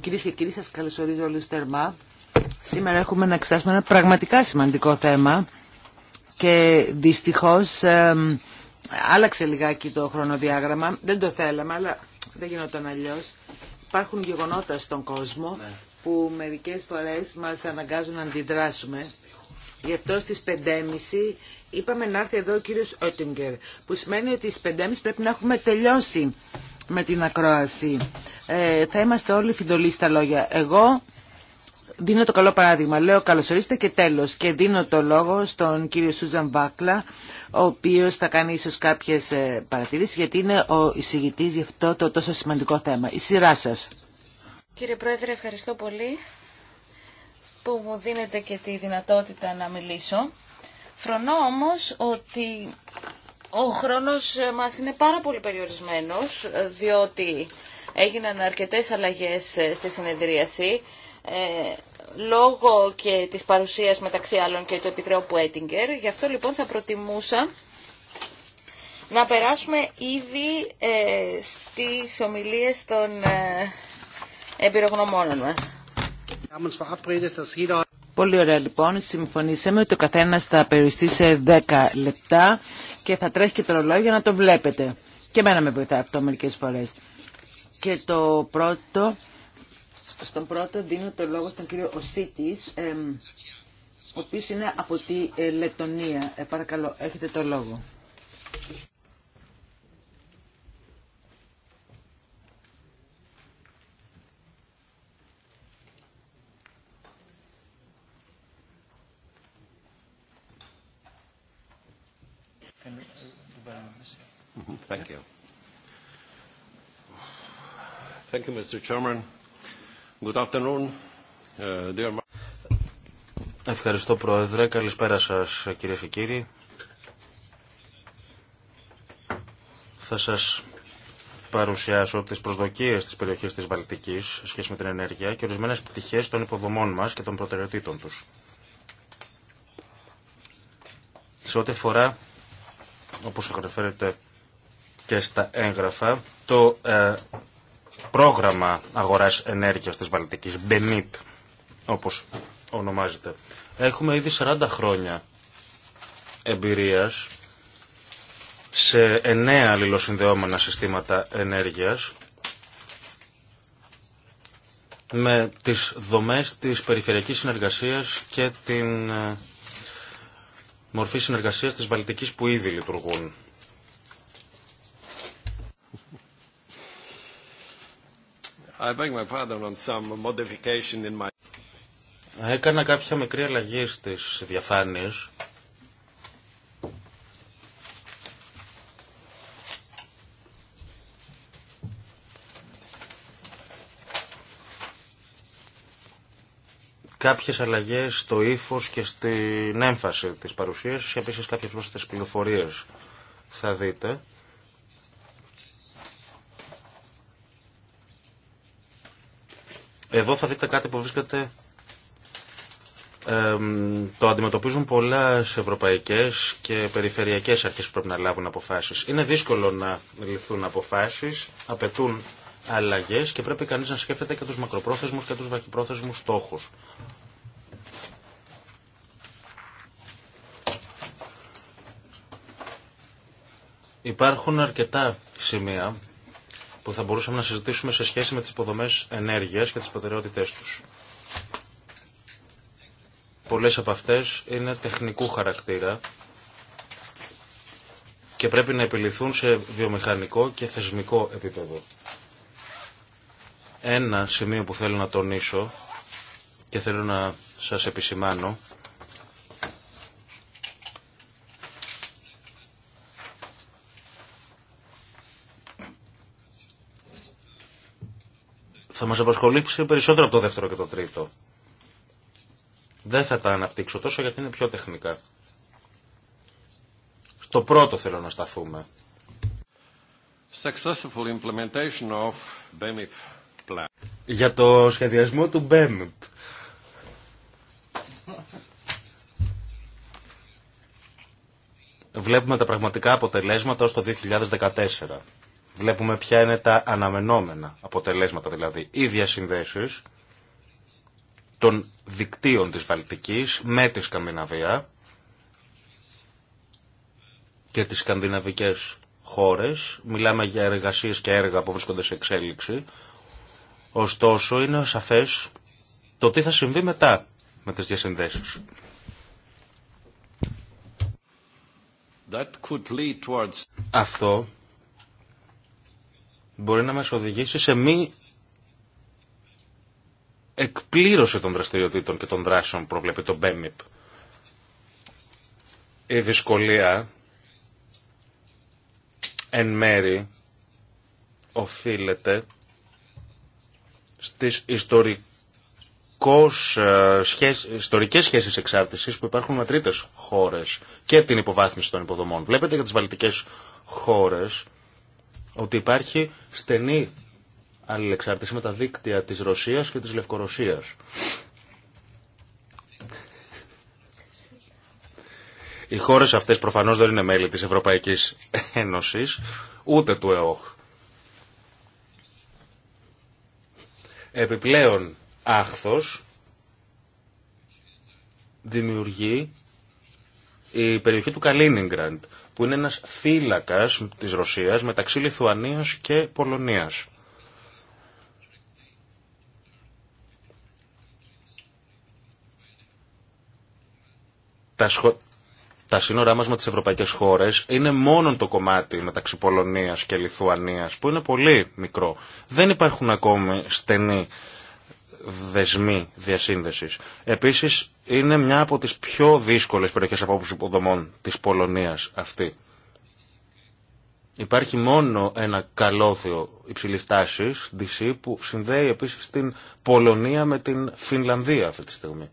Κυρίε και κύριοι, σα καλωσορίζω όλου θερμά. Σήμερα έχουμε να εξετάσουμε ένα πραγματικά σημαντικό θέμα και δυστυχώ ε, άλλαξε λιγάκι το χρονοδιάγραμμα. Δεν το θέλαμε, αλλά δεν γινόταν αλλιώ. Υπάρχουν γεγονότα στον κόσμο ναι. που μερικέ φορέ μα αναγκάζουν να αντιδράσουμε. Γι' αυτό στι 5.30 είπαμε να έρθει εδώ ο κύριο Ότιγκερ, που σημαίνει ότι στις 5.30 πρέπει να έχουμε τελειώσει με την ακρόαση. Ε, θα είμαστε όλοι φιντολοί στα λόγια. Εγώ δίνω το καλό παράδειγμα. Λέω καλωσορίστε και τέλος. Και δίνω το λόγο στον κύριο Σούζαν Βάκλα, ο οποίος θα κάνει ίσως κάποιες ε, παρατηρήσεις, γιατί είναι ο εισηγητής για αυτό το τόσο σημαντικό θέμα. Η σειρά σας. Κύριε Πρόεδρε, ευχαριστώ πολύ που μου δίνετε και τη δυνατότητα να μιλήσω. Φρονώ όμως ότι ο χρόνος ε, μας είναι πάρα πολύ περιορισμένος, ε, διότι έγιναν αρκετές αλλαγές ε, στη συνεδρίαση, ε, λόγω και της παρουσίας μεταξύ άλλων και του επιτρέπου Έτιγκερ. Γι' αυτό λοιπόν θα προτιμούσα να περάσουμε ήδη ε, στις ομιλίες των ε, εμπειρογνωμόνων μας. Πολύ ωραία λοιπόν, συμφωνήσαμε ότι ο καθένας θα περιοριστεί σε 10 λεπτά και θα τρέχει και το ρολόι για να το βλέπετε. Και εμένα με βοηθάει αυτό μερικέ φορές. Και το πρώτο, στον πρώτο δίνω το λόγο στον κύριο Οσίτη, ο οποίο είναι από τη ε, Λετωνία. Ε, παρακαλώ, έχετε το λόγο. Thank you. Thank you, Mr. Chairman. Good afternoon. Uh, Ευχαριστώ, Πρόεδρε. Καλησπέρα σας, κυρίες και κύριοι. Θα σας παρουσιάσω τις προσδοκίες της περιοχής της Βαλτικής σχέση με την ενέργεια και ορισμένες πτυχές των υποδομών μας και των προτεραιοτήτων τους. Σε ό,τι φορά, όπως αναφέρεται και στα έγγραφα το ε, πρόγραμμα αγοράς ενέργειας της Βαλτικής, BENIP, όπως ονομάζεται. Έχουμε ήδη 40 χρόνια εμπειρίας σε εννέα αλληλοσυνδεόμενα συστήματα ενέργειας με τις δομές της περιφερειακής συνεργασίας και την ε, μορφή συνεργασίας της Βαλτικής που ήδη λειτουργούν. Έκανα κάποια μικρή αλλαγή στις διαφάνειες. κάποιες αλλαγές στο ύφος και στην έμφαση της παρουσίαση. και επίσης κάποιες πρόσθετες πληροφορίες θα δείτε. Εδώ θα δείτε κάτι που βρίσκεται το αντιμετωπίζουν πολλά ευρωπαϊκέ και περιφερειακές αρχές που πρέπει να λάβουν αποφάσεις. Είναι δύσκολο να ληφθούν αποφάσεις, απαιτούν αλλαγές και πρέπει κανείς να σκέφτεται και του μακροπρόθεσμους και του βαχυπρόθεσμου στόχους. Υπάρχουν αρκετά σημεία που θα μπορούσαμε να συζητήσουμε σε σχέση με τις υποδομές ενέργειας και τις προτεραιότητές τους. Πολλές από αυτές είναι τεχνικού χαρακτήρα και πρέπει να επιληθούν σε βιομηχανικό και θεσμικό επίπεδο. Ένα σημείο που θέλω να τονίσω και θέλω να σας επισημάνω θα μας απασχολήσει περισσότερο από το δεύτερο και το τρίτο. Δεν θα τα αναπτύξω τόσο γιατί είναι πιο τεχνικά. Στο πρώτο θέλω να σταθούμε. of plan. Για το σχεδιασμό του BEMIP. Βλέπουμε τα πραγματικά αποτελέσματα ως το 2014. Βλέπουμε ποια είναι τα αναμενόμενα αποτελέσματα, δηλαδή οι διασυνδέσεις των δικτύων της Βαλτικής με τη Σκανδιναβία και τις σκανδιναβικές χώρες. Μιλάμε για εργασίες και έργα που βρίσκονται σε εξέλιξη. Ωστόσο είναι σαφές το τι θα συμβεί μετά με τις διασυνδέσεις. That could lead towards... Αυτό μπορεί να μας οδηγήσει σε μη εκπλήρωση των δραστηριοτήτων και των δράσεων που προβλέπει το BEMIP. Η δυσκολία εν μέρη οφείλεται στις ιστορικέ ε, ιστορικές σχέσεις εξάρτησης που υπάρχουν με τρίτες χώρες και την υποβάθμιση των υποδομών. Βλέπετε για τις βαλτικές χώρες ότι υπάρχει στενή αλληλεξάρτηση με τα δίκτυα της Ρωσίας και της Λευκορωσίας. Οι χώρες αυτές προφανώς δεν είναι μέλη της Ευρωπαϊκής Ένωσης, ούτε του ΕΟΧ. Επιπλέον άχθος δημιουργεί η περιοχή του Καλίνιγκραντ, που είναι ένας θύλακας της Ρωσίας μεταξύ Λιθουανίας και Πολωνίας. Τα, τα σύνορά μας με τις ευρωπαϊκές χώρες είναι μόνο το κομμάτι μεταξύ Πολωνίας και Λιθουανίας, που είναι πολύ μικρό. Δεν υπάρχουν ακόμη στενοί δεσμοί διασύνδεσης. Επίσης, είναι μια από τις πιο δύσκολες περιοχές απόψη υποδομών της Πολωνίας αυτή. Υπάρχει μόνο ένα καλώδιο υψηλή τάση DC, που συνδέει επίσης την Πολωνία με την Φινλανδία αυτή τη στιγμή.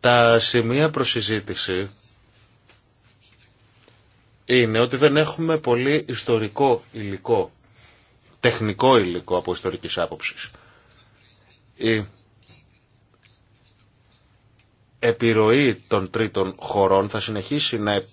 Τα σημεία προσυζήτηση είναι ότι δεν έχουμε πολύ ιστορικό υλικό, τεχνικό υλικό από ιστορικής άποψης. Η επιρροή των τρίτων χωρών θα συνεχίσει να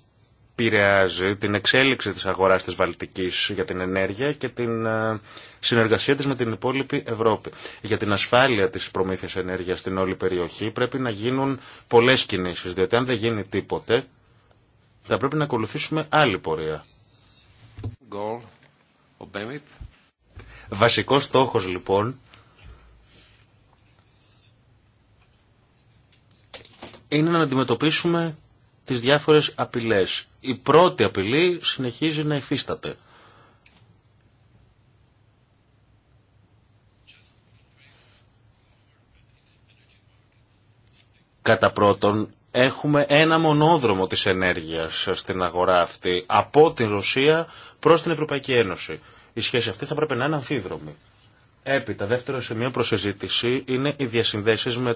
επηρεάζει την εξέλιξη της αγοράς της Βαλτικής για την ενέργεια και την ε, συνεργασία της με την υπόλοιπη Ευρώπη. Για την ασφάλεια της προμήθειας ενέργειας στην όλη περιοχή πρέπει να γίνουν πολλές κινήσεις, διότι αν δεν γίνει τίποτε θα πρέπει να ακολουθήσουμε άλλη πορεία. Goal. Βασικός στόχος λοιπόν είναι να αντιμετωπίσουμε τις διάφορες απειλές. Η πρώτη απειλή συνεχίζει να υφίσταται. Κατά πρώτον, Έχουμε ένα μονόδρομο της ενέργειας στην αγορά αυτή από την Ρωσία προς την Ευρωπαϊκή Ένωση. Η σχέση αυτή θα πρέπει να είναι αμφίδρομη. Έπειτα, δεύτερο σημείο προσεζήτηση είναι οι διασυνδέσεις με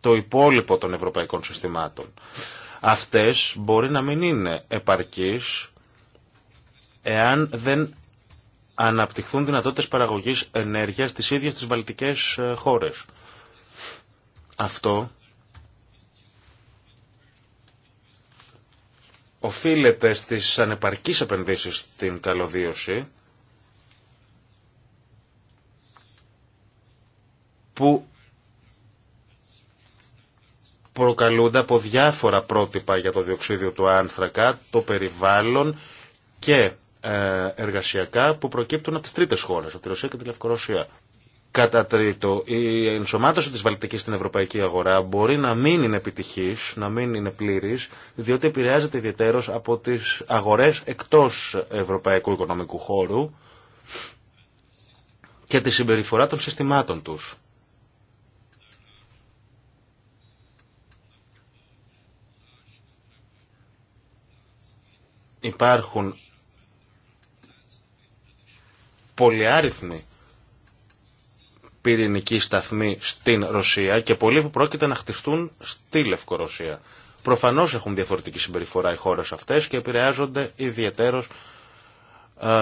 το υπόλοιπο των ευρωπαϊκών συστημάτων. Αυτές μπορεί να μην είναι επαρκείς εάν δεν αναπτυχθούν δυνατότητες παραγωγής ενέργειας στις ίδιες τις βαλτικές ε, χώρες. Αυτό οφείλεται στις ανεπαρκείς επενδύσεις στην καλωδίωση που προκαλούνται από διάφορα πρότυπα για το διοξίδιο του άνθρακα, το περιβάλλον και ε, εργασιακά που προκύπτουν από τις τρίτες χώρες, από τη Ρωσία και τη Λευκορωσία. Κατά τρίτο, η ενσωμάτωση της βαλτική στην ευρωπαϊκή αγορά μπορεί να μην είναι επιτυχής, να μην είναι πλήρης, διότι επηρεάζεται ιδιαίτερω από τις αγορές εκτός ευρωπαϊκού οικονομικού χώρου και τη συμπεριφορά των συστημάτων τους. Υπάρχουν πολυάριθμοι πυρηνική σταθμή στην Ρωσία και πολλοί που πρόκειται να χτιστούν στη Λευκορωσία. Προφανώ έχουν διαφορετική συμπεριφορά οι χώρε αυτέ και επηρεάζονται ιδιαίτερω.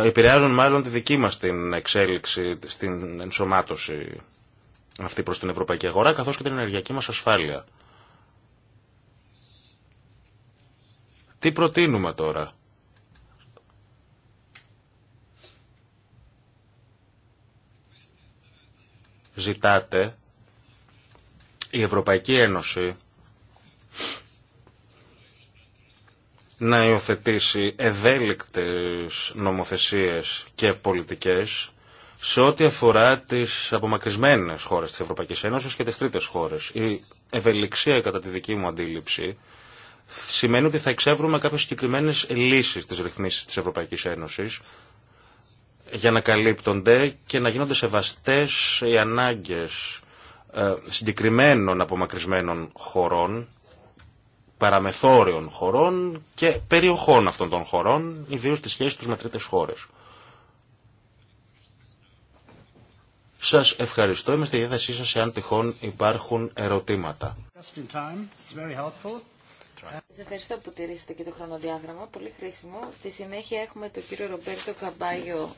Επηρεάζουν μάλλον τη δική μας την εξέλιξη, στην ενσωμάτωση αυτή προς την ευρωπαϊκή αγορά, καθώς και την ενεργειακή μας ασφάλεια. Τι προτείνουμε τώρα ζητάτε η Ευρωπαϊκή Ένωση να υιοθετήσει ευέλικτες νομοθεσίες και πολιτικές σε ό,τι αφορά τις απομακρυσμένες χώρες της Ευρωπαϊκής Ένωσης και τις τρίτες χώρες. Η ευελιξία, κατά τη δική μου αντίληψη, σημαίνει ότι θα εξεύρουμε κάποιες συγκεκριμένε λύσεις στις ρυθμίσεις της Ευρωπαϊκής Ένωσης, για να καλύπτονται και να γίνονται σεβαστές οι ανάγκες ε, συγκεκριμένων απομακρυσμένων χωρών, παραμεθόριων χωρών και περιοχών αυτών των χωρών, ιδίως τις σχέση τους με τρίτες χώρες. Σας ευχαριστώ. Είμαι στη διάθεσή σας εάν τυχόν υπάρχουν ερωτήματα. Σας ευχαριστώ που τηρήσατε και το χρονοδιάγραμμα. Πολύ χρήσιμο. Στη συνέχεια έχουμε τον κύριο Ρομπέρτο Καμπάγιο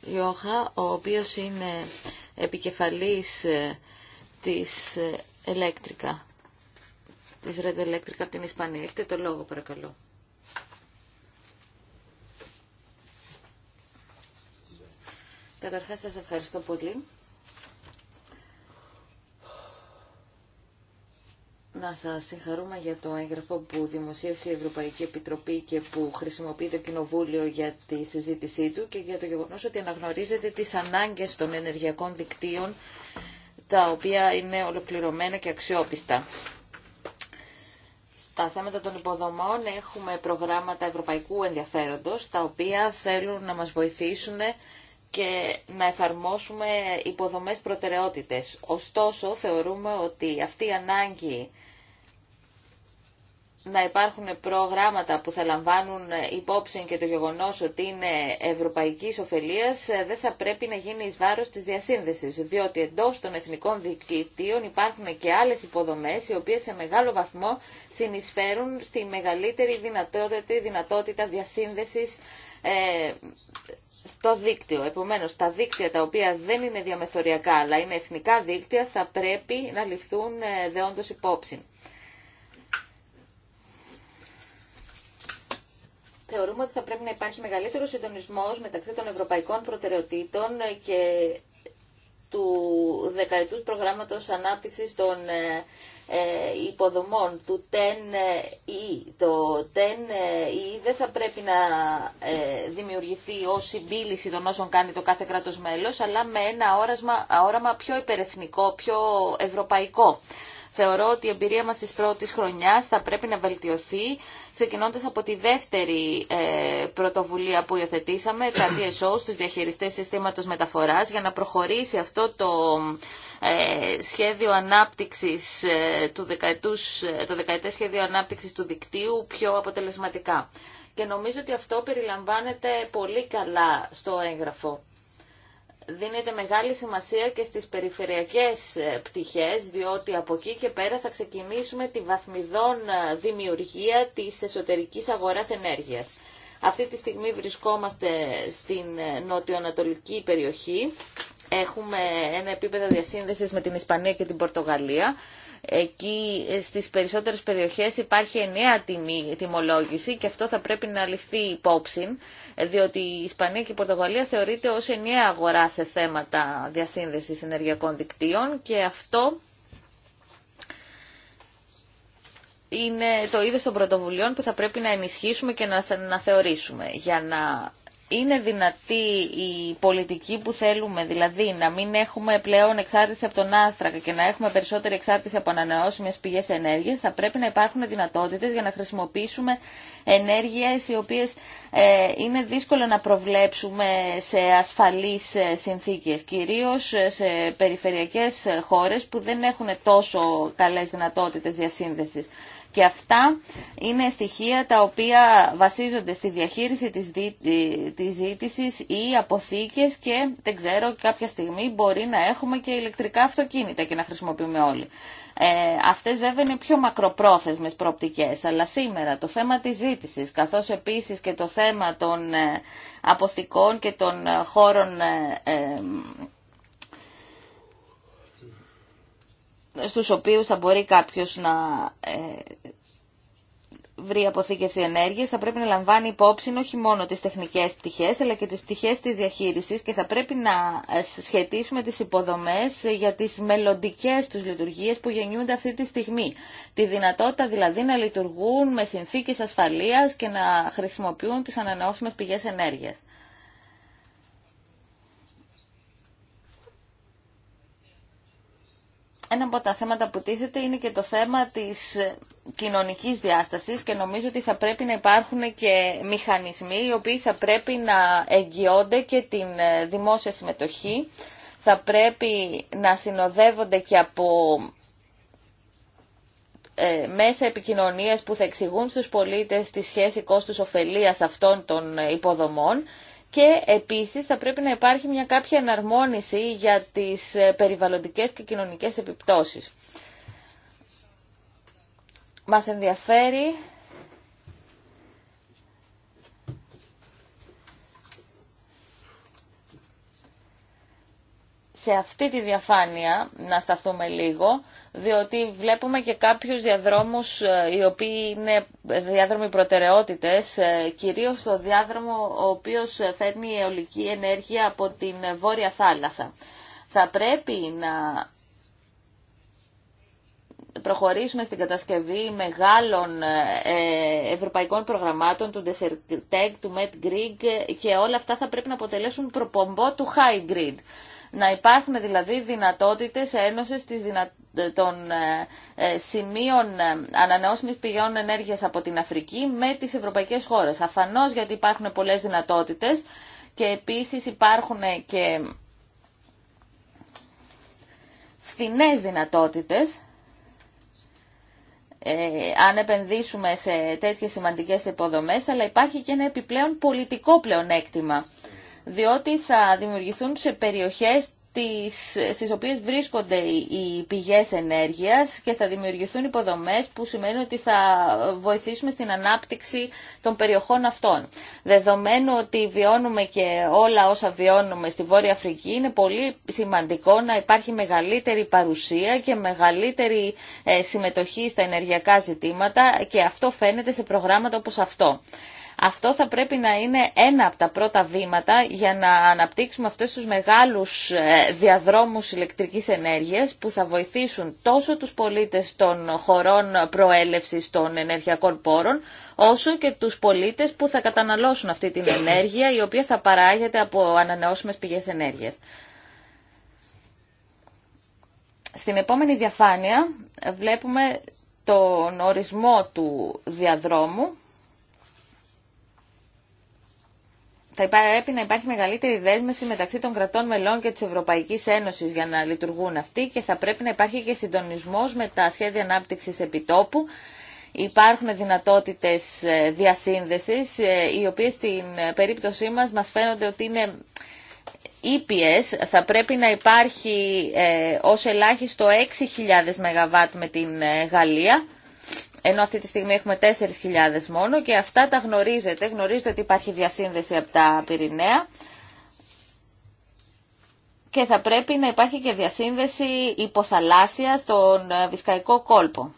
Γιώχα, ο οποίος είναι επικεφαλής ε, της Ελέκτρικα, της Red Electric από την Ισπανία. Έχετε το λόγο, παρακαλώ. Καταρχάς, σας ευχαριστώ πολύ. να σας συγχαρούμε για το έγγραφο που δημοσίευσε η Ευρωπαϊκή Επιτροπή και που χρησιμοποιεί το Κοινοβούλιο για τη συζήτησή του και για το γεγονός ότι αναγνωρίζετε τις ανάγκες των ενεργειακών δικτύων τα οποία είναι ολοκληρωμένα και αξιόπιστα. Στα θέματα των υποδομών έχουμε προγράμματα ευρωπαϊκού ενδιαφέροντος τα οποία θέλουν να μας βοηθήσουν και να εφαρμόσουμε υποδομές προτεραιότητες. Ωστόσο, θεωρούμε ότι αυτή η ανάγκη να υπάρχουν προγράμματα που θα λαμβάνουν υπόψη και το γεγονός ότι είναι ευρωπαϊκή ωφελία. Ε, δεν θα πρέπει να γίνει εις βάρος της διασύνδεσης, διότι εντός των εθνικών δικτύων υπάρχουν και άλλες υποδομές οι οποίες σε μεγάλο βαθμό συνεισφέρουν στη μεγαλύτερη δυνατότητα, δυνατότητα διασύνδεσης ε, στο δίκτυο. Επομένως, τα δίκτυα τα οποία δεν είναι διαμεθοριακά αλλά είναι εθνικά δίκτυα θα πρέπει να ληφθούν ε, δεόντως υπόψη. θεωρούμε ότι θα πρέπει να υπάρχει μεγαλύτερο συντονισμός μεταξύ των ευρωπαϊκών προτεραιοτήτων και του δεκαετούς προγράμματος ανάπτυξης των ε, ε, υποδομών του TEN-E. Ε, το TEN-E δεν θα πρέπει να δημιουργηθεί ως συμπίληση των όσων κάνει το κάθε κράτος μέλος, αλλά με ένα όρασμα, όραμα πιο υπερεθνικό, πιο ευρωπαϊκό. Θεωρώ ότι η εμπειρία μας της πρώτης χρονιάς θα πρέπει να βελτιωθεί, ξεκινώντας από τη δεύτερη ε, πρωτοβουλία που υιοθετήσαμε, τα DSO, στους διαχειριστές συστήματος μεταφοράς, για να προχωρήσει αυτό το ε, σχέδιο ανάπτυξης, ε, του δεκαετούς, το δεκαετές σχέδιο ανάπτυξης του δικτύου πιο αποτελεσματικά. Και νομίζω ότι αυτό περιλαμβάνεται πολύ καλά στο έγγραφο δίνεται μεγάλη σημασία και στις περιφερειακές ε, πτυχές, διότι από εκεί και πέρα θα ξεκινήσουμε τη βαθμιδόν ε, δημιουργία της εσωτερικής αγοράς ενέργειας. Αυτή τη στιγμή βρισκόμαστε στην ε, νοτιοανατολική περιοχή έχουμε ένα επίπεδο διασύνδεσης με την Ισπανία και την Πορτογαλία. Εκεί στις περισσότερες περιοχές υπάρχει ενιαία τιμή, τιμολόγηση και αυτό θα πρέπει να ληφθεί υπόψη, διότι η Ισπανία και η Πορτογαλία θεωρείται ως ενιαία αγορά σε θέματα διασύνδεσης ενεργειακών δικτύων και αυτό είναι το είδος των πρωτοβουλειών που θα πρέπει να ενισχύσουμε και να, να θεωρήσουμε. Για να είναι δυνατή η πολιτική που θέλουμε, δηλαδή να μην έχουμε πλέον εξάρτηση από τον άνθρακα και να έχουμε περισσότερη εξάρτηση από ανανεώσιμες πηγές ενέργειας, θα πρέπει να υπάρχουν δυνατότητες για να χρησιμοποιήσουμε ενέργειες οι οποίες ε, είναι δύσκολο να προβλέψουμε σε ασφαλείς ε, συνθήκες, κυρίως ε, σε περιφερειακές χώρες που δεν έχουν τόσο καλές δυνατότητες διασύνδεσης. Και αυτά είναι στοιχεία τα οποία βασίζονται στη διαχείριση της, δι... της ζήτησης ή αποθήκες και δεν ξέρω κάποια στιγμή μπορεί να έχουμε και ηλεκτρικά αυτοκίνητα και να χρησιμοποιούμε όλοι. Ε, αυτές βέβαια είναι πιο μακροπρόθεσμες προοπτικές, αλλά σήμερα το θέμα της ζήτησης, καθώς επίσης και το θέμα των ε, αποθηκών και των ε, χώρων ε, στους οποίους θα μπορεί κάποιος να ε, βρει αποθήκευση ενέργειας θα πρέπει να λαμβάνει υπόψη όχι μόνο τις τεχνικές πτυχές αλλά και τις πτυχές της διαχείρισης και θα πρέπει να ε, σχετίσουμε τις υποδομές για τις μελλοντικέ τους λειτουργίες που γεννιούνται αυτή τη στιγμή. Τη δυνατότητα δηλαδή να λειτουργούν με συνθήκες ασφαλείας και να χρησιμοποιούν τις ανανεώσιμες πηγές ενέργειας. ένα από τα θέματα που τίθεται είναι και το θέμα της κοινωνικής διάστασης και νομίζω ότι θα πρέπει να υπάρχουν και μηχανισμοί οι οποίοι θα πρέπει να εγγυώνται και την δημόσια συμμετοχή, θα πρέπει να συνοδεύονται και από ε, μέσα επικοινωνίας που θα εξηγούν στους πολίτες τη σχέση κόστους-οφελίας αυτών των υποδομών και επίσης θα πρέπει να υπάρχει μια κάποια εναρμόνιση για τις ε, περιβαλλοντικές και κοινωνικές επιπτώσεις. Μας ενδιαφέρει σε αυτή τη διαφάνεια να σταθούμε λίγο διότι βλέπουμε και κάποιους διαδρόμους ε, οι οποίοι είναι διάδρομοι προτεραιότητες, ε, κυρίως το διάδρομο ο οποίος φέρνει αιωλική ενέργεια από την Βόρεια Θάλασσα. Θα πρέπει να προχωρήσουμε στην κατασκευή μεγάλων ε, ευρωπαϊκών προγραμμάτων του Tech, του MedGrid και όλα αυτά θα πρέπει να αποτελέσουν προπομπό του High Grid. Να υπάρχουν δηλαδή δυνατότητες ένωσης των ε, ε, σημείων ε, ανανεώσιμης πηγών ενέργειας από την Αφρική με τις ευρωπαϊκές χώρες. Αφανώς γιατί υπάρχουν πολλές δυνατότητες και επίσης υπάρχουν και φθηνές δυνατότητες ε, αν επενδύσουμε σε τέτοιες σημαντικές υποδομές, αλλά υπάρχει και ένα επιπλέον πολιτικό πλεονέκτημα διότι θα δημιουργηθούν σε περιοχές τις, στις οποίες βρίσκονται οι πηγές ενέργειας και θα δημιουργηθούν υποδομές που σημαίνει ότι θα βοηθήσουμε στην ανάπτυξη των περιοχών αυτών. Δεδομένου ότι βιώνουμε και όλα όσα βιώνουμε στη Βόρεια Αφρική είναι πολύ σημαντικό να υπάρχει μεγαλύτερη παρουσία και μεγαλύτερη ε, συμμετοχή στα ενεργειακά ζητήματα και αυτό φαίνεται σε προγράμματα όπως αυτό. Αυτό θα πρέπει να είναι ένα από τα πρώτα βήματα για να αναπτύξουμε αυτές τους μεγάλους ε, διαδρόμους ηλεκτρικής ενέργειας που θα βοηθήσουν τόσο τους πολίτες των χωρών προέλευσης των ενεργειακών πόρων, όσο και τους πολίτες που θα καταναλώσουν αυτή την ενέργεια, η οποία θα παράγεται από ανανεώσιμες πηγές ενέργειας. Στην επόμενη διαφάνεια βλέπουμε τον ορισμό του διαδρόμου θα πρέπει να υπάρχει μεγαλύτερη δέσμευση μεταξύ των κρατών μελών και της Ευρωπαϊκής Ένωσης για να λειτουργούν αυτοί και θα πρέπει να υπάρχει και συντονισμός με τα σχέδια ανάπτυξης επιτόπου. Υπάρχουν δυνατότητες ε, διασύνδεσης, ε, οι οποίες στην ε, περίπτωσή μας μας φαίνονται ότι είναι ήπιες. Θα πρέπει να υπάρχει ως ελάχιστο 6.000 ΜΒ με την Γαλλία ενώ αυτή τη στιγμή έχουμε 4.000 μόνο και αυτά τα γνωρίζετε, γνωρίζετε ότι υπάρχει διασύνδεση από τα Πυρηναία και θα πρέπει να υπάρχει και διασύνδεση υποθαλάσσια στον ε, Βυσκαϊκό κόλπο.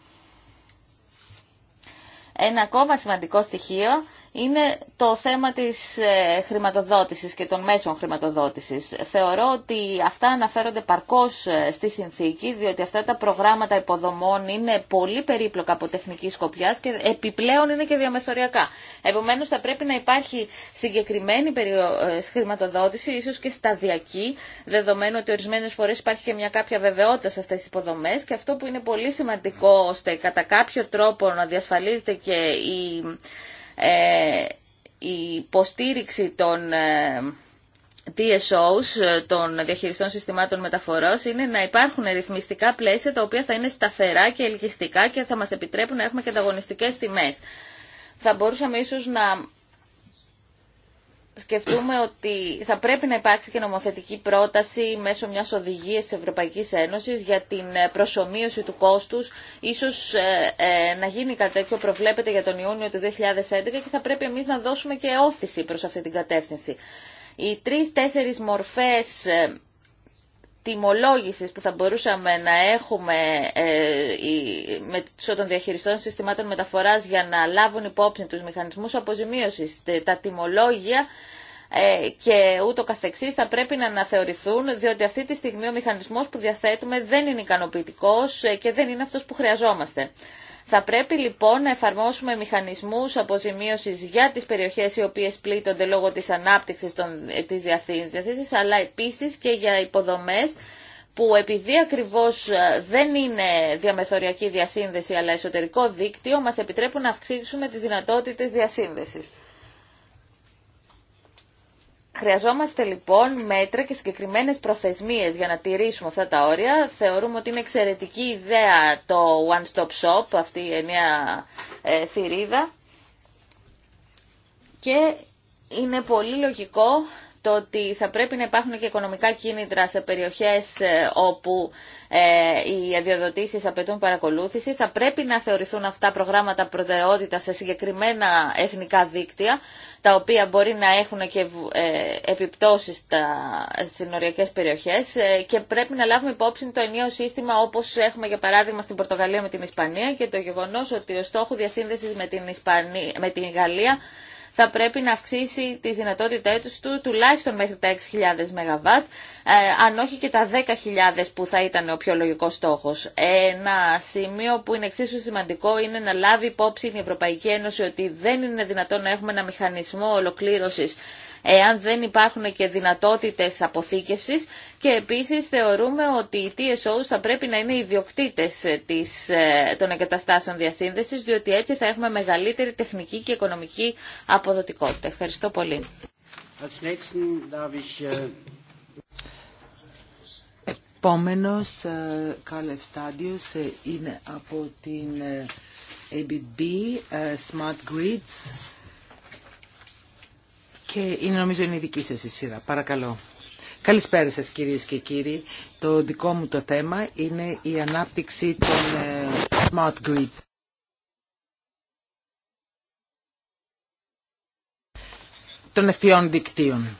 Ένα ακόμα σημαντικό στοιχείο είναι το θέμα της ε, χρηματοδότησης και των μέσων χρηματοδότησης. Θεωρώ ότι αυτά αναφέρονται παρκώς ε, στη συνθήκη, διότι αυτά τα προγράμματα υποδομών είναι πολύ περίπλοκα από τεχνική σκοπιά και επιπλέον είναι και διαμεθοριακά. Επομένως θα πρέπει να υπάρχει συγκεκριμένη ε, χρηματοδότηση, ίσως και σταδιακή, δεδομένου ότι ορισμένες φορές υπάρχει και μια κάποια βεβαιότητα σε αυτές τις υποδομές και αυτό που είναι πολύ σημαντικό ώστε κατά κάποιο τρόπο να διασφαλίζεται και η ε, η υποστήριξη των ε, TSOs, ε, των διαχειριστών συστημάτων μεταφορός, είναι να υπάρχουν ρυθμιστικά πλαίσια τα οποία θα είναι σταθερά και ελκυστικά και θα μας επιτρέπουν να έχουμε και ανταγωνιστικές τιμές. Θα μπορούσαμε ίσως να σκεφτούμε ότι θα πρέπει να υπάρξει και νομοθετική πρόταση μέσω μιας οδηγίας της Ευρωπαϊκής Ένωσης για την ε, προσωμείωση του κόστους. Ίσως ε, ε, να γίνει κάτι τέτοιο προβλέπεται για τον Ιούνιο του 2011 και θα πρέπει εμείς να δώσουμε και όθηση προς αυτή την κατεύθυνση. Οι τρεις-τέσσερις μορφές τιμολόγησης που θα μπορούσαμε να έχουμε ε, η, με των διαχειριστών συστημάτων μεταφοράς για να λάβουν υπόψη τους μηχανισμούς αποζημίωσης, τα τιμολόγια ε, και ούτω καθεξής θα πρέπει να αναθεωρηθούν διότι αυτή τη στιγμή ο μηχανισμός που διαθέτουμε δεν είναι ικανοποιητικός ε, και δεν είναι αυτός που χρειαζόμαστε. Θα πρέπει λοιπόν να εφαρμόσουμε μηχανισμούς αποζημίωσης για τις περιοχές οι οποίες πλήττονται λόγω της ανάπτυξης των, ε, της διαθήκης, αλλά επίσης και για υποδομές που επειδή ακριβώς ε, δεν είναι διαμεθοριακή διασύνδεση αλλά εσωτερικό δίκτυο, μας επιτρέπουν να αυξήσουμε τις δυνατότητες διασύνδεσης. Χρειαζόμαστε λοιπόν μέτρα και συγκεκριμένες προθεσμίες για να τηρήσουμε αυτά τα όρια. Θεωρούμε ότι είναι εξαιρετική ιδέα το One Stop Shop, αυτή η ενιαία ε, θηρίδα. Και είναι πολύ λογικό το ότι θα πρέπει να υπάρχουν και οικονομικά κίνητρα σε περιοχές ε, όπου ε, οι αδειοδοτήσεις απαιτούν παρακολούθηση. Θα πρέπει να θεωρηθούν αυτά προγράμματα προτεραιότητα σε συγκεκριμένα εθνικά δίκτυα, τα οποία μπορεί να έχουν και ε, επιπτώσεις στα νοριακές περιοχές και πρέπει να λάβουμε υπόψη το ενίο σύστημα όπως έχουμε για παράδειγμα στην Πορτογαλία με την Ισπανία και το γεγονός ότι ο στόχος διασύνδεσης με την, Ισπανία, με την Γαλλία θα πρέπει να αυξήσει τη δυνατότητά του τουλάχιστον μέχρι τα 6.000 ΜΒ, ε, αν όχι και τα 10.000 που θα ήταν ο πιο λογικός στόχος. Ένα σημείο που είναι εξίσου σημαντικό είναι να λάβει υπόψη η Ευρωπαϊκή Ένωση ότι δεν είναι δυνατόν να έχουμε ένα μηχανισμό ολοκλήρωσης εάν δεν υπάρχουν και δυνατότητες αποθήκευσης και επίσης θεωρούμε ότι οι TSOs θα πρέπει να είναι ιδιοκτήτες της, ε, των εγκαταστάσεων διασύνδεσης διότι έτσι θα έχουμε μεγαλύτερη τεχνική και οικονομική αποδοτικότητα. Ευχαριστώ πολύ. Äh, Επόμενος, κάλευ Στάντιος, ε, είναι από την ε, ABB Smart Grids. Και είναι, νομίζω είναι η δική σας η σειρά. Παρακαλώ. Καλησπέρα σας κυρίες και κύριοι. Το δικό μου το θέμα είναι η ανάπτυξη των ε, Smart Grid. των ευθειών δικτύων.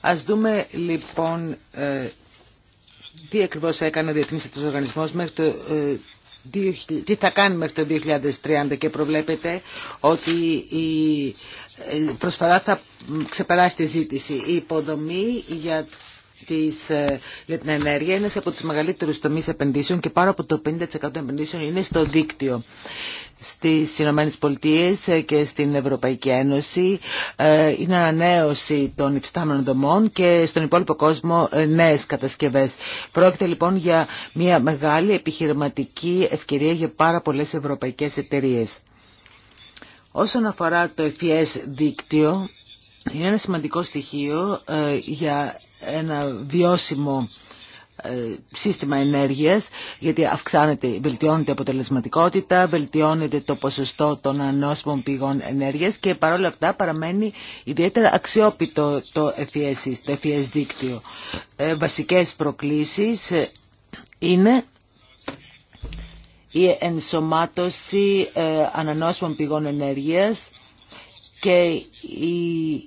Ας δούμε λοιπόν ε, τι ακριβώς έκανε ο Διεθνής Οργανισμός μέχρι το ε, τι θα κάνει μέχρι το 2030 και προβλέπετε ότι η ε, προσφορά θα ξεπεράσει τη ζήτηση. Η υποδομή για της, ε, για την ενέργεια είναι από τους μεγαλύτερους τομείς επενδύσεων και πάνω από το 50% των επενδύσεων είναι στο δίκτυο. Στις Ηνωμένες Πολιτείες ε, και στην Ευρωπαϊκή Ένωση ε, είναι ανανέωση των υφιστάμενων δομών και στον υπόλοιπο κόσμο νέες κατασκευές. Πρόκειται λοιπόν για μια μεγάλη επιχειρηματική ευκαιρία για πάρα πολλέ ευρωπαϊκές εταιρείες. Όσον αφορά το FES δίκτυο, είναι ένα σημαντικό στοιχείο για ένα βιώσιμο ε, σύστημα ενέργειας γιατί αυξάνεται, βελτιώνεται η αποτελεσματικότητα, βελτιώνεται το ποσοστό των ανώσιμων πηγών ενέργειας και παρόλα αυτά παραμένει ιδιαίτερα αξιόπιτο το FES, το FES δίκτυο. Ε, βασικές προκλήσεις ε, είναι η ενσωμάτωση ανανώσιμων πηγών ενέργειας και η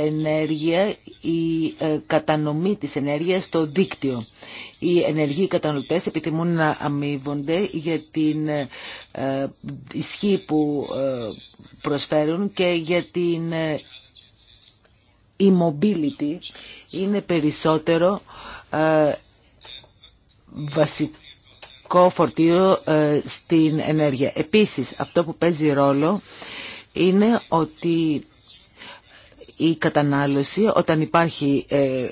ενέργεια, η ε, κατανομή της ενέργειας στο δίκτυο. Οι ενεργοί καταναλωτές επιθυμούν να αμείβονται για την ε, ισχύ που ε, προσφέρουν και για την immobility. Είναι περισσότερο βασικό φορτίο στην ενέργεια. Επίσης, αυτό που παίζει ρόλο είναι ότι η κατανάλωση όταν υπάρχει ε,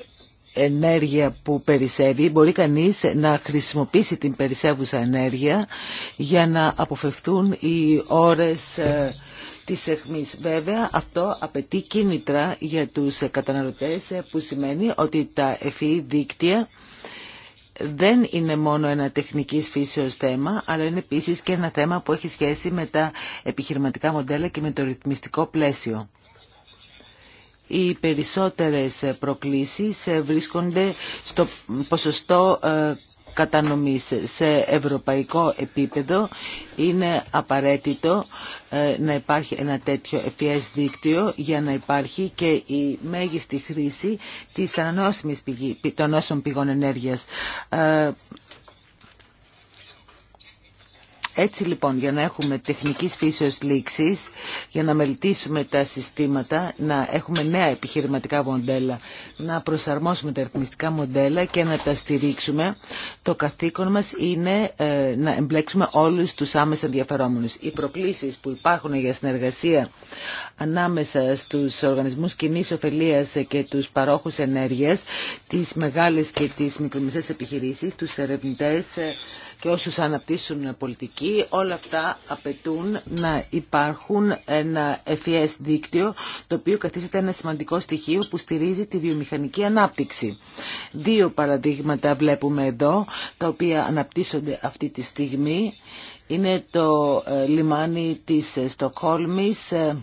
ενέργεια που περισσεύει, μπορεί κανείς να χρησιμοποιήσει την περισσεύουσα ενέργεια για να αποφευθούν οι ώρες ε, της εχμής. Βέβαια, αυτό απαιτεί κίνητρα για τους καταναλωτές ε, που σημαίνει ότι τα εφή δίκτυα δεν είναι μόνο ένα τεχνικής φύσεως θέμα, αλλά είναι επίσης και ένα θέμα που έχει σχέση με τα επιχειρηματικά μοντέλα και με το ρυθμιστικό πλαίσιο οι περισσότερες προκλήσεις ε, βρίσκονται στο ποσοστό ε, κατανομής σε ευρωπαϊκό επίπεδο είναι απαραίτητο ε, να υπάρχει ένα τέτοιο ευφυές δίκτυο για να υπάρχει και η μέγιστη χρήση της νόσων των πηγών ενέργειας. Έτσι λοιπόν για να έχουμε τεχνικής φύσεως λήξης, για να μελτήσουμε τα συστήματα, να έχουμε νέα επιχειρηματικά μοντέλα, να προσαρμόσουμε τα ρυθμιστικά μοντέλα και να τα στηρίξουμε, το καθήκον μας είναι ε, να εμπλέξουμε όλους τους άμεσα ενδιαφερόμενους. Οι προκλήσεις που υπάρχουν για συνεργασία ανάμεσα στους οργανισμούς κοινή ωφελία και τους παρόχους ενέργειας, τις μεγάλες και τις μικρομεσαίες επιχειρήσεις, τους ερευνητές και όσους αναπτύσσουν πολιτική, όλα αυτά απαιτούν να υπάρχουν ένα FES δίκτυο, το οποίο καθίσταται ένα σημαντικό στοιχείο που στηρίζει τη βιομηχανική ανάπτυξη. Δύο παραδείγματα βλέπουμε εδώ, τα οποία αναπτύσσονται αυτή τη στιγμή. Είναι το ε, λιμάνι της ε, Στοκχόλμης, ε,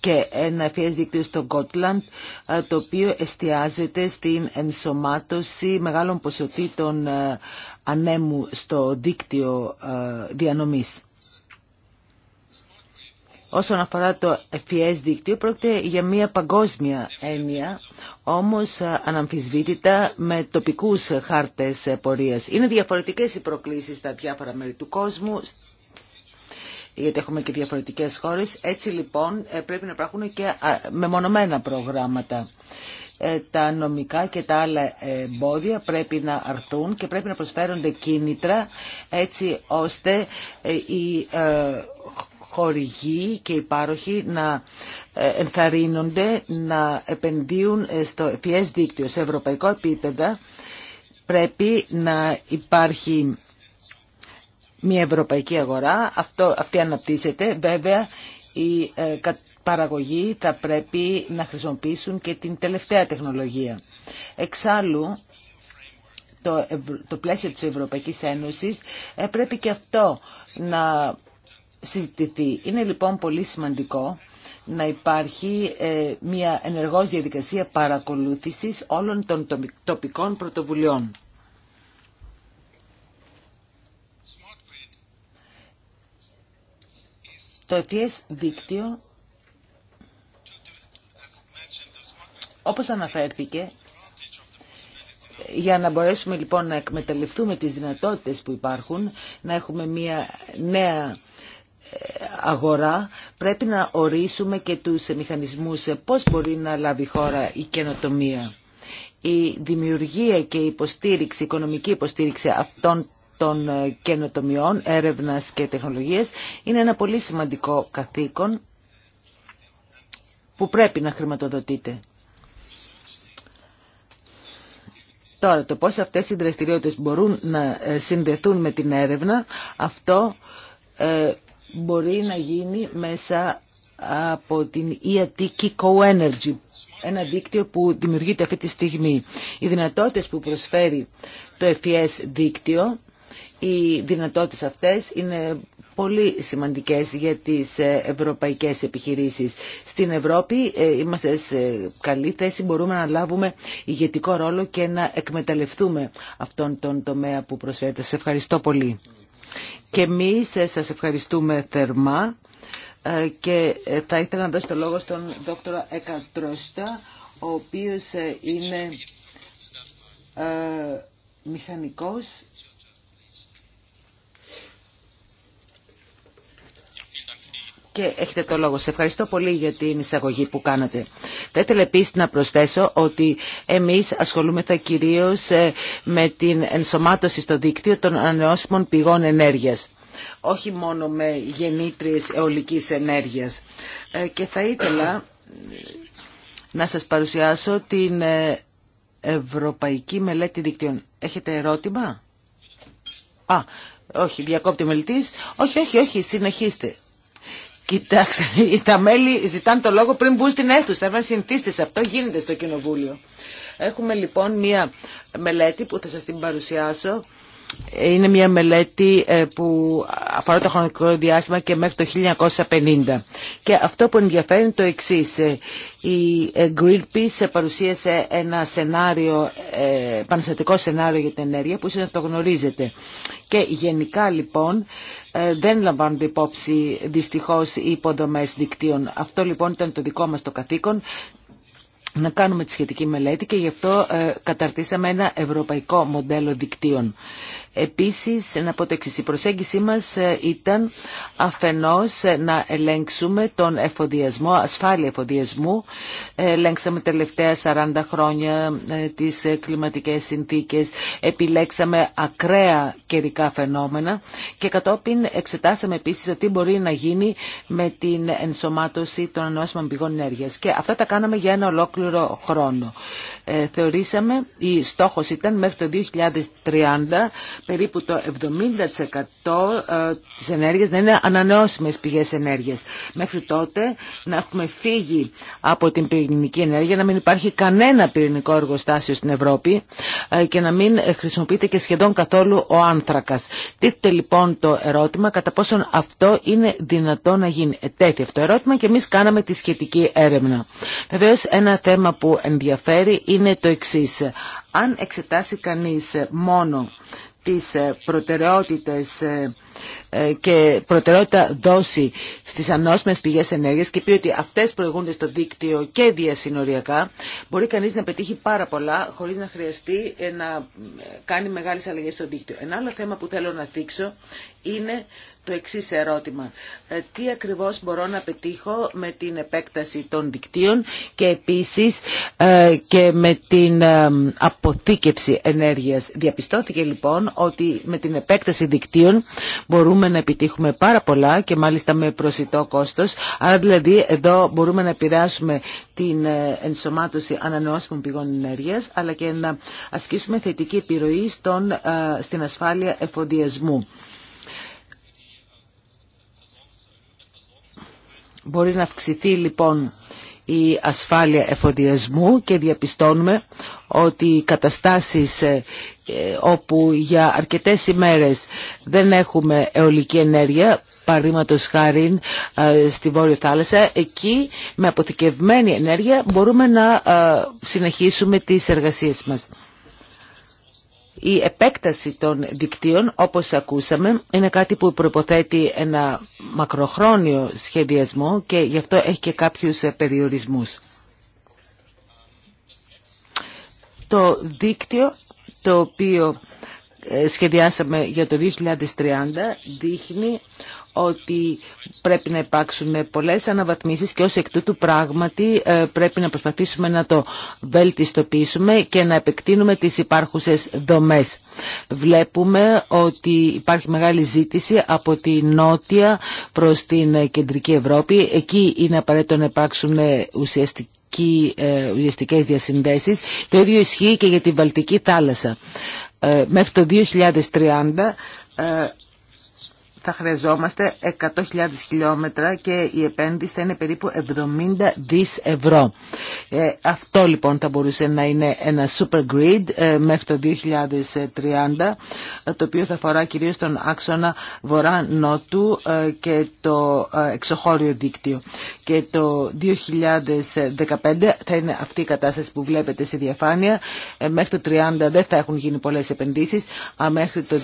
και ένα ευφυές e δίκτυο στο Γκότλαντ, το οποίο εστιάζεται στην ενσωμάτωση μεγάλων ποσοτήτων ανέμου στο δίκτυο ε, διανομής. Όσον αφορά το FES δίκτυο, πρόκειται για μια παγκόσμια έννοια, όμως ε, αναμφισβήτητα με τοπικούς χάρτες πορείας. Είναι διαφορετικές οι προκλήσεις στα διάφορα μέρη του κόσμου, γιατί έχουμε και διαφορετικές χώρες. Έτσι λοιπόν ε, πρέπει να υπάρχουν και μεμονωμένα προγράμματα. Ε, τα νομικά και τα άλλα εμπόδια πρέπει να αρθούν και πρέπει να προσφέρονται κίνητρα έτσι ώστε ε, οι ε, χορηγοί και οι πάροχοι να ενθαρρύνονται να επενδύουν στο FES δίκτυο σε ευρωπαϊκό επίπεδο πρέπει να υπάρχει μια ευρωπαϊκή αγορά, αυτό, αυτή αναπτύσσεται. Βέβαια οι ε, παραγωγοί θα πρέπει να χρησιμοποιήσουν και την τελευταία τεχνολογία. Εξάλλου, το, πλαίσιο της Ευρωπαϊκής Ένωσης ε, πρέπει και αυτό να συζητηθεί. Είναι λοιπόν πολύ σημαντικό να υπάρχει ε, μια ενεργός διαδικασία παρακολούθησης όλων των τοπικών πρωτοβουλειών. Το FTS δίκτυο, όπως αναφέρθηκε, για να μπορέσουμε λοιπόν να εκμεταλλευτούμε τις δυνατότητες που υπάρχουν, να έχουμε μια νέα ε, αγορά, πρέπει να ορίσουμε και τους μηχανισμούς πώς μπορεί να λάβει η χώρα η καινοτομία. Η δημιουργία και η υποστήριξη, η οικονομική υποστήριξη αυτών των ε, καινοτομιών, έρευνας και τεχνολογίας είναι ένα πολύ σημαντικό καθήκον που πρέπει να χρηματοδοτείται. Τώρα, το πώς αυτές οι δραστηριότητες μπορούν να ε, συνδεθούν με την έρευνα, αυτό ε, μπορεί να γίνει μέσα από την ιατρική e Energy, ένα δίκτυο που δημιουργείται αυτή τη στιγμή. Οι δυνατότητες που προσφέρει το FES δίκτυο οι δυνατότητες αυτές είναι πολύ σημαντικές για τις ε, ευρωπαϊκές επιχειρήσεις. Στην Ευρώπη ε, είμαστε σε καλή θέση, μπορούμε να λάβουμε ηγετικό ρόλο και να εκμεταλλευτούμε αυτόν τον τομέα που προσφέρετε. Σε ευχαριστώ πολύ. Και εμείς ε, σας ευχαριστούμε θερμά και θα ήθελα να δώσω το λόγο στον δόκτωρα Εκατρόστα, ο οποίος είναι μηχανικός και έχετε το λόγο. Σε ευχαριστώ πολύ για την εισαγωγή που κάνατε. Θα ήθελα επίση να προσθέσω ότι εμεί ασχολούμεθα κυρίω ε, με την ενσωμάτωση στο δίκτυο των ανανεώσιμων πηγών ενέργεια. Όχι μόνο με γεννήτριες αιωλική ενέργειας. Ε, και θα ήθελα ε, να σας παρουσιάσω την Ευρωπαϊκή Μελέτη Δικτύων. Έχετε ερώτημα? Α, όχι, διακόπτη μελητής. Όχι, όχι, όχι, συνεχίστε. Κοιτάξτε, τα μέλη ζητάνε το λόγο πριν μπουν στην αίθουσα. Αν συνηθίστε σε αυτό, γίνεται στο Κοινοβούλιο. Έχουμε λοιπόν μία μελέτη που θα σας την παρουσιάσω είναι μια μελέτη ε, που αφορά το χρονικό διάστημα και μέχρι το 1950. Και αυτό που ενδιαφέρει είναι το εξή. Ε, η ε, Greenpeace παρουσίασε ένα σενάριο, πανεστατικό σενάριο για την ενέργεια που ίσως να το γνωρίζετε. Και γενικά λοιπόν δεν λαμβάνονται υπόψη δυστυχώς οι υποδομές δικτύων. Αυτό λοιπόν ήταν το δικό μας το καθήκον να κάνουμε τη σχετική μελέτη και γι' αυτό καταρτήσαμε ένα ευρωπαϊκό μοντέλο δικτύων. Επίσης, να πω το η προσέγγιση μας ε, ήταν αφενός ε, να ελέγξουμε τον εφοδιασμό, ασφάλεια εφοδιασμού. Ε, ελέγξαμε τελευταία 40 χρόνια τις κλιματικές συνθήκες, επιλέξαμε ακραία καιρικά φαινόμενα και κατόπιν εξετάσαμε επίσης τι μπορεί να γίνει με την ενσωμάτωση των ανώσιμων πηγών ενέργειας. Και αυτά τα κάναμε για ένα ολόκληρο χρόνο. θεωρήσαμε, η στόχος ήταν μέχρι το 2030 περίπου το 70% ε, της ενέργειας να είναι ανανεώσιμες πηγές ενέργειας. Μέχρι τότε να έχουμε φύγει από την πυρηνική ενέργεια, να μην υπάρχει κανένα πυρηνικό εργοστάσιο στην Ευρώπη ε, και να μην χρησιμοποιείται και σχεδόν καθόλου ο άνθρακας. Τίθεται λοιπόν το ερώτημα κατά πόσον αυτό είναι δυνατό να γίνει. Ε, Τέτοιο αυτό ερώτημα και εμείς κάναμε τη σχετική έρευνα. Βεβαίως ένα θέμα που ενδιαφέρει είναι το εξής. Αν εξετάσει κανείς μόνο τις ε, προτεραιότητες ε, ε, και προτεραιότητα δώσει στις ανώσιμες πηγές ενέργειας και πει ότι αυτές προηγούνται στο δίκτυο και διασυνοριακά, μπορεί κανείς να πετύχει πάρα πολλά χωρίς να χρειαστεί ε, να ε, κάνει μεγάλες αλλαγές στο δίκτυο. Ένα άλλο θέμα που θέλω να θίξω είναι το εξή ερώτημα. τι ακριβώς μπορώ να πετύχω με την επέκταση των δικτύων και επίσης και με την αποθήκευση ενέργειας. Διαπιστώθηκε λοιπόν ότι με την επέκταση δικτύων μπορούμε να επιτύχουμε πάρα πολλά και μάλιστα με προσιτό κόστος. Άρα δηλαδή εδώ μπορούμε να επηρεάσουμε την ε, ενσωμάτωση ανανεώσιμων πηγών ενέργειας αλλά και να ασκήσουμε θετική επιρροή στον, ε, στην ασφάλεια εφοδιασμού. Μπορεί να αυξηθεί λοιπόν η ασφάλεια εφοδιασμού και διαπιστώνουμε ότι οι καταστάσεις ε, ε, όπου για αρκετές ημέρες δεν έχουμε αιωλική ενέργεια, παρήματο χάρη ε, στη Βόρεια Θάλασσα, εκεί με αποθηκευμένη ενέργεια μπορούμε να ε, συνεχίσουμε τις εργασίες μας. Η επέκταση των δικτύων, όπως ακούσαμε, είναι κάτι που προποθέτει ένα μακροχρόνιο σχεδιασμό και γι' αυτό έχει και κάποιους περιορισμούς. Το δίκτυο το οποίο ε, σχεδιάσαμε για το 2030 δείχνει ότι πρέπει να υπάρξουν πολλές αναβαθμίσεις και ως εκ τούτου πράγματι ε, πρέπει να προσπαθήσουμε να το βελτιστοποιήσουμε και να επεκτείνουμε τις υπάρχουσες δομές. Βλέπουμε ότι υπάρχει μεγάλη ζήτηση από τη νότια προς την κεντρική Ευρώπη. Εκεί είναι απαραίτητο να υπάρξουν ε, ουσιαστικές ε, ουσιαστικές διασυνδέσεις. Το ίδιο ισχύει και για τη Βαλτική θάλασσα. Ε, μέχρι το 2030 θα χρειαζόμαστε 100.000 χιλιόμετρα και η επένδυση θα είναι περίπου 70 δις ευρώ. Ε, αυτό λοιπόν θα μπορούσε να είναι ένα super grid ε, μέχρι το 2030 το οποίο θα αφορά κυρίως τον άξονα βορρά-νότου ε, και το ε, εξωχώριο δίκτυο. Και το 2015 θα είναι αυτή η κατάσταση που βλέπετε στη διαφάνεια. Μέχρι το 30 δεν θα έχουν γίνει πολλές επενδύσεις. αλλά μέχρι το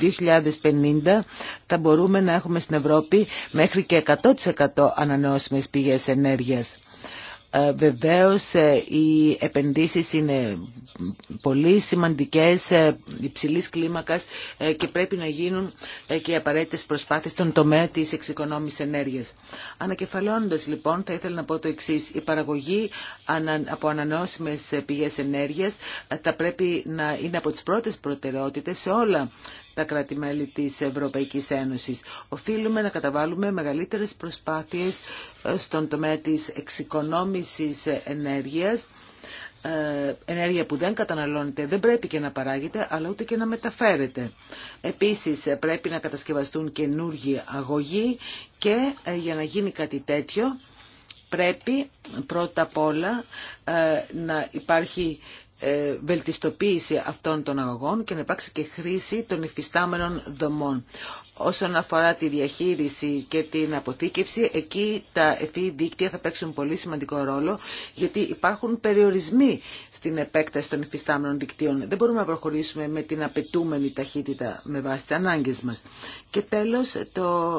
2050 θα μπορούμε να να έχουμε στην Ευρώπη μέχρι και 100% ανανεώσιμες πηγές ενέργειας. Ε, βεβαίως ε, οι επενδύσεις είναι πολύ σημαντικές, ε, υψηλής κλίμακας και πρέπει να γίνουν και απαραίτητες προσπάθειες στον τομέα της εξοικονόμησης ενέργειας. Ανακεφαλώνοντας λοιπόν θα ήθελα να πω το εξής. Η παραγωγή από ανανεώσιμες πηγές ενέργειας θα πρέπει να είναι από τις πρώτες προτεραιότητες σε όλα τα κράτη-μέλη της Ευρωπαϊκής Ένωσης. Οφείλουμε να καταβάλουμε μεγαλύτερες προσπάθειες ε, στον τομέα της εξοικονόμησης ενέργειας ε, ενέργεια που δεν καταναλώνεται δεν πρέπει και να παράγεται αλλά ούτε και να μεταφέρεται. Επίσης ε, πρέπει να κατασκευαστούν καινούργιοι αγωγοί και για να γίνει κάτι τέτοιο πρέπει πρώτα απ' όλα να υπάρχει ε, βελτιστοποίηση αυτών των αγωγών και να υπάρξει και χρήση των υφιστάμενων δομών. Όσον αφορά τη διαχείριση και την αποθήκευση, εκεί τα ευφύ δίκτυα θα παίξουν πολύ σημαντικό ρόλο, γιατί υπάρχουν περιορισμοί στην επέκταση των υφιστάμενων δικτύων. Δεν μπορούμε να προχωρήσουμε με την απαιτούμενη ταχύτητα με βάση τι ανάγκε μα. Και τέλο, το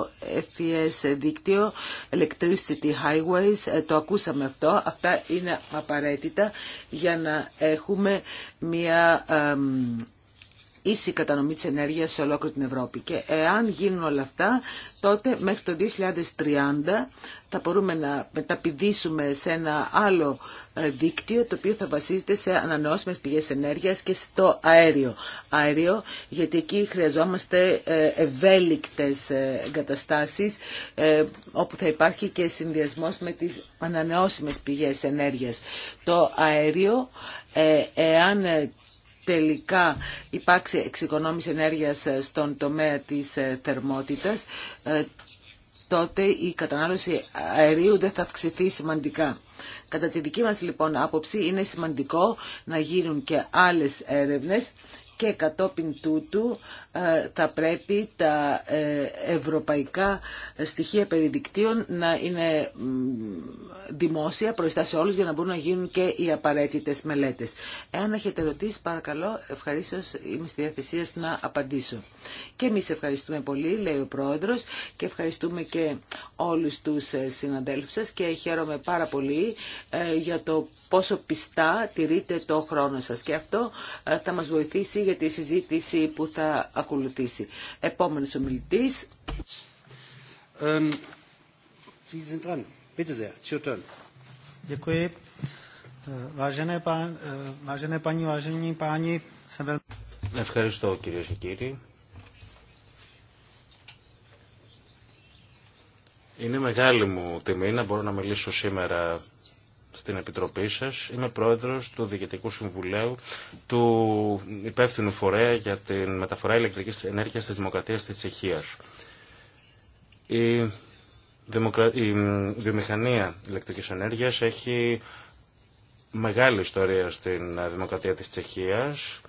FES δίκτυο, Electricity Highways, ε, το ακούσαμε αυτό. Αυτά είναι απαραίτητα για να έχουμε έχουμε μια Ε, ίση κατανομή της ενέργειας σε ολόκληρη την Ευρώπη. Και εάν γίνουν όλα αυτά, τότε μέχρι το 2030 θα μπορούμε να μεταπηδήσουμε σε ένα άλλο ε, δίκτυο το οποίο θα βασίζεται σε ανανεώσιμες πηγές ενέργειας και στο αέριο. Αέριο γιατί εκεί χρειαζόμαστε ε, ευέλικτες ε, εγκαταστάσεις όπου θα υπάρχει και συνδυασμός με τις ανανεώσιμες πηγές ενέργειας. Το αέριο εάν τελικά υπάρξει εξοικονόμηση ενέργειας ε, στον τομέα της ε, θερμότητας, ε, τότε η κατανάλωση αερίου δεν θα αυξηθεί σημαντικά. Κατά τη δική μας λοιπόν άποψη είναι σημαντικό να γίνουν και άλλες έρευνες και κατόπιν τούτου ε, θα πρέπει τα ε, ευρωπαϊκά στοιχεία περιδικτύων να είναι δημόσια προϊστά σε όλους για να μπορούν να γίνουν και οι απαραίτητες μελέτες. Εάν έχετε ερωτήσει, παρακαλώ, ευχαρίστω είμαι στη διαθεσία να απαντήσω. Και εμείς ευχαριστούμε πολύ, λέει ο Πρόεδρος, και ευχαριστούμε και όλους τους ε, συναντέλφους σας και χαίρομαι πάρα πολύ για το πόσο πιστά τηρείτε το χρόνο σας. Και αυτό ε, θα μας βοηθήσει για τη συζήτηση που θα ακολουθήσει. Επόμενος ομιλητής. Ευχαριστώ κυρίε και κύριοι. Είναι μεγάλη μου τιμή να μπορώ να μιλήσω σήμερα στην Επιτροπή σας. Είμαι πρόεδρος του Διοικητικού Συμβουλίου του Υπεύθυνου Φορέα για την Μεταφορά Ηλεκτρικής Ενέργειας της δημοκρατία της Τσεχίας. Η, δημοκρα... η βιομηχανία ηλεκτρικής ενέργειας έχει μεγάλη ιστορία στην Δημοκρατία της Τσεχίας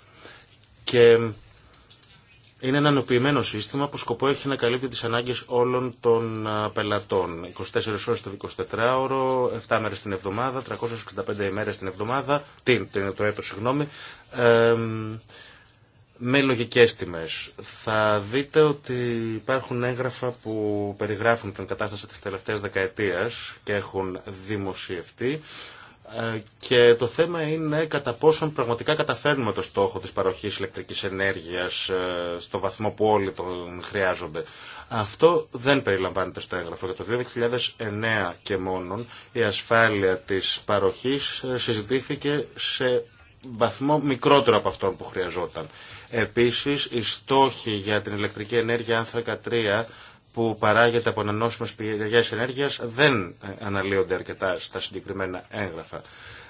και είναι ένα ενοποιημένο σύστημα που σκοπό έχει να καλύπτει τις ανάγκες όλων των πελατών. 24 ώρες το 24ωρο, 7 μέρες την εβδομάδα, 365 ημέρες την εβδομάδα, την, το έτος, συγγνώμη, με λογικές τιμές. Θα δείτε ότι υπάρχουν έγγραφα που περιγράφουν την κατάσταση της τελευταίας δεκαετίας και έχουν δημοσιευτεί και το θέμα είναι κατά πόσον πραγματικά καταφέρνουμε το στόχο της παροχής ηλεκτρικής ενέργειας ε, στο βαθμό που όλοι τον χρειάζονται. Αυτό δεν περιλαμβάνεται στο έγγραφο. Για το 2009 και μόνον η ασφάλεια της παροχής ε, συζητήθηκε σε βαθμό μικρότερο από αυτόν που χρειαζόταν. Επίσης, οι στόχοι για την ηλεκτρική ενέργεια άνθρακα που παράγεται από ανανόσιμε πηγέ ενέργεια δεν ε, αναλύονται αρκετά στα συγκεκριμένα έγγραφα.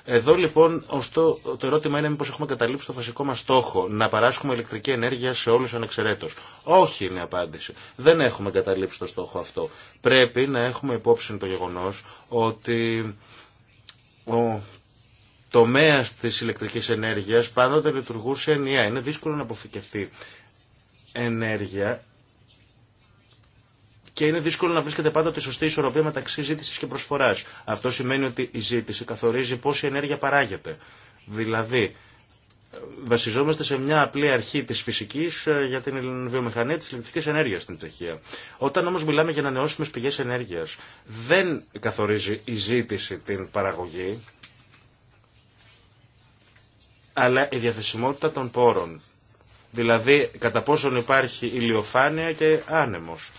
Εδώ λοιπόν ωστό, το ερώτημα είναι μήπως έχουμε καταλήψει το βασικό μας στόχο να παράσχουμε ηλεκτρική ενέργεια σε όλους ανεξαιρέτως. Όχι είναι η απάντηση. Δεν έχουμε καταλήψει το στόχο αυτό. Πρέπει να έχουμε υπόψη το γεγονός ότι ο τομέας της ηλεκτρικής ενέργειας πάντοτε λειτουργούσε ενιαία. Είναι δύσκολο να αποθηκευτεί ενέργεια και είναι δύσκολο να βρίσκεται πάντα τη σωστή ισορροπία μεταξύ ζήτηση και προσφορά. Αυτό σημαίνει ότι η ζήτηση καθορίζει πόση ενέργεια παράγεται. Δηλαδή, βασιζόμαστε σε μια απλή αρχή τη φυσική ε, για την βιομηχανία τη ηλεκτρική ενέργεια στην Τσεχία. Όταν όμω μιλάμε για νεώσουμε πηγές ενέργεια δεν καθορίζει η ζήτηση την παραγωγή, αλλά η διαθεσιμότητα των πόρων. Δηλαδή, κατά πόσον υπάρχει ηλιοφάνεια και άνεμος.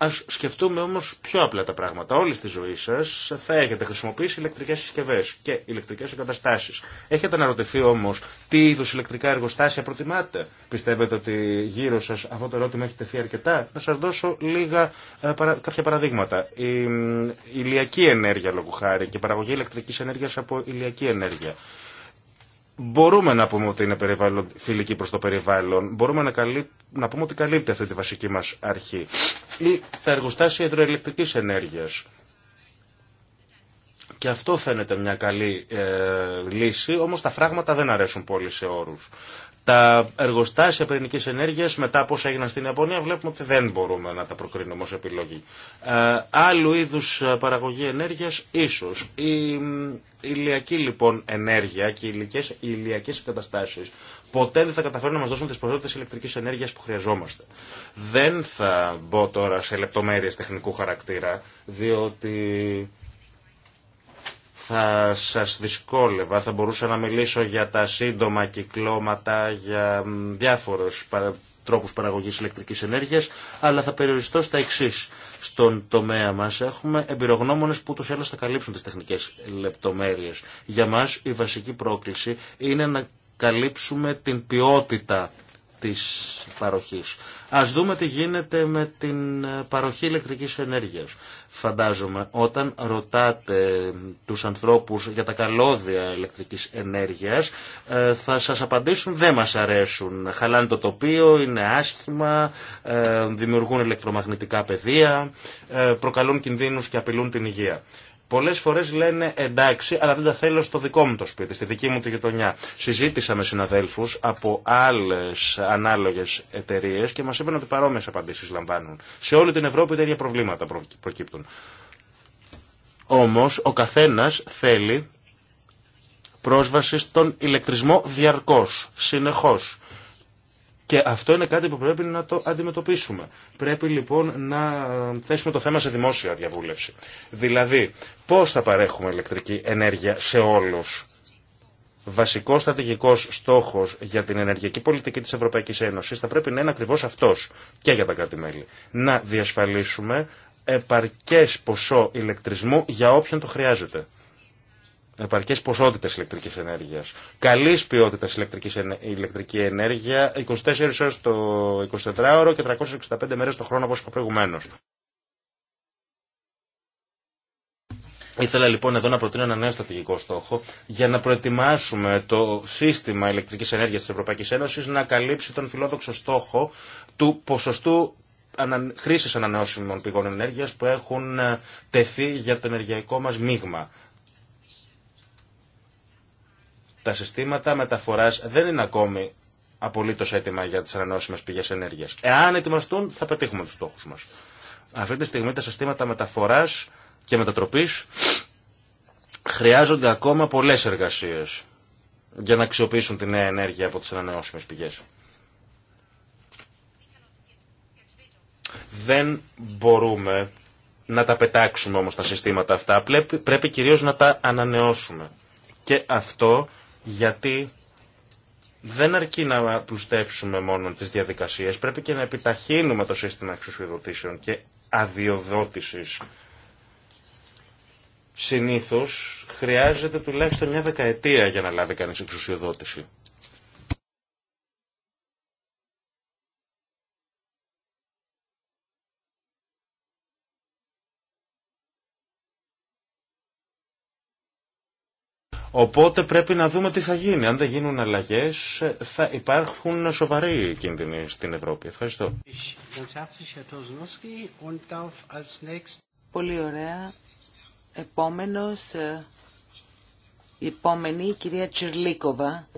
Ας σκεφτούμε όμως πιο απλά τα πράγματα. Όλη στη ζωή σας θα έχετε χρησιμοποιήσει ηλεκτρικές συσκευές και ηλεκτρικές εγκαταστάσεις. Έχετε αναρωτηθεί όμως τι είδους ηλεκτρικά εργοστάσια προτιμάτε. Πιστεύετε ότι γύρω σας αυτό το ερώτημα έχει τεθεί αρκετά. Να σας δώσω λίγα, ε, κάποια παραδείγματα. Η ηλιακή ενέργεια λόγου χάρη και παραγωγή ηλεκτρικής ενέργειας από ηλιακή ενέργεια. Μπορούμε να πούμε ότι είναι φιλική προς το περιβάλλον, μπορούμε να, να πούμε ότι καλύπτει αυτή τη βασική μας αρχή. Ή τα εργοστάσια υδροελεκτρικής ενέργειας. Και αυτό φαίνεται μια καλή ε, λύση, όμως τα φράγματα δεν αρέσουν πολύ σε όρους. Τα εργοστάσια πυρηνική ενέργειας μετά από όσα έγιναν στην Ιαπωνία βλέπουμε ότι δεν μπορούμε να τα προκρίνουμε ως επιλογή. Ε, άλλου είδους ε, παραγωγή ενέργειας ίσως. Η ηλιακή λοιπόν ενέργεια και οι ηλιακές καταστάσεις ποτέ δεν θα καταφέρουν να μας δώσουν τις ποσότητες ηλεκτρικής ενέργειας που χρειαζόμαστε. Δεν θα μπω τώρα σε λεπτομέρειες τεχνικού χαρακτήρα, διότι θα σας δυσκόλευα, θα μπορούσα να μιλήσω για τα σύντομα κυκλώματα, για διάφορους τρόπους παραγωγής ηλεκτρικής ενέργειας, αλλά θα περιοριστώ στα εξή. Στον τομέα μας έχουμε εμπειρογνώμονες που τους άλλως θα καλύψουν τις τεχνικές λεπτομέρειες. Για μας η βασική πρόκληση είναι να καλύψουμε την ποιότητα της παροχής. Ας δούμε τι γίνεται με την παροχή ηλεκτρικής ενέργειας. Φαντάζομαι όταν ρωτάτε τους ανθρώπους για τα καλώδια ηλεκτρικής ενέργειας ε, θα σας απαντήσουν δεν μας αρέσουν. Χαλάνε το τοπίο, είναι άσχημα, ε, δημιουργούν ηλεκτρομαγνητικά πεδία, ε, προκαλούν κινδύνους και απειλούν την υγεία. Πολλέ φορέ λένε εντάξει, αλλά δεν τα θέλω στο δικό μου το σπίτι, στη δική μου τη γειτονιά. Συζήτησα με συναδέλφου από άλλε ανάλογε εταιρείε και μα είπαν ότι παρόμοιε απαντήσει λαμβάνουν. Σε όλη την Ευρώπη τα ίδια προβλήματα προκύπτουν. Όμω ο καθένα θέλει πρόσβαση στον ηλεκτρισμό διαρκώ, συνεχώ. Και αυτό είναι κάτι που πρέπει να το αντιμετωπίσουμε. Πρέπει λοιπόν να θέσουμε το θέμα σε δημόσια διαβούλευση. Δηλαδή, πώς θα παρέχουμε ηλεκτρική ενέργεια σε όλους. Βασικό στρατηγικός στόχος για την ενεργειακή πολιτική της Ευρωπαϊκής Ένωσης θα πρέπει να είναι ακριβώς αυτός και για τα κράτη-μέλη. Να διασφαλίσουμε επαρκέ ποσό ηλεκτρισμού για όποιον το χρειάζεται επαρκέ ποσότητε ηλεκτρική ενέργεια. Καλή ποιότητα ηλεκτρική ενέργεια 24 ώρε το 24ωρο και 365 μέρε το χρόνο όπω είπα προηγουμένω. Ήθελα λοιπόν εδώ να προτείνω ένα νέο στρατηγικό στόχο για να προετοιμάσουμε το σύστημα ηλεκτρική ενέργεια τη Ευρωπαϊκή Ένωση να καλύψει τον φιλόδοξο στόχο του ποσοστού χρήση ανανεώσιμων πηγών ενέργεια που έχουν ε, τεθεί για το ενεργειακό μα μείγμα τα συστήματα μεταφοράς δεν είναι ακόμη απολύτως έτοιμα για τις ανανεώσιμε πηγές ενέργειας. Εάν ετοιμαστούν θα πετύχουμε τους στόχους μας. Αυτή τη στιγμή τα συστήματα μεταφοράς και μετατροπής χρειάζονται ακόμα πολλέ εργασίες για να αξιοποιήσουν τη νέα ενέργεια από τις ανανεώσιμε πηγές. Δεν μπορούμε να τα πετάξουμε όμως τα συστήματα αυτά, πρέπει, πρέπει κυρίως να τα ανανεώσουμε. Και αυτό γιατί δεν αρκεί να πλουστεύσουμε μόνο τις διαδικασίες, πρέπει και να επιταχύνουμε το σύστημα εξουσιοδοτήσεων και αδειοδότησης. Συνήθως χρειάζεται τουλάχιστον μια δεκαετία για να λάβει κανείς εξουσιοδότηση. Οπότε πρέπει να δούμε τι θα γίνει. Αν δεν γίνουν αλλαγέ, θα υπάρχουν σοβαροί κίνδυνοι στην Ευρώπη. Ευχαριστώ. Πολύ ωραία. Επόμενος, ε, η επόμενη, η κυρία Τσερλίκοβα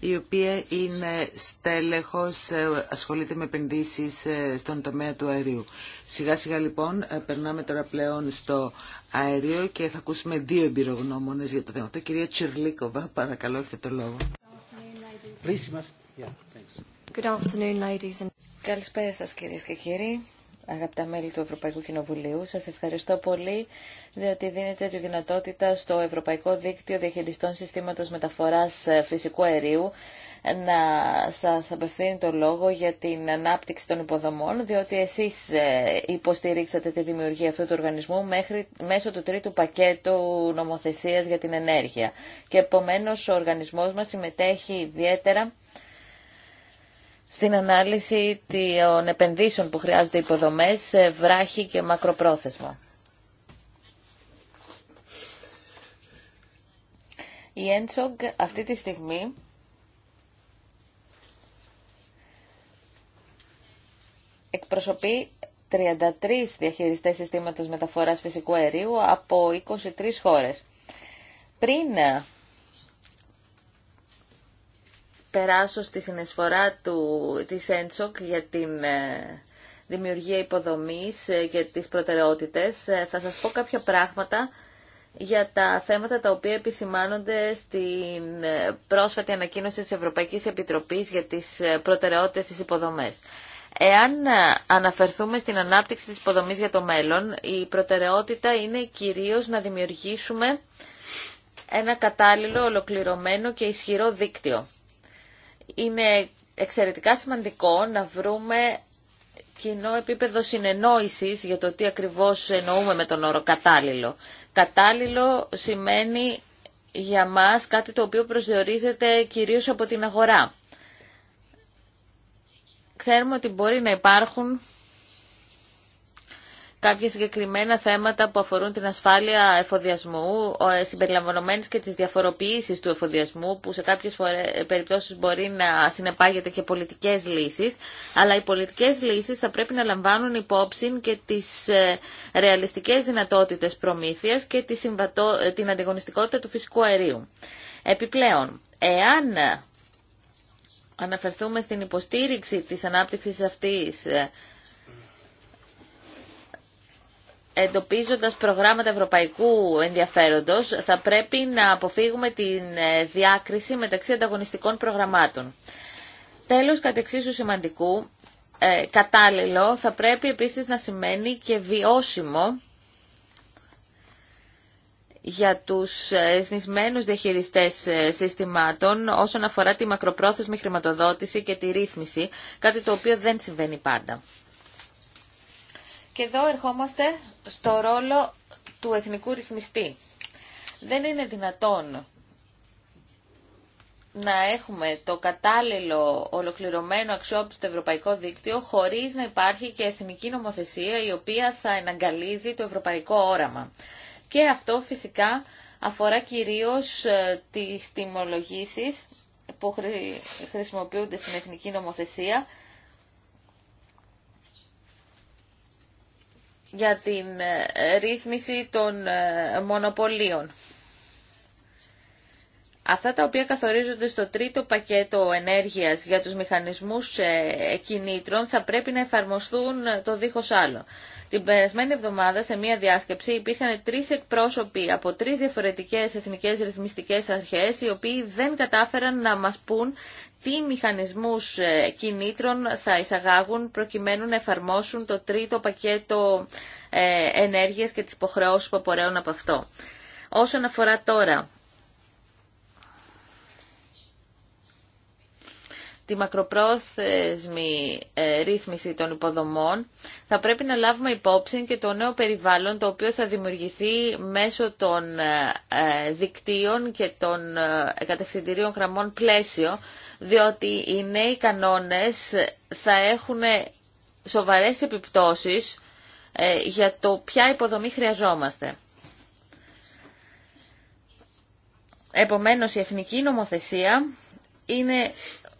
η οποία είναι στέλεχος, ε, ασχολείται με επενδύσεις ε, στον τομέα του αερίου. Σιγά σιγά λοιπόν ε, περνάμε τώρα πλέον στο αερίο και θα ακούσουμε δύο εμπειρογνώμονες για το θέμα. Το κυρία Τσιρλίκοβα, παρακαλώ έχετε το λόγο. Καλησπέρα σας κυρίες και κύριοι αγαπητά μέλη του Ευρωπαϊκού Κοινοβουλίου. Σας ευχαριστώ πολύ, διότι δίνετε τη δυνατότητα στο Ευρωπαϊκό Δίκτυο Διαχειριστών Συστήματος Μεταφοράς ε, Φυσικού Αερίου να σας απευθύνει το λόγο για την ανάπτυξη των υποδομών, διότι εσείς ε, υποστηρίξατε τη δημιουργία αυτού του οργανισμού μέχρι, μέσω του τρίτου πακέτου νομοθεσίας για την ενέργεια. Και επομένως ο οργανισμός μας συμμετέχει ιδιαίτερα στην ανάλυση των επενδύσεων που χρειάζονται υποδομές σε βράχη και μακροπρόθεσμα. Η Έντσογκ αυτή τη στιγμή εκπροσωπεί 33 διαχειριστές συστήματος μεταφοράς φυσικού αερίου από 23 χώρες. Πριν περάσω στη συνεισφορά του, της ΕΝΤΣΟΚ για την ε, δημιουργία υποδομής για ε, τις προτεραιότητες. Ε, θα σας πω κάποια πράγματα για τα θέματα τα οποία επισημάνονται στην πρόσφατη ανακοίνωση της Ευρωπαϊκής Επιτροπής για τις προτεραιότητες της υποδομές. Εάν αναφερθούμε στην ανάπτυξη της υποδομής για το μέλλον, η προτεραιότητα είναι κυρίως να δημιουργήσουμε ένα κατάλληλο, ολοκληρωμένο και ισχυρό δίκτυο είναι εξαιρετικά σημαντικό να βρούμε κοινό επίπεδο συνεννόησης για το τι ακριβώς εννοούμε με τον όρο κατάλληλο. Κατάλληλο σημαίνει για μας κάτι το οποίο προσδιορίζεται κυρίως από την αγορά. Ξέρουμε ότι μπορεί να υπάρχουν κάποια συγκεκριμένα θέματα που αφορούν την ασφάλεια εφοδιασμού, ε, συμπεριλαμβανομένε και τις διαφοροποιήσεις του εφοδιασμού, που σε κάποιες ε, περιπτώσεις μπορεί να συνεπάγεται και πολιτικές λύσεις, αλλά οι πολιτικές λύσεις θα πρέπει να λαμβάνουν υπόψη και τις ε, ρεαλιστικές δυνατότητες προμήθειας και την αντιγωνιστικότητα του φυσικού αερίου. Επιπλέον, εάν αναφερθούμε στην υποστήριξη της ανάπτυξης αυτής εντοπίζοντας προγράμματα ευρωπαϊκού ενδιαφέροντος θα πρέπει να αποφύγουμε την ε, διάκριση μεταξύ ανταγωνιστικών προγραμμάτων. Τέλος, κατ' εξίσου σημαντικού, ε, κατάλληλο θα πρέπει επίσης να σημαίνει και βιώσιμο για τους εθνισμένους διαχειριστές ε, συστημάτων όσον αφορά τη μακροπρόθεσμη χρηματοδότηση και τη ρύθμιση, κάτι το οποίο δεν συμβαίνει πάντα. Και εδώ ερχόμαστε στο ρόλο του εθνικού ρυθμιστή. Δεν είναι δυνατόν να έχουμε το κατάλληλο ολοκληρωμένο αξιόπιστο ευρωπαϊκό δίκτυο χωρίς να υπάρχει και εθνική νομοθεσία η οποία θα εναγκαλίζει το ευρωπαϊκό όραμα. Και αυτό φυσικά αφορά κυρίως ε, τις τιμολογήσεις που χρησιμοποιούνται στην εθνική νομοθεσία για την ε, ρύθμιση των ε, μονοπωλίων. Αυτά τα οποία καθορίζονται στο τρίτο πακέτο ενέργειας για τους μηχανισμούς ε, κινήτρων θα πρέπει να εφαρμοστούν το δίχως άλλο. Την περασμένη εβδομάδα σε μία διάσκεψη υπήρχαν τρεις εκπρόσωποι από τρεις διαφορετικές εθνικές ρυθμιστικές αρχές οι οποίοι δεν κατάφεραν να μα πούν τι μηχανισμούς ε, κινήτρων θα εισαγάγουν προκειμένου να εφαρμόσουν το τρίτο πακέτο ε, ενέργειας και τις υποχρεώσεις που απορρέουν από αυτό. Όσον αφορά τώρα τη μακροπρόθεσμη ε, ρύθμιση των υποδομών, θα πρέπει να λάβουμε υπόψη και το νέο περιβάλλον το οποίο θα δημιουργηθεί μέσω των δικτύων και των κατευθυντηρίων γραμμών πλαίσιο, διότι οι νέοι κανόνες θα έχουν σοβαρές επιπτώσεις ε, για το ποια υποδομή χρειαζόμαστε. Επομένως, η εθνική νομοθεσία είναι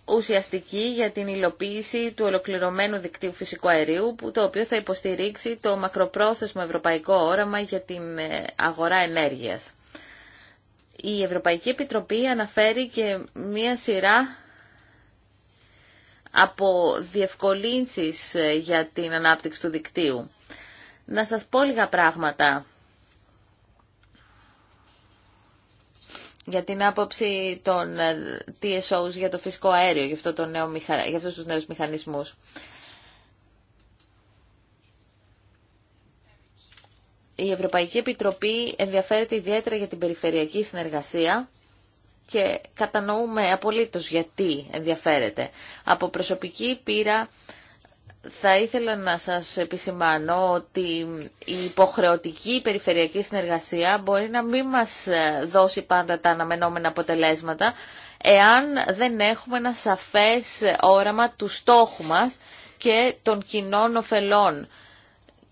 ουσιαστική για την υλοποίηση του ολοκληρωμένου δικτύου φυσικού αερίου, που το οποίο θα υποστηρίξει το μακροπρόθεσμο ευρωπαϊκό όραμα για την ε, αγορά ενέργειας. Η Ευρωπαϊκή Επιτροπή αναφέρει και μία σειρά από διευκολύνσεις ε, για την ανάπτυξη του δικτύου. Να σας πω λίγα πράγματα για την άποψη των ε, TSOs για το φυσικό αέριο, για, αυτό το νέο, για αυτούς τους νέους μηχανισμούς. Η Ευρωπαϊκή Επιτροπή ενδιαφέρεται ιδιαίτερα για την περιφερειακή συνεργασία και κατανοούμε απολύτως γιατί ενδιαφέρεται. Από προσωπική πείρα θα ήθελα να σας επισημάνω ότι η υποχρεωτική περιφερειακή συνεργασία μπορεί να μην μας δώσει πάντα τα αναμενόμενα αποτελέσματα εάν δεν έχουμε ένα σαφές όραμα του στόχου μας και των κοινών ωφελών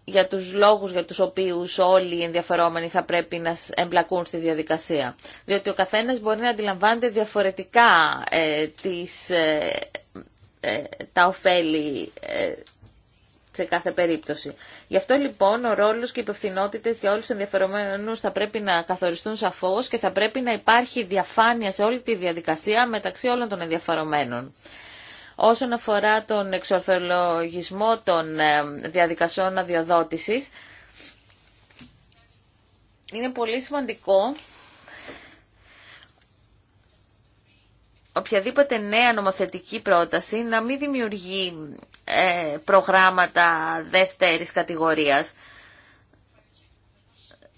για τους λόγους για τους οποίους όλοι οι ενδιαφερόμενοι θα πρέπει να εμπλακούν στη διαδικασία. Διότι ο καθένας μπορεί να αντιλαμβάνεται διαφορετικά ε, τις, ε, ε, τα ωφέλη σε κάθε περίπτωση. Γι' αυτό λοιπόν ο ρόλος και οι υπευθυνότητε για όλους τους ενδιαφερομένους θα πρέπει να καθοριστούν σαφώς και θα πρέπει να υπάρχει διαφάνεια σε όλη τη διαδικασία μεταξύ όλων των ενδιαφερομένων. Όσον αφορά τον εξορθολογισμό των ε, διαδικασιών αδειοδότησης, είναι πολύ σημαντικό οποιαδήποτε νέα νομοθετική πρόταση να μην δημιουργεί ε, προγράμματα δεύτερης κατηγορίας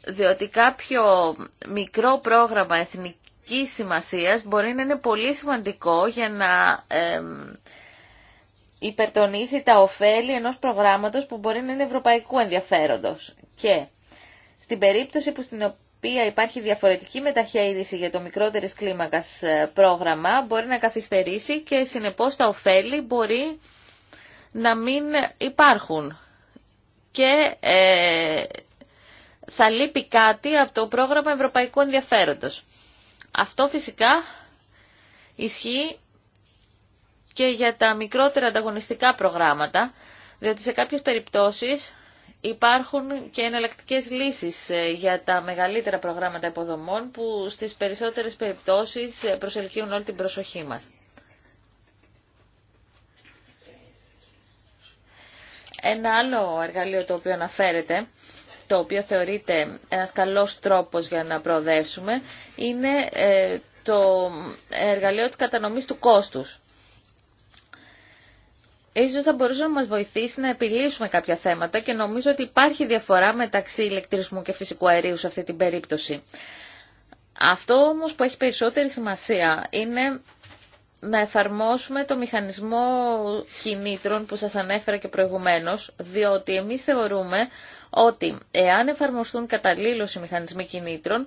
διότι κάποιο μικρό πρόγραμμα εθνική στρατηγικής σημασία μπορεί να είναι πολύ σημαντικό για να ε, υπερτονίσει τα ωφέλη ενός προγράμματος που μπορεί να είναι ευρωπαϊκού ενδιαφέροντος. Και στην περίπτωση που στην οποία υπάρχει διαφορετική μεταχείριση για το μικρότερης κλίμακας ε, πρόγραμμα μπορεί να καθυστερήσει και συνεπώς τα ωφέλη μπορεί να μην υπάρχουν. Και ε, θα λείπει κάτι από το πρόγραμμα ευρωπαϊκού ενδιαφέροντος. Αυτό φυσικά ισχύει και για τα μικρότερα ανταγωνιστικά προγράμματα, διότι σε κάποιες περιπτώσεις υπάρχουν και εναλλακτικέ λύσεις ε, για τα μεγαλύτερα προγράμματα υποδομών που στις περισσότερες περιπτώσεις ε, προσελκύουν όλη την προσοχή μας. Ένα άλλο εργαλείο το οποίο αναφέρεται το οποίο θεωρείται ένας καλός τρόπος για να προοδεύσουμε, είναι ε, το εργαλείο της κατανομής του κόστους. Ίσως θα μπορούσε να μας βοηθήσει να επιλύσουμε κάποια θέματα και νομίζω ότι υπάρχει διαφορά μεταξύ ηλεκτρισμού και φυσικού αερίου σε αυτή την περίπτωση. Αυτό όμως που έχει περισσότερη σημασία είναι να εφαρμόσουμε το μηχανισμό κινήτρων που σας ανέφερα και προηγουμένως, διότι εμείς θεωρούμε ότι εάν εφαρμοστούν καταλήλως οι μηχανισμοί κινήτρων,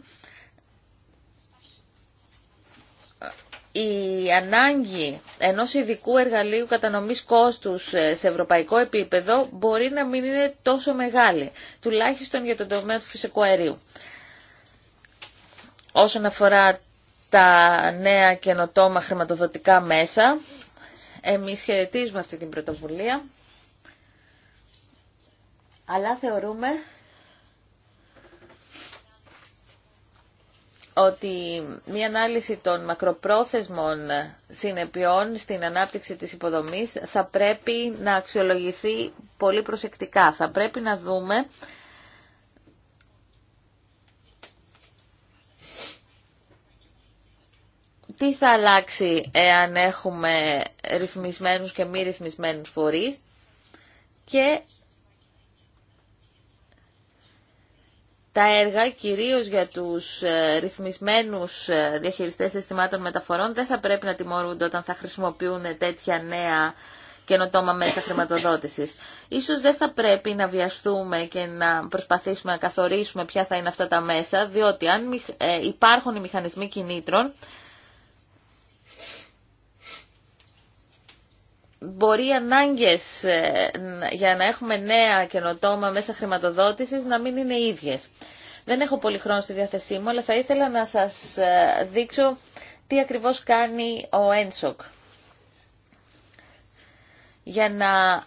η ανάγκη ενός ειδικού εργαλείου κατανομής κόστους ε, σε ευρωπαϊκό επίπεδο μπορεί να μην είναι τόσο μεγάλη, τουλάχιστον για τον τομέα του φυσικού αερίου. Όσον αφορά τα νέα καινοτόμα χρηματοδοτικά μέσα, εμείς χαιρετίζουμε αυτή την πρωτοβουλία αλλά θεωρούμε ότι μια ανάλυση των μακροπρόθεσμων συνεπειών στην ανάπτυξη της υποδομής θα πρέπει να αξιολογηθεί πολύ προσεκτικά. Θα πρέπει να δούμε τι θα αλλάξει εάν έχουμε ρυθμισμένους και μη ρυθμισμένους φορείς και τα έργα, κυρίως για τους ε, ρυθμισμένους ε, διαχειριστές συστημάτων μεταφορών, δεν θα πρέπει να τιμωρούνται όταν θα χρησιμοποιούν τέτοια νέα καινοτόμα μέσα χρηματοδότησης. Ίσως δεν θα πρέπει να βιαστούμε και να προσπαθήσουμε να καθορίσουμε ποια θα είναι αυτά τα μέσα, διότι αν ε, υπάρχουν οι μηχανισμοί κινήτρων, μπορεί οι ανάγκες ε, για να έχουμε νέα καινοτόμα μέσα χρηματοδότησης να μην είναι ίδιες. Δεν έχω πολύ χρόνο στη διάθεσή μου, αλλά θα ήθελα να σας ε, δείξω τι ακριβώς κάνει ο ένσοκ. Για να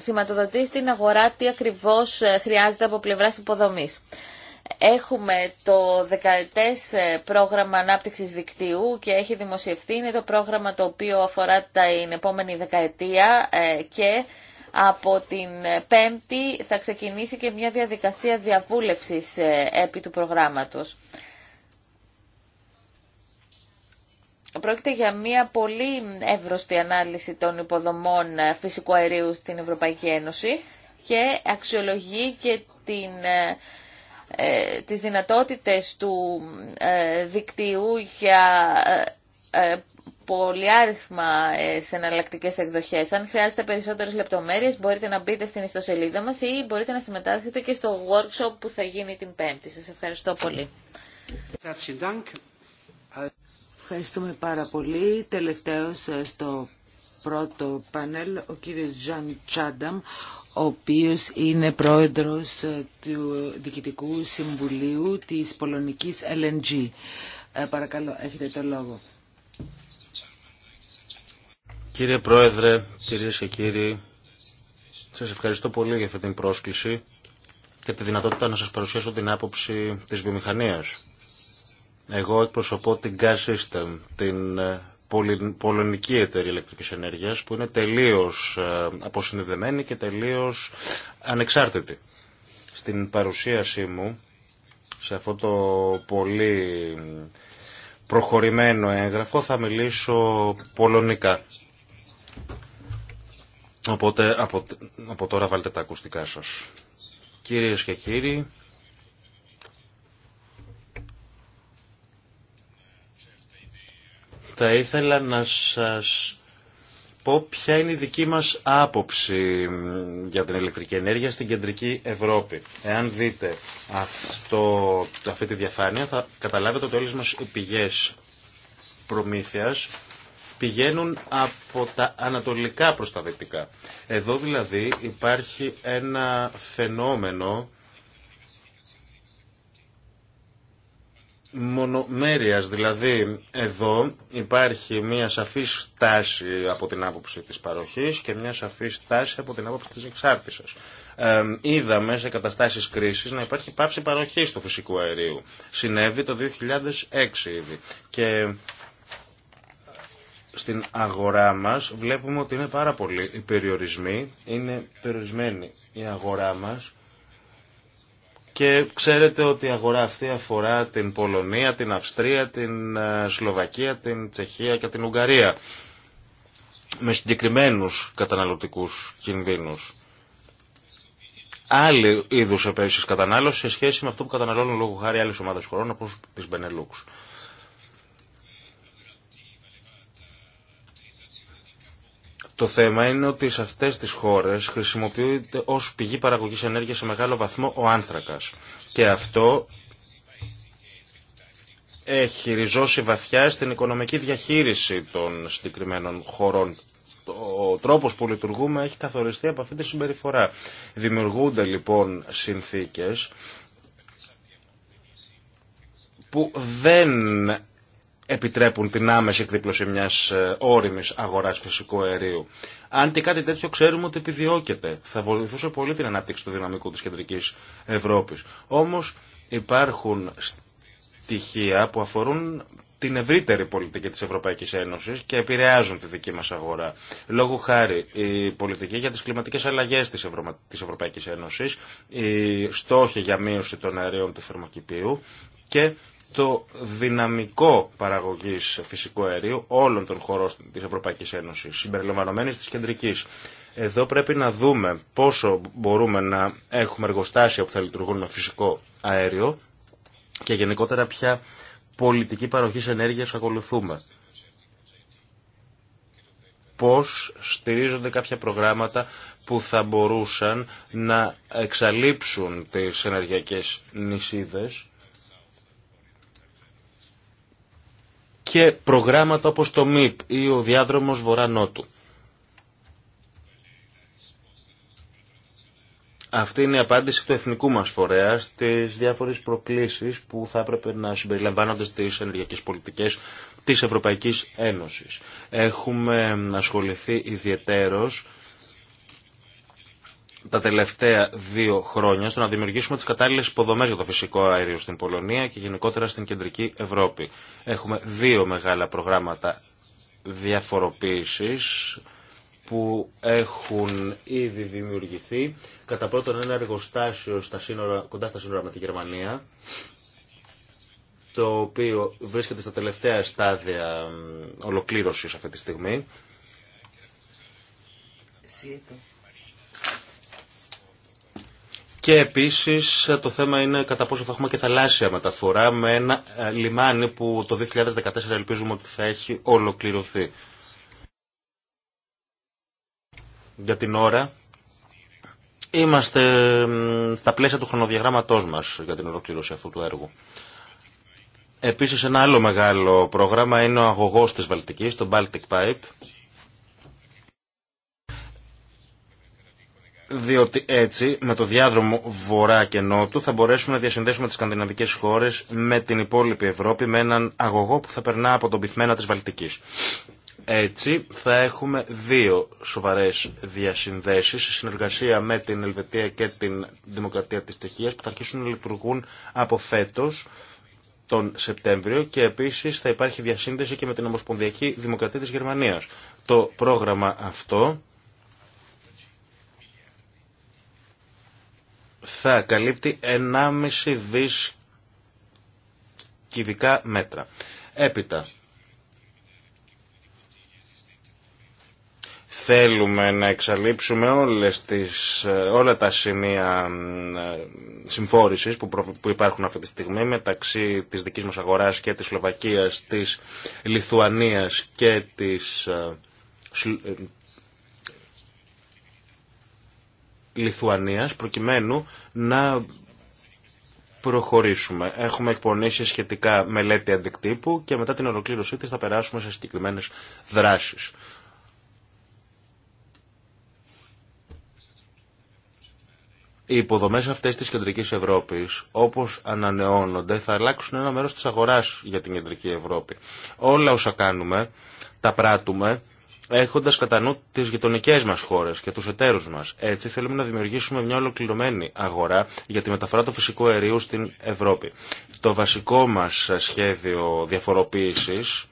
σηματοδοτεί την αγορά τι ακριβώς ε, χρειάζεται από πλευράς υποδομής. Έχουμε το δεκαετές ε, πρόγραμμα ανάπτυξης δικτύου και έχει δημοσιευθεί. Είναι το πρόγραμμα το οποίο αφορά την επόμενη δεκαετία ε, και από την Πέμπτη θα ξεκινήσει και μια διαδικασία διαβούλευσης ε, επί του προγράμματος. Πρόκειται για μια πολύ εύρωστη ανάλυση των υποδομών φυσικού αερίου στην Ευρωπαϊκή Ένωση και αξιολογεί και την ε, τις δυνατότητες του ε, δικτύου για ε, ε πολυάριθμα ε, σε εναλλακτικές εκδοχές. Αν χρειάζεται περισσότερες λεπτομέρειες, μπορείτε να μπείτε στην ιστοσελίδα μας ή μπορείτε να συμμετάσχετε και στο workshop που θα γίνει την Πέμπτη. Σα ευχαριστώ πολύ. Ευχαριστούμε πάρα πολύ. Τελευταίος στο πρώτο πάνελ ο κύριος Ζαν Τσάνταμ, ο οποίος είναι πρόεδρος ε, του Διοικητικού Συμβουλίου της Πολωνικής LNG. Ε, παρακαλώ, έχετε το λόγο. Κύριε Πρόεδρε, κυρίες και κύριοι, σας ευχαριστώ πολύ για αυτή την πρόσκληση και τη δυνατότητα να σας παρουσιάσω την άποψη της βιομηχανίας. Εγώ εκπροσωπώ την Gas System, την ε, πολωνική εταιρεία ηλεκτρικής ενέργειας που είναι τελείως ε, αποσυνδεδεμένη και τελείως ανεξάρτητη. Στην παρουσίασή μου σε αυτό το πολύ προχωρημένο έγγραφο θα μιλήσω πολωνικά. Οπότε από, από τώρα βάλτε τα ακουστικά σας. Κυρίες και κύριοι, Θα ήθελα να σας πω ποια είναι η δική μας άποψη για την ηλεκτρική ενέργεια στην κεντρική Ευρώπη. Εάν δείτε αυτό, αυτή τη διαφάνεια θα καταλάβετε ότι όλες μας οι πηγές προμήθειας πηγαίνουν από τα ανατολικά προς τα δυτικά. Εδώ δηλαδή υπάρχει ένα φαινόμενο μονομέρειας. Δηλαδή, εδώ υπάρχει μια σαφή στάση από την άποψη της παροχής και μια σαφή στάση από την άποψη της εξάρτησης. είδαμε σε καταστάσεις κρίσης να υπάρχει πάυση παροχής του φυσικού αερίου. Συνέβη το 2006 ήδη. Και στην αγορά μας βλέπουμε ότι είναι πάρα πολύ οι περιορισμοί, είναι περιορισμένη η αγορά μας και ξέρετε ότι η αγορά αυτή αφορά την Πολωνία, την Αυστρία, την ε, Σλοβακία, την Τσεχία και την Ουγγαρία με συγκεκριμένους καταναλωτικούς κινδύνους. Άλλη είδους επέσεις κατανάλωση σε σχέση με αυτό που καταναλώνουν λόγω χάρη άλλες ομάδες χωρών όπως τις Μπενελούξ. Το θέμα είναι ότι σε αυτές τις χώρες χρησιμοποιείται ως πηγή παραγωγής ενέργειας σε μεγάλο βαθμό ο άνθρακας. Και αυτό έχει ριζώσει βαθιά στην οικονομική διαχείριση των συγκεκριμένων χωρών. Ο τρόπος που λειτουργούμε έχει καθοριστεί από αυτή τη συμπεριφορά. Δημιουργούνται λοιπόν συνθήκες που δεν επιτρέπουν την άμεση εκδίπλωση μιας ε, όριμης αγοράς φυσικού αερίου. Αν και κάτι τέτοιο ξέρουμε ότι επιδιώκεται, θα βοηθούσε πολύ την ανάπτυξη του δυναμικού της κεντρικής Ευρώπης. Όμως υπάρχουν στοιχεία που αφορούν την ευρύτερη πολιτική της Ευρωπαϊκής Ένωσης και επηρεάζουν τη δική μας αγορά. Λόγω χάρη η πολιτική για τις κλιματικές αλλαγές της, Ευρω... της Ευρωπαϊκής Ένωσης, οι στόχοι για μείωση των αερίων του θερμοκηπίου και το δυναμικό παραγωγής φυσικού αερίου όλων των χωρών της Ευρωπαϊκής Ένωσης, συμπεριλαμβανομένης της κεντρικής. Εδώ πρέπει να δούμε πόσο μπορούμε να έχουμε εργοστάσια που θα λειτουργούν με φυσικό αέριο και γενικότερα ποια πολιτική παροχής ενέργειας ακολουθούμε. Πώς στηρίζονται κάποια προγράμματα που θα μπορούσαν να εξαλείψουν τις ενεργειακές νησίδες και προγράμματα όπως το ΜΙΠ ή ο διάδρομος Βορρά-Νότου. Αυτή είναι η απάντηση του εθνικού μας φορέα στις διάφορες προκλήσεις που θα έπρεπε να συμπεριλαμβάνονται στις ενεργειακές πολιτικές της Ευρωπαϊκής Ένωσης. Έχουμε ασχοληθεί ιδιαιτέρως τα τελευταία δύο χρόνια στο να δημιουργήσουμε τις κατάλληλε υποδομέ για το φυσικό αέριο στην Πολωνία και γενικότερα στην κεντρική Ευρώπη. Έχουμε δύο μεγάλα προγράμματα διαφοροποίησης που έχουν ήδη δημιουργηθεί. Κατά πρώτον ένα εργοστάσιο στα σύνορα, κοντά στα σύνορα με τη Γερμανία, το οποίο βρίσκεται στα τελευταία στάδια ολοκλήρωσης αυτή τη στιγμή. Και επίσης το θέμα είναι κατά πόσο θα έχουμε και θαλάσσια μεταφορά με ένα ε, λιμάνι που το 2014 ελπίζουμε ότι θα έχει ολοκληρωθεί. Για την ώρα είμαστε στα πλαίσια του χρονοδιαγράμματός μας για την ολοκληρώση αυτού του έργου. Επίσης ένα άλλο μεγάλο πρόγραμμα είναι ο αγωγός της Βαλτικής, το Baltic Pipe, διότι έτσι με το διάδρομο βορρά και νότου θα μπορέσουμε να διασυνδέσουμε τις σκανδιναβικές χώρες με την υπόλοιπη Ευρώπη με έναν αγωγό που θα περνά από τον πυθμένα της Βαλτικής. Έτσι θα έχουμε δύο σοβαρές διασυνδέσεις σε συνεργασία με την Ελβετία και την Δημοκρατία της Τσεχίας που θα αρχίσουν να λειτουργούν από φέτος τον Σεπτέμβριο και επίσης θα υπάρχει διασύνδεση και με την Ομοσπονδιακή Δημοκρατία της Γερμανίας. Το πρόγραμμα αυτό θα καλύπτει 1,5 δις κυβικά μέτρα. Έπειτα, θέλουμε να εξαλείψουμε όλες τις, όλα τα σημεία συμφόρησης που, υπάρχουν αυτή τη στιγμή μεταξύ της δικής μας αγοράς και της Σλοβακίας, της Λιθουανίας και της, ε, ε, Λιθουανίας προκειμένου να προχωρήσουμε. Έχουμε εκπονήσει σχετικά μελέτη αντικτύπου και μετά την ολοκλήρωσή της θα περάσουμε σε συγκεκριμένες δράσεις. Οι υποδομές αυτές της κεντρικής Ευρώπης, όπως ανανεώνονται, θα αλλάξουν ένα μέρος της αγοράς για την κεντρική Ευρώπη. Όλα όσα κάνουμε, τα πράττουμε έχοντας κατά νου τις γειτονικές μας χώρες και τους εταίρους μας. Έτσι θέλουμε να δημιουργήσουμε μια ολοκληρωμένη αγορά για τη μεταφορά του φυσικού αερίου στην Ευρώπη. Το βασικό μας σχέδιο διαφοροποίησης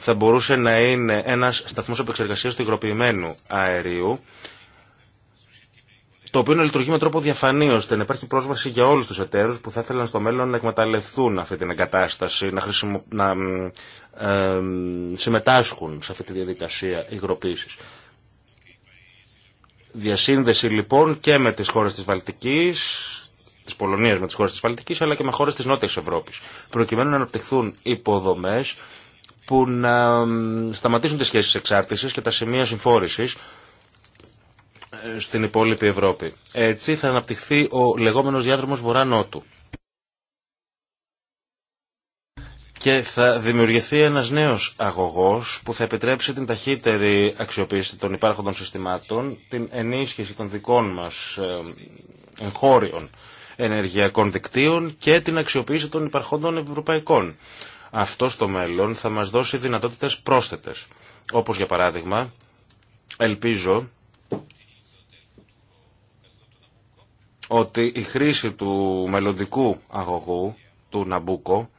θα μπορούσε να είναι ένας σταθμός επεξεργασίας του υγροποιημένου αερίου το οποίο λειτουργεί με τρόπο διαφανή, ώστε να υπάρχει πρόσβαση για όλου του εταίρους που θα ήθελαν στο μέλλον να εκμεταλλευτούν αυτή την εγκατάσταση, να, χρησιμο... να ε, συμμετάσχουν σε αυτή τη διαδικασία υγροποίηση. Διασύνδεση λοιπόν και με τι χώρε τη Βαλτικής, τη Πολωνίας με τις χώρες της Βαλτικής, αλλά και με χώρε τη νότια Ευρώπη, προκειμένου να αναπτυχθούν υποδομέ που να σταματήσουν τι σχέσει εξάρτηση και τα σημεία συμφόρηση στην υπόλοιπη Ευρώπη. Έτσι θα αναπτυχθεί ο λεγόμενος διάδρομος βορρά-νότου. Και θα δημιουργηθεί ένας νέος αγωγός που θα επιτρέψει την ταχύτερη αξιοποίηση των υπάρχοντων συστημάτων, την ενίσχυση των δικών μας ε, εγχώριων ενεργειακών δικτύων και την αξιοποίηση των υπαρχόντων ευρωπαϊκών. Αυτό στο μέλλον θα μας δώσει δυνατότητες πρόσθετες. Όπως για παράδειγμα, ελπίζω ότι η χρήση του μελλοντικού αγωγού, του Ναμπούκο,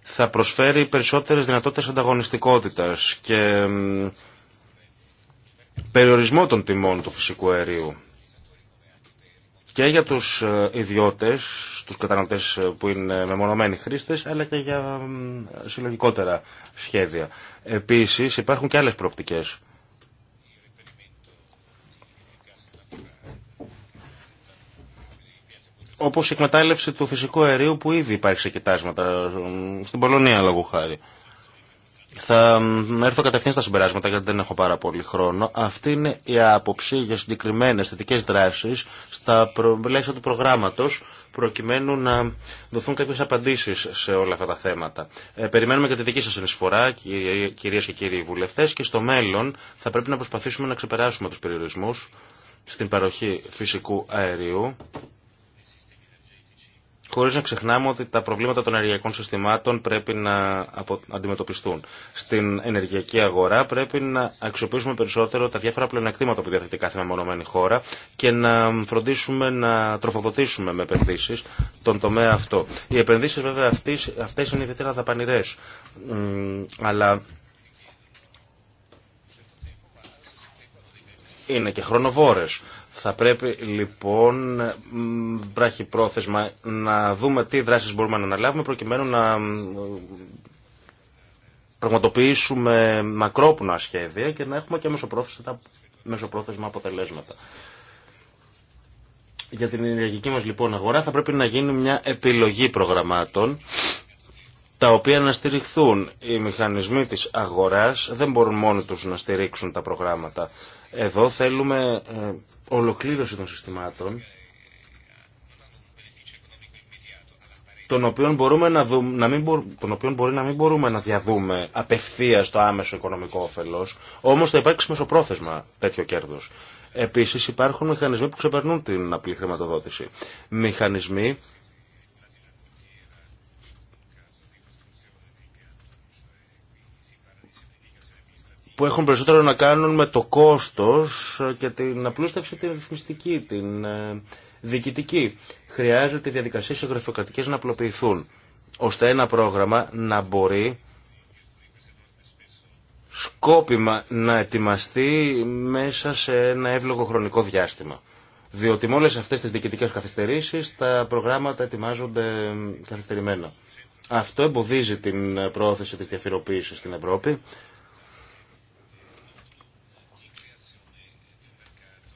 θα προσφέρει περισσότερες δυνατότητες ανταγωνιστικότητας και περιορισμό των τιμών του φυσικού αερίου και για τους ε, ιδιώτες, τους καταναλωτές ε, που είναι μεμονωμένοι χρήστες, αλλά και για συλλογικότερα σχέδια. Επίσης υπάρχουν και άλλες προοπτικές. Όπω η εκμετάλλευση του φυσικού αερίου που ήδη υπάρχει σε κοιτάσματα, στην Πολωνία λόγω χάρη. Θα έρθω κατευθείαν στα συμπεράσματα γιατί δεν έχω πάρα πολύ χρόνο. Αυτή είναι η άποψη για συγκεκριμένε θετικέ δράσει στα πλαίσια του προγράμματο προκειμένου να δοθούν κάποιε απαντήσει σε όλα αυτά τα θέματα. Ε, περιμένουμε και τη δική σα ενισφορά, κυρίε και κύριοι βουλευτέ, και στο μέλλον θα πρέπει να προσπαθήσουμε να ξεπεράσουμε του περιορισμού στην παροχή φυσικού αερίου χωρίς να ξεχνάμε ότι τα προβλήματα των ενεργειακών συστημάτων πρέπει να αντιμετωπιστούν. Στην ενεργειακή αγορά πρέπει να αξιοποιήσουμε περισσότερο τα διάφορα πλεονεκτήματα που διαθέτει κάθε μεμονωμένη χώρα και να φροντίσουμε να τροφοδοτήσουμε με επενδύσεις τον τομέα αυτό. Οι επενδύσεις βέβαια αυτές, αυτές είναι ιδιαίτερα δαπανηρές, αλλά είναι και χρονοβόρες. Θα πρέπει λοιπόν βράχει πρόθεσμα να δούμε τι δράσεις μπορούμε να αναλάβουμε προκειμένου να πραγματοποιήσουμε μακρόπνοα σχέδια και να έχουμε και μεσοπρόθεσμα, μεσοπρόθεσμα αποτελέσματα. Για την ενεργειακή μας λοιπόν αγορά θα πρέπει να γίνει μια επιλογή προγραμμάτων τα οποία να στηριχθούν. Οι μηχανισμοί της αγοράς δεν μπορούν μόνοι τους να στηρίξουν τα προγράμματα. Εδώ θέλουμε ε, ολοκλήρωση των συστημάτων τον οποίο μπορούμε να, να μην τον οποίο μπορεί να μην μπορούμε να διαδούμε απευθεία το άμεσο οικονομικό όφελο, όμω θα υπάρξει μεσοπρόθεσμα τέτοιο κέρδο. Επίση υπάρχουν μηχανισμοί που ξεπερνούν την απλή χρηματοδότηση. Μηχανισμοί που έχουν περισσότερο να κάνουν με το κόστος και την απλούστευση την ρυθμιστική, την ε, διοικητική. Χρειάζεται οι διαδικασίες να απλοποιηθούν, ώστε ένα πρόγραμμα να μπορεί σκόπιμα να ετοιμαστεί μέσα σε ένα εύλογο χρονικό διάστημα. Διότι με όλες αυτές τις διοικητικές καθυστερήσεις τα προγράμματα ετοιμάζονται καθυστερημένα. Αυτό εμποδίζει την πρόθεση της διαφυροποίησης στην Ευρώπη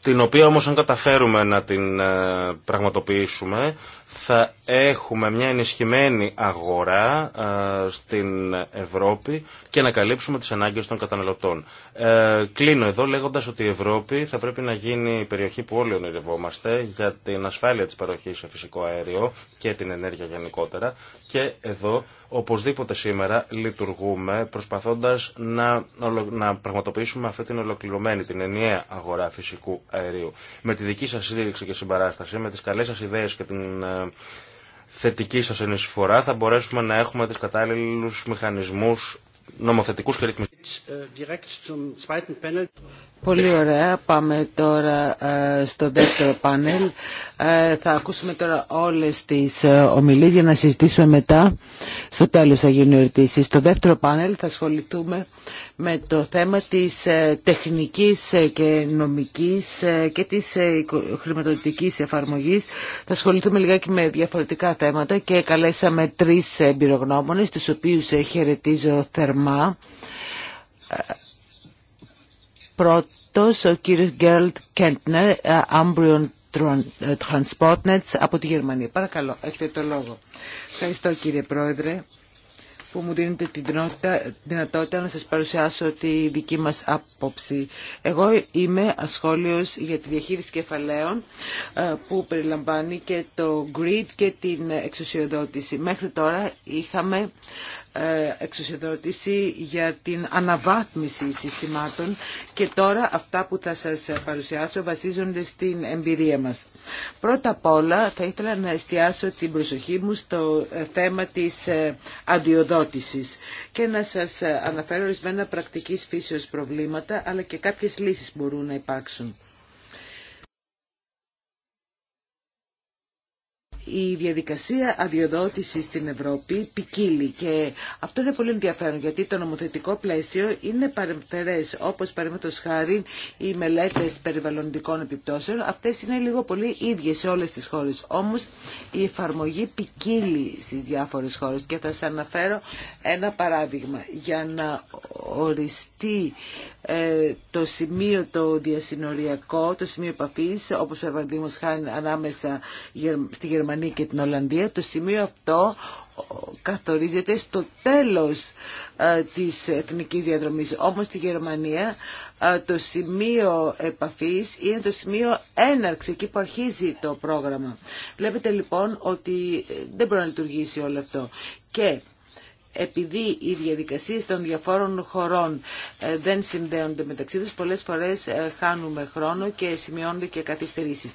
την οποία όμως αν καταφέρουμε να την ε, πραγματοποιήσουμε θα έχουμε μια ενισχυμένη αγορά στην Ευρώπη και να καλύψουμε τις ανάγκες των καταναλωτών. Ε, κλείνω εδώ λέγοντας ότι η Ευρώπη θα πρέπει να γίνει η περιοχή που όλοι ονειρευόμαστε για την ασφάλεια της παροχής σε φυσικό αέριο και την ενέργεια γενικότερα και εδώ οπωσδήποτε σήμερα λειτουργούμε προσπαθώντας να, να πραγματοποιήσουμε αυτή την ολοκληρωμένη, την ενιαία αγορά φυσικού αερίου. Με τη δική σας στήριξη και συμπαράσταση, με τις καλές σας ιδέες και την ε, θετική σα ενισφορά θα μπορέσουμε να έχουμε τις κατάλληλους μηχανισμούς νομοθετικούς και ρυθμιστικούς. Πολύ ωραία. Πάμε τώρα ε, στο δεύτερο πάνελ. Ε, θα ακούσουμε τώρα όλες τις ε, ομιλίες για να συζητήσουμε μετά. Στο τέλος θα γίνουν Στο δεύτερο πάνελ θα ασχοληθούμε με το θέμα της τεχνικής και νομικής και της χρηματοδοτικής εφαρμογής. Θα ασχοληθούμε λιγάκι με διαφορετικά θέματα και καλέσαμε τρεις εμπειρογνώμονες, τους οποίους χαιρετίζω θερμά Πρώτος ο κύριος Γκέρλτ Κέντνερ, Αμπριον ε, ε, Transportnets από τη Γερμανία. Παρακαλώ, έχετε το λόγο. Ευχαριστώ κύριε Πρόεδρε που μου δίνετε την δυνατότητα να σας παρουσιάσω τη δική μας άποψη. Εγώ είμαι ασχόλιος για τη διαχείριση κεφαλαίων ε, που περιλαμβάνει και το grid και την εξουσιοδότηση. Μέχρι τώρα είχαμε ε, εξουσιοδότηση για την αναβάθμιση συστημάτων και τώρα αυτά που θα σας παρουσιάσω βασίζονται στην εμπειρία μας. Πρώτα απ' όλα θα ήθελα να εστιάσω την προσοχή μου στο ε, θέμα της ε, αδειοδότησης και να σας αναφέρω ορισμένα πρακτικής φύσεως προβλήματα αλλά και κάποιες λύσεις μπορούν να υπάρξουν. η διαδικασία αδειοδότησης στην Ευρώπη ποικίλει και αυτό είναι πολύ ενδιαφέρον γιατί το νομοθετικό πλαίσιο είναι παρεμφερές όπως παραδείγματος χάρη οι μελέτες περιβαλλοντικών επιπτώσεων αυτές είναι λίγο πολύ ίδιες σε όλες τις χώρες όμως η εφαρμογή ποικίλει στις διάφορες χώρες και θα σας αναφέρω ένα παράδειγμα για να οριστεί ε, το σημείο το διασυνοριακό το σημείο επαφής όπως παραδείγματος χάρη ανάμεσα στη Γερμανία Γερμανία και την Ολλανδία, το σημείο αυτό καθορίζεται στο τέλος ε, της εθνικής διαδρομής. Όμως στη Γερμανία ε, το σημείο επαφής είναι το σημείο έναρξη, εκεί που αρχίζει το πρόγραμμα. Βλέπετε λοιπόν ότι ε, δεν μπορεί να λειτουργήσει όλο αυτό. Και επειδή οι διαδικασίες των διαφόρων χωρών δεν συνδέονται μεταξύ τους, πολλές φορές χάνουμε χρόνο και σημειώνονται και καθυστερήσεις.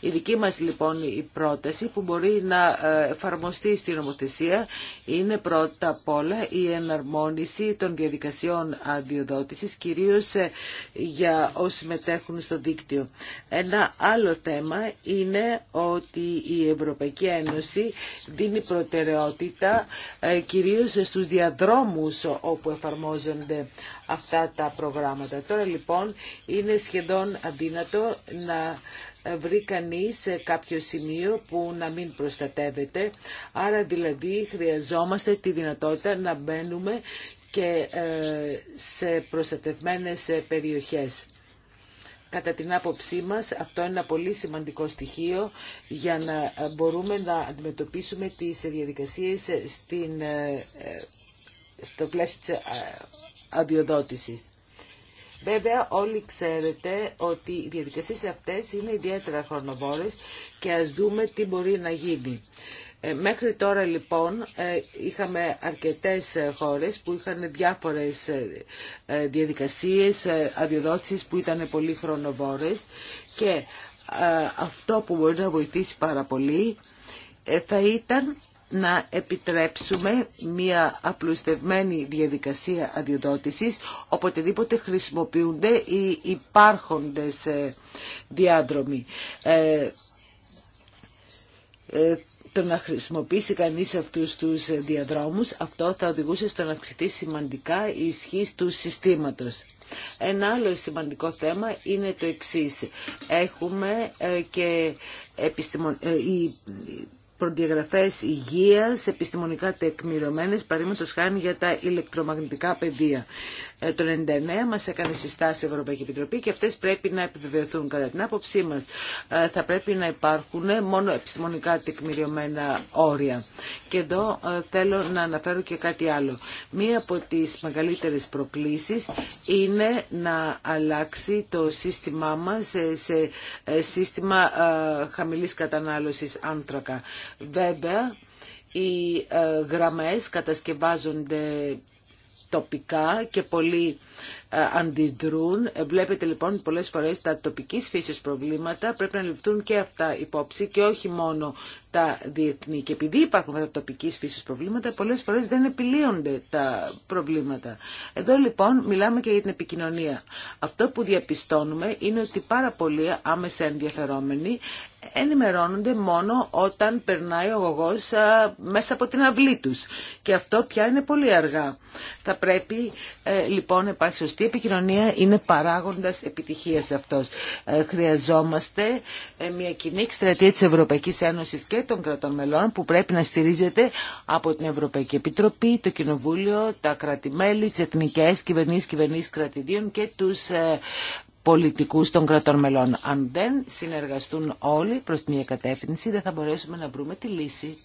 Η δική μας λοιπόν η πρόταση που μπορεί να ε, εφαρμοστεί στην νομοθεσία είναι πρώτα απ' όλα η εναρμόνιση των διαδικασιών αδειοδότησης, κυρίως ε, για όσοι μετέχουν στο δίκτυο. Ένα άλλο θέμα είναι ότι η Ευρωπαϊκή Ένωση δίνει προτεραιότητα ε, κυρίως στους διαδρόμους όπου εφαρμόζονται αυτά τα προγράμματα. Τώρα λοιπόν είναι σχεδόν αδύνατο να βρει κανείς σε κάποιο σημείο που να μην προστατεύεται. Άρα δηλαδή χρειαζόμαστε τη δυνατότητα να μπαίνουμε και ε, σε προστατευμένες περιοχές. Κατά την άποψή μας αυτό είναι ένα πολύ σημαντικό στοιχείο για να μπορούμε να αντιμετωπίσουμε τις διαδικασίες στην, ε, ε, στο πλαίσιο της αδειοδότησης. Βέβαια όλοι ξέρετε ότι οι διαδικασίες αυτές είναι ιδιαίτερα χρονοβόρες και ας δούμε τι μπορεί να γίνει. Ε, μέχρι τώρα λοιπόν ε, είχαμε αρκετές ε, χώρες που είχαν διάφορες διαδικασίες αδειοδότησης που ήταν πολύ χρονοβόρες και αυτό που μπορεί να βοηθήσει πάρα πολύ θα ήταν να επιτρέψουμε μια απλουστευμένη διαδικασία αδειοδότησης οποτεδήποτε χρησιμοποιούνται οι υπάρχοντες ε, διάδρομοι. Ε, ε, το να χρησιμοποιήσει κανείς αυτούς τους διαδρόμους, αυτό θα οδηγούσε στο να αυξηθεί σημαντικά η ισχύ του συστήματος. Ένα άλλο σημαντικό θέμα είναι το εξής. Έχουμε ε, και επιστημον προδιαγραφές υγείας επιστημονικά τεκμηριωμένες το χάνει για τα ηλεκτρομαγνητικά πεδία. Ε, το 99 μας έκανε συστάσεις η Ευρωπαϊκή Επιτροπή και αυτές πρέπει να επιβεβαιωθούν κατά την άποψή μας. Ε, θα πρέπει να υπάρχουν μόνο επιστημονικά τεκμηριωμένα όρια. Και εδώ ε, θέλω να αναφέρω και κάτι άλλο. Μία από τις μεγαλύτερες προκλήσεις είναι να αλλάξει το σύστημά μας σε σύστημα χαμηλής κατανάλωσης άνθρακα. Βέβαια, οι ε, γραμμές κατασκευάζονται τοπικά και πολλοί ε, αντιδρούν. Ε, βλέπετε λοιπόν πολλές φορές τα τοπικής φύσης προβλήματα πρέπει να ληφθούν και αυτά υπόψη και όχι μόνο τα διεθνή. Και επειδή υπάρχουν τα τοπικής φύσης προβλήματα πολλές φορές δεν επιλύονται τα προβλήματα. Εδώ λοιπόν μιλάμε και για την επικοινωνία. Αυτό που διαπιστώνουμε είναι ότι πάρα πολλοί άμεσα ενδιαφερόμενοι ενημερώνονται μόνο όταν περνάει ο αγωγός μέσα από την αυλή τους. Και αυτό πια είναι πολύ αργά. Θα πρέπει ε, λοιπόν να υπάρχει σωστή επικοινωνία, είναι παράγοντας επιτυχίας αυτός. Ε, χρειαζόμαστε ε, μια κοινή εκστρατεία της Ευρωπαϊκής Ένωσης και των κρατών μελών που πρέπει να στηρίζεται από την Ευρωπαϊκή Επιτροπή, το Κοινοβούλιο, τα κρατημέλη, τις εθνικές κυβερνήσεις, κυβερνήσεις κρατηδίων και τους πολιτικούς των κρατών μελών. Αν δεν συνεργαστούν όλοι προς μία κατεύθυνση, δεν θα μπορέσουμε να βρούμε τη λύση.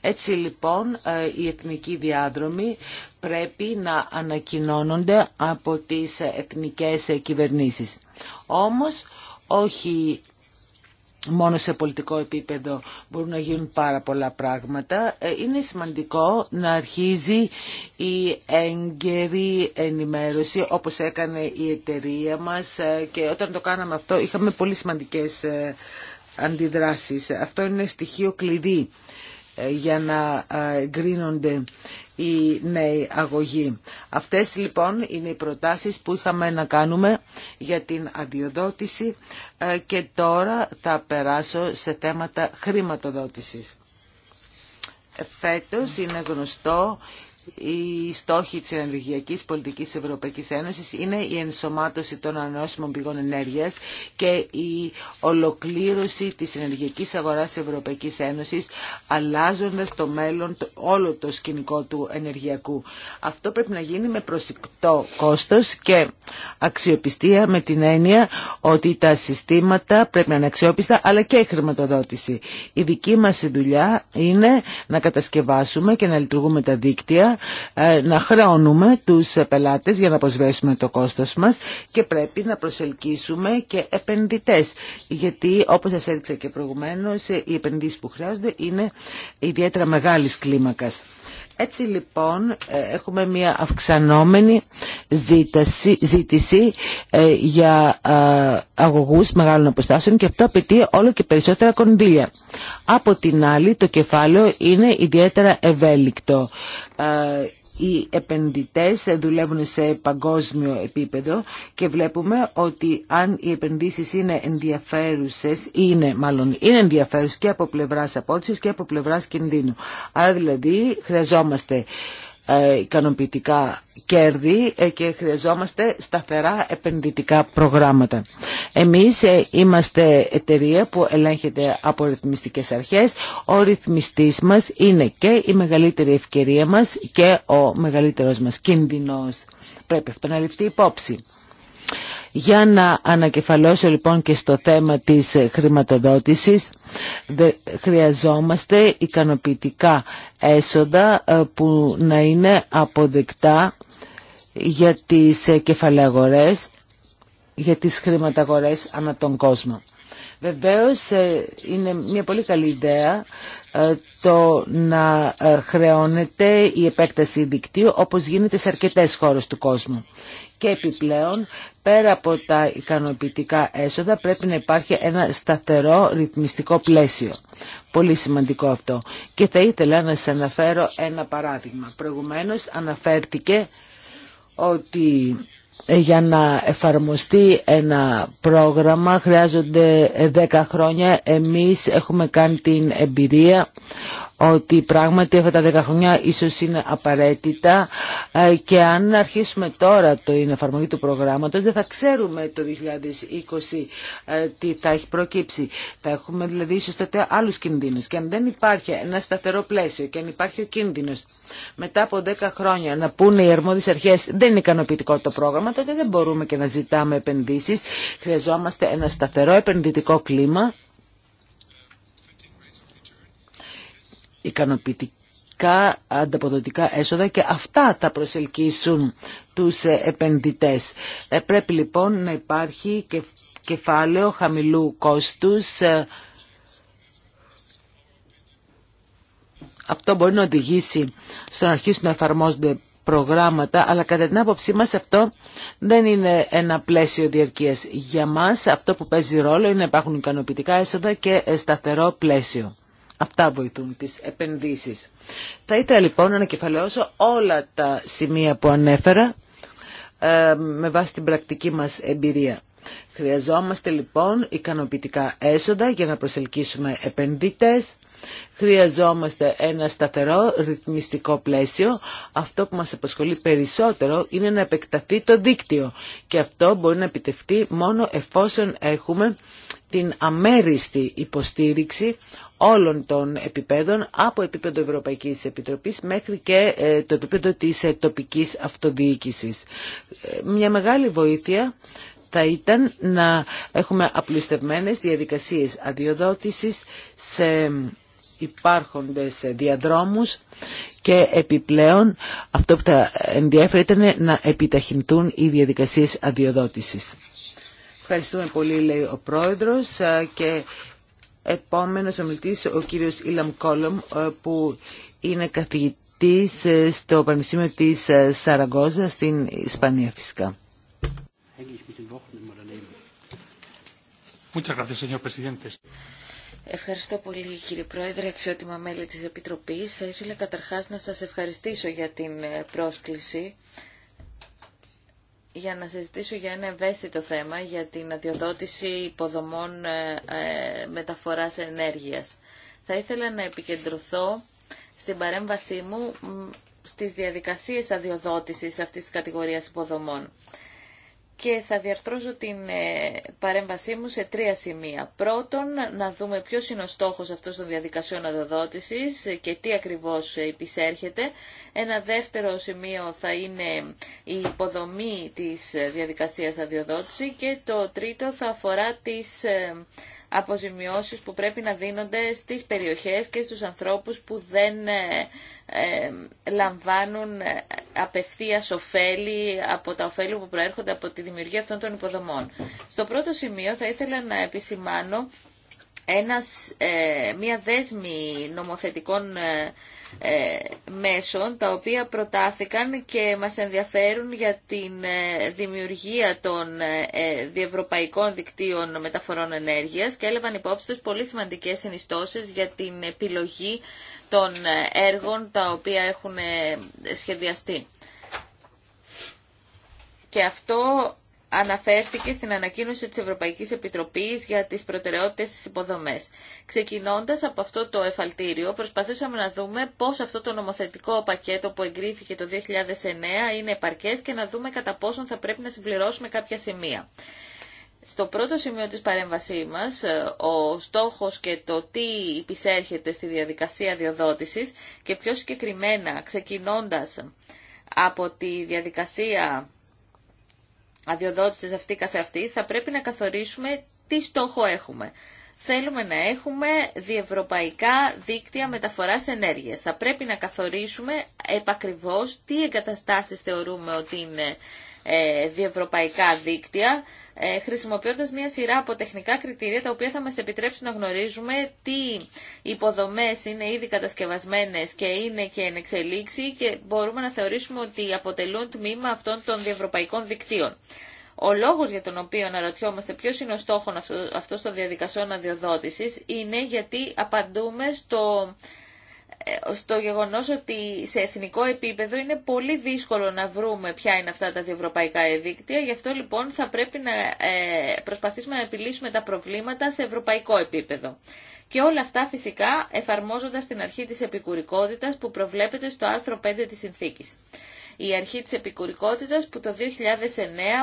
Έτσι λοιπόν, ε, οι εθνικοί διάδρομοι πρέπει να ανακοινώνονται από τις εθνικές κυβερνήσεις. Όμως, όχι μόνο σε πολιτικό επίπεδο μπορούν να γίνουν πάρα πολλά πράγματα. Ε, είναι σημαντικό να αρχίζει η έγκαιρη ενημέρωση όπως έκανε η εταιρεία μας ε, και όταν το κάναμε αυτό είχαμε πολύ σημαντικές ε, αντιδράσεις. Αυτό είναι στοιχείο κλειδί ε, για να ε, εγκρίνονται οι νέοι αγωγοί. Αυτές λοιπόν είναι οι προτάσεις που είχαμε να κάνουμε για την αδειοδότηση ε, και τώρα θα περάσω σε θέματα χρηματοδότησης. Φέτος είναι γνωστό οι στόχοι της ενεργειακής πολιτικής της Ευρωπαϊκής Ένωσης είναι η ενσωμάτωση των ανανεώσιμων πηγών ενέργειας και η ολοκλήρωση της ενεργειακής αγοράς της Ευρωπαϊκής Ένωσης αλλάζοντας το μέλλον όλο το σκηνικό του ενεργειακού. Αυτό πρέπει να γίνει με προσεκτό κόστος και αξιοπιστία με την έννοια ότι τα συστήματα πρέπει να είναι αξιόπιστα αλλά και η χρηματοδότηση. Η δική μας δουλειά είναι να κατασκευάσουμε και να λειτουργούμε τα δίκτυα ε, να χρεώνουμε τους πελάτες για να προσβέσουμε το κόστος μας και πρέπει να προσελκύσουμε και επενδυτές. Γιατί όπως σας έδειξα και προηγουμένως οι επενδύσεις που χρειάζονται είναι ιδιαίτερα μεγάλης κλίμακας. Έτσι λοιπόν ε, έχουμε μια αυξανόμενη ζήτηση, ε, για ε, αγωγούς μεγάλων αποστάσεων και αυτό απαιτεί όλο και περισσότερα κονδύλια. Από την άλλη το κεφάλαιο είναι ιδιαίτερα ευέλικτο. Ε, οι επενδυτές δουλεύουν σε παγκόσμιο επίπεδο και βλέπουμε ότι αν οι επενδύσεις είναι ενδιαφέρουσες, είναι μάλλον είναι ενδιαφέρουσες και από πλευράς απόδοσης και από πλευράς κινδύνου. Άρα δηλαδή χρειαζόμαστε ε, ικανοποιητικά κέρδη ε, και χρειαζόμαστε σταθερά επενδυτικά προγράμματα. Εμείς ε, είμαστε εταιρεία που ελέγχεται από ρυθμιστικές αρχές. Ο ρυθμιστής μας είναι και η μεγαλύτερη ευκαιρία μας και ο μεγαλύτερος μας κίνδυνος. Πρέπει αυτό να ληφθεί υπόψη. Για να ανακεφαλώσω λοιπόν και στο θέμα της ε, χρηματοδότησης, χρειαζόμαστε ικανοποιητικά έσοδα ε, που να είναι αποδεκτά για τις ε, κεφαλαγορές, για τις χρηματαγορές ανά τον κόσμο. Βεβαίως είναι μια πολύ καλή ιδέα το να χρεώνεται η επέκταση δικτύου όπως γίνεται σε αρκετές χώρες του κόσμου. Και επιπλέον πέρα από τα ικανοποιητικά έσοδα πρέπει να υπάρχει ένα σταθερό ρυθμιστικό πλαίσιο. Πολύ σημαντικό αυτό. Και θα ήθελα να σας αναφέρω ένα παράδειγμα. Προηγουμένως αναφέρθηκε ότι ε, για να εφαρμοστεί ένα πρόγραμμα χρειάζονται 10 χρόνια. Εμείς έχουμε κάνει την εμπειρία ότι πράγματι αυτά τα δέκα χρονιά ίσως είναι απαραίτητα ε, και αν αρχίσουμε τώρα την εφαρμογή του προγράμματος δεν θα ξέρουμε το 2020 ε, τι θα έχει προκύψει. Θα έχουμε δηλαδή ίσως τότε άλλους κινδύνους και αν δεν υπάρχει ένα σταθερό πλαίσιο και αν υπάρχει ο κίνδυνος μετά από δέκα χρόνια να πούνε οι αρμόδιες αρχές δεν είναι ικανοποιητικό το πρόγραμμα τότε δεν μπορούμε και να ζητάμε επενδύσεις. Χρειαζόμαστε ένα σταθερό επενδυτικό κλίμα ικανοποιητικά ανταποδοτικά έσοδα και αυτά θα προσελκύσουν τους ε, επενδυτές. Ε, πρέπει λοιπόν να υπάρχει κεφάλαιο χαμηλού κόστους. Ε, αυτό μπορεί να οδηγήσει στο να αρχίσουν να εφαρμόζονται προγράμματα, αλλά κατά την άποψή μας αυτό δεν είναι ένα πλαίσιο διαρκείας. Για μας αυτό που παίζει ρόλο είναι να υπάρχουν ικανοποιητικά έσοδα και σταθερό πλαίσιο. Αυτά βοηθούν τις επενδύσεις. Θα ήθελα λοιπόν να ανακεφαλαιώσω όλα τα σημεία που ανέφερα ε, με βάση την πρακτική μας εμπειρία. Χρειαζόμαστε λοιπόν ικανοποιητικά έσοδα για να προσελκύσουμε επενδυτές. Χρειαζόμαστε ένα σταθερό ρυθμιστικό πλαίσιο. Αυτό που μας απασχολεί περισσότερο είναι να επεκταθεί το δίκτυο. Και αυτό μπορεί να επιτευχθεί μόνο εφόσον έχουμε την αμέριστη υποστήριξη όλων των επιπέδων, από επίπεδο Ευρωπαϊκής Επιτροπής μέχρι και ε, το επίπεδο της ε, τοπικής αυτοδιοίκησης. Ε, μια μεγάλη βοήθεια θα ήταν να έχουμε απλουστευμένες διαδικασίες αδειοδότησης σε υπάρχοντες διαδρόμους και επιπλέον αυτό που θα ενδιαφέρει να επιταχυντούν οι διαδικασίες αδειοδότησης. Ευχαριστούμε πολύ λέει ο Πρόεδρος και Επόμενος ομιλητής ο κύριος Ίλαμ Κόλομ ε, που είναι καθηγητής ε, στο Πανεπιστήμιο της ε, Σαραγκόζα στην Ισπανία φυσικά. Ευχαριστώ πολύ κύριε Πρόεδρε, αξιότιμα μέλη της Επιτροπής. Θα ήθελα καταρχάς να σας ευχαριστήσω για την πρόσκληση για να συζητήσω για ένα ευαίσθητο θέμα για την αδειοδότηση υποδομών ε, ε, μεταφοράς ενέργειας. Θα ήθελα να επικεντρωθώ στην παρέμβασή μου στις διαδικασίες αδειοδότησης αυτής της κατηγορίας υποδομών και θα διαρθρώσω την ε, παρέμβασή μου σε τρία σημεία. Πρώτον, να δούμε ποιος είναι ο στόχος αυτών των διαδικασιών αδοδότησης και τι ακριβώς επισέρχεται. Ένα δεύτερο σημείο θα είναι η υποδομή της διαδικασίας αδειοδότηση και το τρίτο θα αφορά τις ε, αποζημιώσεις που πρέπει να δίνονται στις περιοχές και στους ανθρώπους που δεν ε, ε, λαμβάνουν ε, απευθείας ωφέλη από τα ωφέλη που προέρχονται από τη δημιουργία αυτών των υποδομών. Στο πρώτο σημείο θα ήθελα να επισημάνω ένας, ε, μια δέσμη νομοθετικών ε, ε, μέσων τα οποία προτάθηκαν και μας ενδιαφέρουν για την δημιουργία των διευρωπαϊκών δικτύων μεταφορών ενέργειας και έλαβαν υπόψη τους πολύ σημαντικές συνιστώσεις για την επιλογή των έργων τα οποία έχουν σχεδιαστεί. Και αυτό αναφέρθηκε στην ανακοίνωση της Ευρωπαϊκής Επιτροπής για τις προτεραιότητες στις υποδομές. Ξεκινώντας από αυτό το εφαλτήριο, προσπαθήσαμε να δούμε πώς αυτό το νομοθετικό πακέτο που εγκρίθηκε το 2009 είναι επαρκές και να δούμε κατά πόσον θα πρέπει να συμπληρώσουμε κάποια σημεία. Στο πρώτο σημείο της παρέμβασή μας, ε, ο στόχος και το τι υπησέρχεται στη διαδικασία διοδότησης και πιο συγκεκριμένα ξεκινώντας από τη διαδικασία αδειοδότησης αυτή καθεαυτή θα πρέπει να καθορίσουμε τι στόχο έχουμε. Θέλουμε να έχουμε διευρωπαϊκά δίκτυα μεταφοράς ενέργειας. Θα πρέπει να καθορίσουμε επακριβώς τι εγκαταστάσεις θεωρούμε ότι είναι ε, διευρωπαϊκά δίκτυα ε, χρησιμοποιώντας μια σειρά από τεχνικά κριτήρια τα οποία θα μας επιτρέψουν να γνωρίζουμε τι υποδομές είναι ήδη κατασκευασμένες και είναι και εν εξελίξη και μπορούμε να θεωρήσουμε ότι αποτελούν τμήμα αυτών των διευρωπαϊκών δικτύων. Ο λόγος για τον οποίο αναρωτιόμαστε ποιος είναι ο στόχος αυτό των διαδικασιών αδειοδότηση είναι γιατί απαντούμε στο ε, στο γεγονός ότι σε εθνικό επίπεδο είναι πολύ δύσκολο να βρούμε ποια είναι αυτά τα διευρωπαϊκά δίκτυα, γι' αυτό λοιπόν θα πρέπει να ε, προσπαθήσουμε να επιλύσουμε τα προβλήματα σε ευρωπαϊκό επίπεδο. Και όλα αυτά φυσικά εφαρμόζοντας την αρχή της επικουρικότητας που προβλέπεται στο άρθρο 5 της συνθήκης η αρχή της επικουρικότητας που το 2009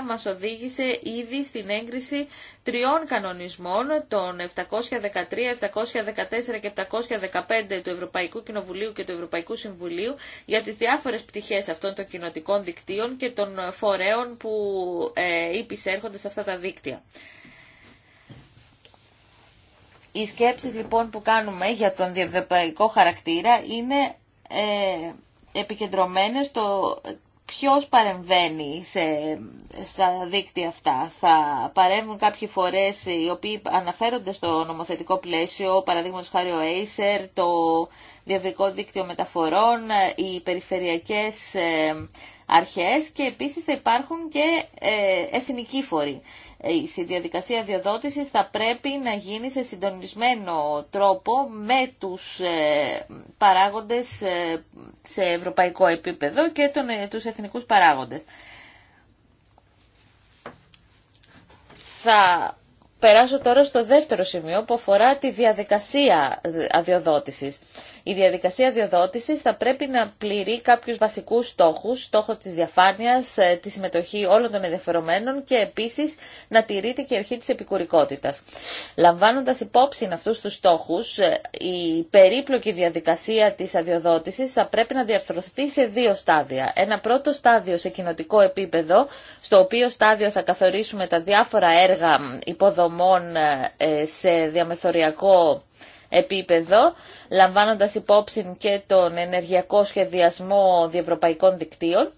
μας οδήγησε ήδη στην έγκριση τριών κανονισμών, των 713, 714 και 715 του Ευρωπαϊκού Κοινοβουλίου και του Ευρωπαϊκού Συμβουλίου για τις διάφορες πτυχές αυτών των κοινοτικών δικτύων και των φορέων που ε, υπησέρχονται σε αυτά τα δίκτυα. Οι σκέψεις λοιπόν που κάνουμε για τον διευρωπαϊκό χαρακτήρα είναι ε, επικεντρωμένες στο ποιος παρεμβαίνει σε, στα δίκτυα αυτά. Θα παρέμβουν κάποιοι φορές οι οποίοι αναφέρονται στο νομοθετικό πλαίσιο, παραδείγματος χάρη ο Acer, το διαβρικό δίκτυο μεταφορών, οι περιφερειακές ε, αρχές και επίσης θα υπάρχουν και ε, εθνικοί φοροί. Ε, η διαδικασία διαδότησης θα πρέπει να γίνει σε συντονισμένο τρόπο με τους ε, παράγοντες ε, σε ευρωπαϊκό επίπεδο και τον, τους εθνικούς παράγοντες. Θα περάσω τώρα στο δεύτερο σημείο που αφορά τη διαδικασία αδειοδότησης. Η διαδικασία διοδότησης θα πρέπει να πληρεί κάποιους βασικούς στόχους, στόχο της διαφάνειας, ε, τη συμμετοχή όλων των ενδιαφερομένων και επίσης να τηρείται και η αρχή της επικουρικότητας. Λαμβάνοντας υπόψη αυτούς τους στόχους, ε, η περίπλοκη διαδικασία της αδειοδότησης θα πρέπει να διαρθρωθεί σε δύο στάδια. Ένα πρώτο στάδιο σε κοινοτικό επίπεδο, στο οποίο στάδιο θα καθορίσουμε τα διάφορα έργα υποδομών ε, σε διαμεθοριακό επίπεδο λαμβάνοντας υπόψη και τον ενεργειακό σχεδιασμό διευρωπαϊκών δικτύων.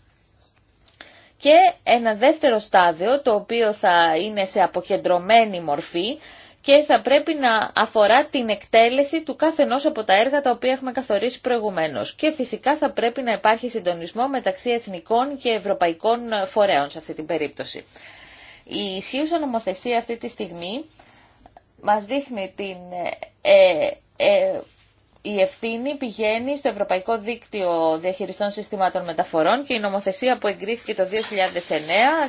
Και ένα δεύτερο στάδιο, το οποίο θα είναι σε αποκεντρωμένη μορφή και θα πρέπει να αφορά την εκτέλεση του καθενός από τα έργα τα οποία έχουμε καθορίσει προηγουμένως. Και φυσικά θα πρέπει να υπάρχει συντονισμό μεταξύ εθνικών και ευρωπαϊκών φορέων σε αυτή την περίπτωση. Η ισχύουσα νομοθεσία αυτή τη στιγμή μας δείχνει την ε, ε, η ευθύνη πηγαίνει στο Ευρωπαϊκό Δίκτυο Διαχειριστών Συστημάτων Μεταφορών και η νομοθεσία που εγκρίθηκε το 2009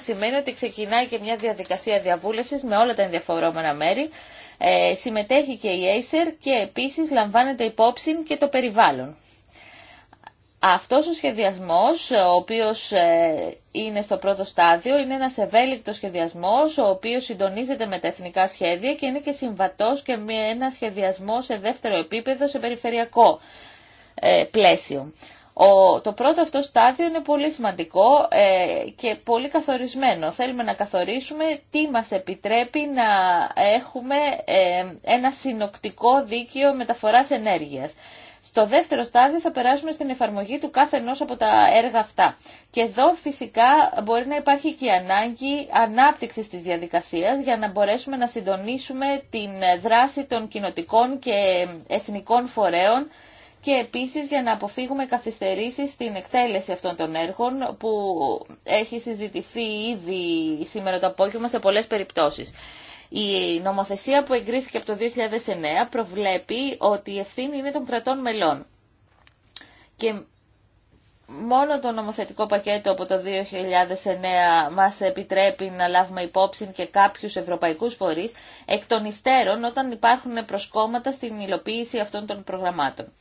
σημαίνει ότι ξεκινάει και μια διαδικασία διαβούλευσης με όλα τα ενδιαφορώμενα μέρη. Ε, συμμετέχει και η Acer και επίσης λαμβάνεται υπόψη και το περιβάλλον. Αυτός ο σχεδιασμός, ο οποίος ε, είναι στο πρώτο στάδιο, είναι ένας ευέλικτος σχεδιασμός, ο οποίος συντονίζεται με τα εθνικά σχέδια και είναι και συμβατός και με ένα σχεδιασμό σε δεύτερο επίπεδο, σε περιφερειακό ε, πλαίσιο. Ο, το πρώτο αυτό στάδιο είναι πολύ σημαντικό ε, και πολύ καθορισμένο. Θέλουμε να καθορίσουμε τι μας επιτρέπει να έχουμε ένα συνοκτικό δίκαιο μεταφοράς ενέργειας. Στο δεύτερο στάδιο θα περάσουμε στην εφαρμογή του κάθε ενός από τα έργα αυτά. Και εδώ φυσικά μπορεί να υπάρχει και η ανάγκη ανάπτυξης της διαδικασίας για να μπορέσουμε να συντονίσουμε την δράση των κοινοτικών και εθνικών φορέων και επίσης για να αποφύγουμε καθυστερήσεις στην εκτέλεση αυτών των έργων που έχει συζητηθεί ήδη σήμερα το απόγευμα σε πολλές περιπτώσεις. Η νομοθεσία που εγκρίθηκε από το 2009 προβλέπει ότι η ευθύνη είναι των κρατών μελών. Και μόνο το νομοθετικό πακέτο από το 2009 μας επιτρέπει να λάβουμε υπόψη και κάποιους ευρωπαϊκούς φορείς εκ των υστέρων όταν υπάρχουν προσκόμματα στην υλοποίηση αυτών των προγραμμάτων.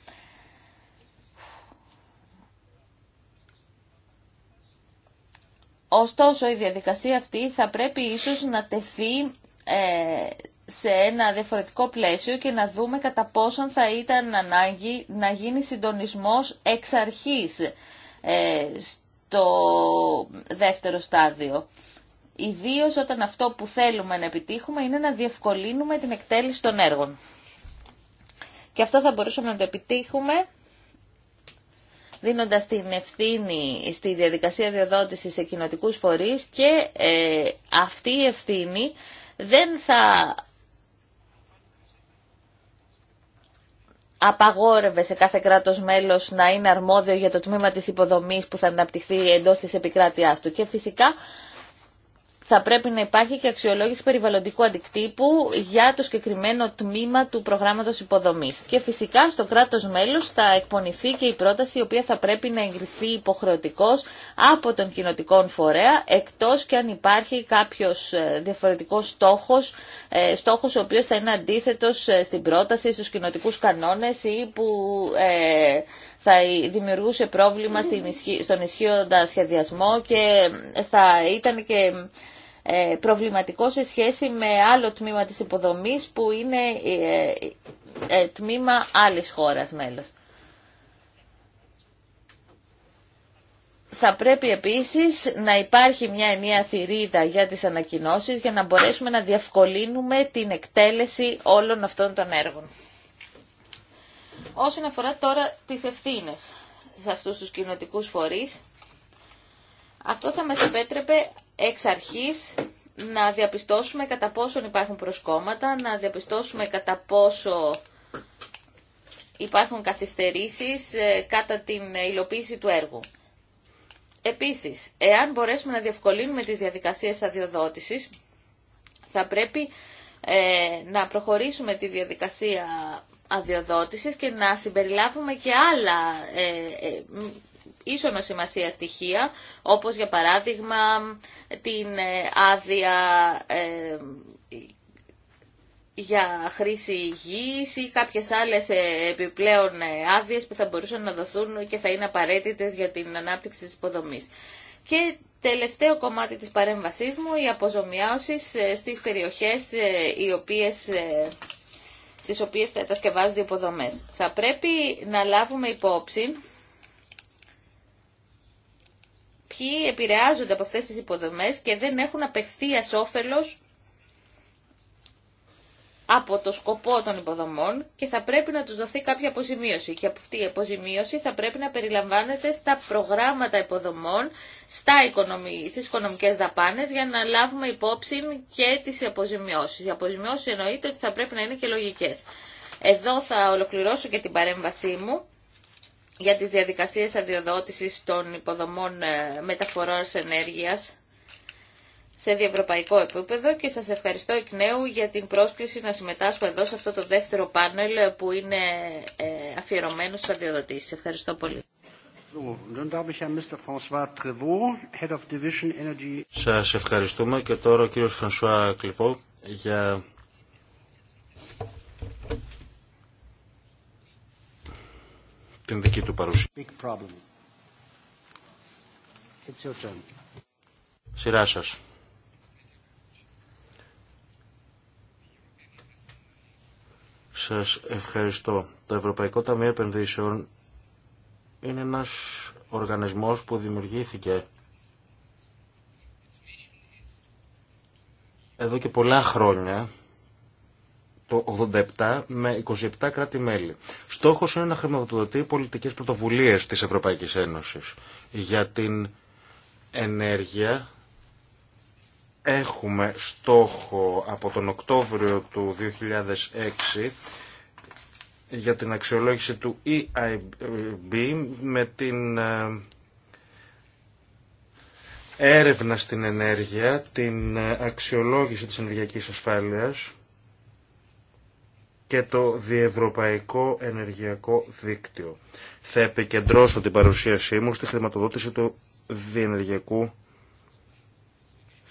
Ωστόσο, η διαδικασία αυτή θα πρέπει ίσως να τεθεί ε, σε ένα διαφορετικό πλαίσιο και να δούμε κατά πόσον θα ήταν ανάγκη να γίνει συντονισμός εξ αρχής ε, στο δεύτερο στάδιο. Ιδίω όταν αυτό που θέλουμε να επιτύχουμε είναι να διευκολύνουμε την εκτέλεση των έργων. Και αυτό θα μπορούσαμε να το επιτύχουμε δίνοντας την ευθύνη στη διαδικασία διοδότησης σε κοινοτικούς φορείς και ε, αυτή η ευθύνη δεν θα απαγόρευε σε κάθε κράτος μέλος να είναι αρμόδιο για το τμήμα της υποδομής που θα αναπτυχθεί εντός της επικράτειάς του. Και φυσικά θα πρέπει να υπάρχει και αξιολόγηση περιβαλλοντικού αντικτύπου για το συγκεκριμένο τμήμα του προγράμματο υποδομή. Και φυσικά στο κράτο μέλο θα εκπονηθεί και η πρόταση η οποία θα πρέπει να εγκριθεί υποχρεωτικώ από τον κοινοτικό φορέα, εκτό και αν υπάρχει κάποιο ε, διαφορετικό στόχο, ε, στόχο ο οποίο θα είναι αντίθετο ε, στην πρόταση, στου κοινοτικού κανόνε ή που θα δημιουργούσε πρόβλημα στην, στον ισχύοντα σχεδιασμό και θα ήταν και ε, προβληματικό σε σχέση με άλλο τμήμα της υποδομής που είναι ε, ε, τμήμα άλλης χώρας μέλος. Θα πρέπει επίσης να υπάρχει μια ενιαία θηρίδα για τις ανακοινώσεις για να μπορέσουμε να διευκολύνουμε την εκτέλεση όλων αυτών των έργων. Όσον αφορά τώρα τις ευθύνες σε αυτούς τους κοινοτικούς φορείς, αυτό θα μας επέτρεπε εξ αρχής να διαπιστώσουμε κατά πόσον υπάρχουν προσκόμματα, να διαπιστώσουμε κατά πόσο υπάρχουν καθυστερήσεις ε, κατά την υλοποίηση του έργου. Επίσης, εάν μπορέσουμε να διευκολύνουμε τις διαδικασίες αδειοδότησης, θα πρέπει ε, να προχωρήσουμε τη διαδικασία αδειοδότησης και να συμπεριλάβουμε και άλλα ε, ίσονο σημασία στοιχεία, όπως για παράδειγμα την ε, άδεια ε, για χρήση γης ή κάποιες άλλες ε, επιπλέον άδειες που θα μπορούσαν να δοθούν και θα είναι απαραίτητες για την ανάπτυξη της υποδομής. Και τελευταίο κομμάτι της παρέμβασής μου, οι αποζομιώσεις στις περιοχές οι οποίες στις οποίες κατασκευάζονται υποδομές. Θα πρέπει να λάβουμε υπόψη ποιοι επηρεάζονται από αυτές τις υποδομές και δεν έχουν απευθείας όφελος από το σκοπό των υποδομών και θα πρέπει να τους δοθεί κάποια αποζημίωση. Και αυτή η αποζημίωση θα πρέπει να περιλαμβάνεται στα προγράμματα υποδομών, στα οικονομι... στις οικονομικές δαπάνες, για να λάβουμε υπόψη και τις αποζημιώσεις. Οι αποζημιώσεις εννοείται ότι θα πρέπει να είναι και λογικές. Εδώ θα ολοκληρώσω και την παρέμβασή μου για τις διαδικασίες αδειοδότησης των υποδομών ε, μεταφορών ενέργειας σε διευρωπαϊκό επίπεδο και σας ευχαριστώ εκ νέου για την πρόσκληση να συμμετάσχω εδώ σε αυτό το δεύτερο πάνελ που είναι ε, αφιερωμένο στους αδειοδοτήσεις. Ευχαριστώ πολύ. Σας ευχαριστούμε και τώρα ο κύριος Φρανσουά Κλειπό για την δική του παρουσία. Σειρά σας. Σας ευχαριστώ. Το Ευρωπαϊκό Ταμείο Επενδύσεων είναι ένας οργανισμός που δημιουργήθηκε εδώ και πολλά χρόνια το 87 με 27 κράτη-μέλη. Στόχος είναι να χρηματοδοτεί πολιτικές πρωτοβουλίες της Ευρωπαϊκής Ένωσης. Για την ενέργεια έχουμε στόχο από τον Οκτώβριο του 2006 για την αξιολόγηση του EIB με την ε, έρευνα στην ενέργεια, την ε, αξιολόγηση της ενεργειακής ασφάλειας και το Διευρωπαϊκό Ενεργειακό Δίκτυο. Θα επικεντρώσω την παρουσίασή μου στη χρηματοδότηση του διενεργειακού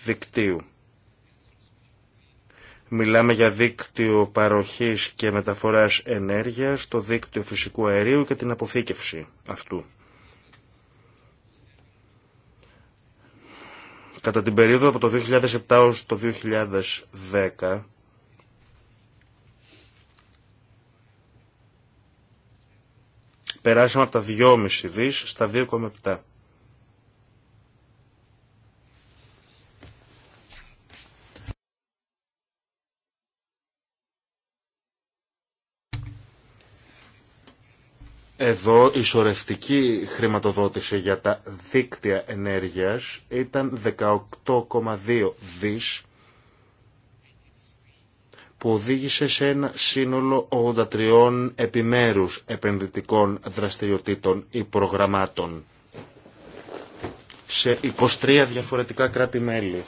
δικτύου. Μιλάμε για δίκτυο παροχής και μεταφοράς ενέργειας, το δίκτυο φυσικού αερίου και την αποθήκευση αυτού. Κατά την περίοδο από το 2007 ως το 2010, Περάσαμε από τα 2,5 δις στα 2,7. Εδώ η σωρευτική χρηματοδότηση για τα δίκτυα ενέργειας ήταν 18,2 δις που οδήγησε σε ένα σύνολο 83 επιμέρους επενδυτικών δραστηριοτήτων ή προγραμμάτων σε 23 διαφορετικά κράτη-μέλη,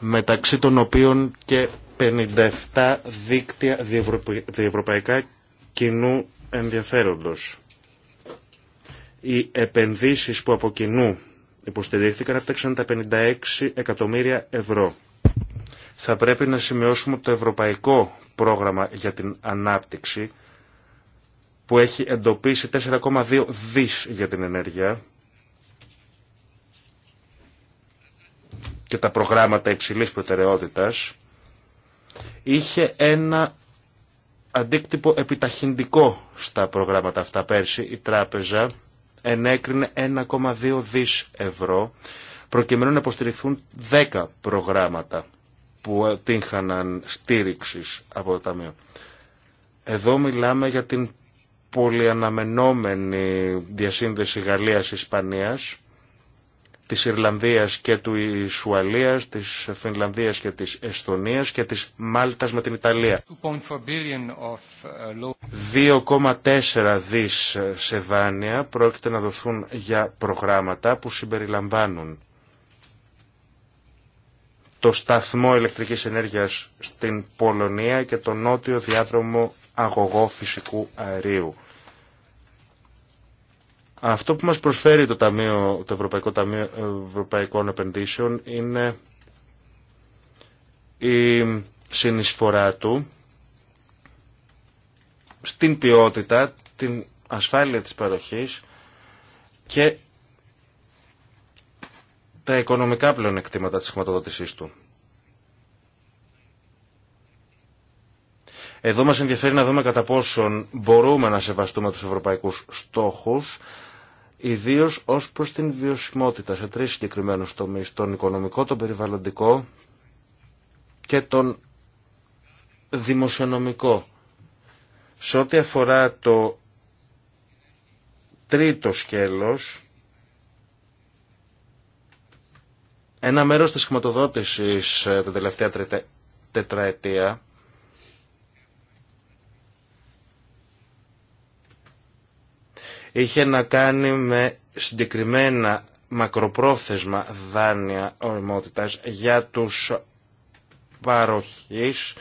μεταξύ των οποίων και 57 δίκτυα διευρωπαϊκά κοινού ενδιαφέροντος. Οι επενδύσεις που από κοινού υποστηρίχθηκαν έφταξαν τα 56 εκατομμύρια ευρώ. Θα πρέπει να σημειώσουμε το Ευρωπαϊκό Πρόγραμμα για την Ανάπτυξη που έχει εντοπίσει 4,2 δις για την ενέργεια και τα προγράμματα υψηλής προτεραιότητας είχε ένα αντίκτυπο επιταχυντικό στα προγράμματα αυτά πέρσι. Η τράπεζα ενέκρινε 1,2 δις ευρώ προκειμένου να υποστηριχθούν 10 προγράμματα που τύχαναν στήριξης από το Ταμείο. Εδώ μιλάμε για την πολυαναμενόμενη διασύνδεση Γαλλίας-Ισπανίας, της Ιρλανδίας και του Ισουαλίας, της Φινλανδίας και της Εστονίας και της Μάλτας με την Ιταλία. 2,4 δις σε δάνεια πρόκειται να δοθούν για προγράμματα που συμπεριλαμβάνουν το σταθμό ηλεκτρικής ενέργειας στην Πολωνία και το νότιο διάδρομο αγωγό φυσικού αερίου. Αυτό που μας προσφέρει το, ταμείο, το Ευρωπαϊκό Ταμείο Ευρωπαϊκών Επενδύσεων είναι η συνεισφορά του στην ποιότητα, την ασφάλεια της παροχής και τα οικονομικά πλεονεκτήματα της χρηματοδότησής του. Εδώ μας ενδιαφέρει να δούμε κατά πόσον μπορούμε να σεβαστούμε τους ευρωπαϊκούς στόχους, ιδίως ως προς την βιωσιμότητα σε τρεις συγκεκριμένους τομείς, τον οικονομικό, τον περιβαλλοντικό και τον δημοσιονομικό. Σε ό,τι αφορά το τρίτο σκέλος, Ένα μέρος της χρηματοδότησης ε, τα τελευταία τετραετία είχε να κάνει με συγκεκριμένα μακροπρόθεσμα δάνεια οριμότητας για τους παροχής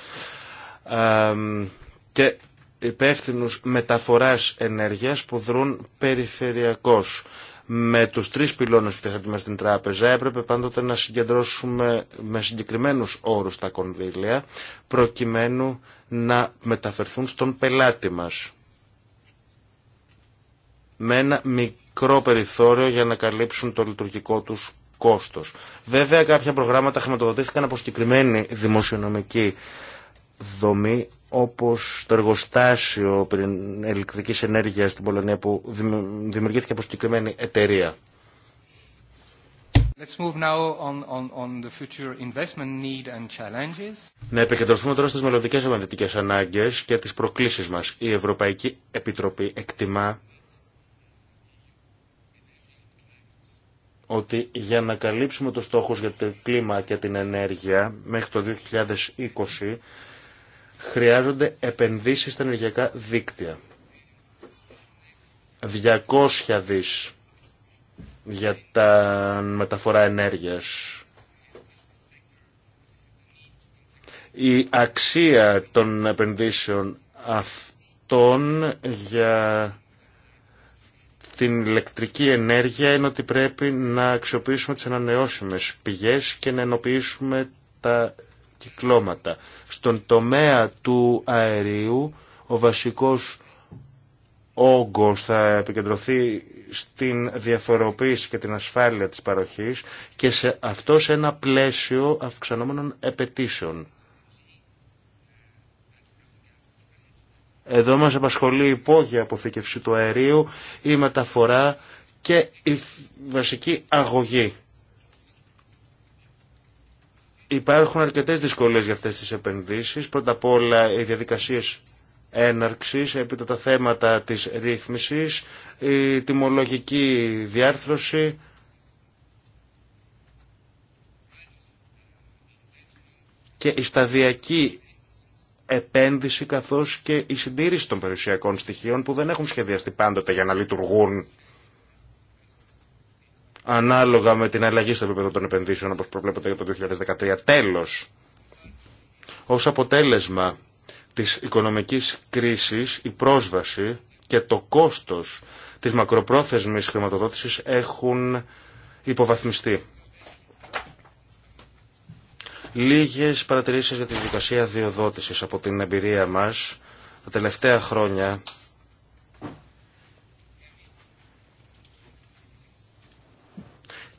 και υπεύθυνους μεταφοράς ενέργειας που δρούν περιφερειακώς με τους τρεις πυλώνες που μέσα στην τράπεζα έπρεπε πάντοτε να συγκεντρώσουμε με συγκεκριμένους όρους τα κονδύλια προκειμένου να μεταφερθούν στον πελάτη μας με ένα μικρό περιθώριο για να καλύψουν το λειτουργικό τους κόστος. Βέβαια κάποια προγράμματα χρηματοδοτήθηκαν από συγκεκριμένη δημοσιονομική δομή όπως το εργοστάσιο ηλεκτρικής ενέργειας στην Πολωνία που δημιουργήθηκε από συγκεκριμένη εταιρεία. Let's move now on, on, the future investment need and challenges. Να επικεντρωθούμε τώρα στις μελλοντικές επενδυτικές ανάγκες και τις προκλήσεις μας. Η Ευρωπαϊκή Επιτροπή εκτιμά ότι για να καλύψουμε το στόχο για το κλίμα και την ενέργεια μέχρι το 2020 χρειάζονται επενδύσεις στα ενεργειακά δίκτυα. 200 δις για τα μεταφορά ενέργειας. Η αξία των επενδύσεων αυτών για την ηλεκτρική ενέργεια είναι ότι πρέπει να αξιοποιήσουμε τις ανανεώσιμες πηγές και να ενοποιήσουμε τα κυκλώματα. Στον τομέα του αερίου ο βασικός όγκος θα επικεντρωθεί στην διαφοροποίηση και την ασφάλεια της παροχής και σε αυτό σε ένα πλαίσιο αυξανόμενων επαιτήσεων. Εδώ μας απασχολεί η υπόγεια αποθήκευση του αερίου, η μεταφορά και η βασική αγωγή Υπάρχουν αρκετές δυσκολίες για αυτές τις επενδύσεις. Πρώτα απ' όλα οι διαδικασίες έναρξης, έπειτα τα θέματα της ρύθμισης, η τιμολογική διάρθρωση, και η σταδιακή επένδυση καθώς και η συντήρηση των περιουσιακών στοιχείων που δεν έχουν σχεδιαστεί πάντοτε για να λειτουργούν ανάλογα με την αλλαγή στο επίπεδο των επενδύσεων όπως προβλέπεται για το 2013. Τέλος, ως αποτέλεσμα της οικονομικής κρίσης η πρόσβαση και το κόστος της μακροπρόθεσμης χρηματοδότησης έχουν υποβαθμιστεί. Λίγες παρατηρήσεις για τη δικασία διοδότησης από την εμπειρία μας τα τελευταία χρόνια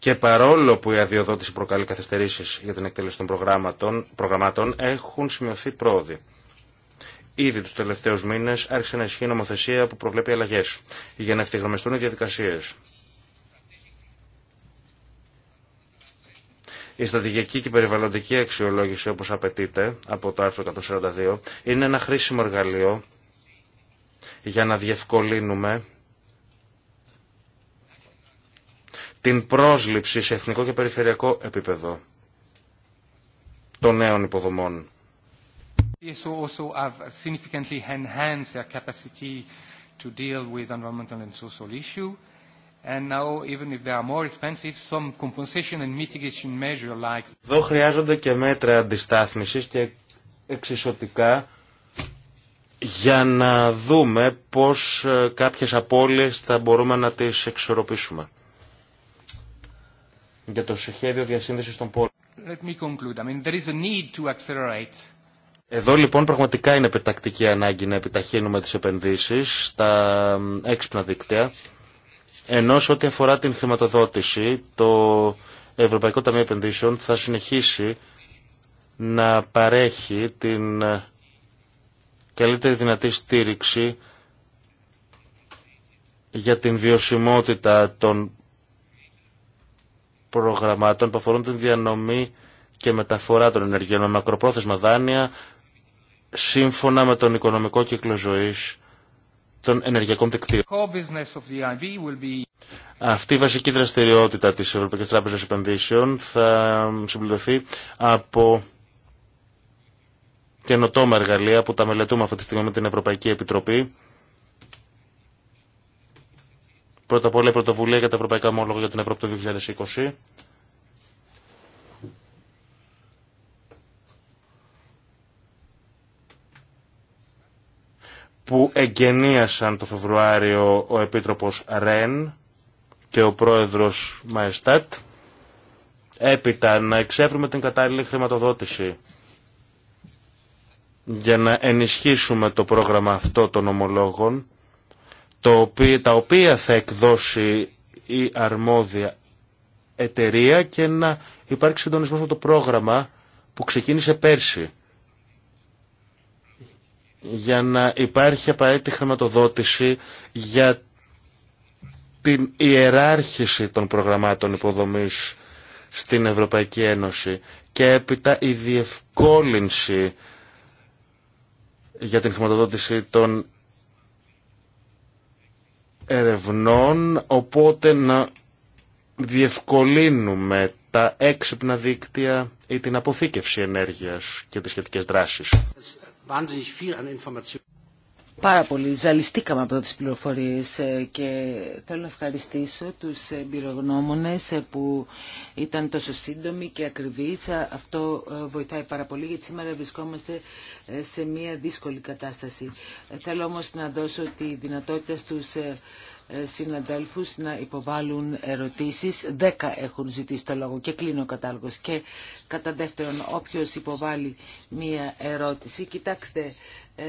Και παρόλο που η αδειοδότηση προκαλεί καθυστερήσει για την εκτέλεση των προγραμμάτων, προγραμμάτων έχουν σημειωθεί πρόοδοι. Ήδη του τελευταίου μήνε άρχισε να ισχύει νομοθεσία που προβλέπει αλλαγέ για να ευθυγραμμιστούν οι διαδικασίε. Η στρατηγική και περιβαλλοντική αξιολόγηση, όπως απαιτείται από το άρθρο 142, είναι ένα χρήσιμο εργαλείο για να διευκολύνουμε την πρόσληψη σε εθνικό και περιφερειακό επίπεδο των νέων υποδομών. Εδώ χρειάζονται και μέτρα αντιστάθμισης και εξισωτικά για να δούμε πώς ε, κάποιες απώλειες θα μπορούμε να τις εξορροπήσουμε για το σχέδιο διασύνδεσης των πόλεων. me I mean, Εδώ λοιπόν πραγματικά είναι επιτακτική ανάγκη να επιταχύνουμε τις επενδύσεις στα έξυπνα δίκτυα. Ενώ σε ό,τι αφορά την χρηματοδότηση, το Ευρωπαϊκό Ταμείο Επενδύσεων θα συνεχίσει να παρέχει την ε, καλύτερη δυνατή στήριξη για την βιωσιμότητα των προγραμμάτων που αφορούν την διανομή και μεταφορά των ενεργειών με μακροπρόθεσμα δάνεια σύμφωνα με τον οικονομικό κύκλο ζωής των ενεργειακών δικτύων. Αυτή η βασική δραστηριότητα της Ευρωπαϊκής Τράπεζας Επενδύσεων θα συμπληρωθεί από καινοτόμα εργαλεία που τα μελετούμε αυτή τη στιγμή με την Ευρωπαϊκή Επιτροπή Πρώτα απ' όλα η πρωτοβουλία για τα ευρωπαϊκά ομόλογα για την Ευρώπη το 2020. που εγκαινίασαν το Φεβρουάριο ο Επίτροπος Ρεν και ο Πρόεδρος Μαεστάτ, έπειτα να εξεύρουμε την κατάλληλη χρηματοδότηση για να ενισχύσουμε το πρόγραμμα αυτό των ομολόγων τα οποία θα εκδώσει η αρμόδια εταιρεία και να υπάρξει συντονισμό με το πρόγραμμα που ξεκίνησε πέρσι για να υπάρχει απαραίτητη χρηματοδότηση για την ιεράρχηση των προγραμμάτων υποδομής στην Ευρωπαϊκή Ένωση και έπειτα η διευκόλυνση για την χρηματοδότηση των ερευνών, οπότε να διευκολύνουμε τα έξυπνα δίκτυα ή την αποθήκευση ενέργειας και τις σχετικές δράσεις. Πάρα πολύ. Ζαλιστήκαμε από τις πληροφορίες ε, και θέλω να ευχαριστήσω τους εμπειρογνώμονες ε, που ήταν τόσο σύντομοι και ακριβείς. Ε, αυτό βοηθάει πάρα πολύ γιατί σήμερα βρισκόμαστε σε μια δύσκολη κατάσταση. Θέλω όμως να δώσω τη δυνατότητα στους συναδέλφους να υποβάλουν ερωτήσεις. Δέκα έχουν ζητήσει το λόγο και κλείνω ο κατάλογος. Και κατά δεύτερον, όποιος υποβάλλει μία ερώτηση, κοιτάξτε, ε,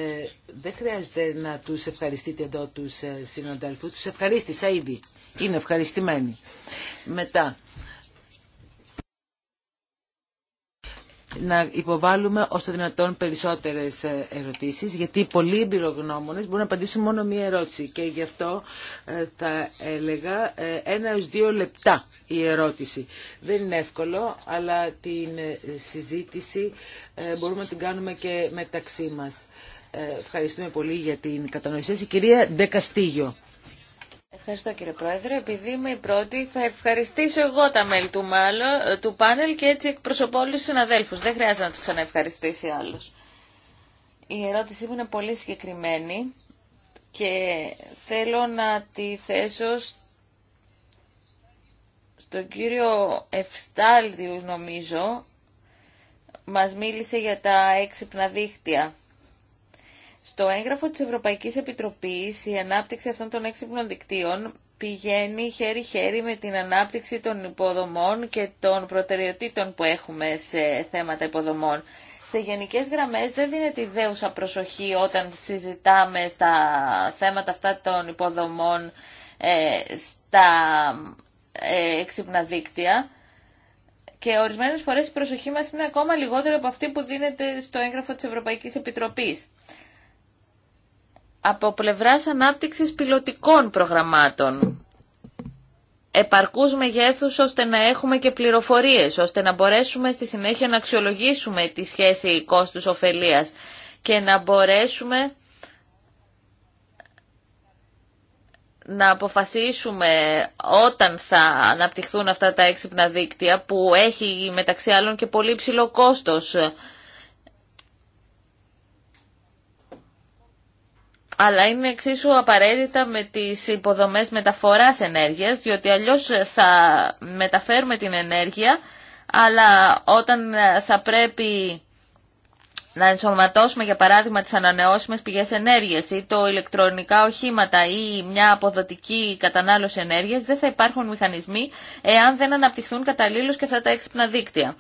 δεν χρειάζεται να τους ευχαριστείτε εδώ τους ε, συναδέλφους. Τους ευχαρίστησα ήδη. Είναι ευχαριστημένοι. Μετά, να υποβάλουμε ως το δυνατόν περισσότερες ε, ερωτήσεις, γιατί πολλοί εμπειρογνώμονες μπορούν να απαντήσουν μόνο μία ερώτηση και γι' αυτό ε, θα έλεγα ε, ένα έως δύο λεπτά η ερώτηση. Δεν είναι εύκολο, αλλά την συζήτηση μπορούμε να την κάνουμε και μεταξύ μας. Ευχαριστούμε πολύ για την κατανοησία. Η κυρία Ντεκαστήγιο. Ευχαριστώ κύριε Πρόεδρε. Επειδή είμαι η πρώτη, θα ευχαριστήσω εγώ τα μέλη του, μάλλον, ε, του πάνελ και έτσι εκπροσωπώ όλου του συναδέλφου. Δεν χρειάζεται να τους ξαναευχαριστήσει άλλος. Η ερώτησή μου είναι πολύ συγκεκριμένη και θέλω να τη θέσω στον κύριο Ευστάλδιου νομίζω. Μας μίλησε για τα έξυπνα δίχτυα στο έγγραφο της Ευρωπαϊκής Επιτροπής η ανάπτυξη αυτών των έξυπνων δικτύων πηγαίνει χέρι-χέρι με την ανάπτυξη των υποδομών και των προτεραιοτήτων που έχουμε σε θέματα υποδομών. Σε γενικές γραμμές δεν δίνεται ιδέουσα προσοχή όταν συζητάμε στα θέματα αυτά των υποδομών ε, στα ε, έξυπνα δίκτυα και ορισμένες φορές η προσοχή μας είναι ακόμα λιγότερη από αυτή που δίνεται στο έγγραφο της Ευρωπαϊκής Επιτροπής από πλευράς ανάπτυξης πιλωτικών προγραμμάτων επαρκούς μεγέθους ώστε να έχουμε και πληροφορίες, ώστε να μπορέσουμε στη συνέχεια να αξιολογήσουμε τη σχέση κόστους ωφελίας και να μπορέσουμε να αποφασίσουμε όταν θα αναπτυχθούν αυτά τα έξυπνα δίκτυα που έχει μεταξύ άλλων και πολύ ψηλό κόστος αλλά είναι εξίσου απαραίτητα με τις υποδομές μεταφοράς ενέργειας, διότι αλλιώς θα μεταφέρουμε την ενέργεια, αλλά όταν θα πρέπει να ενσωματώσουμε για παράδειγμα τις ανανεώσιμες πηγές ενέργειας ή το ηλεκτρονικά οχήματα ή μια αποδοτική κατανάλωση ενέργειας δεν θα υπάρχουν μηχανισμοί εάν δεν αναπτυχθούν καταλήλως και αυτά τα έξυπνα δίκτυα.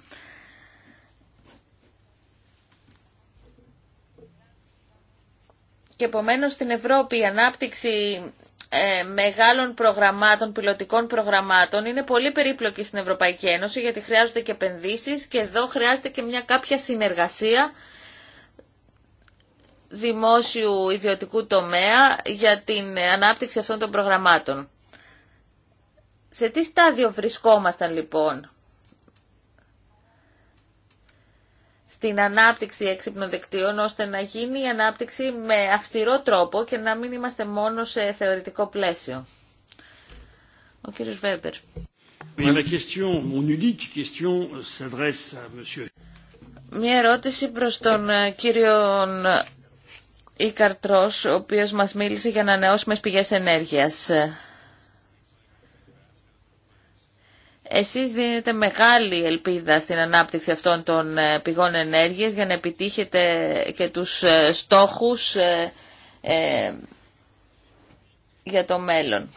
και επομένως στην Ευρώπη η ανάπτυξη ε, μεγάλων προγραμμάτων, πιλωτικών προγραμμάτων είναι πολύ περίπλοκη στην Ευρωπαϊκή Ένωση γιατί χρειάζονται και επενδύσει και εδώ χρειάζεται και μια κάποια συνεργασία δημόσιου ιδιωτικού τομέα για την ανάπτυξη αυτών των προγραμμάτων. Σε τι στάδιο βρισκόμασταν λοιπόν την ανάπτυξη έξυπνων ώστε να γίνει η ανάπτυξη με αυστηρό τρόπο και να μην είμαστε μόνο σε θεωρητικό πλαίσιο. Ο κύριος Βέμπερ. Μια ερώτηση προς τον ε, κύριο Ικαρτρός, ο οποίος μας μίλησε για να ανανεώσουμε πηγές ενέργειας. Εσείς δίνετε μεγάλη ελπίδα στην ανάπτυξη αυτών των ε, πηγών ενέργειας για να επιτύχετε και τους ε, στόχους ε, για το μέλλον.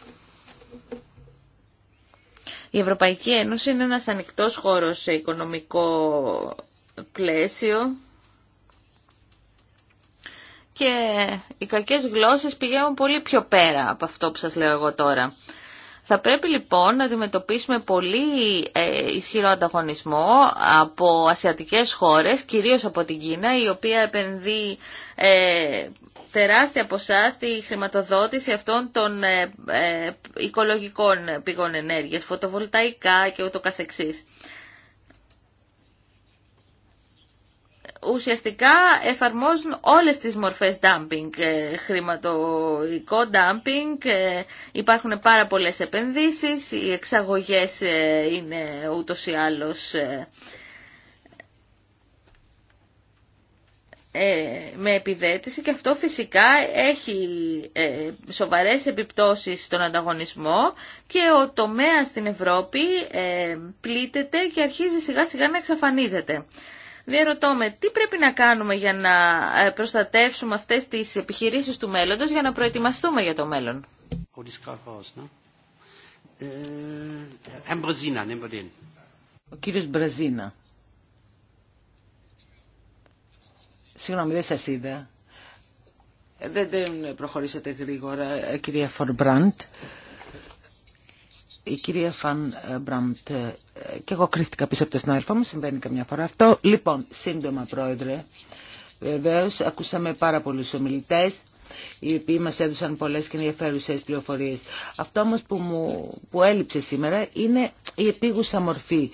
Η Ευρωπαϊκή Ένωση είναι ένας ανοιχτός χώρος σε οικονομικό πλαίσιο και οι κακές γλώσσες πηγαίνουν πολύ πιο πέρα από αυτό που σας λέω εγώ τώρα. Θα πρέπει λοιπόν να αντιμετωπίσουμε πολύ ε, ισχυρό ανταγωνισμό από ασιατικές χώρες, κυρίως από την Κίνα, η οποία επενδύει ε, τεράστια ποσά στη χρηματοδότηση αυτών των ε, οικολογικών πηγών ενέργειας, φωτοβολταϊκά και ούτω καθεξής. ουσιαστικά εφαρμόζουν όλες τις μορφές dumping, ε, χρηματοϊκό dumping, ε, υπάρχουν πάρα πολλές επενδύσεις, οι εξαγωγές ε, είναι ούτως ή άλλως με επιδέτηση και αυτό φυσικά έχει σοβαρές επιπτώσεις στον ανταγωνισμό και ο τομέας στην Ευρώπη πλήττεται και αρχίζει σιγά σιγά να εξαφανίζεται διαρωτώ με τι πρέπει να κάνουμε για να ε, προστατεύσουμε αυτές τις επιχειρήσεις του μέλλοντος για να προετοιμαστούμε για το μέλλον. Oh, ε, ε, ναι, Ο κύριος Μπραζίνα. Συγγνώμη, δεν σας είδα. Δεν, δεν προχωρήσατε γρήγορα, κυρία Φορμπραντ. Η κυρία Φαν Μπραντ και εγώ κρύφτηκα πίσω από το συνάδελφό μου, συμβαίνει καμιά φορά αυτό. Λοιπόν, σύντομα πρόεδρε, βεβαίω ακούσαμε πάρα πολλού ομιλητέ οι οποίοι μα έδωσαν πολλές και ενδιαφέρουσε πληροφορίε. Αυτό όμω που, που έλειψε σήμερα είναι η επίγουσα μορφή.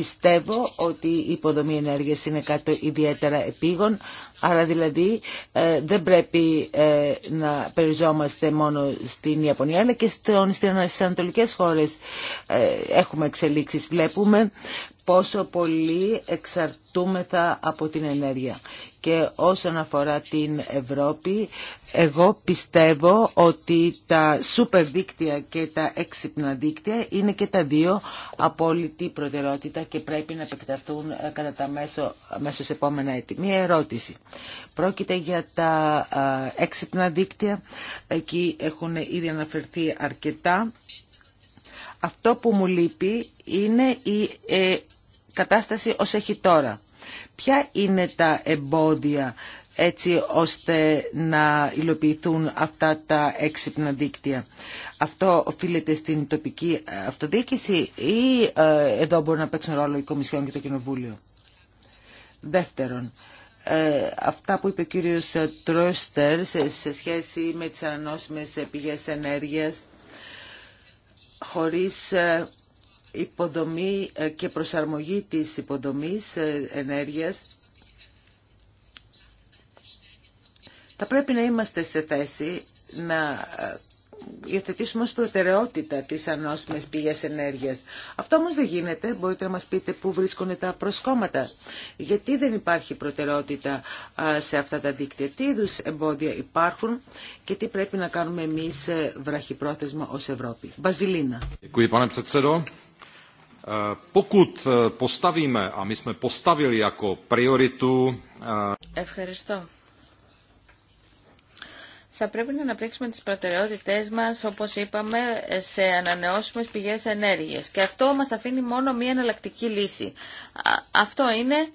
Πιστεύω ότι η υποδομή ενέργειας είναι κάτι ιδιαίτερα επίγον, άρα δηλαδή ε, δεν πρέπει ε, να περιζόμαστε μόνο στην Ιαπωνία, αλλά και στις ανατολικές χώρες ε, έχουμε εξελίξεις. Βλέπουμε πόσο πολύ εξαρτούμεθα από την ενέργεια. Και όσον αφορά την Ευρώπη, εγώ πιστεύω ότι τα σούπερ δίκτυα και τα έξυπνα δίκτυα είναι και τα δύο απόλυτη προτεραιότητα και πρέπει να επεκταθούν ε, κατά τα μέσο, μέσω σε επόμενα έτη. Μία ερώτηση. Πρόκειται για τα έξυπνα δίκτυα. Εκεί έχουν ήδη αναφερθεί αρκετά. Αυτό που μου λείπει είναι η ε, κατάσταση ως έχει τώρα. Ποια είναι τα εμπόδια έτσι ώστε να υλοποιηθούν αυτά τα έξυπνα δίκτυα. Αυτό οφείλεται στην τοπική ε, αυτοδιοίκηση ή ε, εδώ μπορούν να παίξουν ρόλο η εδω μπορεί να παιξουν ρολο η κομισιον και το Κοινοβούλιο. Δεύτερον, ε, αυτά που είπε ο κύριος Τρόστερ σε σχέση με τις ανανόσιμες πηγές ενέργειας χωρίς υποδομή και προσαρμογή της υποδομής ενέργειας θα πρέπει να είμαστε σε θέση να ε, υιοθετήσουμε ως προτεραιότητα τις ανώσιμες πηγές ενέργειας. Αυτό όμως δεν γίνεται. Μπορείτε να μας πείτε πού βρίσκονται τα προσκόμματα. Γιατί δεν υπάρχει προτεραιότητα σε αυτά τα δίκτυα. Τι είδου εμπόδια υπάρχουν και τι πρέπει να κάνουμε εμείς ε, βραχυπρόθεσμα ως Ευρώπη. Μπαζιλίνα. Ευχαριστώ θα πρέπει να αναπτύξουμε τις προτεραιότητές μας, όπως είπαμε, σε ανανεώσιμες πηγές ενέργειας. Και αυτό μας αφήνει μόνο μία εναλλακτική λύση. Αυτό είναι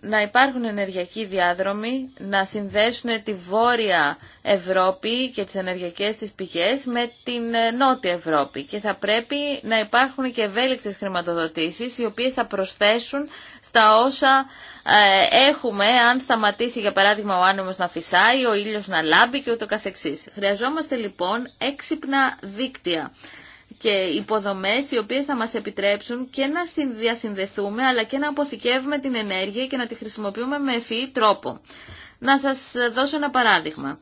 να υπάρχουν ενεργειακοί διάδρομοι, να συνδέσουν τη Βόρεια Ευρώπη και τις ενεργειακές της πηγές με την ε, Νότια Ευρώπη. Και θα πρέπει να υπάρχουν και ευέλικτες χρηματοδοτήσεις, οι οποίες θα προσθέσουν στα όσα ε, έχουμε αν σταματήσει για παράδειγμα ο άνεμος να φυσάει, ο ήλιος να λάμπει και ούτω καθεξής. Χρειαζόμαστε λοιπόν έξυπνα δίκτυα και υποδομές οι οποίες θα μας επιτρέψουν και να διασυνδεθούμε αλλά και να αποθηκεύουμε την ενέργεια και να τη χρησιμοποιούμε με ευφυή τρόπο. Να σας δώσω ένα παράδειγμα.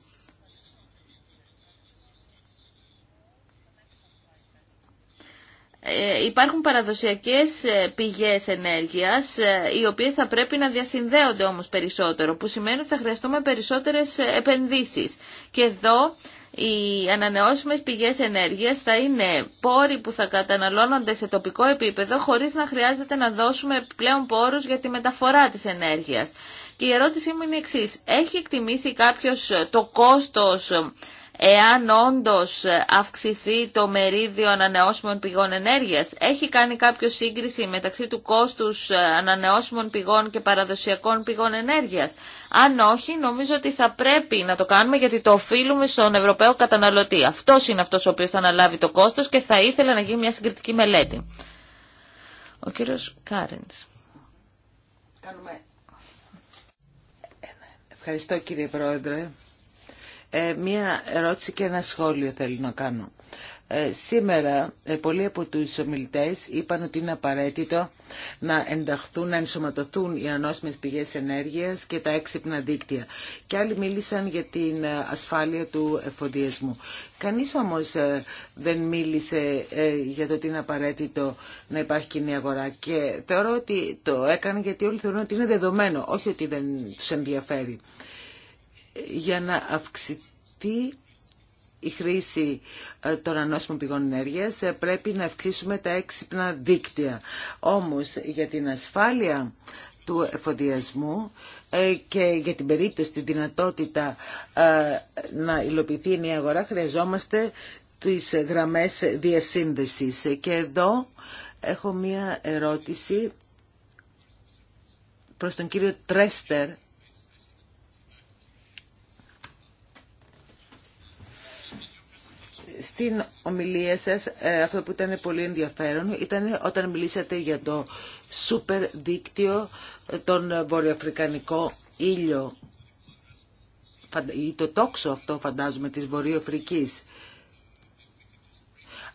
Ε, υπάρχουν παραδοσιακές ε, πηγές ενέργειας ε, οι οποίες θα πρέπει να διασυνδέονται όμως περισσότερο που σημαίνει ότι θα χρειαστούμε περισσότερες επενδύσεις και εδώ οι ανανεώσιμες πηγές ενέργειας θα είναι πόροι που θα καταναλώνονται σε τοπικό επίπεδο χωρίς να χρειάζεται να δώσουμε πλέον πόρους για τη μεταφορά της ενέργειας. Και η ερώτησή μου είναι η Έχει εκτιμήσει κάποιος το κόστος εάν όντως αυξηθεί το μερίδιο ανανεώσιμων πηγών ενέργειας. Έχει κάνει κάποιο σύγκριση μεταξύ του κόστους ε, ανανεώσιμων πηγών και παραδοσιακών πηγών ενέργειας. Αν όχι, νομίζω ότι θα πρέπει να το κάνουμε γιατί το οφείλουμε στον Ευρωπαίο καταναλωτή. Αυτός είναι αυτός ο οποίος θα αναλάβει το κόστος και θα ήθελα να γίνει μια συγκριτική μελέτη. Ο κύριος Κάριντς. Ευχαριστώ κύριε Πρόεδρε. Ε, μία ερώτηση και ένα σχόλιο θέλω να κάνω. Ε, σήμερα ε, πολλοί από τους ομιλητές είπαν ότι είναι απαραίτητο να ενταχθούν, να ενσωματωθούν οι ανώσιμες πηγές ενέργειας και τα έξυπνα δίκτυα. Και άλλοι μίλησαν για την ασφάλεια του εφοδιασμού. Κανείς όμως δεν μίλησε για το ότι είναι απαραίτητο να υπάρχει κοινή αγορά και θεωρώ ότι το έκανε γιατί όλοι θεωρούν ότι είναι δεδομένο, όχι ότι δεν τους ενδιαφέρει για να αυξηθεί η χρήση ε, των ανώσιμων πηγών ενέργειας ε, πρέπει να αυξήσουμε τα έξυπνα δίκτυα. Όμως για την ασφάλεια του εφοδιασμού ε, και για την περίπτωση τη δυνατότητα να υλοποιηθεί μια αγορά χρειαζόμαστε τις γραμμές διασύνδεσης. Και εδώ έχω μία ερώτηση προς τον κύριο Τρέστερ Στην ομιλία σας ε, αυτό που ήταν πολύ ενδιαφέρον ήταν όταν μιλήσατε για το σούπερ δίκτυο ε, τον βορειοαφρικανικό ήλιο ή το τόξο αυτό φαντάζομαι της Βορειοαφρικής.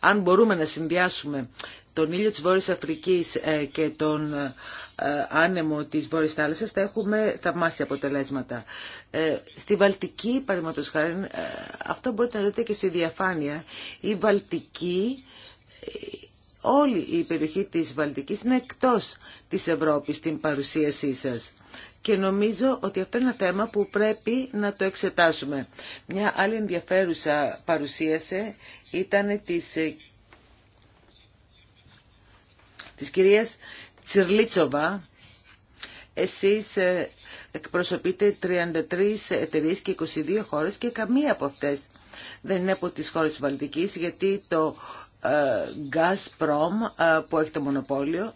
Αν μπορούμε να συνδυάσουμε τον ήλιο της Βόρειας Αφρικής ε, και τον ε, άνεμο της Βόρειας Θάλασσας θα έχουμε θαυμάσια αποτελέσματα. Ε, στη Βαλτική, παραδείγματος χάρη, αυτό μπορείτε να δείτε και στη διαφάνεια, η Βαλτική όλη η περιοχή της Βαλτικής είναι εκτός της Ευρώπης στην παρουσίασή σας. Και νομίζω ότι αυτό είναι ένα θέμα που πρέπει να το εξετάσουμε. Μια άλλη ενδιαφέρουσα παρουσίαση ήταν της της κυρίας Τσιρλίτσοβα. Εσείς ε, εκπροσωπείτε 33 εταιρείε και 22 χώρες και καμία από αυτές δεν είναι από τις χώρες της Βαλτικής γιατί το ε, Gazprom ε, που έχει το μονοπόλιο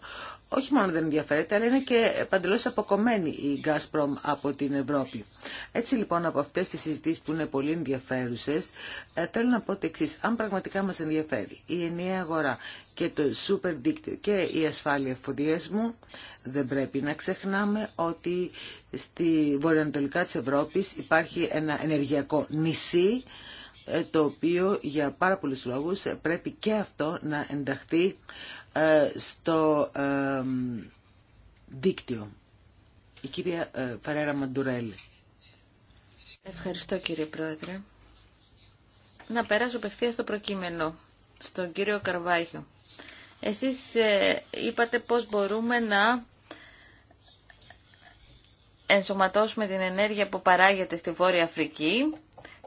όχι μόνο δεν ενδιαφέρεται, αλλά είναι και παντελώ αποκομμένη η Gazprom από την Ευρώπη. Έτσι λοιπόν από αυτές τις συζητήσει που είναι πολύ ενδιαφέρουσες, ε, θέλω να πω το εξή. Αν πραγματικά μας ενδιαφέρει η ενιαία αγορά και το super δίκτυο και η ασφάλεια μου, δεν πρέπει να ξεχνάμε ότι στη βορειοανατολικά τη Ευρώπη υπάρχει ένα ενεργειακό νησί, ε, το οποίο για πάρα πολλούς λόγους ε, πρέπει και αυτό να ενταχθεί ε, στο ε, δίκτυο. Η κυρία ε, Φαρέρα Μαντουρέλη. Ευχαριστώ κύριε Πρόεδρε. Να περάσω απευθεία στο προκείμενο, στον κύριο Καρβάγιο. Εσείς είπατε πώς μπορούμε να ενσωματώσουμε την ενέργεια που παράγεται στη Βόρεια Αφρική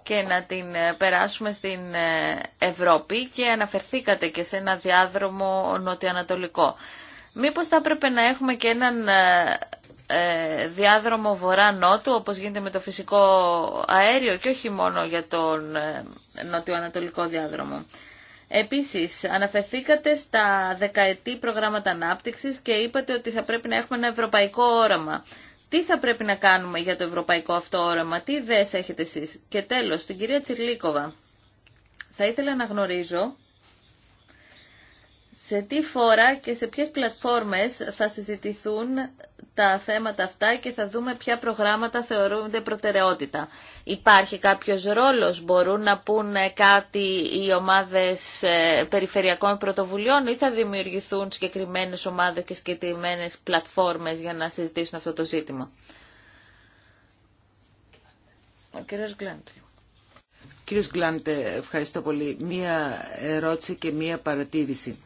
και να την ε, περάσουμε στην ε, Ευρώπη και αναφερθήκατε και σε ένα διάδρομο νοτιοανατολικό. Μήπως θα έπρεπε να έχουμε και έναν ε, διάδρομο βορρά-νότου, όπως γίνεται με το φυσικό αέριο και όχι μόνο για τον νοτιοανατολικό διάδρομο. Επίσης, αναφερθήκατε στα δεκαετή προγράμματα ανάπτυξης και είπατε ότι θα πρέπει να έχουμε ένα ευρωπαϊκό όραμα. Τι θα πρέπει να κάνουμε για το ευρωπαϊκό αυτό όραμα, τι ιδέες έχετε εσείς. Και τέλος, την κυρία Τσιρλίκοβα. Θα ήθελα να γνωρίζω σε τι φορά και σε ποιες πλατφόρμες θα συζητηθούν τα θέματα αυτά και θα δούμε ποια προγράμματα θεωρούνται προτεραιότητα. Υπάρχει κάποιος ρόλος, μπορούν να πούν κάτι οι ομάδες ε, περιφερειακών πρωτοβουλειών ή θα δημιουργηθούν συγκεκριμένες ομάδες και συγκεκριμένες πλατφόρμες για να συζητήσουν αυτό το ζήτημα. Ο κύριος Κύριος Γκλάντε, ευχαριστώ πολύ. Μία ερώτηση και μία παρατήρηση.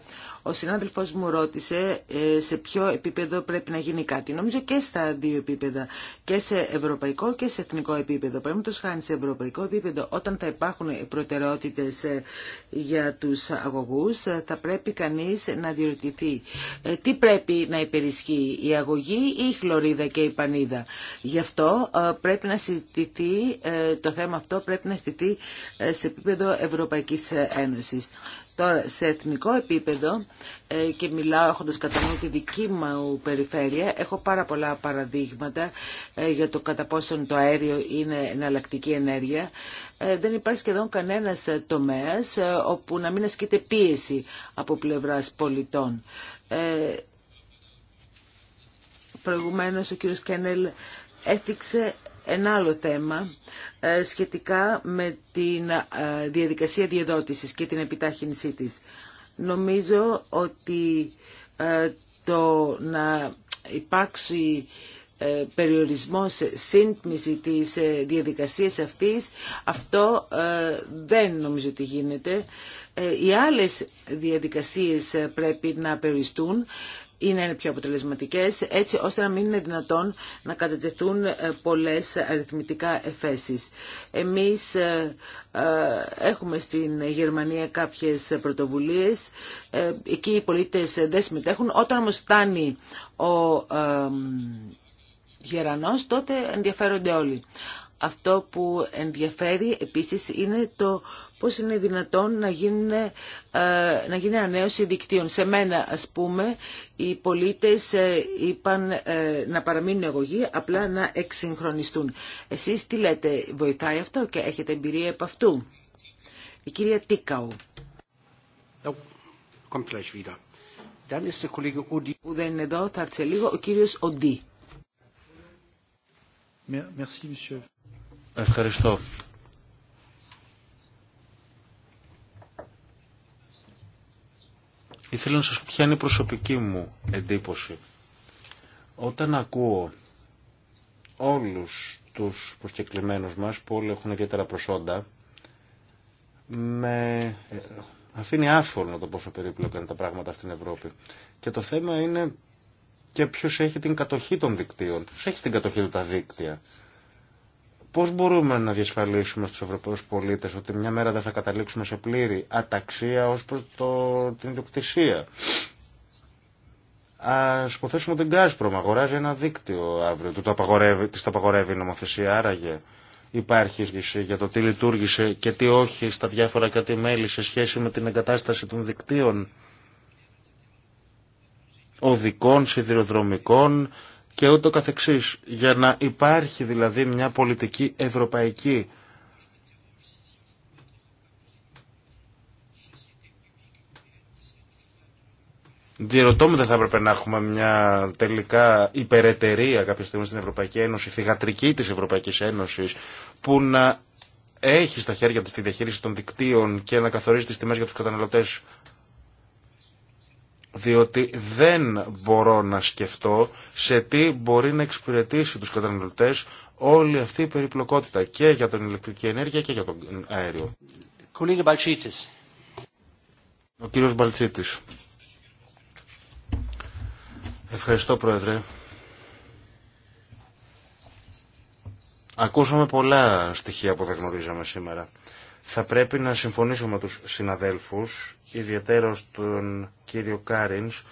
Ο συνάδελφος μου ρώτησε ε, σε ποιο επίπεδο πρέπει να γίνει κάτι. Νομίζω και στα δύο επίπεδα, και σε ευρωπαϊκό και σε εθνικό επίπεδο. Πρέπει να το χάνει σε ευρωπαϊκό επίπεδο. Όταν θα υπάρχουν προτεραιότητες ε, για τους αγωγούς, ε, θα πρέπει κανείς να διερωτηθεί τι πρέπει να υπερισχύει, η αγωγή ή η χλωρίδα και η πανίδα. Γι' αυτό πρέπει να συζητηθεί, το θέμα αυτό πρέπει να συζητηθεί σε επίπεδο Ευρωπαϊκής Ένωσης. Τώρα, σε εθνικό επίπεδο ε, και μιλάω έχοντας κατά νου τη δική μου περιφέρεια, έχω πάρα πολλά παραδείγματα ε, για το κατά πόσον το αέριο είναι εναλλακτική ενέργεια. Ε, δεν υπάρχει σχεδόν κανένας τομέας όπου να μην ασκείται πίεση από πλευράς πολιτών. Προηγουμένως ο κύριος Κένελ έθιξε ένα άλλο θέμα ε, σχετικά με τη ε, διαδικασία διαδότησης και την επιτάχυνσή της. Νομίζω ότι ε, το να υπάρξει περιορισμός σύντμηση της διαδικασίας αυτής, αυτό δεν νομίζω ότι γίνεται. Οι άλλες διαδικασίες πρέπει να περιστούν είναι πιο αποτελεσματικές, έτσι ώστε να μην είναι δυνατόν να κατατεθούν ε, πολλές αριθμητικά εφέσεις. Εμείς ε, ε, έχουμε στην Γερμανία κάποιες πρωτοβουλίες, εκεί οι πολίτες δεν συμμετέχουν. Όταν όμως φτάνει ο γερανός, τότε ενδιαφέρονται όλοι. Αυτό που ενδιαφέρει επίσης είναι το πώς είναι δυνατόν να γίνει, ε, να γίνει ανανέωση δικτύων. Σε μένα, ας πούμε, οι πολίτες ε, είπαν ε, να παραμείνουν εγωγοί, απλά να εξυγχρονιστούν. Εσείς τι λέτε, βοηθάει αυτό και έχετε εμπειρία από αυτού. Η κυρία Τίκαου. Που δεν είναι εδώ, θα έρθει λίγο ο κύριος Οντί. Ευχαριστώ, Ήθελα να σας πω ποια είναι η προσωπική μου εντύπωση. Όταν ακούω όλους τους προσκεκλημένους μας που όλοι έχουν ιδιαίτερα προσόντα, με ε, αφήνει άφωνο το πόσο περίπλοκα είναι τα πράγματα στην Ευρώπη. Και το θέμα είναι και ποιος έχει την κατοχή των δικτύων. Ποιος έχει την κατοχή του τα δίκτυα. Πώς μπορούμε να διασφαλίσουμε στους Ευρωπαίους πολίτες ότι μια μέρα δεν θα καταλήξουμε σε πλήρη αταξία ως προς το, την ιδιοκτησία. Α υποθέσουμε ότι την Γκάσπρομ αγοράζει ένα δίκτυο αύριο, του το απαγορεύει, της το απαγορεύει η νομοθεσία, άραγε υπάρχει για το τι λειτουργήσε και τι όχι στα διάφορα κάτι μέλη σε σχέση με την εγκατάσταση των δικτύων οδικών, σιδηροδρομικών, και ούτω καθεξής. Για να υπάρχει δηλαδή μια πολιτική ευρωπαϊκή Διερωτώ με, δεν θα έπρεπε να έχουμε μια τελικά υπερετερία κάποια στιγμή στην Ευρωπαϊκή Ένωση, θηγατρική της Ευρωπαϊκής Ένωσης, που να έχει στα χέρια της τη διαχείριση των δικτύων και να καθορίζει τις τιμές για τους καταναλωτές διότι δεν μπορώ να σκεφτώ σε τι μπορεί να εξυπηρετήσει τους καταναλωτές όλη αυτή η περιπλοκότητα και για την ηλεκτρική ενέργεια και για τον αέριο. Ο κύριος Μπαλτσίτης. Ευχαριστώ Πρόεδρε. Ακούσαμε πολλά στοιχεία που δεν γνωρίζαμε σήμερα. Θα πρέπει να συμφωνήσουμε με τους συναδέλφους ιδιαίτερο τον κύριο Κάρινς,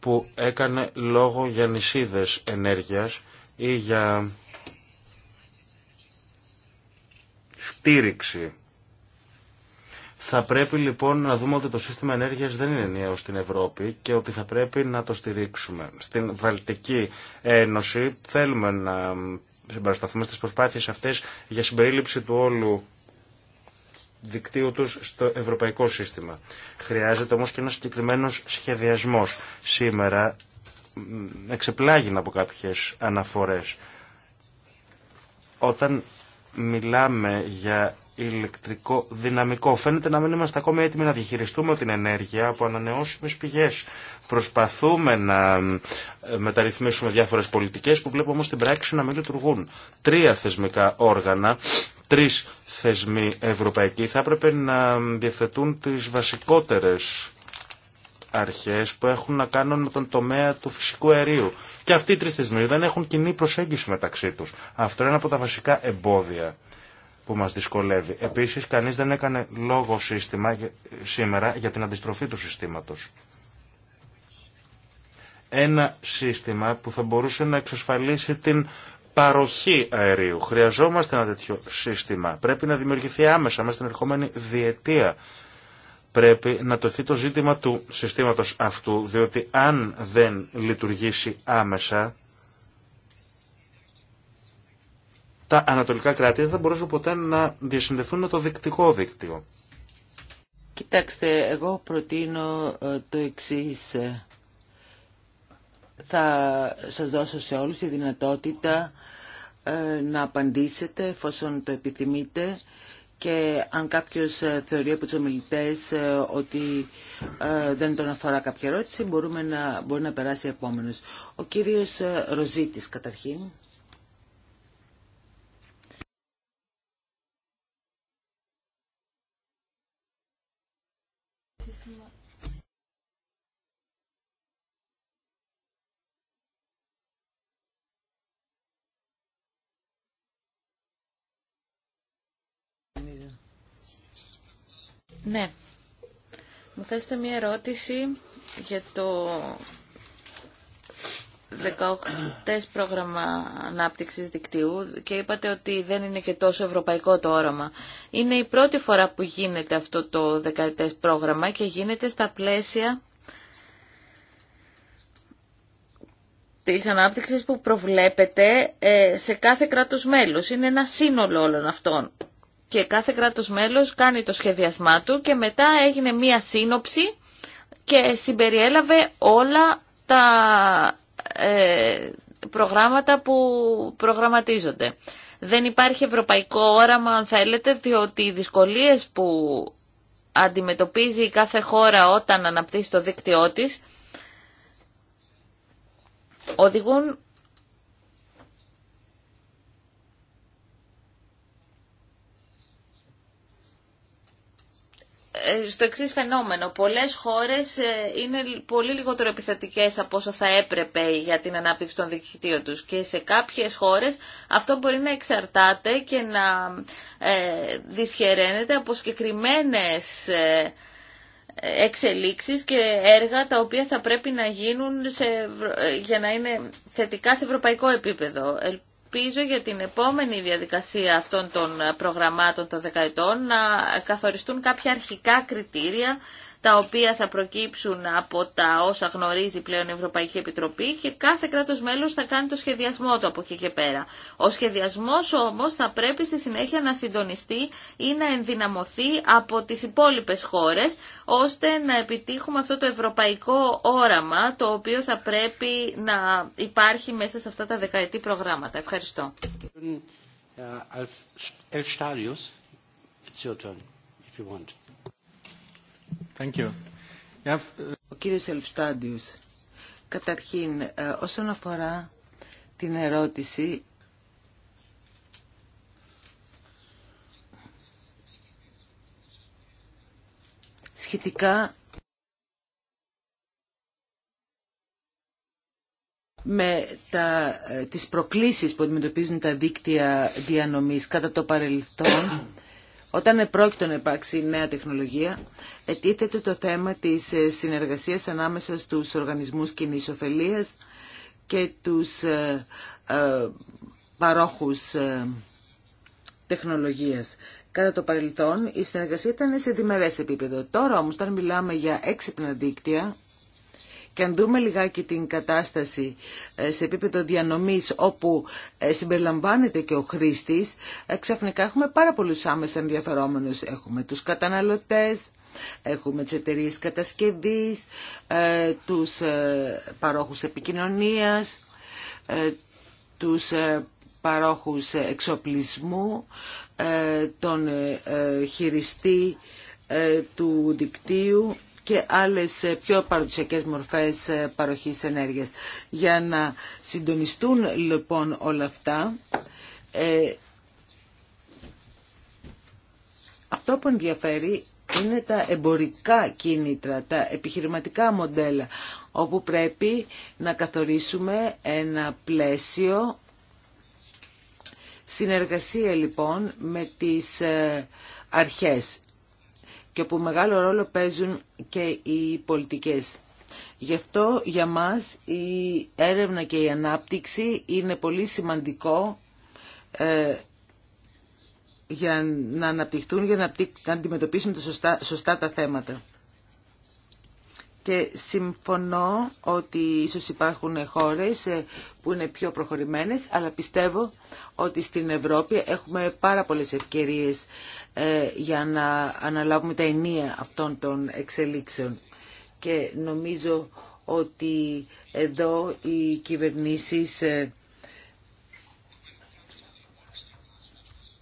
που έκανε λόγο για νησίδες ενέργειας ή για στήριξη. Θα πρέπει λοιπόν να δούμε ότι το σύστημα ενέργειας δεν είναι νέο στην Ευρώπη και ότι θα πρέπει να το στηρίξουμε. Στην Βαλτική Ένωση θέλουμε να συμπαρασταθούμε στις προσπάθειες αυτές για συμπερίληψη του όλου δικτύου τους στο ευρωπαϊκό σύστημα. Χρειάζεται όμως και ένας συγκεκριμένος σχεδιασμός. Σήμερα εξεπλάγει από κάποιες αναφορές. Όταν μιλάμε για ηλεκτρικό δυναμικό. Φαίνεται να μην είμαστε ακόμη έτοιμοι να διαχειριστούμε την ενέργεια από ανανεώσιμες πηγές. Προσπαθούμε να μεταρρυθμίσουμε διάφορες πολιτικές που βλέπουμε όμως στην πράξη να μην λειτουργούν. Τρία θεσμικά όργανα τρεις θεσμοί ευρωπαϊκοί θα έπρεπε να διαθετούν τις βασικότερες αρχές που έχουν να κάνουν με τον τομέα του φυσικού αερίου. Και αυτοί οι τρεις θεσμοί δεν έχουν κοινή προσέγγιση μεταξύ τους. Αυτό είναι ένα από τα βασικά εμπόδια που μας δυσκολεύει. Επίσης, κανείς δεν έκανε λόγο σύστημα σήμερα για την αντιστροφή του συστήματος. Ένα σύστημα που θα μπορούσε να εξασφαλίσει την παροχή αερίου. Χρειαζόμαστε ένα τέτοιο σύστημα. Πρέπει να δημιουργηθεί άμεσα μέσα στην ερχόμενη διετία. Πρέπει να τοθεί το ζήτημα του συστήματος αυτού, διότι αν δεν λειτουργήσει άμεσα, τα ανατολικά κράτη δεν θα μπορέσουν ποτέ να διασυνδεθούν με το δικτικό δίκτυο. Κοιτάξτε, εγώ προτείνω ε, το εξής θα σας δώσω σε όλους τη δυνατότητα ε, να απαντήσετε εφόσον το επιθυμείτε και αν κάποιος ε, θεωρεί από τους ομιλητές ε, ότι δεν τον αφορά κάποια ερώτηση μπορούμε να, μπορεί να περάσει επόμενος. Ο κύριος Ροζίτης καταρχήν. Ναι. Μου θέσετε μία ερώτηση για το 18 πρόγραμμα ανάπτυξης δικτύου και είπατε ότι δεν είναι και τόσο ευρωπαϊκό το όραμα. Είναι η πρώτη φορά που γίνεται αυτό το δεκαετές πρόγραμμα και γίνεται στα πλαίσια της ανάπτυξης που προβλέπεται ε, σε κάθε κράτος μέλος. Είναι ένα σύνολο όλων αυτών και κάθε κράτος μέλος κάνει το σχεδιασμά του και μετά έγινε μία σύνοψη και συμπεριέλαβε όλα τα ε, προγράμματα που προγραμματίζονται. Δεν υπάρχει ευρωπαϊκό όραμα, αν θέλετε, διότι οι δυσκολίες που αντιμετωπίζει κάθε χώρα όταν αναπτύσσει το δίκτυό της οδηγούν Ε, στο εξή φαινόμενο. Πολλές χώρες ε, είναι πολύ λιγότερο επιθετικέ από όσο θα έπρεπε για την ανάπτυξη των δικτύων τους και σε κάποιες χώρες αυτό μπορεί να εξαρτάται και να ε, δυσχεραίνεται από συγκεκριμένες ε, εξελίξεις και έργα τα οποία θα πρέπει να γίνουν για να είναι θετικά σε ευρωπαϊκό επίπεδο ελπίζω για την επόμενη διαδικασία αυτών των προγραμμάτων των δεκαετών να καθοριστούν κάποια αρχικά κριτήρια τα οποία θα προκύψουν από τα όσα γνωρίζει πλέον η Ευρωπαϊκή Επιτροπή και κάθε κράτος μέλος θα κάνει το σχεδιασμό του από εκεί και πέρα. Ο σχεδιασμός όμως θα πρέπει στη συνέχεια να συντονιστεί ή να ενδυναμωθεί από τις υπόλοιπες χώρες ώστε να επιτύχουμε αυτό το ευρωπαϊκό όραμα το οποίο θα πρέπει να υπάρχει μέσα σε αυτά τα δεκαετή προγράμματα. Ευχαριστώ. Ε, if you want. Ο κύριος Ελφστάντιους. Καταρχήν, ε, όσον αφορά την ερώτηση σχετικά με τα, ε, τις προκλήσεις που αντιμετωπίζουν τα δίκτυα διανομής κατά το παρελθόν όταν επρόκειτο να υπάρξει νέα τεχνολογία, ετίθεται το θέμα της ε, συνεργασίας ανάμεσα στους οργανισμούς κοινής ωφελία και τους ε, ε, παρόχους ε, τεχνολογίας. Κατά το παρελθόν η συνεργασία ήταν σε διμερές επίπεδο. Τώρα όμως, όταν μιλάμε για έξυπνα δίκτυα, και αν δούμε λιγάκι την κατάσταση ε, σε επίπεδο διανομής όπου ε, συμπεριλαμβάνεται και ο χρήστης, ε, ξαφνικά έχουμε πάρα πολλούς άμεσα ενδιαφερόμενους. Έχουμε τους καταναλωτές, Έχουμε τις εταιρείε κατασκευής, τους παρόχους επικοινωνίας, τους παρόχους εξοπλισμού, τον χειριστή του δικτύου και άλλες ε, πιο παραδοσιακές μορφές ε, παροχής ενέργειας. Για να συντονιστούν λοιπόν όλα αυτά, ε, αυτό που ενδιαφέρει είναι τα εμπορικά κίνητρα, τα επιχειρηματικά μοντέλα, όπου πρέπει να καθορίσουμε ένα πλαίσιο συνεργασία λοιπόν με τις αρχές και που μεγάλο ρόλο παίζουν και οι πολιτικές. Γι' αυτό για μας η έρευνα και η ανάπτυξη είναι πολύ σημαντικό ε, για να αναπτυχθούν, για να αντιμετωπίσουν τα σωστά, σωστά τα θέματα. Και συμφωνώ ότι ίσως υπάρχουν χώρες ε, που είναι πιο προχωρημένες, αλλά πιστεύω ότι στην Ευρώπη έχουμε πάρα πολλές ευκαιρίες ε, για να αναλάβουμε τα ενία αυτών των εξελίξεων. Και νομίζω ότι εδώ οι κυβερνήσεις ε,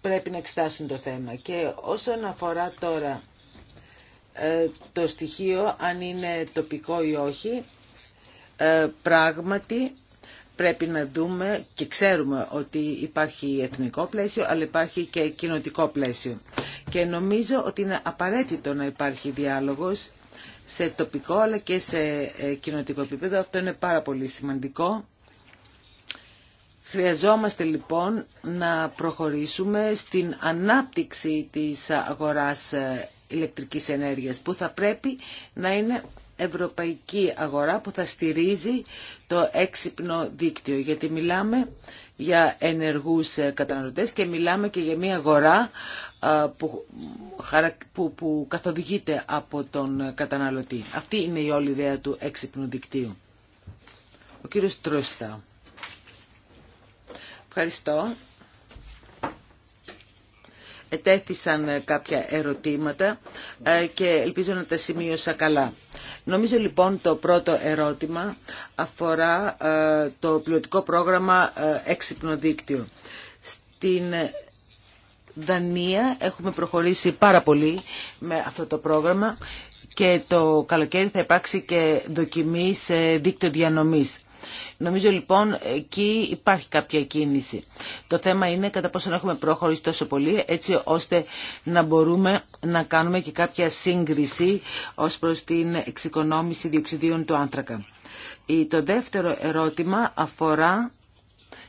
πρέπει να εξετάσουν το θέμα. Και όσον αφορά τώρα ε, το στοιχείο αν είναι τοπικό ή όχι. Ε, πράγματι πρέπει να δούμε και ξέρουμε ότι υπάρχει εθνικό πλαίσιο αλλά υπάρχει και κοινοτικό πλαίσιο. Και νομίζω ότι είναι απαραίτητο να υπάρχει διάλογος σε τοπικό αλλά και σε ε, κοινοτικό επίπεδο. Αυτό είναι πάρα πολύ σημαντικό. Χρειαζόμαστε λοιπόν να προχωρήσουμε στην ανάπτυξη της αγοράς ηλεκτρικής ενέργειας που θα πρέπει να είναι ευρωπαϊκή αγορά που θα στηρίζει το έξυπνο δίκτυο γιατί μιλάμε για ενεργούς ε, καταναλωτές και μιλάμε και για μια αγορά που, που, που καθοδηγείται από τον καταναλωτή. Αυτή είναι η όλη ιδέα του έξυπνου δικτύου. Ο κύριος Τρούστα. Ευχαριστώ ετέθησαν κάποια ερωτήματα ε, και ελπίζω να τα σημείωσα καλά. Νομίζω λοιπόν το πρώτο ερώτημα αφορά ε, το πιλωτικό πρόγραμμα ε, έξυπνο δίκτυο. Στην Δανία έχουμε προχωρήσει πάρα πολύ με αυτό το πρόγραμμα και το καλοκαίρι θα υπάρξει και δοκιμή σε δίκτυο διανομής. Νομίζω λοιπόν εκεί υπάρχει κάποια κίνηση. Το θέμα είναι κατά πόσο έχουμε προχωρήσει τόσο πολύ έτσι ώστε να μπορούμε να κάνουμε και κάποια σύγκριση ως προς την εξοικονόμηση διοξιδίων του άνθρακα. Το δεύτερο ερώτημα αφορά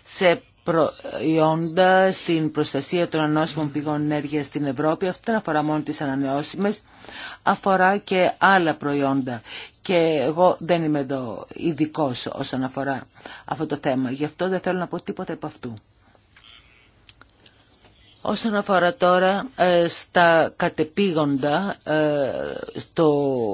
σε προϊόντα στην προστασία των ανώσιμων πηγών ενέργειας στην Ευρώπη. Αυτό δεν αφορά μόνο τις ανανεώσιμες αφορά και άλλα προϊόντα. Και εγώ δεν είμαι εδώ ειδικό όσον αφορά αυτό το θέμα. Γι' αυτό δεν θέλω να πω τίποτα από αυτού. Όσον αφορά τώρα ε, στα κατεπήγοντα, ε,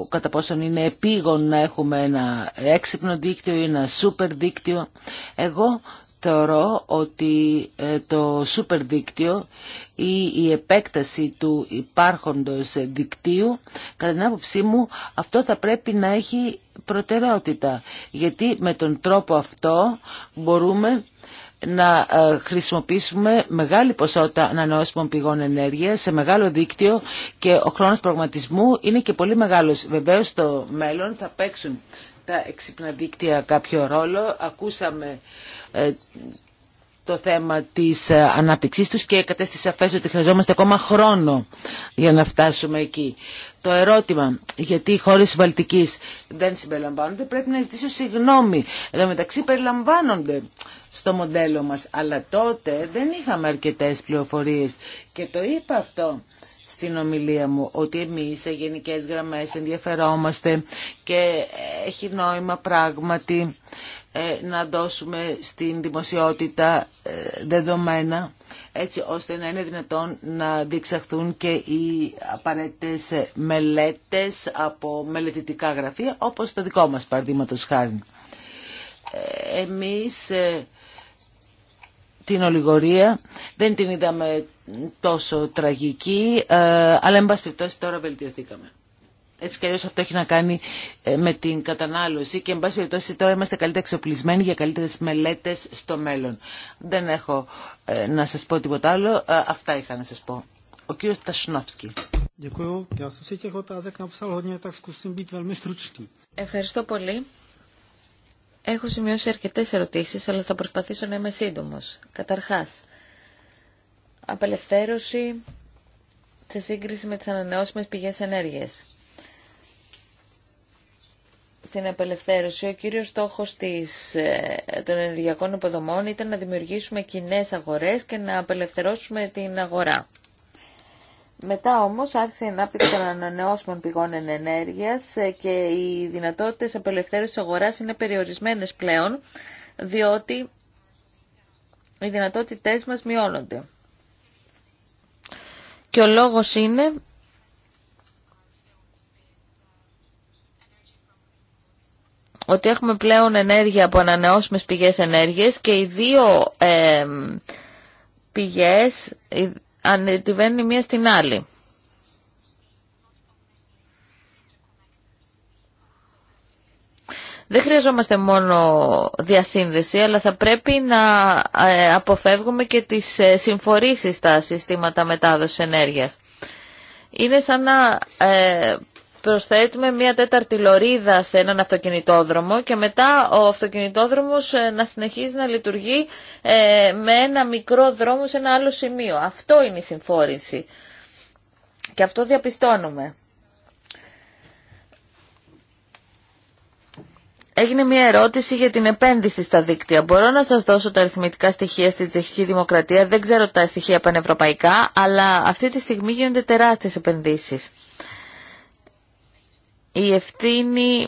κατά πόσον είναι επίγον να έχουμε ένα έξυπνο δίκτυο ή ένα σούπερ δίκτυο, εγώ θεωρώ ότι ε, το σούπερ δίκτυο ή η επέκταση του υπάρχοντος δικτύου, κατά την άποψή μου, αυτό θα πρέπει να έχει προτεραιότητα. Γιατί με τον τρόπο αυτό μπορούμε να ε, χρησιμοποιήσουμε μεγάλη ποσότητα ανανεώσιμων πηγών ενέργειας σε μεγάλο δίκτυο και ο χρόνος προγραμματισμού είναι και πολύ μεγάλος. Βεβαίως στο μέλλον θα παίξουν τα δίκτυα κάποιο ρόλο. Ακούσαμε ε, το θέμα της ε, ανάπτυξής τους και κατέστησε αφές ότι χρειαζόμαστε ακόμα χρόνο για να φτάσουμε εκεί. Το ερώτημα γιατί οι χώρες της Βαλτικής δεν συμπεριλαμβάνονται πρέπει να ζητήσω συγγνώμη. Εδώ μεταξύ περιλαμβάνονται στο μοντέλο μας. Αλλά τότε δεν είχαμε αρκετές πληροφορίες και το είπα αυτό στην ομιλία μου ότι εμείς σε γενικές γραμμές ενδιαφερόμαστε και έχει νόημα πράγματι ε, να δώσουμε στην δημοσιότητα ε, δεδομένα έτσι ώστε να είναι δυνατόν να διεξαχθούν και οι απαραίτητες μελέτες από μελετητικά γραφεία όπως το δικό μας παραδείγματο χάρη. Ε, εμείς την ολιγορία δεν την είδαμε τόσο τραγική αλλά εν πάση περιπτώσει τώρα βελτιωθήκαμε. Έτσι κι αυτό έχει να κάνει ε, με την κατανάλωση και εν πάση περιπτώσει τώρα είμαστε καλύτερα εξοπλισμένοι για καλύτερες μελέτες στο μέλλον. Δεν έχω ε, να σας πω τίποτα άλλο. Ε, αυτά είχα να σας πω. Ο κύριος Τασνόφσκι. Ευχαριστώ πολύ. Έχω σημειώσει αρκετέ ερωτήσει, αλλά θα προσπαθήσω να είμαι σύντομο. Καταρχά απελευθέρωση σε σύγκριση με τι ανανεώσιμε πηγέ ενέργεια στην απελευθέρωση, ο κύριος στόχος της, ε, των ενεργειακών υποδομών ήταν να δημιουργήσουμε κοινέ αγορές και να απελευθερώσουμε την αγορά. Μετά όμως άρχισε η ανάπτυξη των ανανεώσιμων πηγών ενέργειας ε, και οι δυνατότητες απελευθέρωσης αγοράς είναι περιορισμένες πλέον, διότι οι δυνατότητές μας μειώνονται. Και ο λόγος είναι ότι έχουμε πλέον ενέργεια από ανανεώσιμες πηγές ενέργειας και οι δύο ε, πηγές αντιβαίνουν η μία στην άλλη. Δεν χρειαζόμαστε μόνο διασύνδεση, αλλά θα πρέπει να ε, αποφεύγουμε και τις ε, συμφορήσεις στα συστήματα μετάδοσης ενέργειας. Είναι σαν να ε, προσθέτουμε μία τέταρτη λωρίδα σε έναν αυτοκινητόδρομο και μετά ο αυτοκινητόδρομος ε, να συνεχίζει να λειτουργεί ε, με ένα μικρό δρόμο σε ένα άλλο σημείο. Αυτό είναι η συμφόρηση. Και αυτό διαπιστώνουμε. Έγινε μια ερώτηση για την επένδυση στα δίκτυα. Μπορώ να σας δώσω τα αριθμητικά στοιχεία στη Τσεχική Δημοκρατία. Δεν ξέρω τα στοιχεία πανευρωπαϊκά, αλλά αυτή τη στιγμή γίνονται τεράστιες επενδύσεις. Η ευθύνη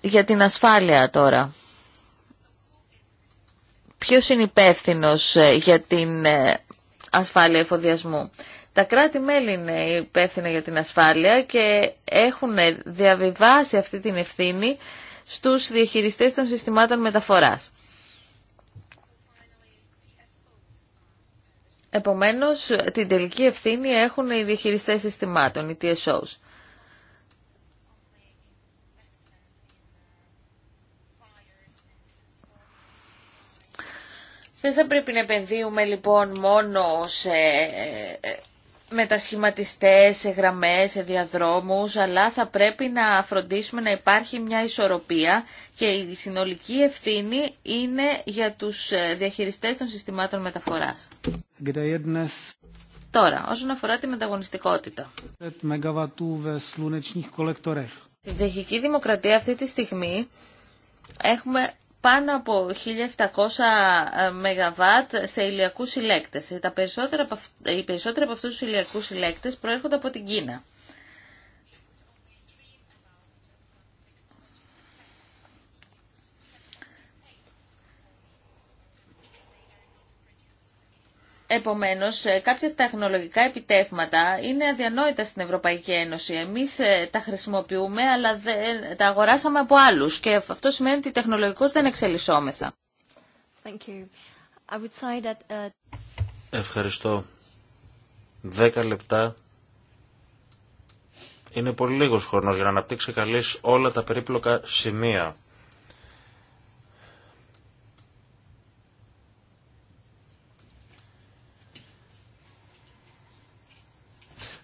για την ασφάλεια τώρα. Ποιος είναι υπεύθυνο ε, για την ε, ασφάλεια εφοδιασμού. Τα κράτη-μέλη είναι υπεύθυνα για την ασφάλεια και έχουν διαβιβάσει αυτή την ευθύνη στους διαχειριστές των συστημάτων μεταφοράς. Επομένως, την τελική ευθύνη έχουν οι διαχειριστές συστημάτων, οι TSOs. Δεν θα πρέπει να επενδύουμε λοιπόν μόνο σε ε, μετασχηματιστές, σε γραμμές, σε διαδρόμους, αλλά θα πρέπει να φροντίσουμε να υπάρχει μια ισορροπία και η συνολική ευθύνη είναι για τους ε, διαχειριστές των συστημάτων μεταφοράς. Τώρα, όσον αφορά την ανταγωνιστικότητα. Στην Τσεχική Δημοκρατία αυτή τη στιγμή έχουμε πάνω από 1.700 ε, ΜΒ σε ηλιακούς συλλέκτες. Τα περισσότερα οι περισσότεροι από αυτούς τους ηλιακούς συλλέκτες προέρχονται από την Κίνα. Επομένως, ε, κάποια τεχνολογικά επιτεύγματα είναι αδιανόητα στην Ευρωπαϊκή Ένωση. Εμείς ε, τα χρησιμοποιούμε, αλλά δεν, τα αγοράσαμε από άλλους και αυτό σημαίνει ότι τεχνολογικώς δεν εξελισσόμεθα. Uh, Ευχαριστώ. Δέκα λεπτά είναι πολύ λίγος χρόνος για να αναπτύξει καλής όλα τα περίπλοκα σημεία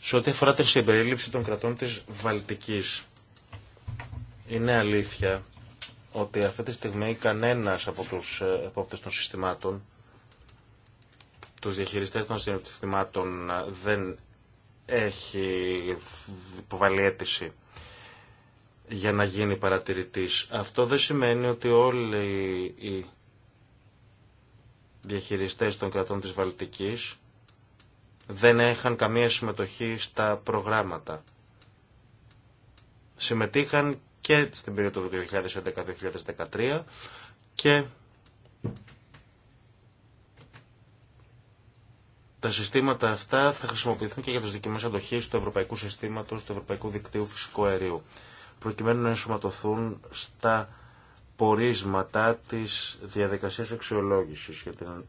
Σε ό,τι αφορά την συμπερίληψη των κρατών της Βαλτικής, είναι αλήθεια ότι αυτή τη στιγμή κανένας από τους ε, επόπτες των συστημάτων, τους διαχειριστές των συστημάτων ε, δεν έχει υποβάλει αίτηση για να γίνει παρατηρητής. Αυτό δεν σημαίνει ότι όλοι οι διαχειριστές των κρατών της Βαλτικής δεν είχαν καμία συμμετοχή στα προγράμματα. Συμμετείχαν και στην περίοδο του 2011-2013 και τα συστήματα αυτά θα χρησιμοποιηθούν και για τις δοκιμές αντοχή του Ευρωπαϊκού Συστήματος, του Ευρωπαϊκού Δικτύου Φυσικού Αερίου, προκειμένου να ενσωματωθούν στα πορίσματα της διαδικασίας αξιολόγησης για την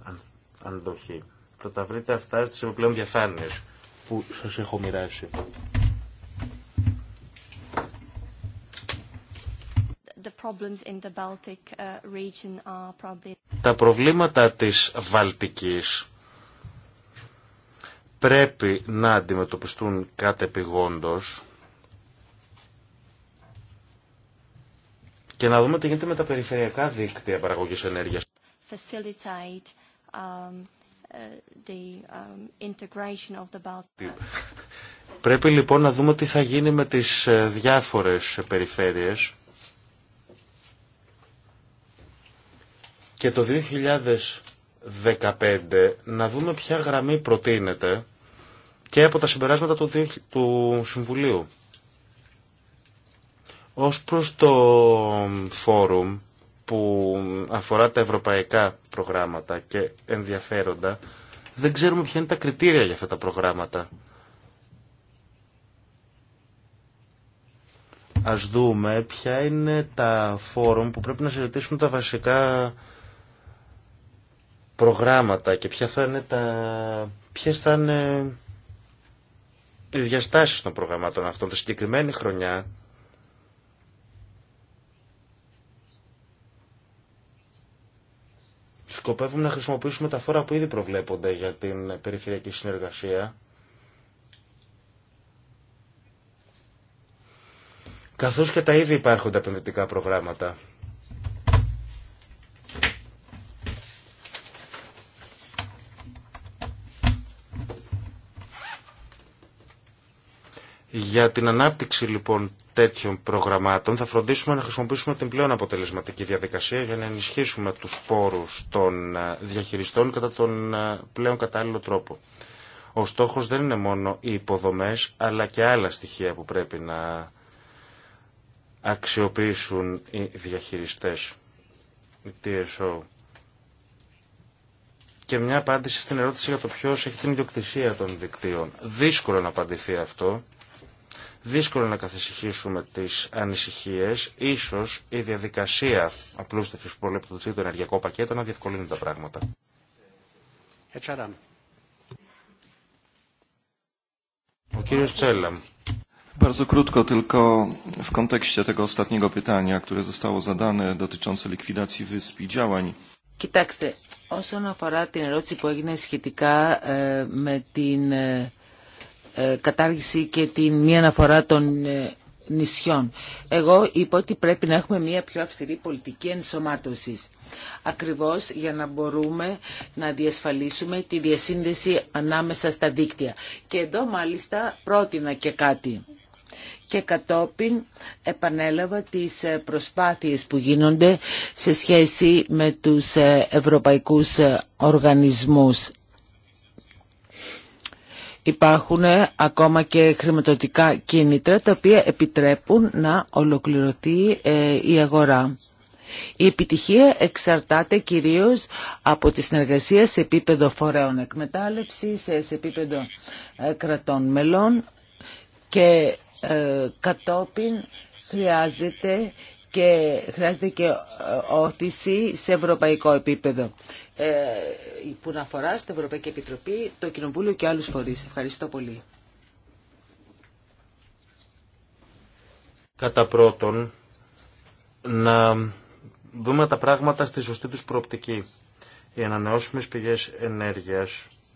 αντοχή. Θα τα βρείτε αυτά στις επιπλέον διαφάνειες που σας έχω μοιράσει. Uh, τα προβλήματα της Βαλτικής πρέπει να αντιμετωπιστούν επιγόντως και να δούμε τι γίνεται με τα περιφερειακά δίκτυα παραγωγής ενέργειας. Ε, um, Πρέπει λοιπόν να δούμε τι θα γίνει με τις ε, διάφορες περιφέρειες. Και το 2015 να δούμε ποια γραμμή προτείνεται και από τα συμπεράσματα του, του Συμβουλίου. Ως προς το φόρουμ που αφορά τα ευρωπαϊκά προγράμματα και ενδιαφέροντα, δεν ξέρουμε ποια είναι τα κριτήρια για αυτά τα προγράμματα. Ας δούμε ποια είναι τα φόρουμ που πρέπει να συζητήσουν τα βασικά προγράμματα και ποια θα είναι τα... ποιες θα είναι οι διαστάσεις των προγραμμάτων αυτών. Τη συγκεκριμένη χρονιά Σκοπεύουμε να χρησιμοποιήσουμε τα φόρα που ήδη προβλέπονται για την περιφερειακή συνεργασία. Καθώς και τα ήδη υπάρχοντα επενδυτικά προγράμματα. Για την ανάπτυξη λοιπόν τέτοιων προγραμμάτων θα φροντίσουμε να χρησιμοποιήσουμε την πλέον αποτελεσματική διαδικασία για να ενισχύσουμε τους πόρους των ε, διαχειριστών κατά τον ε, πλέον κατάλληλο τρόπο. Ο στόχος δεν είναι μόνο οι υποδομές αλλά και άλλα στοιχεία που πρέπει να αξιοποιήσουν οι διαχειριστές. TSO. Και μια απάντηση στην ερώτηση για το ποιος έχει την ιδιοκτησία των δικτύων. Δύσκολο να απαντηθεί αυτό Δύσκολο να καθησυχήσουμε τις ανησυχίες. Ίσως η διαδικασία απλούστευσης που προλεπτωθεί το ενεργειακό πακέτο να διευκολύνει τα πράγματα. Ο κύριος Τσέλαμ. Bardzo krótko, tylko w kontekście tego ostatniego pytania, które zostało zadane dotyczące likwidacji wysp i działań. Κοιτάξτε, όσον αφορά την ερώτηση που έγινε σχετικά ε, με την ε, ε, κατάργηση και την μία αναφορά των ε, νησιών. Εγώ είπα ότι πρέπει να έχουμε μία πιο αυστηρή πολιτική ενσωμάτωσης. Ακριβώς για να μπορούμε να διασφαλίσουμε τη διασύνδεση ανάμεσα στα δίκτυα. Και εδώ μάλιστα πρότεινα και κάτι και κατόπιν επανέλαβα τις ε, προσπάθειες που γίνονται σε σχέση με τους ευρωπαϊκούς οργανισμούς υπάρχουν ε, ακόμα και χρηματοδοτικά κίνητρα τα οποία επιτρέπουν να ολοκληρωθεί ε, η αγορά. Η επιτυχία εξαρτάται κυρίως από τη συνεργασία σε επίπεδο φορέων εκμετάλλευσης, ε, σε επίπεδο κρατών μελών και κατόπιν χρειάζεται και χρειάζεται και ε, όθηση σε ευρωπαϊκό επίπεδο ε, που να αφορά στην Ευρωπαϊκή Επιτροπή, το Κοινοβούλιο και άλλους φορείς. Ευχαριστώ πολύ. Κατά πρώτον, να δούμε τα πράγματα στη σωστή τους προοπτική. Οι ανανεώσιμες πηγές ενέργειας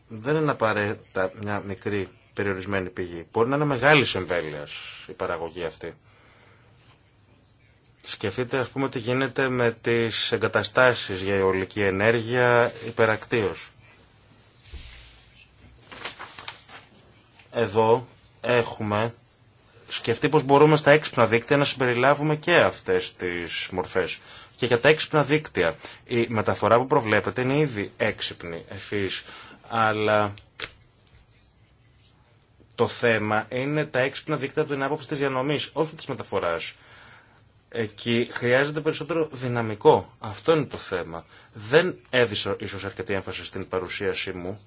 δεν είναι απαραίτητα μια μικρή περιορισμένη πηγή. Μπορεί να είναι μεγάλη εμβέλεια η παραγωγή αυτή. Σκεφτείτε ας πούμε τι γίνεται με τις εγκαταστάσεις για αιωλική ενέργεια υπερακτίως. Εδώ έχουμε σκεφτεί πως μπορούμε στα έξυπνα δίκτυα να συμπεριλάβουμε και αυτές τις μορφές. Και για τα έξυπνα δίκτυα η μεταφορά που προβλέπετε είναι ήδη έξυπνη εφής, αλλά το θέμα είναι τα έξυπνα δίκτυα από την άποψη της διανομής, όχι της μεταφοράς. Εκεί χρειάζεται περισσότερο δυναμικό. Αυτό είναι το θέμα. Δεν έδισα ίσω αρκετή έμφαση στην παρουσίασή μου.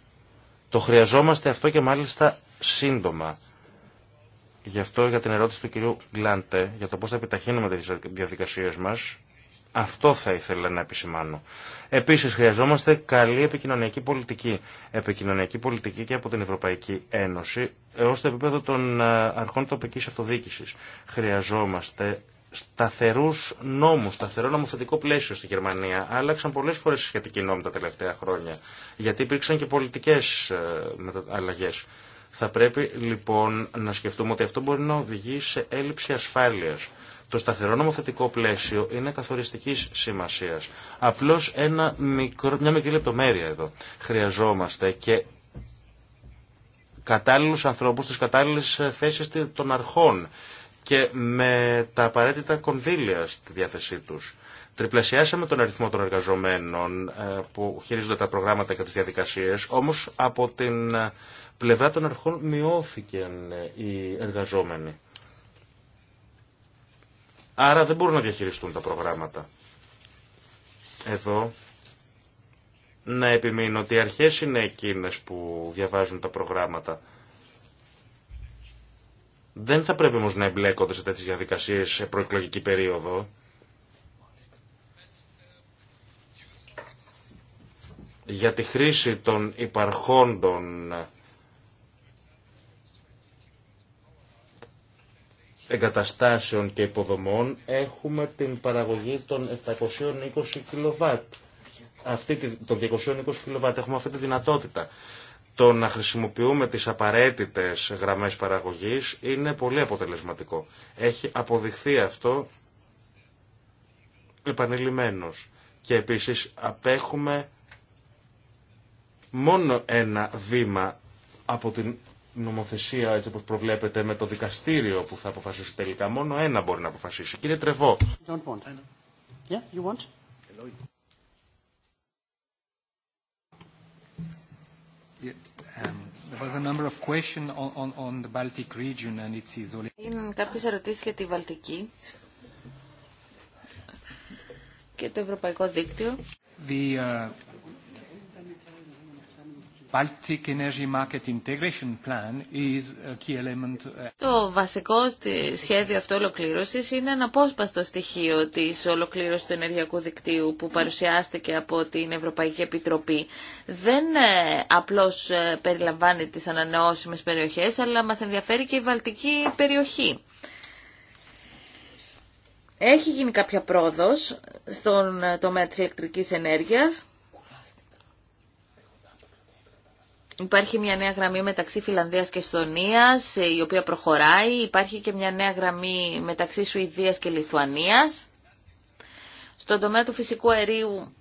Το χρειαζόμαστε αυτό και μάλιστα σύντομα. Γι' αυτό για την ερώτηση του κυρίου Γκλάντε, για το πώ θα επιταχύνουμε τι διαδικασίε μα. αυτό θα ήθελα να επισημάνω. Επίση, χρειαζόμαστε καλή επικοινωνιακή πολιτική. Επικοινωνιακή πολιτική και από την Ευρωπαϊκή Ένωση έω το επίπεδο των ε, αρχών τοπική αυτοδιοίκηση. Χρειαζόμαστε σταθερούς νόμους, σταθερό νομοθετικό πλαίσιο στη Γερμανία. Άλλαξαν πολλές φορές σχετικοί νόμοι τα τελευταία χρόνια, γιατί υπήρξαν και πολιτικές ε, αλλαγέ. Θα πρέπει λοιπόν να σκεφτούμε ότι αυτό μπορεί να οδηγεί σε έλλειψη ασφάλειας. Το σταθερό νομοθετικό πλαίσιο είναι καθοριστικής σημασία. Απλώ μια μικρή λεπτομέρεια εδώ. Χρειαζόμαστε και κατάλληλους ανθρώπους στις κατάλληλες ε, θέσεις των αρχών και με τα απαραίτητα κονδύλια στη διάθεσή τους. Τριπλασιάσαμε τον αριθμό των εργαζομένων ε, που χειρίζονται τα προγράμματα και τις διαδικασίες, όμως από την ε, πλευρά των αρχών μειώθηκαν ε, οι εργαζόμενοι. Άρα δεν μπορούν να διαχειριστούν τα προγράμματα. Εδώ να επιμείνω ότι οι αρχές είναι εκείνες που διαβάζουν τα προγράμματα δεν θα πρέπει όμω να εμπλέκονται σε τέτοιε διαδικασίε σε προεκλογική περίοδο. Για τη χρήση των υπαρχόντων εγκαταστάσεων και υποδομών έχουμε την παραγωγή των 720 κιλοβάτ. Αυτή, των 220 κιλοβάτ έχουμε αυτή τη δυνατότητα το να χρησιμοποιούμε τις απαραίτητες γραμμές παραγωγής είναι πολύ αποτελεσματικό. Έχει αποδειχθεί αυτό επανειλημμένος. Και επίσης απέχουμε μόνο ένα βήμα από την νομοθεσία έτσι όπως προβλέπετε με το δικαστήριο που θα αποφασίσει τελικά. Μόνο ένα μπορεί να αποφασίσει. Κύριε Τρεβό. Έγιναν κάποιες ερωτήσεις για τη Βαλτική και το Ευρωπαϊκό Δίκτυο. Uh, Baltic Energy Market Integration Plan is a key element. Uh, Το βασικό σχέδιο αυτό ολοκλήρωση είναι ένα απόσπαστο στοιχείο τη ολοκλήρωση του ενεργειακού δικτύου που παρουσιάστηκε από την Ευρωπαϊκή Επιτροπή. Δεν ε, απλώ ε, περιλαμβάνει τι ανανεώσιμε περιοχέ, αλλά μα ενδιαφέρει και η βαλτική περιοχή. Έχει γίνει κάποια πρόοδος στον ε, τομέα της ηλεκτρικής ενέργειας. Υπάρχει μια νέα γραμμή μεταξύ Φιλανδίας και Εστονίας, η οποία προχωράει. Υπάρχει και μια νέα γραμμή μεταξύ Σουηδίας και Λιθουανίας. Στον τομέα του φυσικού αερίου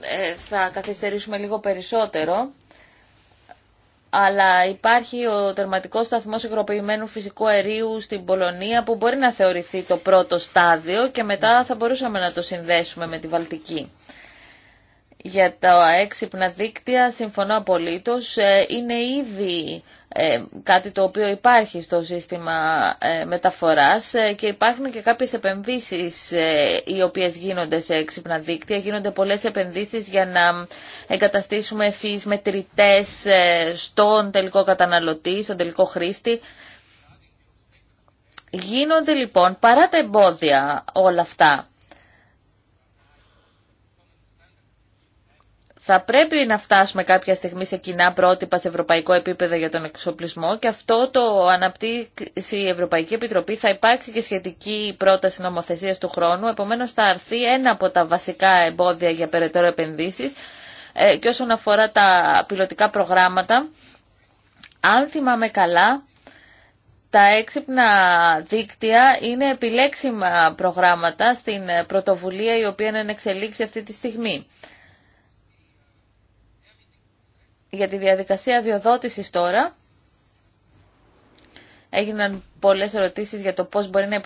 ε, θα καθυστερήσουμε λίγο περισσότερο, αλλά υπάρχει ο τερματικός σταθμός υγροποιημένου φυσικού αερίου στην Πολωνία που μπορεί να θεωρηθεί το πρώτο στάδιο και μετά θα μπορούσαμε να το συνδέσουμε με τη Βαλτική. Για τα έξυπνα δίκτυα συμφωνώ απολύτως. Ε, είναι ήδη ε, κάτι το οποίο υπάρχει στο σύστημα ε, μεταφοράς και υπάρχουν και κάποιες επενδύσεις οι οποίες γίνονται σε έξυπνα δίκτυα. Γίνονται πολλές επενδύσεις για να εγκαταστήσουμε ευφύς μετρητές στον τελικό καταναλωτή, στον τελικό χρήστη. Γίνονται λοιπόν παρά τα εμπόδια όλα αυτά. θα πρέπει να φτάσουμε κάποια στιγμή σε κοινά πρότυπα σε ευρωπαϊκό επίπεδο για τον εξοπλισμό και αυτό το αναπτύξει η Ευρωπαϊκή Επιτροπή. Θα υπάρξει και σχετική πρόταση νομοθεσίας του χρόνου, επομένως θα αρθεί ένα από τα βασικά εμπόδια για περαιτέρω επενδύσεις ε, και όσον αφορά τα πιλωτικά προγράμματα. Αν θυμάμαι καλά, τα έξυπνα δίκτυα είναι επιλέξιμα προγράμματα στην πρωτοβουλία η οποία είναι εξελίξει αυτή τη στιγμή για τη διαδικασία διοδότησης τώρα. Έγιναν πολλές ερωτήσεις για το πώς μπορεί να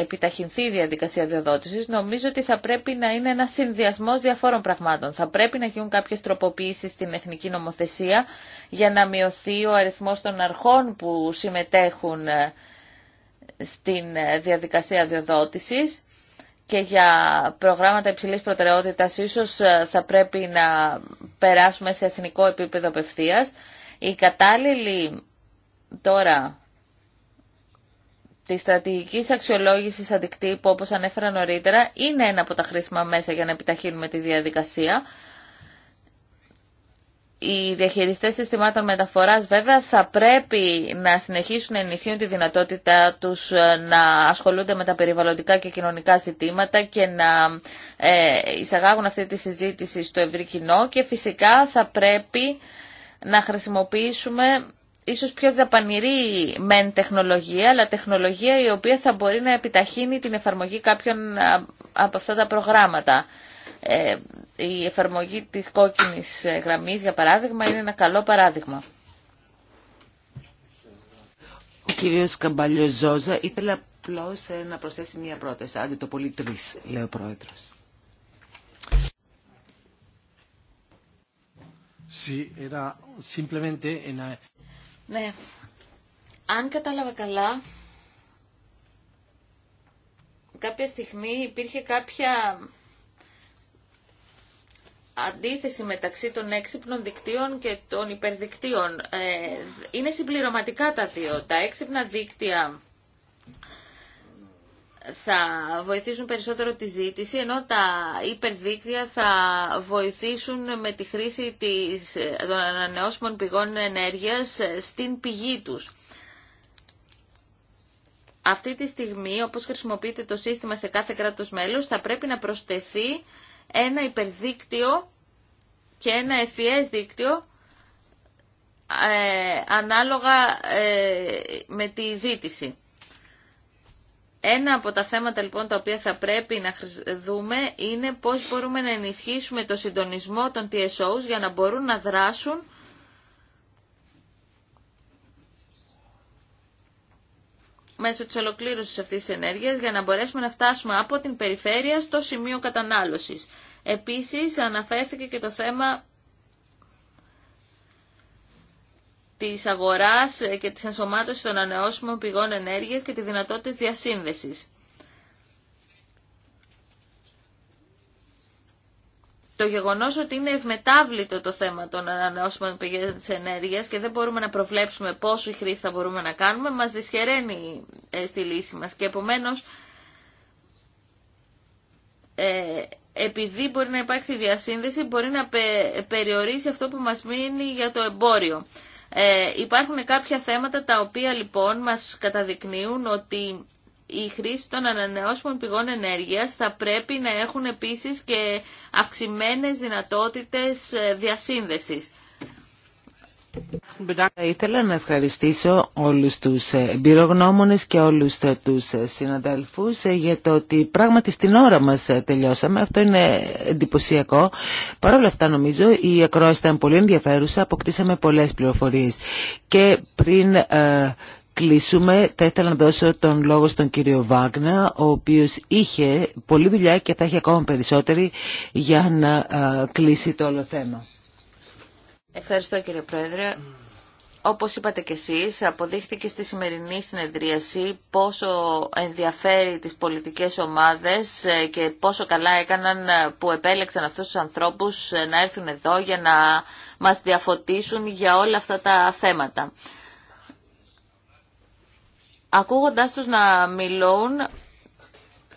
επιταχυνθεί η διαδικασία διοδότησης. Νομίζω ότι θα πρέπει να είναι ένα συνδυασμός διαφόρων πραγμάτων. Θα πρέπει να γίνουν κάποιες τροποποιήσεις στην εθνική νομοθεσία για να μειωθεί ο αριθμός των αρχών που συμμετέχουν ε, στην ε, διαδικασία διοδότησης και για προγράμματα υψηλής προτεραιότητας ίσως ε, θα πρέπει να περάσουμε σε εθνικό επίπεδο απευθεία. Η κατάλληλη τώρα τη στρατηγική αξιολόγηση αντικτύπου, όπω ανέφερα νωρίτερα, είναι ένα από τα χρήσιμα μέσα για να επιταχύνουμε τη διαδικασία. Οι διαχειριστές συστημάτων μεταφοράς βέβαια θα πρέπει να συνεχίσουν να ενισχύουν τη δυνατότητα τους ε, να ασχολούνται με τα περιβαλλοντικά και κοινωνικά ζητήματα και να ε, εισαγάγουν αυτή τη συζήτηση στο ευρύ κοινό και φυσικά θα πρέπει να χρησιμοποιήσουμε ίσως πιο δαπανηρή μεν τεχνολογία, αλλά τεχνολογία η οποία θα μπορεί να επιταχύνει την εφαρμογή κάποιων ε, από αυτά τα προγράμματα. Ε, η εφαρμογή της κόκκινης ε, γραμμής, για παράδειγμα, είναι ένα καλό παράδειγμα. Ο κύριος Καμπαλιοζόζα ήθελε απλώ ε, να προσθέσει μία πρόταση, άντε το πολύ τρεις, λέει ο πρόεδρος. Ναι, αν κατάλαβα καλά, κάποια στιγμή υπήρχε κάποια αντίθεση μεταξύ των έξυπνων δικτύων και των υπερδικτύων. Ε, είναι συμπληρωματικά τα δύο. Τα έξυπνα δίκτυα θα βοηθήσουν περισσότερο τη ζήτηση, ενώ τα υπερδίκτυα θα βοηθήσουν με τη χρήση της, των ανανεώσιμων πηγών ενέργειας στην πηγή τους. Αυτή τη στιγμή, όπως χρησιμοποιείται το σύστημα σε κάθε κράτος μέλος, θα πρέπει να προσθεθεί ένα υπερδίκτυο και ένα ευφυές δίκτυο ε, ανάλογα ε, με τη ζήτηση. Ένα από τα θέματα λοιπόν τα οποία θα πρέπει να δούμε είναι πώς μπορούμε να ενισχύσουμε το συντονισμό των TSOs για να μπορούν να δράσουν μέσω της ολοκλήρωσης αυτής της ενέργειας για να μπορέσουμε να φτάσουμε από την περιφέρεια στο σημείο κατανάλωσης. Επίσης αναφέρθηκε και το θέμα της αγοράς και της ενσωμάτωσης των ανανεώσιμων πηγών ενέργειας και τη δυνατότητα διασύνδεσης. το γεγονός ότι είναι ευμετάβλητο το θέμα των ανανεώσιμων πηγών τη ενέργεια και δεν μπορούμε να προβλέψουμε πόσο χρήση θα μπορούμε να κάνουμε, μας δυσχεραίνει ε, στη λύση μας Και επομένως ε, επειδή μπορεί να υπάρξει διασύνδεση, μπορεί να περιορίσει αυτό που μας μείνει για το εμπόριο. Ε, υπάρχουν κάποια θέματα τα οποία λοιπόν μας καταδεικνύουν ότι η χρήση των ανανεώσιμων πηγών ενέργειας θα πρέπει να έχουν επίσης και αυξημένες δυνατότητες ε, διασύνδεσης. Ήθελα να ευχαριστήσω όλους τους ε, εμπειρογνώμονες και όλους ε, τους ε, συναδέλφους για το ότι πράγματι στην ώρα μας τελειώσαμε. Αυτό είναι εντυπωσιακό. Παρ' όλα αυτά νομίζω η ακρόαση ήταν πολύ ενδιαφέρουσα, αποκτήσαμε πολλές πληροφορίες. Και πριν κλείσουμε θα ήθελα να δώσω τον λόγο στον κύριο Βάγνα, ο οποίος είχε πολλή δουλειά και θα έχει ακόμα περισσότερη για να κλείσει το όλο θέμα. Ευχαριστώ κύριε Πρόεδρε. Όπως είπατε και εσείς, αποδείχθηκε στη σημερινή συνεδρίαση πόσο ενδιαφέρει τις πολιτικές ομάδες ε, και πόσο καλά έκαναν ε, που επέλεξαν αυτούς τους ανθρώπους ε, να έρθουν εδώ για να μας διαφωτίσουν για όλα αυτά τα θέματα. Ακούγοντάς τους να μιλούν,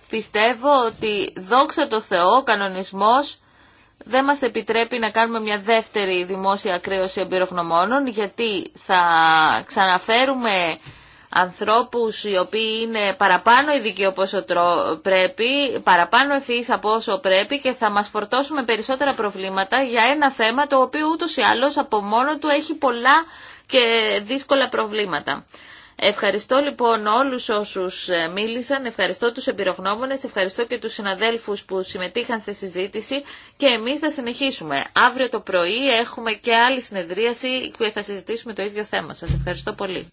πιστεύω ότι δόξα τω Θεώ ο κανονισμός δεν μας επιτρέπει να κάνουμε μια δεύτερη δημόσια κρέωση εμπειρογνωμόνων γιατί θα ξαναφέρουμε ανθρώπους οι οποίοι είναι παραπάνω ειδικοί όπως πρέπει, παραπάνω ευθύς από όσο πρέπει και θα μας φορτώσουμε περισσότερα προβλήματα για ένα θέμα το οποίο ούτως ή άλλως από μόνο του έχει πολλά και δύσκολα προβλήματα. Ευχαριστώ λοιπόν όλους όσους ε, μίλησαν, ευχαριστώ τους εμπειρογνώμονες, ευχαριστώ και τους συναδέλφους που συμμετείχαν στη συζήτηση και εμείς θα συνεχίσουμε. Αύριο το πρωί έχουμε και άλλη συνεδρίαση που θα συζητήσουμε το ίδιο θέμα. Σας ευχαριστώ πολύ.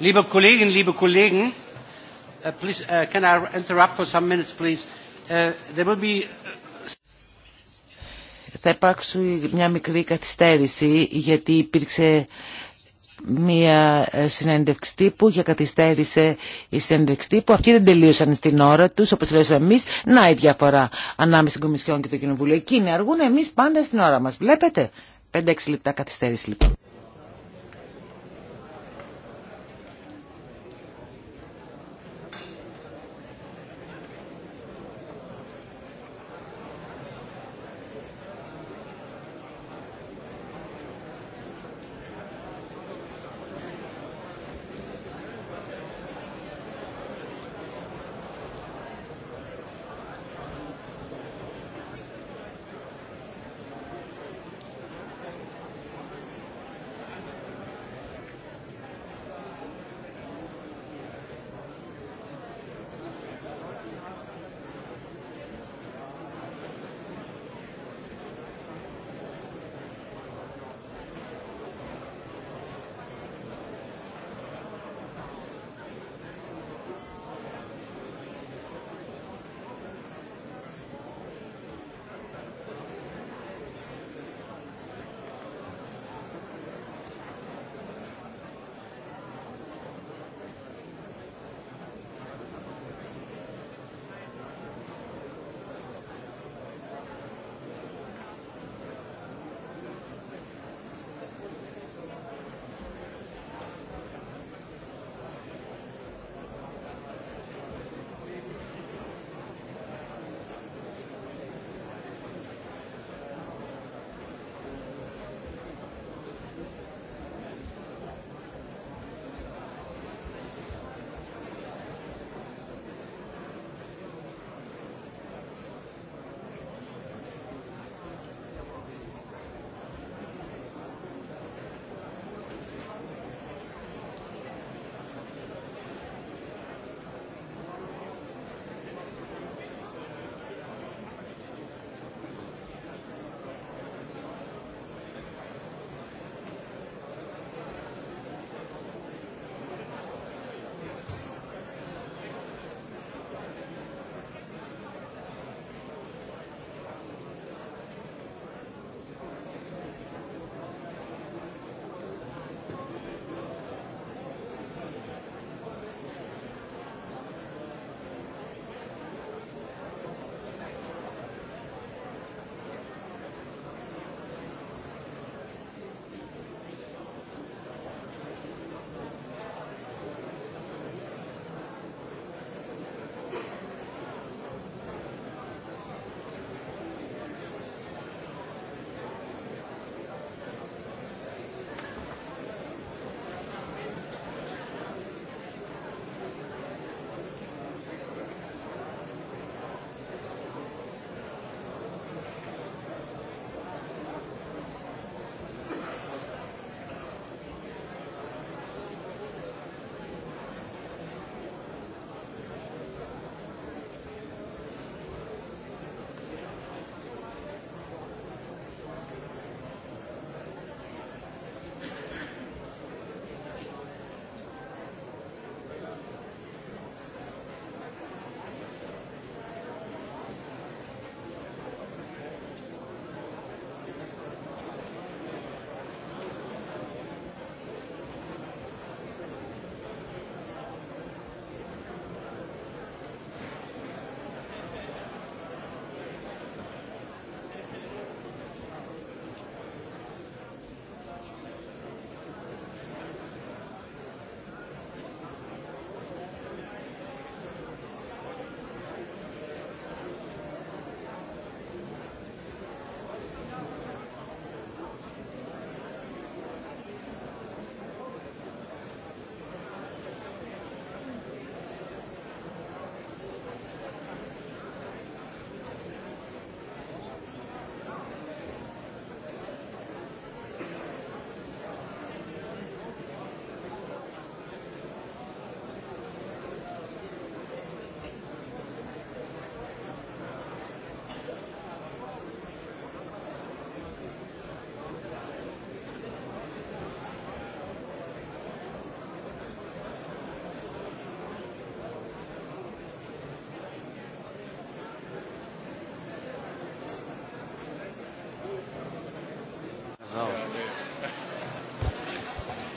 Liebe Kolleginnen, liebe Kollegen, uh, please, uh, can I interrupt for some minutes, please? Uh, there will be... Θα υπάρξει μια μικρή καθυστέρηση γιατί υπήρξε μια ε, συνέντευξη τύπου για καθυστέρησε η συνέντευξη τύπου. Αυτοί δεν τελείωσαν στην ώρα του, όπω τελείωσαμε εμεί. Να η διαφορά ανάμεσα στην Κομισιόν και το Κοινοβούλιο. Εκείνοι αργούν, εμεί πάντα στην ώρα μα. Βλέπετε. 5-6 λεπτά καθυστέρηση λοιπόν.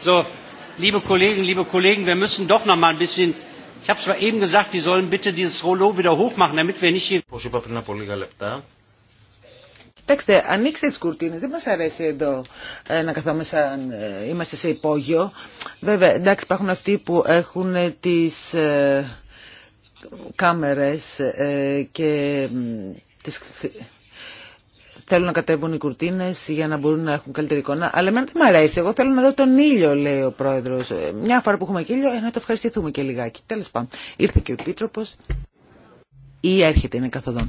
So, liebe Kollegen, liebe Kollegen, wir müssen doch noch mal ein bisschen. Ich habe zwar eben gesagt, die sollen bitte dieses Rollo wieder hochmachen, damit wir nicht hier. Κοιτάξτε, ανοίξτε τι κουρτίνε. Δεν μα αρέσει εδώ ε, να καθόμαστε, σαν, ε, είμαστε σε υπόγειο. Βέβαια, εντάξει, υπάρχουν αυτοί που έχουν τι ε, κάμερε ε, και ε, τις θέλουν να κατέβουν οι κουρτίνε για να μπορούν να έχουν καλύτερη εικόνα. Αλλά εμένα δεν μου αρέσει. Εγώ θέλω να δω τον ήλιο, λέει ο πρόεδρο. Ε, μια φορά που έχουμε και ήλιο, ε, να το ευχαριστηθούμε και λιγάκι. Τέλο πάντων, ήρθε και ο επίτροπο ή έρχεται, είναι καθοδόν.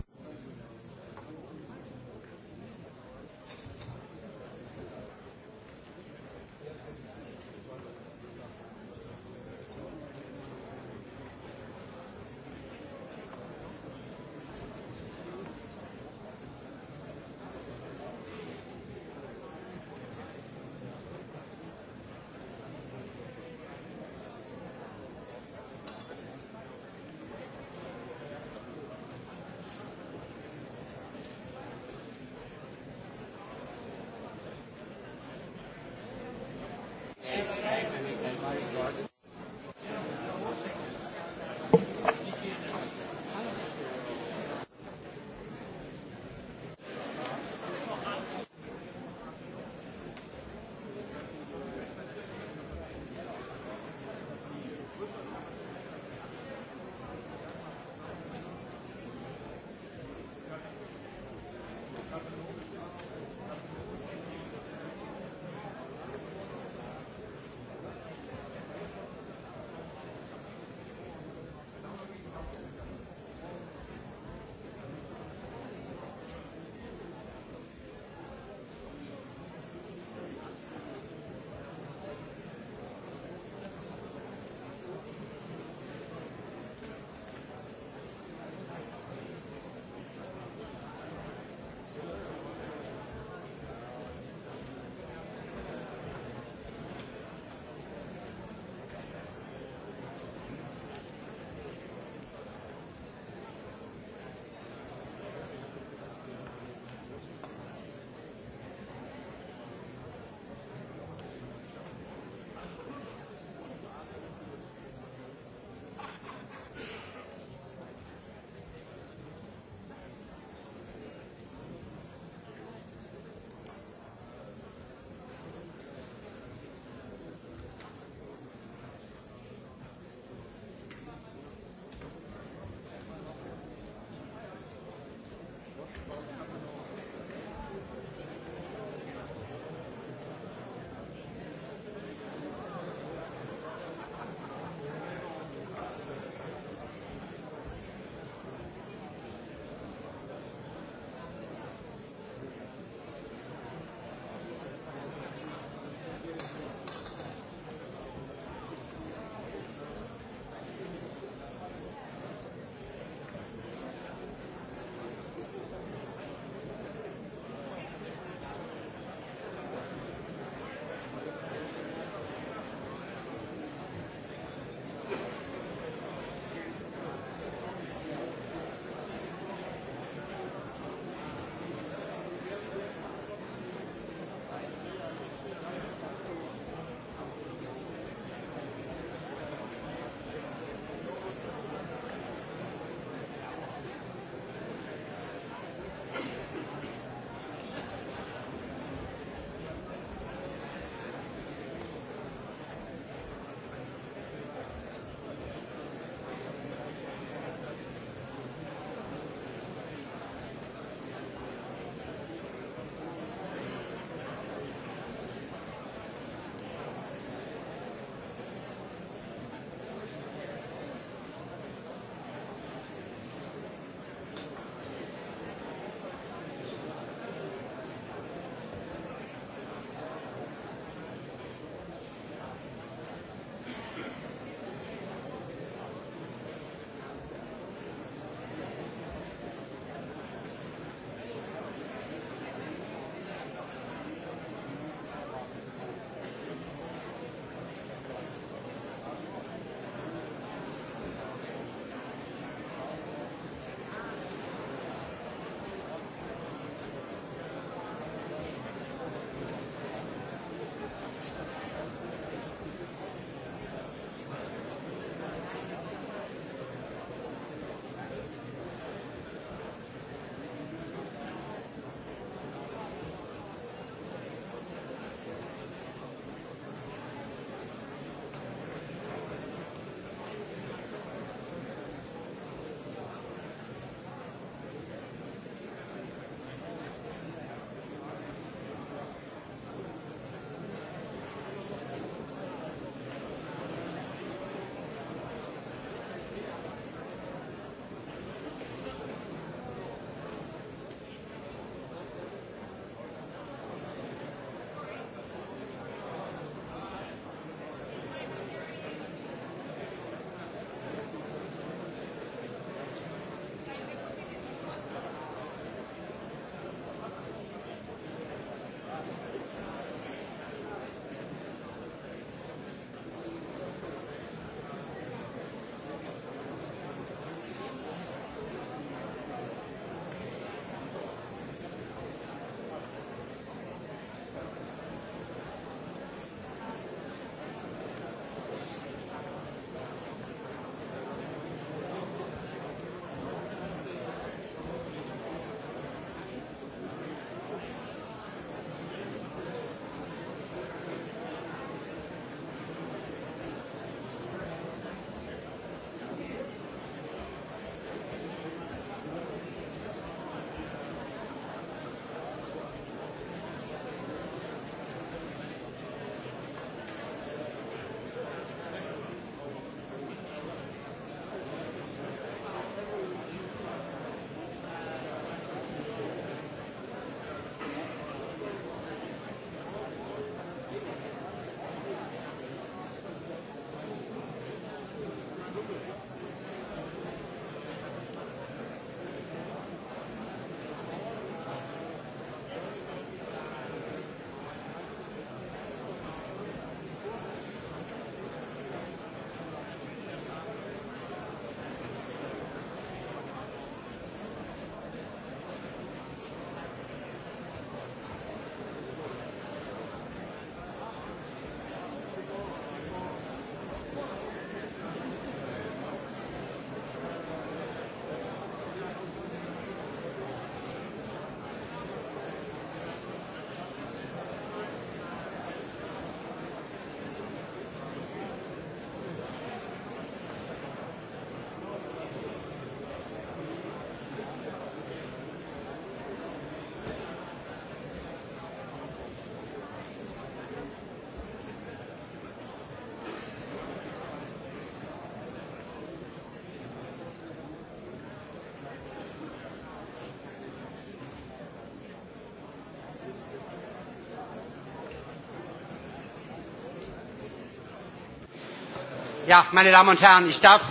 Ja, meine Damen und Herren, ich darf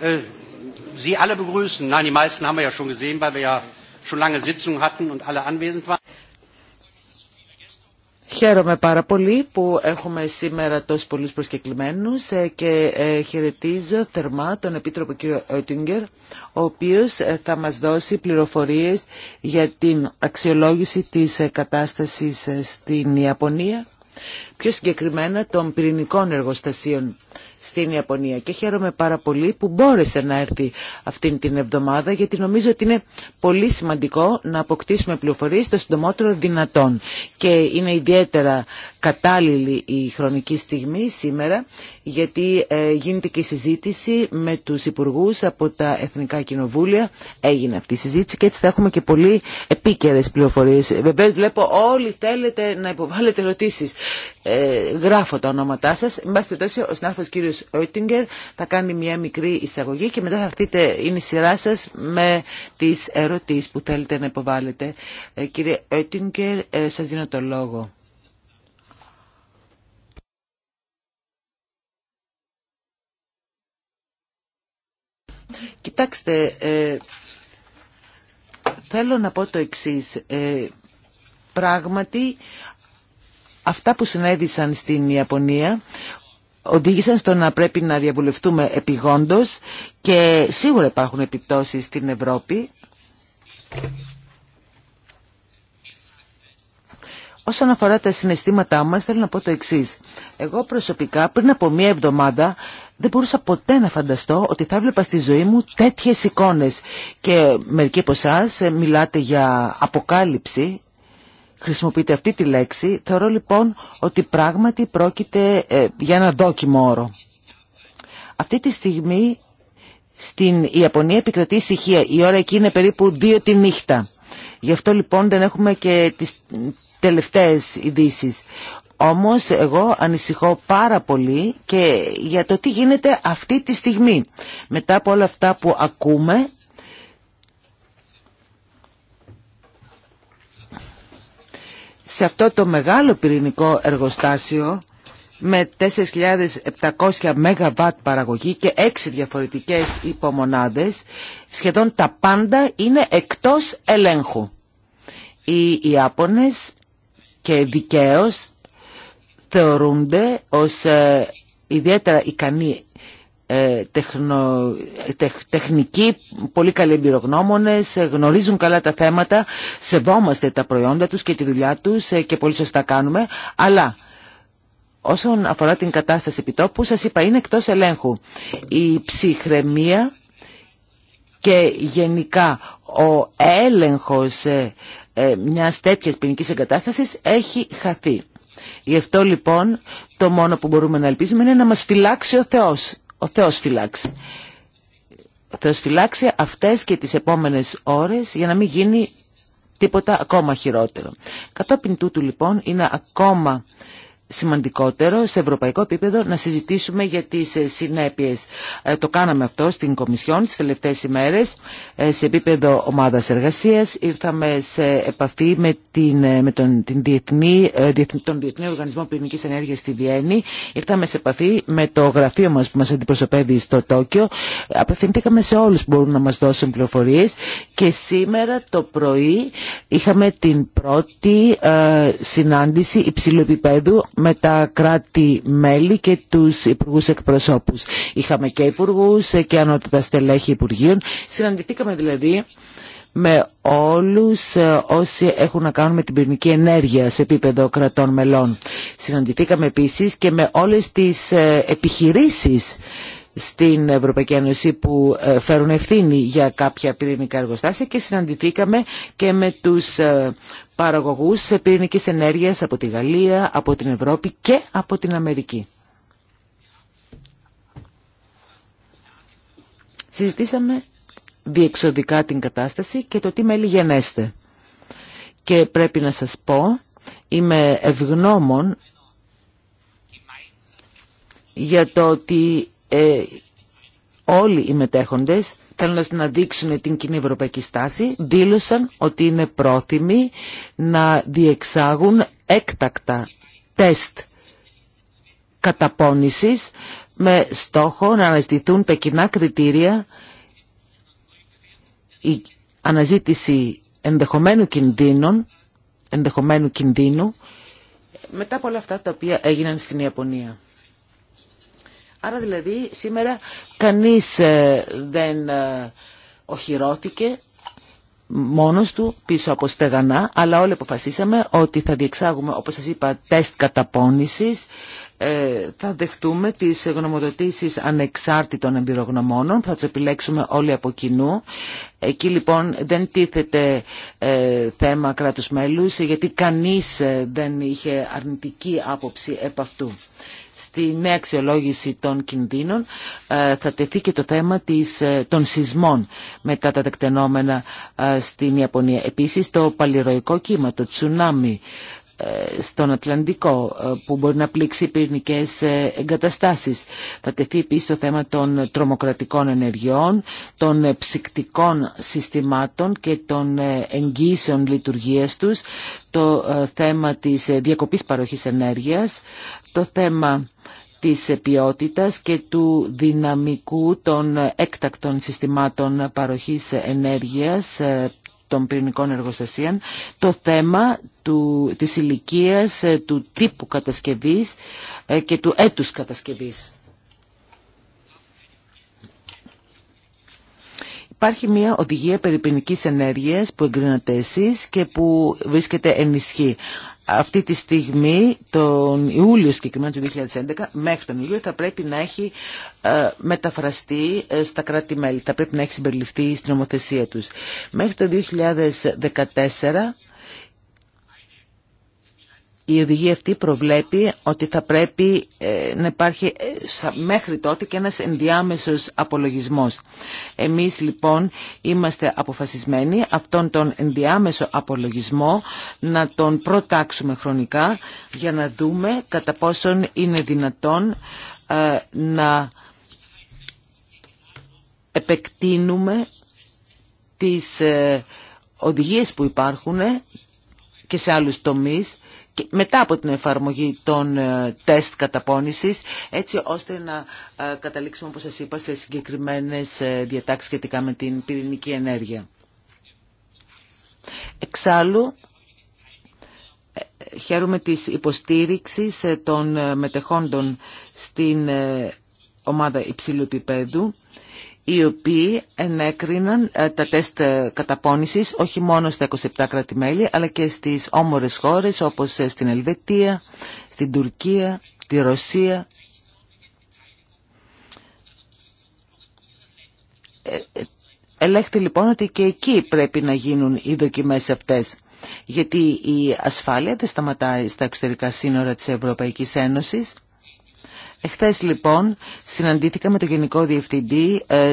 äh, Sie alle begrüßen. Nein, die meisten haben wir ja schon gesehen, weil wir ja schon lange Sitzungen hatten und alle anwesend waren. Χαίρομαι πάρα πολύ που έχουμε σήμερα τόσους πολλούς προσκεκλημένους ε, και ε, χαιρετίζω θερμά τον Επίτροπο κ. Ότιγκερ, ο οποίος ε, θα μας δώσει πληροφορίες για την αξιολόγηση της κατάστασης στην Ιαπωνία πιο συγκεκριμένα των πυρηνικών εργοστασίων στην Ιαπωνία. Και χαίρομαι πάρα πολύ που μπόρεσε να έρθει αυτήν την εβδομάδα, γιατί νομίζω ότι είναι πολύ σημαντικό να αποκτήσουμε πληροφορίες το συντομότερο δυνατόν. Και είναι ιδιαίτερα κατάλληλη η χρονική στιγμή σήμερα, γιατί ε, γίνεται και η συζήτηση με τους υπουργού από τα Εθνικά Κοινοβούλια. Έγινε αυτή η συζήτηση και έτσι θα έχουμε και πολύ επίκαιρες πληροφορίες. Βεβαίω, βλέπω όλοι θέλετε να υποβάλλετε ερωτήσεις. Ε, γράφω τα ονόματά σας. Εν πάση ο συνάδελφος κύριος Οίτιγκερ θα κάνει μια μικρή εισαγωγή και μετά θα έρθετε, είναι η σειρά σας, με τις ερωτήσεις που θέλετε να υποβάλλετε. Ε, κύριε Οίτιγκερ, ε, σας δίνω το λόγο. Κοιτάξτε, θέλω να πω το εξής. πράγματι, Αυτά που συνέβησαν στην Ιαπωνία οδήγησαν στο να πρέπει να διαβουλευτούμε επιγόντως και σίγουρα υπάρχουν επιπτώσεις στην Ευρώπη. Όσον αφορά τα συναισθήματά μας, θέλω να πω το εξή. Εγώ προσωπικά πριν από μία εβδομάδα δεν μπορούσα ποτέ να φανταστώ ότι θα έβλεπα στη ζωή μου τέτοιες εικόνες. Και μερικοί από εσά ε, μιλάτε για αποκάλυψη χρησιμοποιείται αυτή τη λέξη, θεωρώ λοιπόν ότι πράγματι πρόκειται ε, για ένα δόκιμο όρο. Αυτή τη στιγμή στην Ιαπωνία επικρατεί ησυχία. Η ώρα εκεί είναι περίπου δύο τη νύχτα. Γι' αυτό λοιπόν δεν έχουμε και τις τελευταίες ειδήσει. Όμως εγώ ανησυχώ πάρα πολύ και για το τι γίνεται αυτή τη στιγμή. Μετά από όλα αυτά που ακούμε σε αυτό το μεγάλο πυρηνικό εργοστάσιο με 4.700 ΜΒ παραγωγή και 6 διαφορετικές υπομονάδες, σχεδόν τα πάντα είναι εκτός ελέγχου. Οι Ιάπωνες και δικαίως θεωρούνται ως ε, ιδιαίτερα ικανοί ε, τεχνο, τεχνικοί, πολύ καλοί εμπειρογνώμονες, ε, γνωρίζουν καλά τα θέματα, σεβόμαστε τα προϊόντα τους και τη δουλειά τους ε, και πολύ σωστά κάνουμε, αλλά... Όσον αφορά την κατάσταση επιτόπου, σας είπα, είναι εκτός ελέγχου. Η ψυχραιμία και γενικά ο έλεγχος μιας τέτοιας ποινική εγκατάστασης έχει χαθεί. Γι' αυτό λοιπόν το μόνο που μπορούμε να ελπίζουμε είναι να μας φυλάξει ο Θεός. Ο Θεός φυλάξει. Ο Θεός φυλάξει αυτές και τις επόμενες ώρες για να μην γίνει τίποτα ακόμα χειρότερο. Κατόπιν τούτου λοιπόν είναι ακόμα σημαντικότερο σε ευρωπαϊκό επίπεδο να συζητήσουμε για τις ε, συνέπειες. Ε, το κάναμε αυτό στην Κομισιόν τις τελευταίες ημέρες ε, σε επίπεδο ομάδας εργασίας. Ήρθαμε σε επαφή με, την, με τον, την διεθνή, τον Διεθνή Οργανισμό Πυρηνικής Ενέργειας στη Βιέννη. Ήρθαμε σε επαφή με το γραφείο μας που μας αντιπροσωπεύει στο Τόκιο. Απευθυνθήκαμε σε όλους που μπορούν να μας δώσουν πληροφορίες και σήμερα το πρωί είχαμε την πρώτη συνάντηση υψηλού επίπεδου με τα κράτη-μέλη και τους υπουργούς εκπροσώπους. Είχαμε και υπουργούς και ανώτατα στελέχη υπουργείων. Συναντηθήκαμε δηλαδή με όλους όσοι έχουν να κάνουν με την πυρηνική ενέργεια σε επίπεδο κρατών μελών. Συναντηθήκαμε επίσης και με όλες τις ε, επιχειρήσεις στην Ευρωπαϊκή Ένωση που ε, φέρουν ευθύνη για κάποια πυρηνικά εργοστάσια και συναντηθήκαμε και με τους ε, παραγωγούς πυρηνικής ενέργειας από τη Γαλλία, από την Ευρώπη και από την Αμερική. Συζητήσαμε διεξοδικά την κατάσταση και το τι μέλη γενέστε. Και πρέπει να σας πω, είμαι ευγνώμων για το ότι ε, όλοι οι μετέχοντες θέλουν να δείξουν την κοινή ευρωπαϊκή στάση, δήλωσαν ότι είναι πρόθυμοι να διεξάγουν έκτακτα τεστ καταπώνησης με στόχο να αναζητηθούν τα κοινά κριτήρια η αναζήτηση ενδεχομένου κινδύνων, ενδεχομένου κινδύνου μετά από όλα αυτά τα οποία έγιναν στην Ιαπωνία. Άρα δηλαδή σήμερα κανείς ε, δεν ε, οχυρώθηκε μόνος του πίσω από στεγανά, αλλά όλοι αποφασίσαμε ότι θα διεξάγουμε, όπως σας είπα, τεστ καταπώνησης, ε, θα δεχτούμε τις γνωμοδοτήσεις ανεξάρτητων εμπειρογνωμόνων, θα τους επιλέξουμε όλοι από κοινού. Εκεί λοιπόν δεν τίθεται θέμα κράτους μέλους, γιατί κανείς δεν είχε αρνητική άποψη επ' αυτού. Στη νέα αξιολόγηση των κινδύνων ε, θα τεθεί και το θέμα της, ε, των σεισμών μετά τα δεκτενόμενα ε, στην Ιαπωνία. Επίσης το παλιροϊκό κύμα, το τσουνάμι στον Ατλαντικό που μπορεί να πλήξει πυρηνικές εγκαταστάσεις. Θα τεθεί επίση το θέμα των τρομοκρατικών ενεργειών, των ψυκτικών συστημάτων και των εγγύσεων λειτουργίας τους, το θέμα της διακοπής παροχής ενέργειας, το θέμα της ποιότητας και του δυναμικού των έκτακτων συστημάτων παροχής ενέργειας ε, των πυρηνικών εργοστασίων, το θέμα του, της ηλικία ε, του τύπου κατασκευής ε, και του έτους κατασκευής. Υπάρχει μια οδηγία περιπινικής ενέργειας που εγκρίνατε εσείς και που βρίσκεται ενισχύ αυτή τη στιγμή, τον Ιούλιο συγκεκριμένα του 2011, μέχρι τον Ιούλιο θα πρέπει να έχει ε, μεταφραστεί ε, στα κράτη-μέλη, θα πρέπει να έχει συμπεριληφθεί στην νομοθεσία τους. Μέχρι το 2014 η οδηγία αυτή προβλέπει ότι θα πρέπει ε, να υπάρχει ε, μέχρι τότε και ένας ενδιάμεσος απολογισμός. Εμείς λοιπόν είμαστε αποφασισμένοι αυτόν τον ενδιάμεσο απολογισμό να τον προτάξουμε χρονικά για να δούμε κατά πόσον είναι δυνατόν ε, να επεκτείνουμε τις οδηγίες που υπάρχουν και σε άλλους τομείς μετά από την εφαρμογή των ε, τεστ καταπώνησης έτσι ώστε να ε, καταλήξουμε όπως σας είπα σε συγκεκριμένες ε, διατάξεις σχετικά με την πυρηνική ενέργεια. Εξάλλου, χαίρομαι της υποστήριξης των μετεχόντων στην ομάδα υψηλού επίπεδου οι οποίοι ενέκριναν ε, τα τεστ ε, καταπώνησης όχι μόνο στα 27 κράτη-μέλη αλλά και στις όμορες χώρες όπως ε, στην Ελβετία, στην Τουρκία, τη Ρωσία. Ελέγχθη λοιπόν ότι και εκεί πρέπει να γίνουν οι δοκιμές αυτές γιατί η ασφάλεια δεν σταματάει στα εξωτερικά σύνορα της Ευρωπαϊκής Ένωσης Εχθές λοιπόν συναντήθηκα με το Γενικό Διευθυντή ε,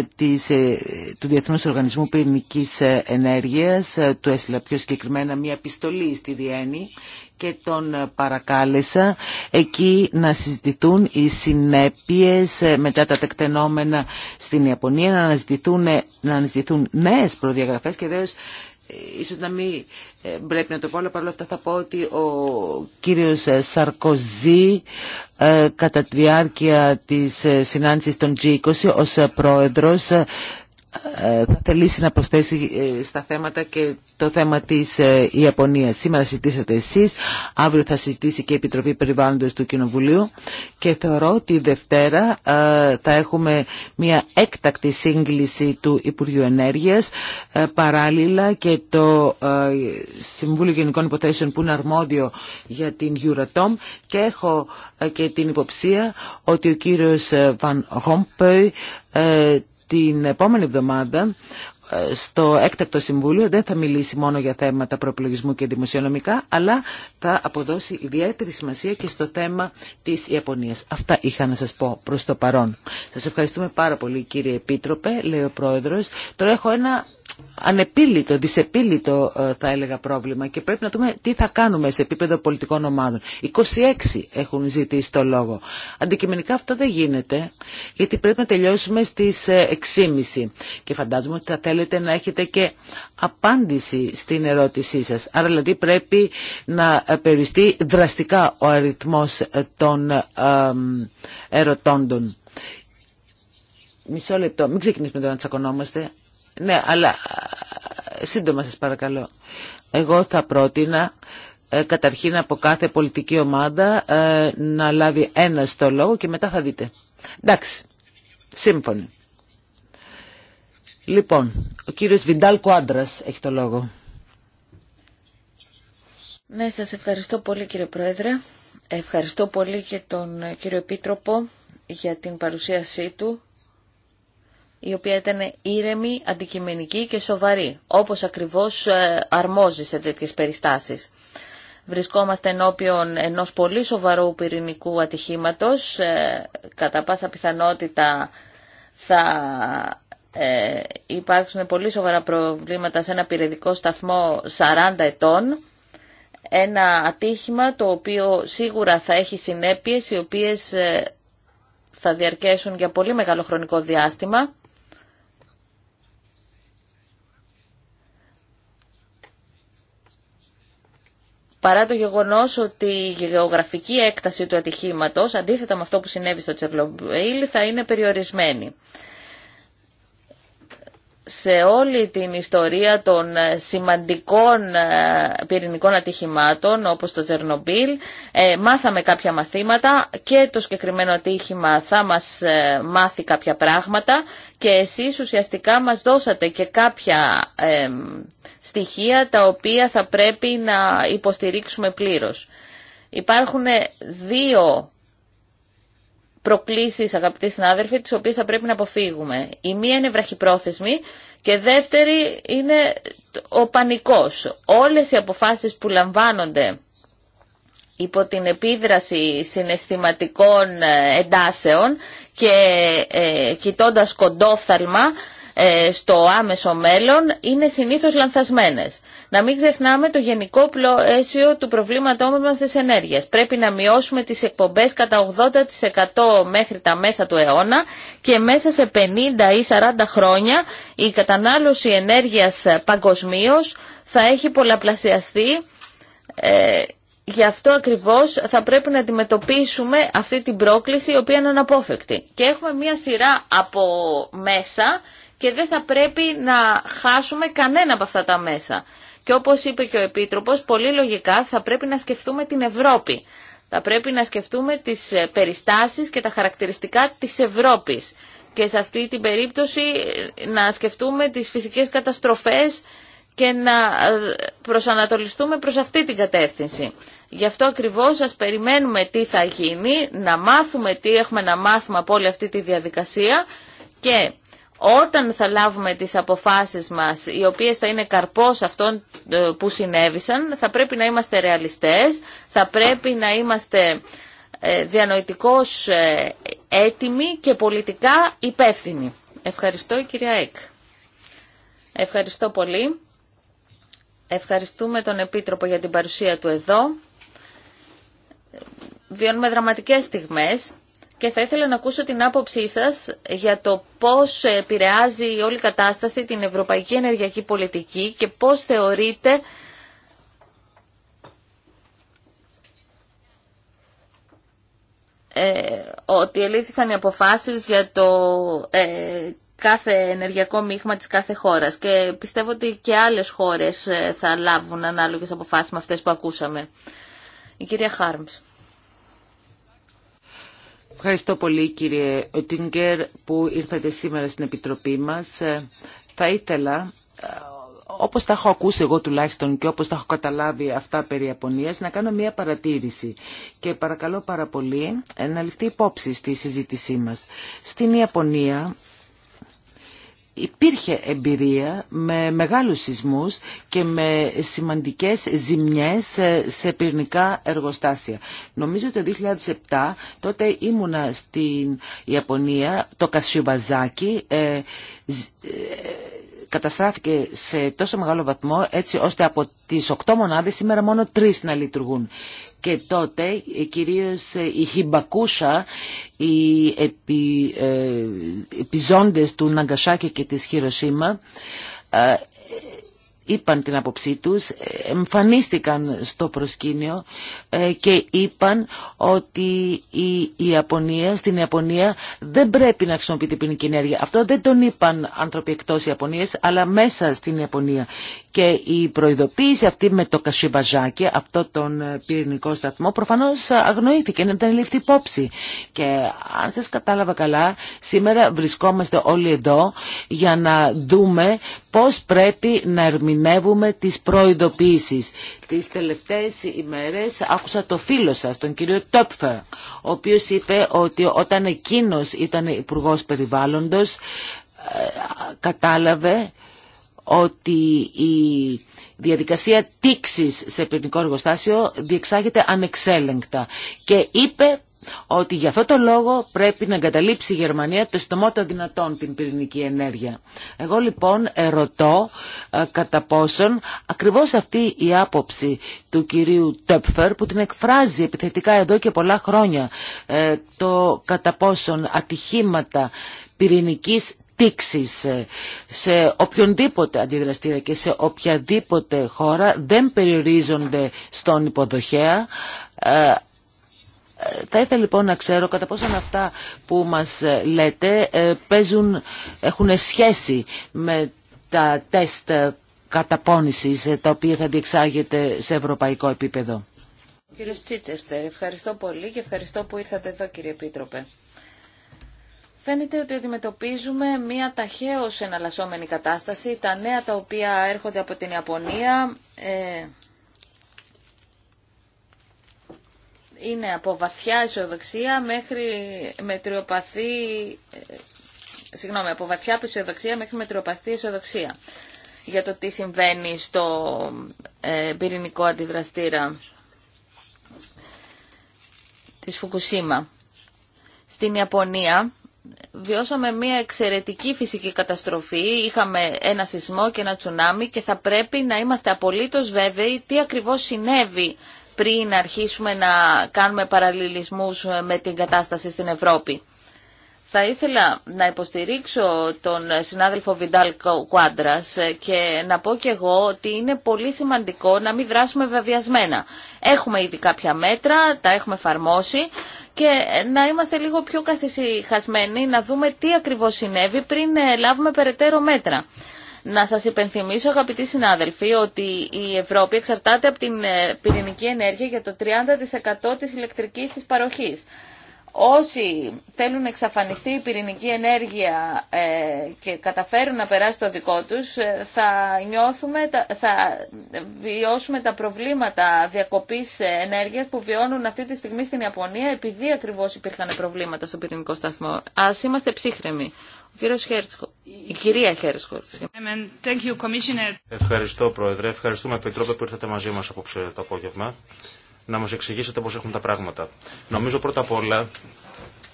ε, του Διεθνούς Οργανισμού Πυρηνικής ε, Ενέργειας, του έστειλα πιο συγκεκριμένα μια επιστολή στη Βιέννη και τον παρακάλεσα εκεί να συζητηθούν οι συνέπειες μετά τα τεκτενόμενα στην Ιαπωνία, να αναζητηθούν, να αναζητηθούν νέες προδιαγραφές και βέβαια ίσως να μην πρέπει ε, να το πω, αλλά παρόλα αυτά θα πω ότι ο κύριος ε, Σαρκοζή ε, κατά τη διάρκεια της συνάντησης των G20 ως πρόεδρος ε, θα θελήσει να προσθέσει ε, στα θέματα και το θέμα της ε, Ιαπωνίας. Σήμερα συζητήσατε εσείς, αύριο θα συζητήσει και η Επιτροπή Περιβάλλοντος του Κοινοβουλίου και θεωρώ ότι Δευτέρα θα έχουμε μια έκτακτη σύγκληση του Υπουργείου Ενέργειας παράλληλα και το Συμβούλιο Γενικών Υποθέσεων που είναι αρμόδιο για την Euratom και έχω και την υποψία ότι ο κύριος Βαν Ρόμπεϊ την επόμενη εβδομάδα ε, στο έκτακτο συμβούλιο δεν θα μιλήσει μόνο για θέματα προεπλογισμού και δημοσιονομικά, αλλά θα αποδώσει ιδιαίτερη σημασία και στο θέμα της Ιαπωνίας. Αυτά είχα να σας πω προς το παρόν. Σας ευχαριστούμε πάρα πολύ κύριε Επίτροπε, λέει ο Πρόεδρος. Τώρα έχω ένα ανεπίλητο, δυσεπίλητο ε, θα έλεγα πρόβλημα και πρέπει να δούμε τι θα κάνουμε σε επίπεδο πολιτικών ομάδων. 26 έχουν ζητήσει το λόγο. Αντικειμενικά αυτό δεν γίνεται γιατί πρέπει να τελειώσουμε στις 6.30 ε, και φαντάζομαι ότι θα θέλετε να έχετε και απάντηση στην ερώτησή σας. Άρα δηλαδή πρέπει να ε, περιστεί δραστικά ο αριθμός των ερωτώντων. Μισό λεπτό, μην ξεκινήσουμε τώρα να τσακωνόμαστε. Ναι, αλλά σύντομα σας παρακαλώ. Εγώ θα πρότεινα ε, καταρχήν από κάθε πολιτική ομάδα ε, να λάβει ένα στο λόγο και μετά θα δείτε. Εντάξει, σύμφωνοι. Λοιπόν, ο κύριος Βιντάλ Κουάντρας έχει το λόγο. Ναι, σας ευχαριστώ πολύ κύριε Πρόεδρε. Ευχαριστώ πολύ και τον ε, κύριο Επίτροπο για την παρουσίασή του η οποία ήταν ήρεμη, αντικειμενική και σοβαρή, όπως ακριβώς ε, αρμόζει σε τέτοιες περιστάσεις. Βρισκόμαστε ενώπιον ενός πολύ σοβαρού πυρηνικού ατυχήματος. Ε, κατά πάσα πιθανότητα θα ε, υπάρξουν πολύ σοβαρά προβλήματα σε ένα πυρηνικό σταθμό 40 ετών. Ένα ατύχημα το οποίο σίγουρα θα έχει συνέπειες οι οποίες θα διαρκέσουν για πολύ μεγάλο χρονικό διάστημα παρά το γεγονός ότι η γεωγραφική έκταση του ατυχήματος, αντίθετα με αυτό που συνέβη στο Τσερλομπέιλ, θα είναι περιορισμένη σε όλη την ιστορία των σημαντικών ε, πυρηνικών ατυχημάτων όπως το Τζερνομπίλ ε, μάθαμε κάποια μαθήματα και το συγκεκριμένο ατύχημα θα μας ε, μάθει κάποια πράγματα και εσείς ουσιαστικά μας δώσατε και κάποια στοιχεία τα οποία θα πρέπει να υποστηρίξουμε πλήρως. Υπάρχουν δύο προκλήσεις αγαπητοί συνάδελφοι τις οποίες θα πρέπει να αποφύγουμε. Η μία είναι βραχυπρόθεσμη και δεύτερη είναι ο πανικός. Όλες οι αποφάσεις που λαμβάνονται υπό την επίδραση συναισθηματικών ε, εντάσεων και ε, κοιτώντας κοντόφθαλμα ε, στο άμεσο μέλλον είναι συνήθως λανθασμένες. Να μην ξεχνάμε το γενικό πλαίσιο του προβλήματός μας της ενέργειας. Πρέπει να μειώσουμε τις εκπομπές κατά 80% μέχρι τα μέσα του αιώνα και μέσα σε 50 ή 40 χρόνια η κατανάλωση ενέργειας ενεργειας παγκοσμιως θα έχει πολλαπλασιαστεί ε, Γι' αυτό ακριβώς θα πρέπει να αντιμετωπίσουμε αυτή την πρόκληση η οποία είναι αναπόφευκτη. Και έχουμε μία σειρά από μέσα και δεν θα πρέπει να χάσουμε κανένα από αυτά τα μέσα. Και όπως είπε και ο Επίτροπος, πολύ λογικά θα πρέπει να σκεφτούμε την Ευρώπη. Θα πρέπει να σκεφτούμε τις περιστάσεις και τα χαρακτηριστικά της Ευρώπης. Και σε αυτή την περίπτωση να σκεφτούμε τις φυσικές καταστροφές και να ε, προσανατολιστούμε προς αυτή την κατεύθυνση. Γι' αυτό ακριβώς σας περιμένουμε τι θα γίνει, να μάθουμε τι έχουμε να μάθουμε από όλη αυτή τη διαδικασία και όταν θα λάβουμε τις αποφάσεις μας, οι οποίες θα είναι καρπός αυτών ε, που συνέβησαν, θα πρέπει να είμαστε ρεαλιστές, θα πρέπει να είμαστε ε, διανοητικώς ε, έτοιμοι και πολιτικά υπεύθυνοι. Ευχαριστώ κυρία Εκ. Ευχαριστώ πολύ. Ευχαριστούμε τον Επίτροπο για την παρουσία του εδώ βιώνουμε δραματικές στιγμές και θα ήθελα να ακούσω την άποψή σας για το πώς επηρεάζει όλη η κατάσταση την ευρωπαϊκή ενεργειακή πολιτική και πώς θεωρείτε ε, ότι ελήφθησαν οι αποφάσεις για το ε, κάθε ενεργειακό μείγμα της κάθε χώρας και πιστεύω ότι και άλλες χώρες ε, θα λάβουν ανάλογες αποφάσεις με αυτές που ακούσαμε. Η κυρία Χάρμς. Ευχαριστώ πολύ κύριε Οτίνγκερ που ήρθατε σήμερα στην Επιτροπή μας. Ε, θα ήθελα, ε, όπως τα έχω ακούσει εγώ τουλάχιστον και όπως τα έχω καταλάβει αυτά περί Ιαπωνίας, να κάνω μια παρατήρηση και παρακαλώ πάρα πολύ να ληφθεί υπόψη στη συζήτησή μας. Στην Ιαπωνία υπήρχε εμπειρία με μεγάλους σεισμούς και με σημαντικές ζημιές σε πυρηνικά εργοστάσια. Νομίζω το 2007 τότε ήμουνα στην Ιαπωνία, το Κασιουβαζάκι, ε, ε, καταστράφηκε σε τόσο μεγάλο βαθμό έτσι ώστε από τις 8 μονάδες σήμερα μόνο 3 να λειτουργούν και τότε ε, κυρίως ε, η Χιμπακούσα, οι επι, ε, επιζώντες του Ναγκασάκη και της Χιροσίμα είπαν την άποψή τους, εμφανίστηκαν στο προσκήνιο και είπαν ότι η Ιαπωνία, στην Ιαπωνία δεν πρέπει να την ποινική ενέργεια. Αυτό δεν τον είπαν άνθρωποι εκτός Ιαπωνίας, αλλά μέσα στην Ιαπωνία και η προειδοποίηση αυτή με το Κασιμπαζάκι, αυτό τον ε, πυρηνικό σταθμό, προφανώς αγνοήθηκε, να ήταν ληφθεί υπόψη. Και αν σας κατάλαβα καλά, σήμερα βρισκόμαστε όλοι εδώ για να δούμε πώς πρέπει να ερμηνεύουμε τις προειδοποίησεις. Τις τελευταίες ημέρες άκουσα το φίλο σας, τον κύριο Τόπφερ, ο οποίος είπε ότι όταν εκείνος ήταν υπουργό Περιβάλλοντος, ε, κατάλαβε ότι η διαδικασία τήξης σε πυρηνικό εργοστάσιο διεξάγεται ανεξέλεγκτα και είπε ότι για αυτό το λόγο πρέπει να εγκαταλείψει η Γερμανία το στομό των δυνατών την πυρηνική ενέργεια. Εγώ λοιπόν ρωτώ ε, κατά πόσον ακριβώς αυτή η άποψη του κυρίου Τέπφερ που την εκφράζει επιθετικά εδώ και πολλά χρόνια ε, το κατά πόσον ατυχήματα πυρηνικής ε, σε οποιονδήποτε αντιδραστήρα και σε οποιαδήποτε χώρα δεν περιορίζονται στον υποδοχέα ε, ε, θα ήθελα λοιπόν να ξέρω κατά πόσο αυτά που μας λέτε παίζουν, έχουν σχέση με τα τεστ καταπώνησης τα οποία θα διεξάγεται σε ευρωπαϊκό επίπεδο. Κύριε Τσίτσεστερ, ευχαριστώ πολύ και ευχαριστώ που ήρθατε εδώ κύριε Επίτροπε. Φαίνεται ότι αντιμετωπίζουμε μία ταχαίως εναλλασσόμενη κατάσταση. Τα νέα τα οποία έρχονται από την Ιαπωνία ε, είναι από βαθιά αισιοδοξία μέχρι μετριοπαθή, ε, συγγνώμη, από βαθιά αισιοδοξία μέχρι μετριοπαθή αισιοδοξία για το τι συμβαίνει στο ε, πυρηνικό αντιδραστήρα της Φουκουσίμα. Στην Ιαπωνία βιώσαμε μια εξαιρετική φυσική καταστροφή, είχαμε ένα σεισμό και ένα τσουνάμι και θα πρέπει να είμαστε απολύτως βέβαιοι τι ακριβώς συνέβη πριν αρχίσουμε να κάνουμε παραλληλισμούς με την κατάσταση στην Ευρώπη. Θα ήθελα να υποστηρίξω τον συνάδελφο Βιντάλ Κουάντρα και να πω και εγώ ότι είναι πολύ σημαντικό να μην δράσουμε βεβαιασμένα. Έχουμε ήδη κάποια μέτρα, τα έχουμε εφαρμόσει και να είμαστε λίγο πιο καθησυχασμένοι να δούμε τι ακριβώς συνέβη πριν ε, λάβουμε περαιτέρω μέτρα. Να σας υπενθυμίσω αγαπητοί συνάδελφοι ότι η Ευρώπη εξαρτάται από την ε, πυρηνική ενέργεια για το 30% της ηλεκτρικής της παροχής όσοι θέλουν να εξαφανιστεί η πυρηνική ενέργεια ε, και καταφέρουν να περάσει το δικό τους, ε, θα, νιώθουμε, θα βιώσουμε τα προβλήματα διακοπής ενέργειας που βιώνουν αυτή τη στιγμή στην Ιαπωνία, επειδή ακριβώς υπήρχαν προβλήματα στον πυρηνικό σταθμό. Ας είμαστε ψύχρεμοι. Ο κύριος η κυρία Ευχαριστώ, Πρόεδρε. Ευχαριστούμε, Επιτρόπε, που ήρθατε μαζί μας απόψε το απόγευμα να μας εξηγήσετε πώς έχουν τα πράγματα. Νομίζω πρώτα απ' όλα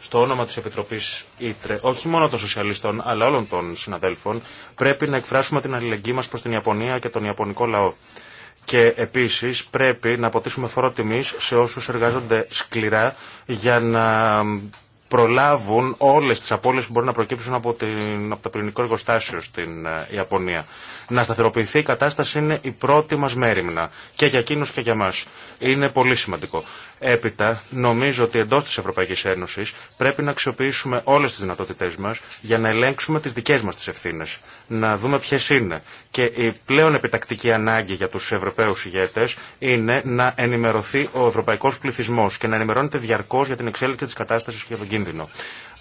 στο όνομα της Επιτροπής Ήτρε, όχι μόνο των σοσιαλιστών αλλά όλων των συναδέλφων, πρέπει να εκφράσουμε την αλληλεγγύη μας προς την Ιαπωνία και τον Ιαπωνικό λαό. Και επίσης πρέπει να αποτίσουμε φορό τιμής σε όσους εργάζονται σκληρά για να προλάβουν όλες τις απώλειες που μπορεί να προκύψουν από, την, από το πυρηνικό εργοστάσιο στην ε, Ιαπωνία. Να σταθεροποιηθεί η κατάσταση είναι η πρώτη μας μέρημνα. Και για εκείνους και για μας. Είναι πολύ σημαντικό. Έπειτα, νομίζω ότι εντός της Ευρωπαϊκής Ένωσης πρέπει να αξιοποιήσουμε όλες τις δυνατότητές μας για να ελέγξουμε τις δικές μας τις ευθύνε. Να δούμε ποιε είναι. Και η πλέον επιτακτική ανάγκη για τους Ευρωπαίους ηγέτες είναι να ενημερωθεί ο ευρωπαϊκό πληθυσμό και να ενημερώνεται διαρκώ για την εξέλιξη της κατάστασης και τον κίνδυνο.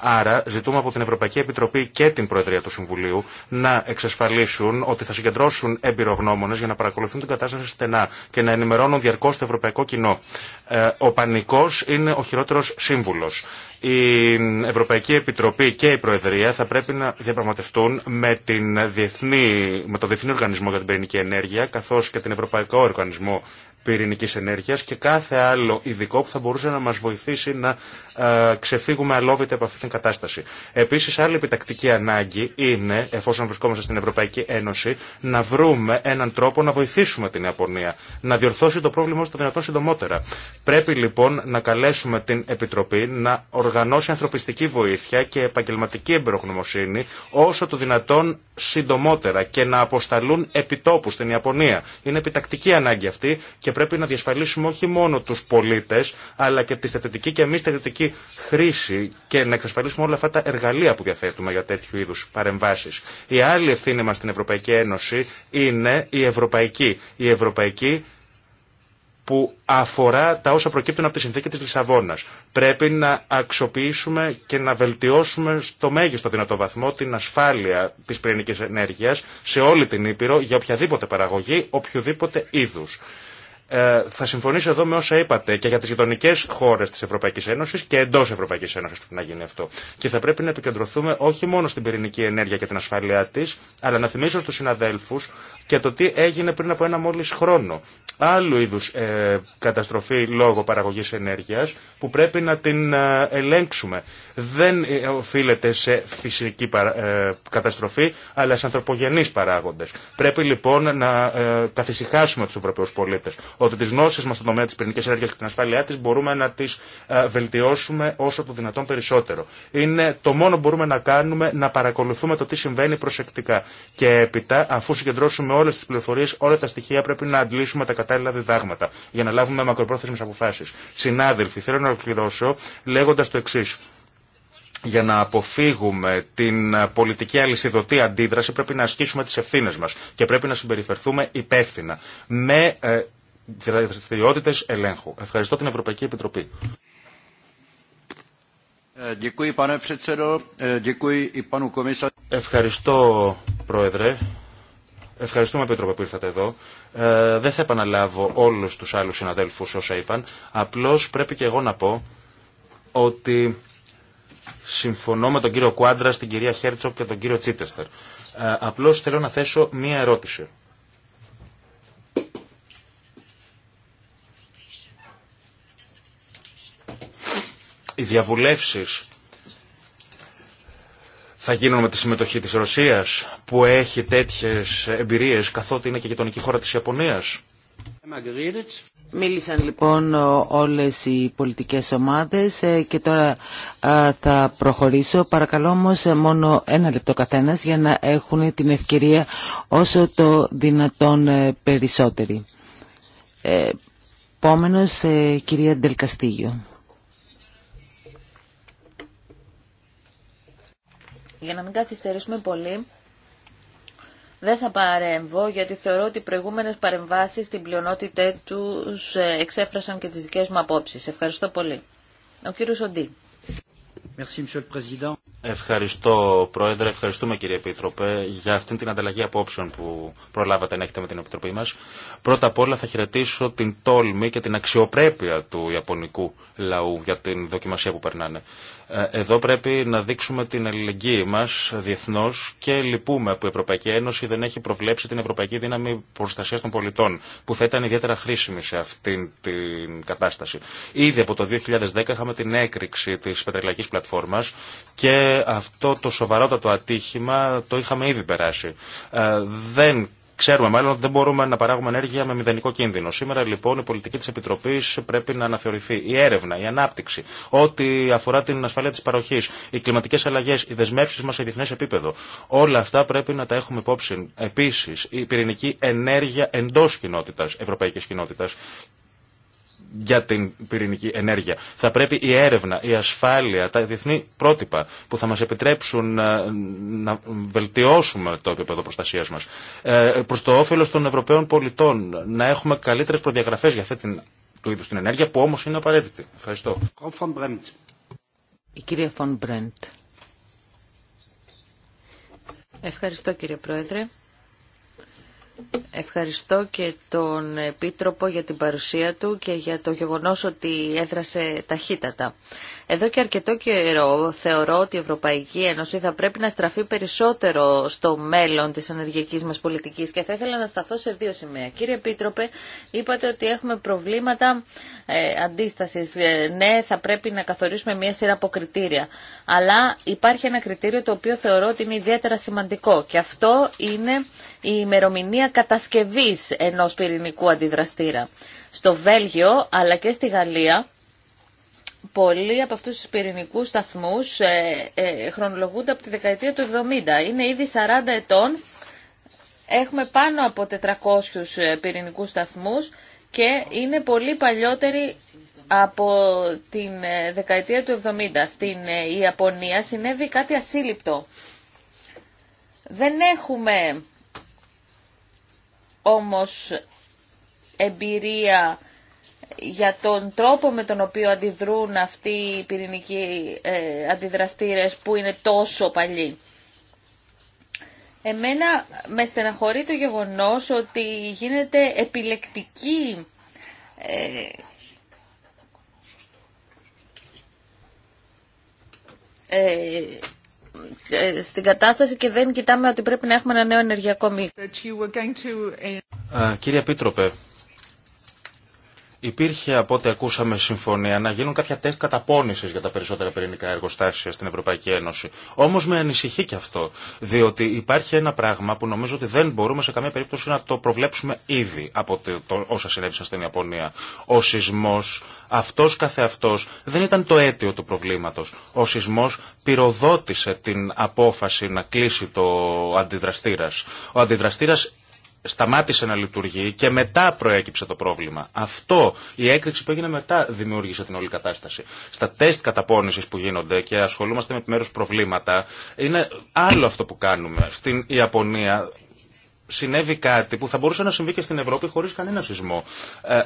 Άρα ζητούμε από την Ευρωπαϊκή Επιτροπή και την Προεδρία του Συμβουλίου να εξασφαλίσουν ότι θα συγκεντρώσουν εμπειρογνώμονε για να παρακολουθούν την κατάσταση στενά και να ενημερώνουν διαρκώ το ευρωπαϊκό κοινό. Ε, ο πανικό είναι ο χειρότερο σύμβουλο. Η Ευρωπαϊκή Επιτροπή και η Προεδρία θα πρέπει να διαπραγματευτούν με, την διεθνή, με το Διεθνή Οργανισμό για την Πυρηνική Ενέργεια καθώ και την Ευρωπαϊκό Οργανισμό Πυρηνική ενέργειας και κάθε άλλο ειδικό που θα μπορούσε να μας βοηθήσει να ε, ξεφύγουμε αλόβητα από αυτή την κατάσταση. Επίσης, άλλη επιτακτική ανάγκη είναι, εφόσον βρισκόμαστε στην Ευρωπαϊκή Ένωση, να βρούμε έναν τρόπο να βοηθήσουμε την Ιαπωνία, να διορθώσει το πρόβλημα όσο το δυνατόν συντομότερα. Πρέπει λοιπόν να καλέσουμε την Επιτροπή να οργανώσει ανθρωπιστική βοήθεια και επαγγελματική εμπειρογνωμοσύνη όσο το δυνατόν συντομότερα και να αποσταλούν επιτόπου στην Ιαπωνία. Είναι επιτακτική ανάγκη αυτή πρέπει να διασφαλίσουμε όχι μόνο του πολίτε, αλλά και τη στατιωτική και μη στατιωτική χρήση και να εξασφαλίσουμε όλα αυτά τα εργαλεία που διαθέτουμε για τέτοιου είδου παρεμβάσει. Η άλλη ευθύνη μα στην Ευρωπαϊκή Ένωση είναι η ευρωπαϊκή. Η ευρωπαϊκή που αφορά τα όσα προκύπτουν από τη συνθήκη της Λισαβόνας. Πρέπει να αξιοποιήσουμε και να βελτιώσουμε στο μέγιστο δυνατό βαθμό την ασφάλεια της πυρηνική ενέργειας σε όλη την Ήπειρο για οποιαδήποτε παραγωγή, οποιοδήποτε είδου. Ε, θα συμφωνήσω εδώ με όσα είπατε και για τι γειτονικέ χώρε τη Ευρωπαϊκή Ένωση και εντό Ευρωπαϊκή Ένωση πρέπει να γίνει αυτό. Και θα πρέπει να επικεντρωθούμε όχι μόνο στην πυρηνική ενέργεια και την ασφάλειά τη, αλλά να θυμίσω στου συναδέλφου και το τι έγινε πριν από ένα μόλι χρόνο άλλου είδους ε, καταστροφή λόγω παραγωγής ενέργειας που πρέπει να την ε, ελέγξουμε. Δεν ε, οφείλεται σε φυσική ε, καταστροφή αλλά σε ανθρωπογενείς παράγοντες. Πρέπει λοιπόν να καθησυχάσουμε τους Ευρωπαίους πολίτες ότι τις γνώσεις μας στον τομέα της πυρηνικής ενέργειας και την ασφάλειά της μπορούμε να τις βελτιώσουμε όσο το δυνατόν περισσότερο. Είναι το μόνο που μπορούμε να κάνουμε να παρακολουθούμε το τι συμβαίνει προσεκτικά. Και έπειτα αφού συγκεντρώσουμε όλες τις πληροφορίες, όλα τα στοιχεία πρέπει να αντλήσουμε τα κατάλληλα διδάγματα για να λάβουμε μακροπρόθεσμε αποφάσει. Συνάδελφοι, θέλω να ολοκληρώσω λέγοντα το εξή για να αποφύγουμε την πολιτική αλυσιδωτή αντίδραση πρέπει να ασκήσουμε τις ευθύνες μας και πρέπει να συμπεριφερθούμε υπεύθυνα με ε, δραστηριότητε ελέγχου. Ευχαριστώ την Ευρωπαϊκή Επιτροπή. Ε, ε, Ευχαριστώ, Πρόεδρε. Ευχαριστούμε, Πέτρο που ήρθατε εδώ. Ε, δεν θα επαναλάβω όλους τους άλλους συναδέλφους όσα είπαν. Απλώς πρέπει και εγώ να πω ότι συμφωνώ με τον κύριο Κουάντρα, την κυρία Χέρτσοκ και τον κύριο Τσίτεστερ. Ε, απλώς θέλω να θέσω μία ερώτηση. Οι διαβουλεύσεις θα γίνουν με τη συμμετοχή της Ρωσίας που έχει τέτοιες εμπειρίες καθότι είναι και γειτονική χώρα της Ιαπωνίας. Μίλησαν λοιπόν όλες οι πολιτικές ομάδες ε, και τώρα θα προχωρήσω. Παρακαλώ όμως ε, μόνο ένα λεπτό καθένας για να έχουν την ευκαιρία όσο το δυνατόν ε, περισσότεροι. Επόμενος κυρία Ντελκαστίγιο. Για να μην καθυστερήσουμε πολύ, δεν θα παρέμβω γιατί θεωρώ ότι οι προηγούμενες παρεμβάσεις στην πλειονότητα τους ε, εξέφρασαν και τις δικές μου απόψεις. Ευχαριστώ πολύ. Ο κύριος Οντή. Ευχαριστώ Πρόεδρε, ευχαριστούμε κύριε Επίτροπε για αυτήν την ανταλλαγή απόψεων που προλάβατε να έχετε με την Επιτροπή μας. Πρώτα απ' όλα θα χαιρετήσω την τόλμη και την αξιοπρέπεια του Ιαπωνικού λαού για την δοκιμασία που περνάνε. Ε, εδώ πρέπει να δείξουμε την αλληλεγγύη μας διεθνώ και λυπούμε που η Ευρωπαϊκή Ένωση δεν έχει προβλέψει την Ευρωπαϊκή Δύναμη Προστασίας των Πολιτών, που θα ήταν ιδιαίτερα χρήσιμη σε αυτήν την κατάσταση. Ήδη από το 2010 είχαμε την έκρηξη της πετρελαϊκής πλατφόρμας και αυτό το σοβαρότατο ατύχημα το είχαμε ήδη περάσει. Ε, Ξέρουμε μάλλον ότι δεν μπορούμε να παράγουμε ενέργεια με μηδενικό κίνδυνο. Σήμερα λοιπόν η πολιτική τη Επιτροπή πρέπει να αναθεωρηθεί. Η έρευνα, η ανάπτυξη, ό,τι αφορά την ασφάλεια τη παροχή, οι κλιματικέ αλλαγέ, οι δεσμεύσει μα σε διεθνέ επίπεδο. Όλα αυτά πρέπει να τα έχουμε υπόψη. Επίση, η πυρηνική ενέργεια εντό κοινότητα, ευρωπαϊκή κοινότητα για την πυρηνική ενέργεια. Θα πρέπει η έρευνα, η ασφάλεια, τα διεθνή πρότυπα που θα μας επιτρέψουν ε, να βελτιώσουμε το επίπεδο προστασίας μας ε, προς το όφελος των Ευρωπαίων πολιτών, να έχουμε καλύτερες προδιαγραφές για αυτή την, του είδους την ενέργεια που όμως είναι απαραίτητη. Ευχαριστώ. Η κυρία Ευχαριστώ κύριε Πρόεδρε. Ευχαριστώ και τον Επίτροπο για την παρουσία του και για το γεγονός ότι έδρασε ταχύτατα. Εδώ και αρκετό καιρό θεωρώ ότι η Ευρωπαϊκή Ένωση θα πρέπει να στραφεί περισσότερο στο μέλλον της ενεργειακής μας πολιτικής και θα ήθελα να σταθώ σε δύο σημεία. Κύριε Επίτροπε, είπατε ότι έχουμε προβλήματα ε, αντίστασης. Ε, ναι, θα πρέπει να καθορίσουμε μια σειρά από κριτήρια. Αλλά υπάρχει ένα κριτήριο το οποίο θεωρώ ότι είναι ιδιαίτερα σημαντικό και αυτό είναι η ημερομηνία κατασκευής ενός πυρηνικού αντιδραστήρα. Στο Βέλγιο αλλά και στη Γαλλία πολλοί από αυτούς τους πυρηνικούς σταθμούς ε, ε χρονολογούνται από τη δεκαετία του 70. Είναι ήδη 40 ετών, έχουμε πάνω από 400 ε, πυρηνικούς σταθμούς και είναι πολύ παλιότεροι από την ε, δεκαετία του 70. Στην Ιαπωνία συνέβη κάτι ασύλληπτο. Δεν έχουμε όμως εμπειρία για τον τρόπο με τον οποίο αντιδρούν αυτοί οι πυρηνικοί ε, αντιδραστήρες που είναι τόσο παλιοί. Εμένα με στεναχωρεί το γεγονός ότι γίνεται επιλεκτική ε, ε, ε στην κατάσταση και δεν κοιτάμε ότι πρέπει να έχουμε ένα νέο ενεργειακό μήκο. Κύριε Πίτροπε, Υπήρχε από ό,τι ακούσαμε συμφωνία να γίνουν κάποια τεστ καταπώνηση για τα περισσότερα πυρηνικά εργοστάσια στην Ευρωπαϊκή Ένωση. Όμω με ανησυχεί και αυτό, διότι υπάρχει ένα πράγμα που νομίζω ότι δεν μπορούμε σε καμία περίπτωση να το προβλέψουμε ήδη από το, όσα συνέβησαν στην Ιαπωνία. Ο σεισμό, αυτό καθεαυτό, δεν ήταν το αίτιο του προβλήματο. Ο σεισμό πυροδότησε την απόφαση να κλείσει το αντιδραστήρα. Ο αντιδραστήρα σταμάτησε να λειτουργεί και μετά προέκυψε το πρόβλημα. Αυτό, η έκρηξη που έγινε μετά δημιούργησε την όλη κατάσταση. Στα τεστ καταπώνησης που γίνονται και ασχολούμαστε με επιμέρους προβλήματα, είναι άλλο αυτό που κάνουμε. Στην Ιαπωνία συνέβη κάτι που θα μπορούσε να συμβεί και στην Ευρώπη χωρίς κανένα σεισμό. Ε,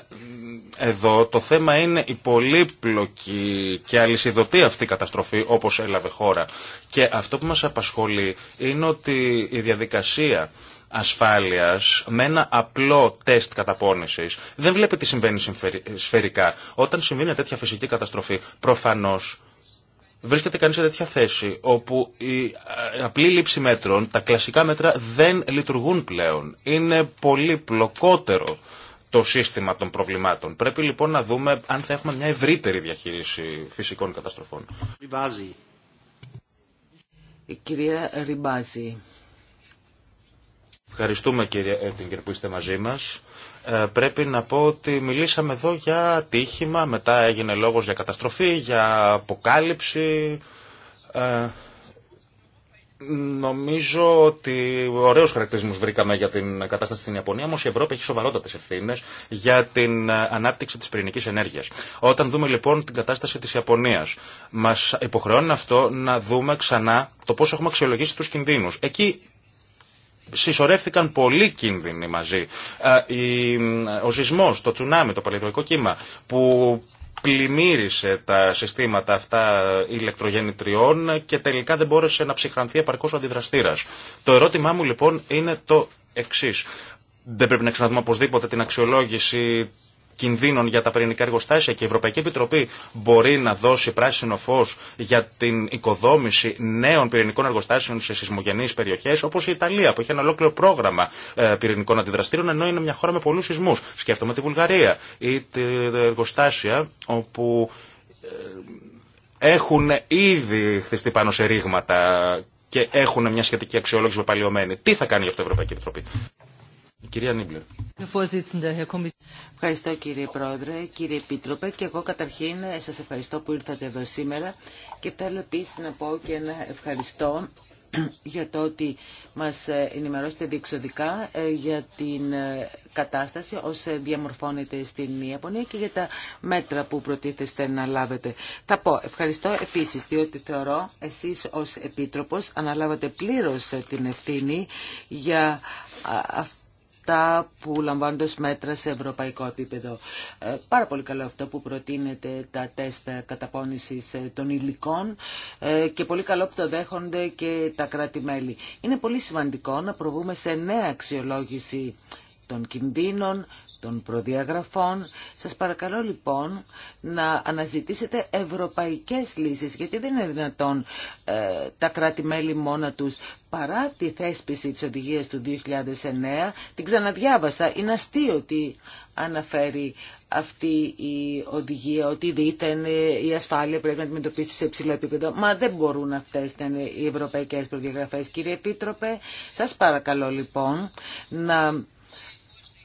εδώ το θέμα είναι η πολύπλοκη και αλυσιδωτή αυτή καταστροφή όπως έλαβε χώρα. Και αυτό που μας απασχολεί είναι ότι η διαδικασία ασφάλεια με ένα απλό τεστ καταπώνηση δεν βλέπει τι συμβαίνει σφαιρικά. Όταν συμβεί μια τέτοια φυσική καταστροφή, προφανώ βρίσκεται κανεί σε τέτοια θέση όπου η ε, απλή λήψη μέτρων, τα κλασικά μέτρα δεν λειτουργούν πλέον. Είναι πολύ πλοκότερο το σύστημα των προβλημάτων. Πρέπει λοιπόν να δούμε αν θα έχουμε μια ευρύτερη διαχείριση φυσικών καταστροφών. Η κυρία Ριμπάζη. Ευχαριστούμε κύριε Έντιγκερ που είστε μαζί μας. Ε, πρέπει να πω ότι μιλήσαμε εδώ για ατύχημα, μετά έγινε λόγος για καταστροφή, για αποκάλυψη. Ε, νομίζω ότι ωραίους χαρακτηρισμούς βρήκαμε για την κατάσταση στην Ιαπωνία, όμως η Ευρώπη έχει σοβαρότατες ευθύνες για την ε, ανάπτυξη της πυρηνικής ενέργειας. Όταν δούμε λοιπόν την κατάσταση της Ιαπωνίας, μας υποχρεώνει αυτό να δούμε ξανά το πώς έχουμε αξιολογήσει του κινδύνου. Εκεί συσσωρεύτηκαν πολλοί κίνδυνοι μαζί. Ε, ο σεισμός, το τσουνάμι, το παλαιροϊκό κύμα που πλημμύρισε τα συστήματα αυτά ηλεκτρογεννητριών και τελικά δεν μπόρεσε να ψυχρανθεί επαρκώς ο αντιδραστήρας. Το ερώτημά μου λοιπόν είναι το εξής. Δεν πρέπει να ξαναδούμε οπωσδήποτε την αξιολόγηση κινδύνων για τα πυρηνικά εργοστάσια και η Ευρωπαϊκή Επιτροπή μπορεί να δώσει πράσινο φω για την οικοδόμηση νέων πυρηνικών εργοστάσεων σε σεισμογενεί περιοχέ, όπω η Ιταλία που έχει ένα ολόκληρο πρόγραμμα ε, πυρηνικών αντιδραστήρων, ενώ είναι μια χώρα με πολλού σεισμού. Σκέφτομαι τη Βουλγαρία ή την ε, εργοστάσια όπου ε, έχουν ήδη χτιστεί πάνω σε ρήγματα και έχουν μια σχετική αξιολόγηση με παλιωμένη. Τι θα κάνει γι' αυτό η Ευρωπαϊκή Επιτροπή κυρία Νίμπλερ. Ευχαριστώ κύριε Πρόεδρε, κύριε Επίτροπε και εγώ καταρχήν ε, σας ευχαριστώ που ήρθατε εδώ σήμερα και θέλω επίσης να πω και ένα ευχαριστώ για το ότι μας ε, ενημερώσετε διεξοδικά ε, για την κατάσταση ως διαμορφώνεται στην Ιαπωνία και για τα μέτρα που προτίθεστε να λάβετε. Θα πω ευχαριστώ επίσης διότι θεωρώ εσείς ως Επίτροπος αναλάβατε πλήρως την ευθύνη για αυτό αυτά που λαμβάνονται ως μέτρα σε ευρωπαϊκό επίπεδο. Ε, πάρα πολύ καλό αυτό που προτείνεται τα τεστ καταπώνησης ε, των υλικών ε, και πολύ καλό που το δέχονται και τα κρατη Είναι πολύ σημαντικό να προβούμε σε νέα αξιολόγηση των κινδύνων, των προδιαγραφών. Σας παρακαλώ λοιπόν να αναζητήσετε ευρωπαϊκές λύσεις, γιατί δεν είναι δυνατόν ε, τα κράτη-μέλη μόνα τους παρά τη θέσπιση της οδηγίας του 2009. Την ξαναδιάβασα. Είναι αστείο ότι αναφέρει αυτή η οδηγία ότι δείτε ε, η ασφάλεια πρέπει να αντιμετωπίσει σε υψηλό επίπεδο. Μα δεν μπορούν αυτές να είναι οι Ευρωπαϊκέ προδιαγραφέ. Κύριε Επίτροπε, σα παρακαλώ λοιπόν να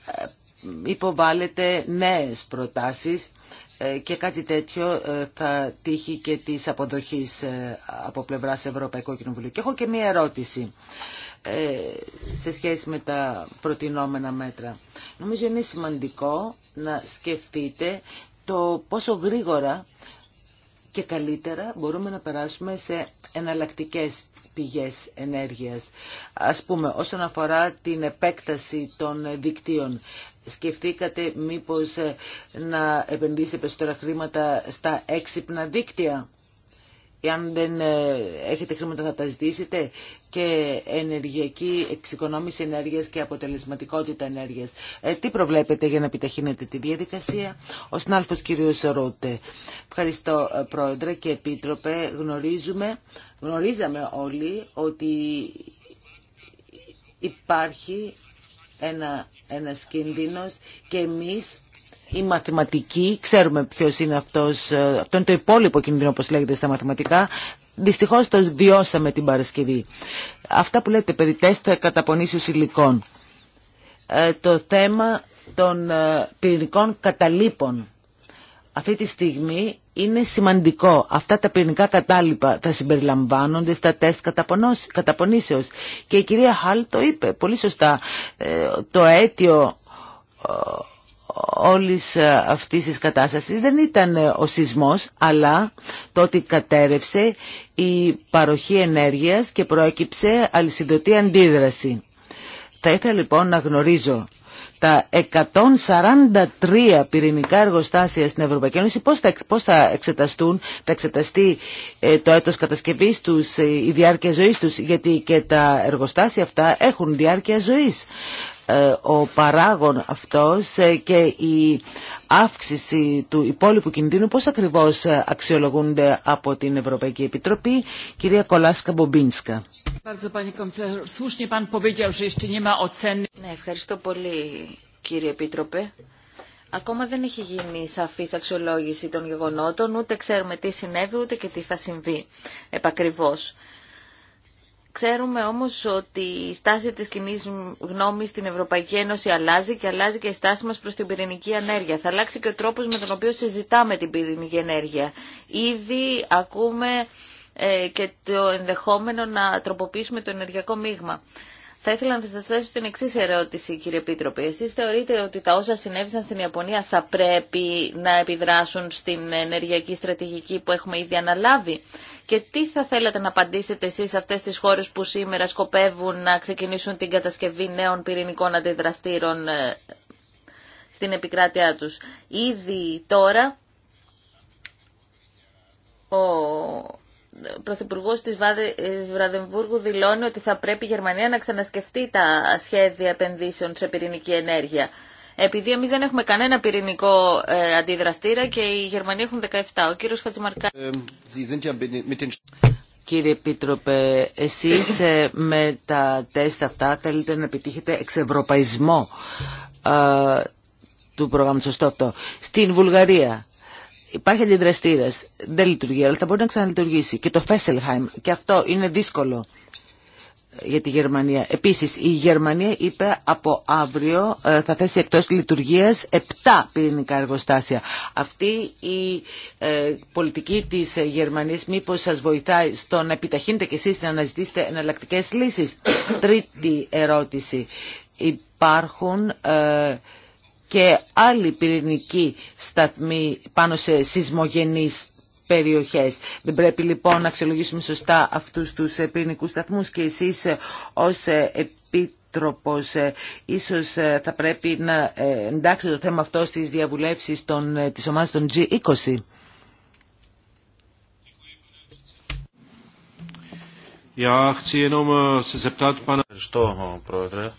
ε, Υποβάλλεται νέες προτάσεις ε, και κάτι τέτοιο ε, θα τύχει και της αποδοχής ε, από πλευράς Ευρωπαϊκού Κοινοβουλίου. Και έχω και μία ερώτηση σε σχέση με τα προτινόμενα μέτρα. Νομίζω είναι σημαντικό να σκεφτείτε το πόσο γρήγορα και καλύτερα μπορούμε να περάσουμε σε εναλλακτικές πηγές ενέργειας. Ας πούμε, όσον αφορά την επέκταση των δικτύων, σκεφτήκατε μήπως ε, να επενδύσετε περισσότερα χρήματα στα έξυπνα δίκτυα. Εάν δεν ε, έχετε χρήματα θα τα ζητήσετε και ενεργειακή εξοικονόμηση ενέργειας και αποτελεσματικότητα ενέργειας. Ε, τι προβλέπετε για να επιταχύνετε τη διαδικασία. Ο συνάλφος κύριος Ρότε. Ευχαριστώ πρόεδρε και επίτροπε. Γνωρίζουμε, γνωρίζαμε όλοι ότι υπάρχει ένα ένας κίνδυνος και εμείς οι μαθηματικοί, ξέρουμε ποιος είναι αυτός, ε, αυτό είναι το υπόλοιπο κίνδυνο όπως λέγεται στα μαθηματικά, δυστυχώς το βιώσαμε την Παρασκευή. Αυτά που λέτε περί τεστ καταπονήσεως υλικών. Ε, το θέμα των ε, πυρηνικών καταλήπων αυτή τη στιγμή είναι σημαντικό. Αυτά τα πυρηνικά κατάλοιπα θα συμπεριλαμβάνονται στα τεστ καταπονήσεως. Και η κυρία Χάλ το είπε πολύ σωστά. Ε, το αίτιο ε, όλης ε, αυτής της κατάστασης δεν ήταν ο σεισμός αλλά το ότι κατέρευσε η παροχή ενέργειας και προέκυψε αλυσιδωτή αντίδραση. Θα ήθελα λοιπόν να γνωρίζω τα 143 πυρηνικά εργοστάσια στην Ευρωπαϊκή Ένωση πώς θα, πώς εξεταστούν, θα εξεταστεί ε, το έτος κατασκευής τους, ε, η διάρκεια ζωής τους, γιατί και τα εργοστάσια αυτά έχουν διάρκεια ζωής. Ε, ο παράγων αυτός και η αύξηση του υπόλοιπου κινδύνου πώς ακριβώς αξιολογούνται από την Ευρωπαϊκή Επιτροπή. Κυρία Κολάσκα Μπομπίνσκα ευχαριστώ πολύ κύριε Επίτροπε. Ακόμα δεν έχει γίνει σαφή αξιολόγηση των γεγονότων, ούτε ξέρουμε τι συνέβη, ούτε και τι θα συμβεί επακριβώς. Ξέρουμε όμως ότι η στάση της κοινή γνώμη στην Ευρωπαϊκή Ένωση αλλάζει και αλλάζει και η στάση μας προς την πυρηνική ενέργεια. Θα αλλάξει και ο τρόπος με τον οποίο συζητάμε την πυρηνική ενέργεια. Ήδη ακούμε ε, και το ενδεχόμενο να τροποποιήσουμε το ενεργειακό μείγμα. Θα ήθελα να σα θέσω την εξή ερώτηση, κύριε Επίτροπε. Εσεί θεωρείτε ότι τα όσα συνέβησαν στην Ιαπωνία θα πρέπει να επιδράσουν στην ενεργειακή στρατηγική που έχουμε ήδη αναλάβει. Και τι θα θέλατε να απαντήσετε εσεί σε αυτές τις χώρες που σήμερα σκοπεύουν να ξεκινήσουν την κατασκευή νέων πυρηνικών αντιδραστήρων ε, στην επικράτειά τους. Ήδη τώρα ο Πρωθυπουργό τη Βραδεμβούργου δηλώνει ότι θα πρέπει η Γερμανία να ξανασκεφτεί τα σχέδια επενδύσεων σε πυρηνική ενέργεια. Επειδή εμεί δεν έχουμε κανένα πυρηνικό ε, αντιδραστήρα και οι Γερμανοί έχουν 17. Ο κύριο Χατζημαρκά. Ε, Κύριε Επίτροπε, εσείς ε, με τα τεστ αυτά θέλετε να επιτύχετε εξευρωπαϊσμό ε, του προγράμματος αυτό. Στην Βουλγαρία Υπάρχει αντιδραστήρα. Δεν λειτουργεί, αλλά θα μπορεί να ξαναλειτουργήσει. Και το Fesselheim. Και αυτό είναι δύσκολο για τη Γερμανία. Επίσης, η Γερμανία είπε από αύριο ε, θα θέσει εκτός λειτουργία 7 πυρηνικά εργοστάσια. Αυτή η ε, πολιτική της Γερμανία μήπω σα βοηθάει στο να επιταχύνετε κι εσεί να αναζητήσετε εναλλακτικέ λύσει. Τρίτη ερώτηση. Υπάρχουν... Ε, και άλλοι πυρηνικοί σταθμοί πάνω σε σεισμογενείς περιοχές. Δεν πρέπει λοιπόν να αξιολογήσουμε σωστά αυτούς τους ε, πυρηνικούς σταθμούς και εσείς ε, ως ε, Επίτροπος ίσως θα πρέπει να εντάξει το θέμα αυτό στις διαβουλεύσεις των, της ομάδας των G20. Eh, Ευχαριστώ, Πρόεδρε.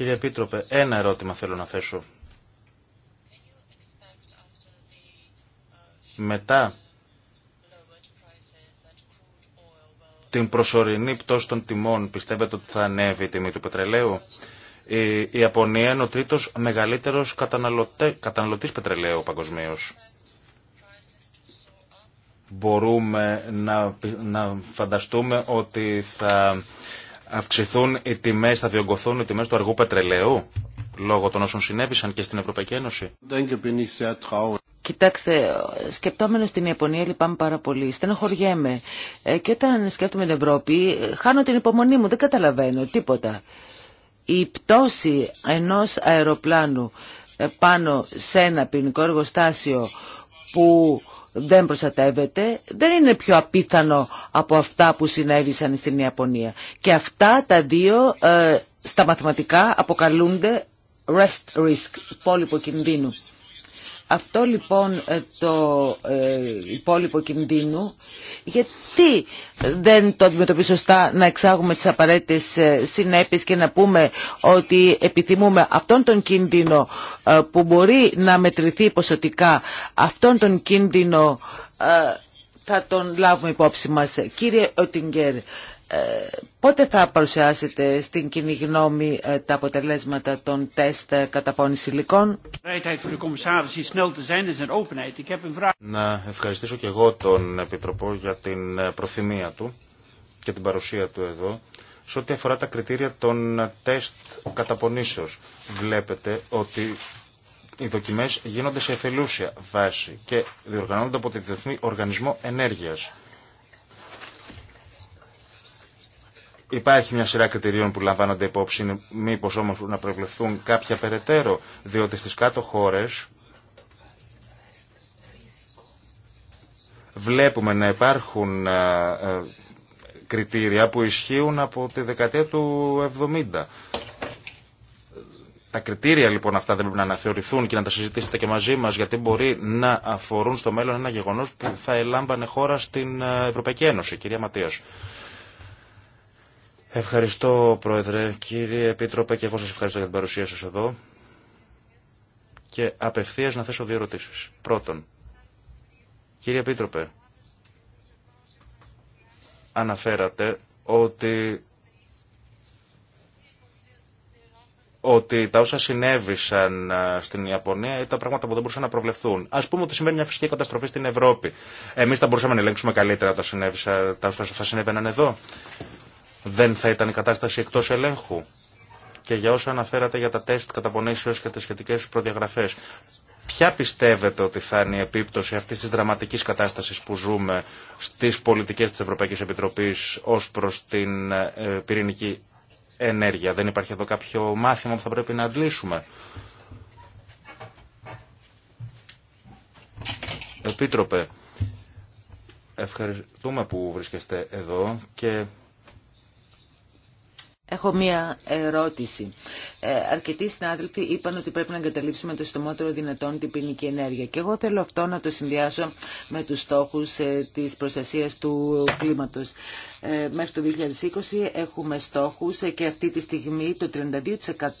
Κύριε Επίτροπε, ένα ερώτημα θέλω να θέσω. Μετά την προσωρινή πτώση των τιμών, πιστεύετε ότι θα ανέβει η τιμή του πετρελαίου. Η Ιαπωνία είναι ο τρίτος μεγαλύτερος καταναλωτής πετρελαίου παγκοσμίω. Μπορούμε να, να φανταστούμε ότι θα αυξηθούν οι τιμές, θα διωγγωθούν οι τιμές του αργού πετρελαίου λόγω των όσων συνέβησαν και στην Ευρωπαϊκή Ένωση. Κοιτάξτε, σκεπτόμενο στην Ιαπωνία λυπάμαι πάρα πολύ. Στενοχωριέμαι. Ε, και όταν σκέφτομαι την Ευρώπη, χάνω την υπομονή μου, δεν καταλαβαίνω τίποτα. Η πτώση ενός αεροπλάνου ε, πάνω σε ένα ποινικό εργοστάσιο που δεν προστατεύεται δεν είναι πιο απίθανο από αυτά που συνέβησαν στην Ιαπωνία. Και αυτά τα δύο ε, στα μαθηματικά αποκαλούνται rest risk, υπόλοιπο κινδύνου. Αυτό λοιπόν ε, το ε, υπόλοιπο κινδύνου, γιατί δεν το αντιμετωπίζει σωστά να εξάγουμε τις απαραίτητες ε, συνέπειες και να πούμε ότι επιθυμούμε αυτόν τον κίνδυνο που μπορεί να μετρηθεί ποσοτικά, αυτόν τον κίνδυνο θα τον λάβουμε υπόψη μας. Κύριε Οτιγκέρ, πότε θα παρουσιάσετε στην κοινή γνώμη ε, τα αποτελέσματα των τεστ ε, καταπώνησης υλικών. Να ευχαριστήσω και εγώ τον Επιτροπό για την ε, προθυμία του και την παρουσία του εδώ. Σε ό,τι αφορά τα κριτήρια των τεστ καταπονήσεως, βλέπετε ότι οι δοκιμές γίνονται σε εθελούσια βάση και διοργανώνονται από τη Διεθνή Οργανισμό Ενέργειας. Υπάρχει μια σειρά κριτηρίων που λαμβάνονται υπόψη, μήπω όμω να προβλεφθούν κάποια περαιτέρω, διότι στι κάτω χώρε βλέπουμε να υπάρχουν ε, ε, κριτήρια που ισχύουν από τη δεκαετία του 70. Τα κριτήρια λοιπόν αυτά δεν πρέπει να αναθεωρηθούν και να τα συζητήσετε και μαζί μας γιατί μπορεί να αφορούν στο μέλλον ένα γεγονός που θα ελάμβανε χώρα στην ε, Ευρωπαϊκή Ένωση. Κυρία Ματίας. Ευχαριστώ, Πρόεδρε. Κύριε Επίτροπε, και εγώ σας ευχαριστώ για την παρουσία σας εδώ. Και απευθείας να θέσω δύο ερωτήσεις. Πρώτον, κύριε Επίτροπε, αναφέρατε ότι ότι τα όσα συνέβησαν στην Ιαπωνία ήταν πράγματα που δεν μπορούσαν να προβλεφθούν. Ας πούμε ότι συμβαίνει μια φυσική καταστροφή στην Ευρώπη. Εμείς θα μπορούσαμε να ελέγξουμε καλύτερα τα, τα όσα θα συνέβαιναν εδώ δεν θα ήταν η κατάσταση εκτός ελέγχου. Και για όσα αναφέρατε για τα τεστ καταπονήσεως και τις σχετικές προδιαγραφές, ποια πιστεύετε ότι θα είναι η επίπτωση αυτής της δραματικής κατάστασης που ζούμε στις πολιτικές της Ευρωπαϊκής Επιτροπής ως προς την ε, πυρηνική ενέργεια. Δεν υπάρχει εδώ κάποιο μάθημα που θα πρέπει να αντλήσουμε. Επίτροπε, ευχαριστούμε που βρίσκεστε εδώ και Έχω μία ερώτηση. Ε, αρκετοί συνάδελφοι είπαν ότι πρέπει να εγκαταλείψουμε το συντομότερο δυνατόν την ποινική ενέργεια. Και εγώ θέλω αυτό να το συνδυάσω με τους στόχους ε, της προστασίας του κλίματος. Ε, μέχρι το 2020 έχουμε στόχους ε, και αυτή τη στιγμή το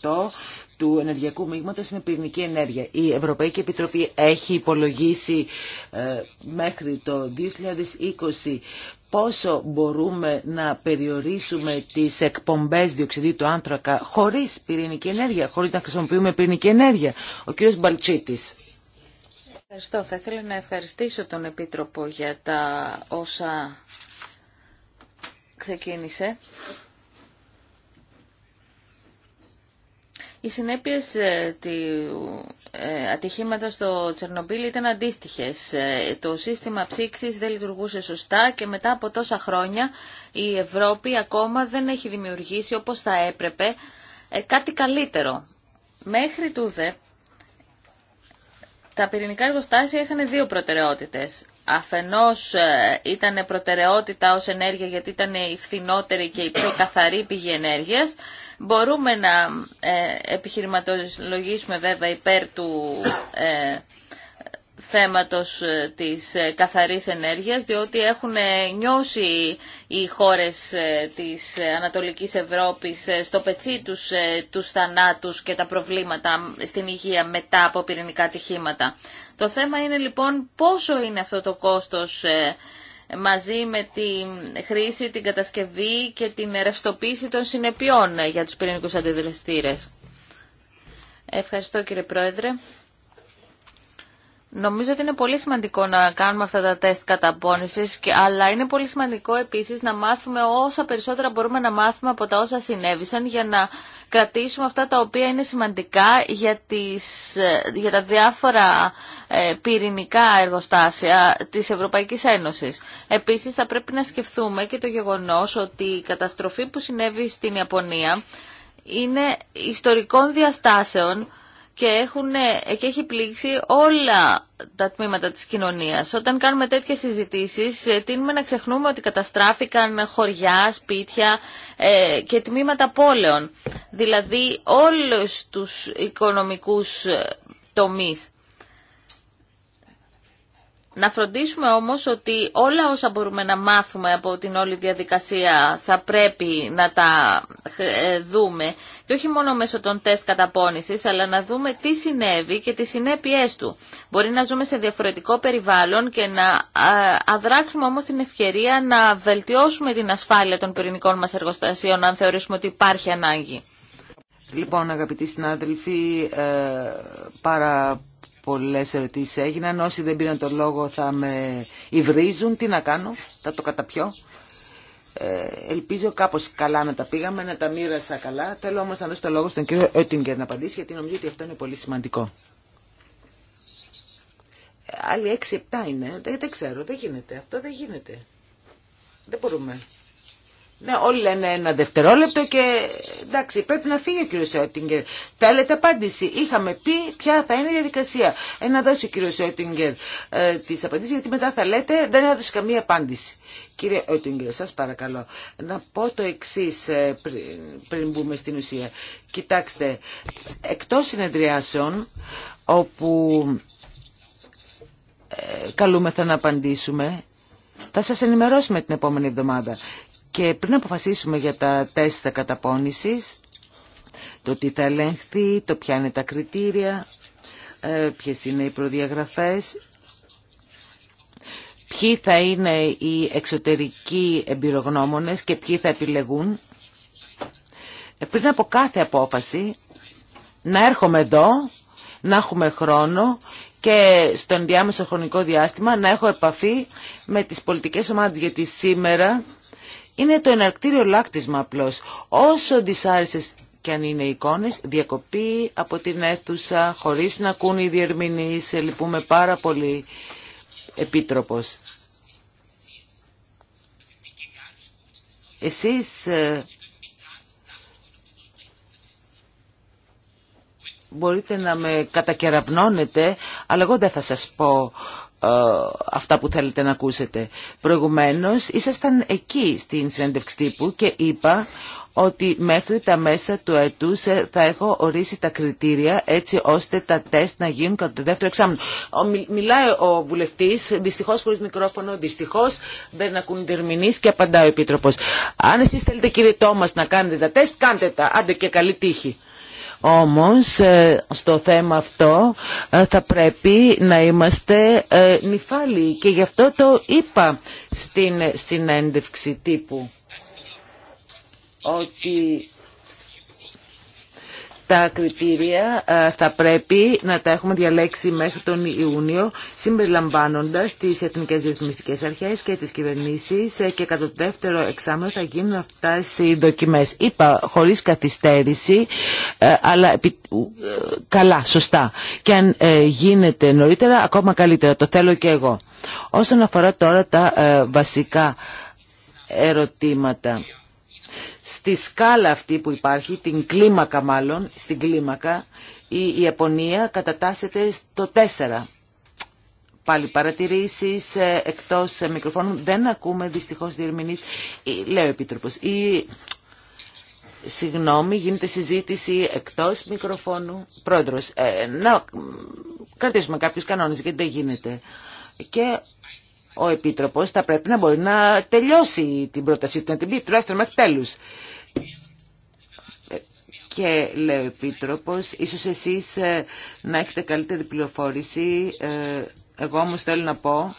32% του ενεργειακού μείγματος είναι πυρηνική ενέργεια. Η Ευρωπαϊκή Επιτροπή έχει υπολογίσει μέχρι το 2020 πόσο μπορούμε να περιορίσουμε τις εκπομπές διοξιδίου του άνθρακα χωρίς πυρηνική ενέργεια, χωρίς να χρησιμοποιούμε πυρηνική ενέργεια. Ο κύριος Μπαλτσίτης. Ευχαριστώ. Θα ήθελα να ευχαριστήσω τον Επίτροπο για τα όσα ξεκίνησε. Οι συνέπειες ε, του ε, ατυχήματος στο Τσερνομπίλ ήταν αντίστοιχες. Ε, το σύστημα ψήξης δεν λειτουργούσε σωστά και μετά από τόσα χρόνια η Ευρώπη ακόμα δεν έχει δημιουργήσει όπως θα έπρεπε κάτι καλύτερο. Μέχρι τούδε τα πυρηνικά εργοστάσια είχαν δύο προτεραιότητες αφενός ε, ήταν προτεραιότητα ως ενέργεια γιατί ήταν η φθηνότερη και η πιο καθαρή πηγή ενέργειας. Μπορούμε να ε, επιχειρηματολογήσουμε βέβαια υπέρ του ε, θέματος της καθαρής ενέργειας, διότι έχουν νιώσει οι χώρες της Ανατολικής Ευρώπης στο πετσί τους τους θανάτους και τα προβλήματα στην υγεία μετά από πυρηνικά ατυχήματα. Το θέμα είναι λοιπόν πόσο είναι αυτό το κόστος ε, μαζί με τη χρήση, την κατασκευή και την ρευστοποίηση των συνεπειών ε, για τους πυρηνικούς αντιδραστήρες. Ευχαριστώ κύριε Πρόεδρε. Νομίζω ότι είναι πολύ σημαντικό να κάνουμε αυτά τα τεστ καταπώνησης, αλλά είναι πολύ σημαντικό επίσης να μάθουμε όσα περισσότερα μπορούμε να μάθουμε από τα όσα συνέβησαν για να κρατήσουμε αυτά τα οποία είναι σημαντικά για, τις, για τα διάφορα ε, πυρηνικά εργοστάσια της Ευρωπαϊκής Ένωσης. Επίσης θα πρέπει να σκεφτούμε και το γεγονός ότι η καταστροφή που συνέβη στην Ιαπωνία είναι ιστορικών διαστάσεων και, έχουν, ε, και έχει πλήξει όλα τα τμήματα της κοινωνίας. Όταν κάνουμε τέτοιες συζητήσεις, ε, τείνουμε να ξεχνούμε ότι καταστράφηκαν χωριά, σπίτια ε, και τμήματα πόλεων. Δηλαδή όλους τους οικονομικούς τομείς. Να φροντίσουμε όμως ότι όλα όσα μπορούμε να μάθουμε από την όλη διαδικασία θα πρέπει να τα ε, δούμε και όχι μόνο μέσω των τεστ καταπώνησης αλλά να δούμε τι συνέβη και τις συνέπειές του. Μπορεί να ζούμε σε διαφορετικό περιβάλλον και να αδράξουμε όμως την ευκαιρία να βελτιώσουμε την ασφάλεια των πυρηνικών μας εργοστασίων αν θεωρήσουμε ότι υπάρχει ανάγκη. Λοιπόν αγαπητοί συνάδελφοι, ε, πάρα πολλές ερωτήσεις έγιναν. Όσοι δεν πήραν το λόγο θα με υβρίζουν. Τι να κάνω, θα το καταπιώ. Ε, ελπίζω κάπως καλά να τα πήγαμε, να τα μοίρασα καλά. Θέλω όμως να δώσω το λόγο στον κύριο Έτιγκερ να απαντήσει, γιατί νομίζω ότι αυτό είναι πολύ σημαντικό. Άλλοι 6-7 είναι. Δεν, δεν ξέρω, δεν γίνεται. Αυτό δεν γίνεται. Δεν μπορούμε. Ναι, όλοι λένε ένα δευτερόλεπτο και εντάξει, πρέπει να φύγει ο κύριο Σότιγκερ. Θέλετε απάντηση. Είχαμε πει ποια θα είναι η διαδικασία. Ένα ε, δώσει ο κύριο Σότιγκερ ε, τι απαντήσει, γιατί μετά θα λέτε δεν έδωσε καμία απάντηση. Κύριε Ότιγκερ, σα παρακαλώ να πω το εξή ε, πριν μπούμε στην ουσία. Κοιτάξτε, εκτό συνεδριάσεων όπου καλούμεθα να απαντήσουμε, θα σας ενημερώσουμε την επόμενη εβδομάδα. Και πριν αποφασίσουμε για τα τέσσερα καταπώνησης, το τι θα ελέγχθει, το ποια είναι τα κριτήρια, ε, ποιες είναι οι προδιαγραφές, ποιοι θα είναι οι εξωτερικοί εμπειρογνώμονες και ποιοι θα επιλεγούν. Ε, πριν από κάθε απόφαση, να έρχομαι εδώ, να έχουμε χρόνο και στον διάμεσο χρονικό διάστημα να έχω επαφή με τις πολιτικές ομάδες, γιατί σήμερα είναι το εναρκτήριο λάκτισμα απλώς. Όσο δυσάρεστες και αν είναι εικόνες, διακοπή από την αίθουσα, χωρίς να ακούν οι διερμηνείς, λυπούμε πάρα πολύ, Επίτροπος. Εσείς ε, μπορείτε να με κατακεραυνώνετε, αλλά εγώ δεν θα σας πω ε, αυτά που θέλετε να ακούσετε. Προηγουμένως ήσασταν εκεί στην συνέντευξη τύπου και είπα ότι μέχρι τα μέσα του έτου ε, θα έχω ορίσει τα κριτήρια έτσι ώστε τα τεστ να γίνουν κατά το δεύτερο εξάμεινο. Μιλάει ο βουλευτής, δυστυχώς χωρίς μικρόφωνο, δυστυχώ δεν ακούν δερμηνείς και απαντάει ο Επίτροπος Αν εσείς θέλετε κύριε Τόμας να κάνετε τα τεστ, κάντε τα. Άντε και καλή τύχη. Όμως ε, στο θέμα αυτό ε, θα πρέπει να είμαστε ε, νυφάλιοι και γι' αυτό το είπα στην συνέντευξη τύπου ότι τα κριτήρια θα πρέπει να τα έχουμε διαλέξει μέχρι τον Ιούνιο, συμπεριλαμβάνοντας τις Εθνικές Ρυθμιστικές Αρχές και τις κυβερνήσεις ε, και κατά το δεύτερο εξάμεινο θα γίνουν αυτά οι δοκιμές. Είπα χωρίς καθυστέρηση, ε, αλλά ε, καλά, σωστά. Και αν γίνεται νωρίτερα, ακόμα καλύτερα. Το θέλω και εγώ. Όσον αφορά τώρα τα βασικά ερωτήματα στη σκάλα αυτή που υπάρχει, την κλίμακα μάλλον, στην κλίμακα, η Ιαπωνία κατατάσσεται στο 4. Πάλι παρατηρήσεις ε, εκτός ε, μικροφώνου. Δεν ακούμε δυστυχώς διερμηνείς. Λέω επίτροπος. Η... Συγγνώμη, γίνεται συζήτηση εκτός μικροφώνου. Πρόεδρος, ε, να κρατήσουμε κάποιους κανόνες γιατί δεν γίνεται. Και ο Επίτροπος θα πρέπει να μπορεί να τελειώσει την πρότασή του, να την πει τουλάχιστον μέχρι τέλου. Και λέει ο Επίτροπος, ίσως εσείς ε, να έχετε καλύτερη πληροφόρηση, ε, εγώ όμως θέλω να πω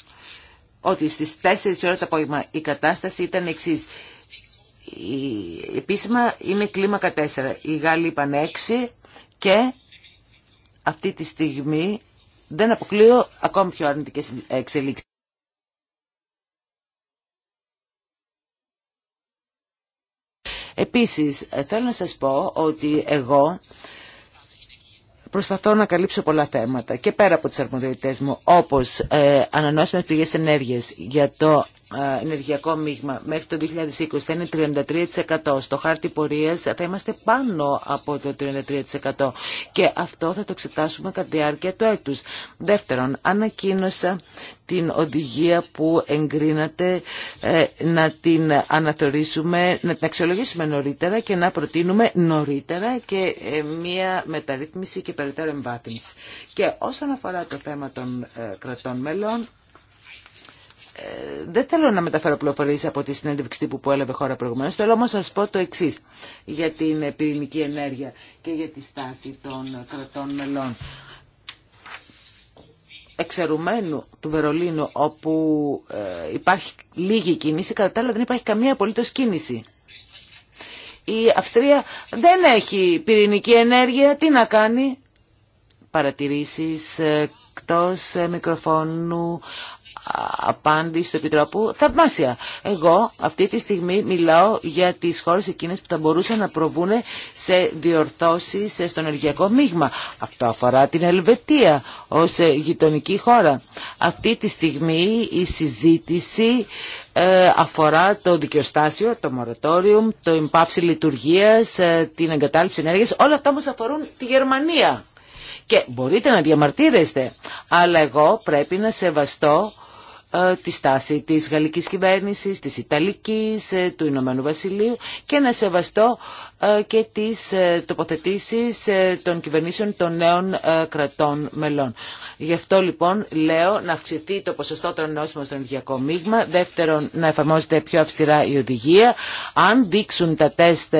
ότι στις 4 ώρα το απόγευμα η κατάσταση ήταν εξή. Επίσημα είναι κλίμακα 4. Οι Γάλλοι είπαν 6 και αυτή τη στιγμή δεν αποκλείω ακόμη πιο αρνητικές εξελίξεις. Επίσης, θέλω να σας πω ότι εγώ προσπαθώ να καλύψω πολλά θέματα και πέρα από τις αρμοδιότητες μου, όπως ε, πηγέ πηγές ενέργειας για το ε, ενεργειακό μείγμα μέχρι το 2020 θα είναι 33%. Στο χάρτη πορείας θα είμαστε πάνω από το 33% και αυτό θα το εξετάσουμε κατά τη διάρκεια του έτους. Δεύτερον, ανακοίνωσα την οδηγία που εγκρίνατε ε, να την αναθεωρήσουμε, να την αξιολογήσουμε νωρίτερα και να προτείνουμε νωρίτερα και ε, μία μεταρρύθμιση και περαιτέρω εμβάθυνση. Και όσον αφορά το θέμα των κρατών μελών, ε, δεν θέλω να μεταφέρω πληροφορίες από τη συνέντευξη που έλαβε χώρα προηγουμένως. Θέλω όμως να σας πω το εξή για την πυρηνική ενέργεια και για τη στάση των κρατών μελών. Εξαιρουμένου του Βερολίνου όπου ε, υπάρχει λίγη κίνηση, κατά τα άλλα δεν υπάρχει καμία απολύτως κίνηση. Η Αυστρία δεν έχει πυρηνική ενέργεια. Τι να κάνει. Παρατηρήσεις ε, εκτός μικροφώνου απάντηση του Επιτρόπου θαυμάσια. Εγώ αυτή τη στιγμή μιλάω για τις χώρες εκείνες που θα μπορούσαν να προβούν σε διορθώσεις στο ενεργειακό μείγμα. Αυτό αφορά την Ελβετία ως ε, γειτονική χώρα. Αυτή τη στιγμή η συζήτηση ε, αφορά το δικαιοστάσιο, το μορατόριουμ, το εμπάυση λειτουργίας, ε, την εγκατάλειψη ενέργειας. Όλα αυτά όμως αφορούν τη Γερμανία. Και μπορείτε να διαμαρτύρεστε, αλλά εγώ πρέπει να σεβαστώ ε, τη στάση της γαλλικής κυβέρνησης, της Ιταλικής, ε, του Ηνωμένου Βασιλείου και να σεβαστώ ε, και τις τοποθετήσεις των κυβερνήσεων των νέων κρατών μελών. Γι' αυτό λοιπόν λέω να αυξηθεί το ποσοστό των νόσημων στο μείγμα, δεύτερον να εφαρμόζεται πιο αυστηρά η οδηγία, αν δείξουν τα τεστ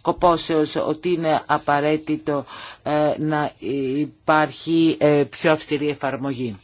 κοπόσεως ότι είναι απαραίτητο να υπάρχει πιο αυστηρή εφαρμογή.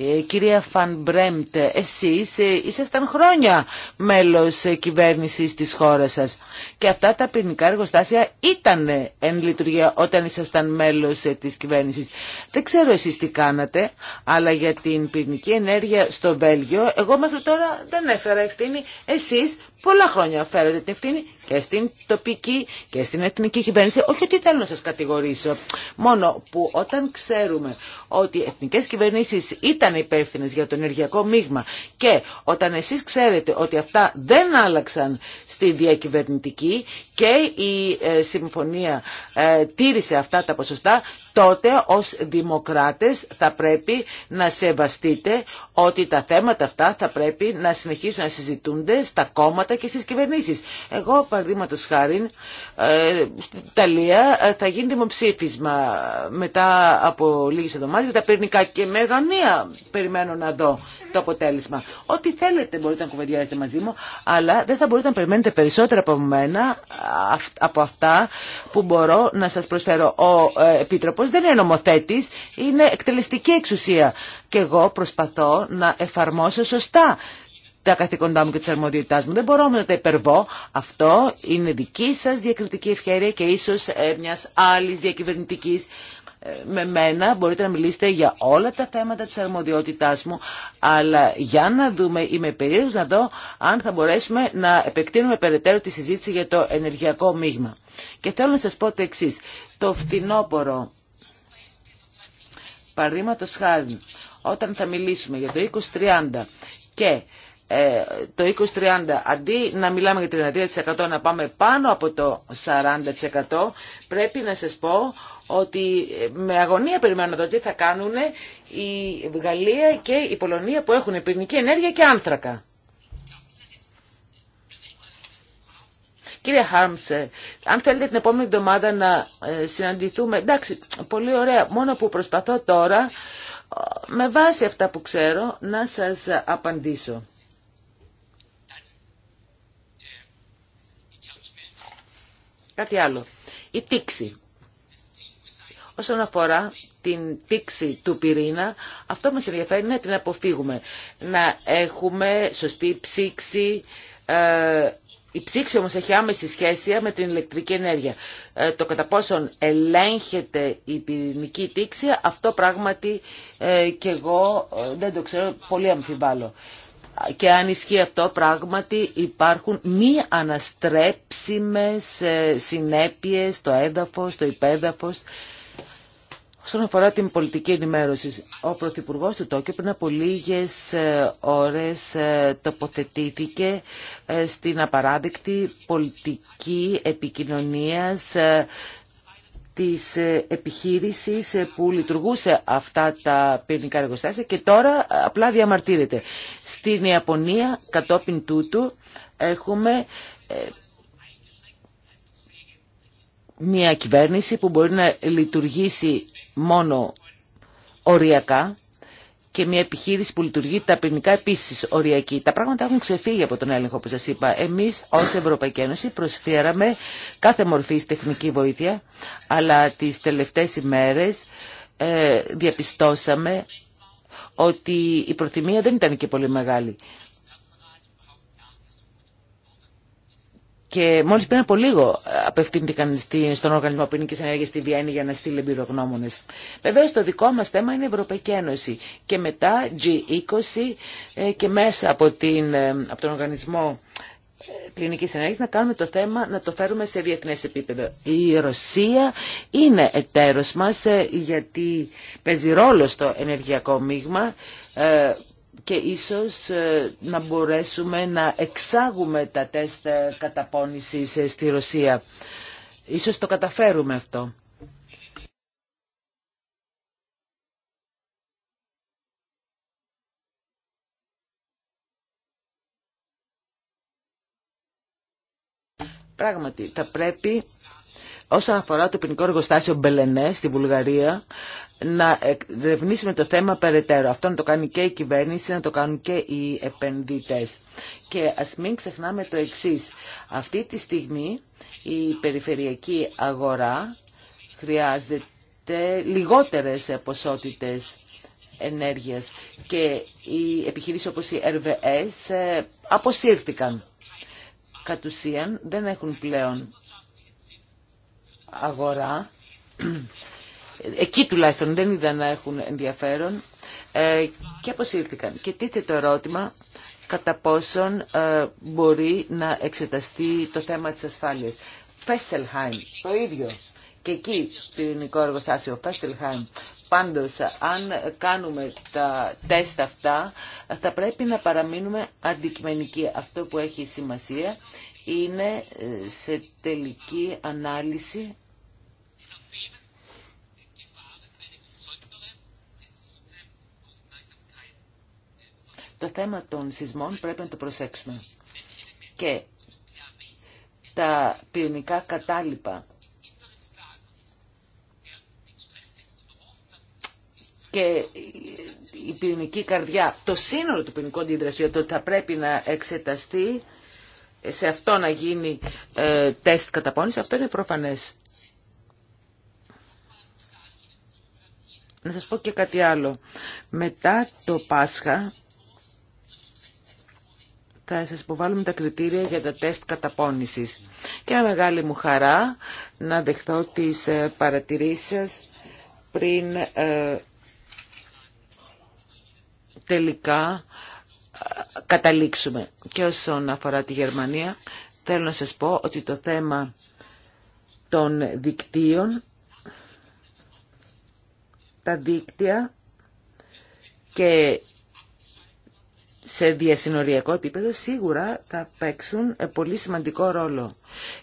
Ε, κυρία Φαν Μπρέμπτ, εσείς ε, ήσασταν χρόνια μέλος ε, κυβέρνησης της χώρας σας και αυτά τα πυρηνικά εργοστάσια ήταν εν λειτουργία όταν ήσασταν μέλος της κυβέρνησης. Δεν ξέρω εσείς τι κάνατε, αλλά για την πυρηνική ενέργεια στο Βέλγιο, εγώ μέχρι τώρα δεν έφερα ευθύνη. Εσείς Πολλά χρόνια φέρετε την ευθύνη και στην τοπική και στην εθνική κυβέρνηση. Όχι ότι θέλω να σας κατηγορήσω, μόνο που όταν ξέρουμε ότι οι εθνικές κυβερνήσεις ήταν υπεύθυνε για το ενεργειακό μείγμα και όταν εσείς ξέρετε ότι αυτά δεν άλλαξαν στη διακυβερνητική και η ε, συμφωνία ε, τήρησε αυτά τα ποσοστά, τότε ως δημοκράτες θα πρέπει να σεβαστείτε ότι τα θέματα αυτά θα πρέπει να συνεχίσουν να συζητούνται στα κόμματα και στις κυβερνήσεις. Εγώ, παραδείγματο χάρη, ε, στην Ιταλία θα γίνει δημοψήφισμα μετά από λίγες εβδομάδες για τα πυρηνικά και με Γανία περιμένω να δω το αποτέλεσμα. Ό,τι θέλετε μπορείτε να κουβεντιάζετε μαζί μου, αλλά δεν θα μπορείτε να περιμένετε περισσότερα από μένα από αυτά που μπορώ να σας προσφέρω. Ο ε, Επίτροπος δεν είναι νομοθέτης, είναι εκτελεστική εξουσία και εγώ προσπαθώ να εφαρμόσω σωστά τα καθήκοντά μου και τι αρμοδιότητάς μου. Δεν μπορώ να τα υπερβώ. Αυτό είναι δική σας διακριτική ευχαίρεια και ίσως ε, μιας άλλης διακυβερνητικής με μένα μπορείτε να μιλήσετε για όλα τα θέματα της αρμοδιότητάς μου, αλλά για να δούμε, είμαι περίεργος να δω αν θα μπορέσουμε να επεκτείνουμε περαιτέρω τη συζήτηση για το ενεργειακό μείγμα. Και θέλω να σας πω το εξής. Το φθινόπωρο, παραδείγματος χάρη, όταν θα μιλήσουμε για το 2030 και ε, το 2030 αντί να μιλάμε για 33% να πάμε πάνω από το 40% πρέπει να σας πω ότι με αγωνία περιμένω το τι θα κάνουν η Γαλλία και η Πολωνία που έχουν πυρηνική ενέργεια και άνθρακα. Κύριε Χάρμσε, αν θέλετε την επόμενη εβδομάδα να ε, συναντηθούμε, εντάξει, πολύ ωραία, μόνο που προσπαθώ τώρα, με βάση αυτά που ξέρω, να σας απαντήσω. Κάτι άλλο. Η τήξη. Όσον αφορά την τήξη του πυρήνα, αυτό μας ενδιαφέρει είναι να την αποφύγουμε. Να έχουμε σωστή ψήξη, ε, η ψήξη όμως έχει άμεση σχέση με την ηλεκτρική ενέργεια. Ε, το κατά πόσον ελέγχεται η πυρηνική τήξη, αυτό πράγματι ε, και εγώ δεν το ξέρω, πολύ αμφιβάλλω. Και αν ισχύει αυτό πράγματι υπάρχουν μη αναστρέψιμες συνέπειες στο έδαφος, στο υπέδαφος. Όσον αφορά την πολιτική ενημέρωση, ο Πρωθυπουργός του Τόκιο πριν από λίγες ε, ώρες ε, τοποθετήθηκε ε, στην απαράδεκτη πολιτική επικοινωνίας της επιχείρησης που λειτουργούσε αυτά τα πυρνικά εργοστάσια και τώρα απλά διαμαρτύρεται. Στην Ιαπωνία κατόπιν τούτου έχουμε μια κυβέρνηση που μπορεί να λειτουργήσει μόνο οριακά και μια επιχείρηση που λειτουργεί ταπεινικά επίση οριακή. Τα πράγματα έχουν ξεφύγει από τον έλεγχο όπω σα είπα. Εμεί ω Ευρωπαϊκή Ένωση προσφέραμε κάθε μορφή τεχνική βοήθεια, αλλά τι τελευταίε ημέρε ε, διαπιστώσαμε ότι η προθυμία δεν ήταν και πολύ μεγάλη. Και μόλι πριν από λίγο απευθύνθηκαν στον Οργανισμό Ποινική Ενέργεια στη Βιέννη για να στείλει εμπειρογνώμονε. Βεβαίω το δικό μα θέμα είναι η Ευρωπαϊκή Ένωση. Και μετά G20 ε, και μέσα από, την, ε, από τον Οργανισμό ε, Ποινική Ενέργειας να κάνουμε το θέμα να το φέρουμε σε διεθνέ επίπεδο. Η Ρωσία είναι εταίρο μα γιατί παίζει ρόλο στο ενεργειακό μείγμα και ίσως ε, να μπορέσουμε να εξάγουμε τα τεστ ε, καταπώνησης ε, στη Ρωσία. Ίσως το καταφέρουμε αυτό. Πράγματι, θα πρέπει όσον αφορά το ποινικό εργοστάσιο Μπελενέ στη Βουλγαρία, να ερευνήσουμε το θέμα περαιτέρω. Αυτό να το κάνει και η κυβέρνηση, να το κάνουν και οι επενδυτές. Και ας μην ξεχνάμε το εξής. Αυτή τη στιγμή η περιφερειακή αγορά χρειάζεται λιγότερες ποσότητες ενέργειας και οι επιχειρήσεις όπως οι RVS ε, αποσύρθηκαν. Κατ' ουσίαν δεν έχουν πλέον αγορά. Εκεί τουλάχιστον δεν είδα να έχουν ενδιαφέρον ε, και αποσύρθηκαν. Και τίθεται το ερώτημα κατά πόσον ε, μπορεί να εξεταστεί το θέμα της ασφάλειας. Φέστελχάιμ, το ίδιο. Και εκεί το ελληνικό εργοστάσιο Φέστελχάιμ. Πάντως, αν κάνουμε τα τεστ αυτά, θα πρέπει να παραμείνουμε αντικειμενικοί. Αυτό που έχει σημασία είναι ε, σε τελική ανάλυση το θέμα των σεισμών πρέπει να το προσέξουμε. Και τα πυρηνικά κατάλοιπα και η πυρηνική καρδιά, το σύνολο του πυρηνικού αντιδραστήριου, θα πρέπει να εξεταστεί σε αυτό να γίνει ε, τεστ καταπώνηση, αυτό είναι προφανές. Να σας πω και κάτι άλλο. Μετά το Πάσχα θα σας υποβάλουμε τα κριτήρια για τα τεστ καταπώνησης. Και με μεγάλη μου χαρά να δεχθώ τις ε, παρατηρήσεις σας πριν ε, τελικά καταλήξουμε. Και όσον αφορά τη Γερμανία, θέλω να σας πω ότι το θέμα των δικτύων, τα δίκτυα και σε διασυνοριακό επίπεδο σίγουρα θα παίξουν πολύ σημαντικό ρόλο.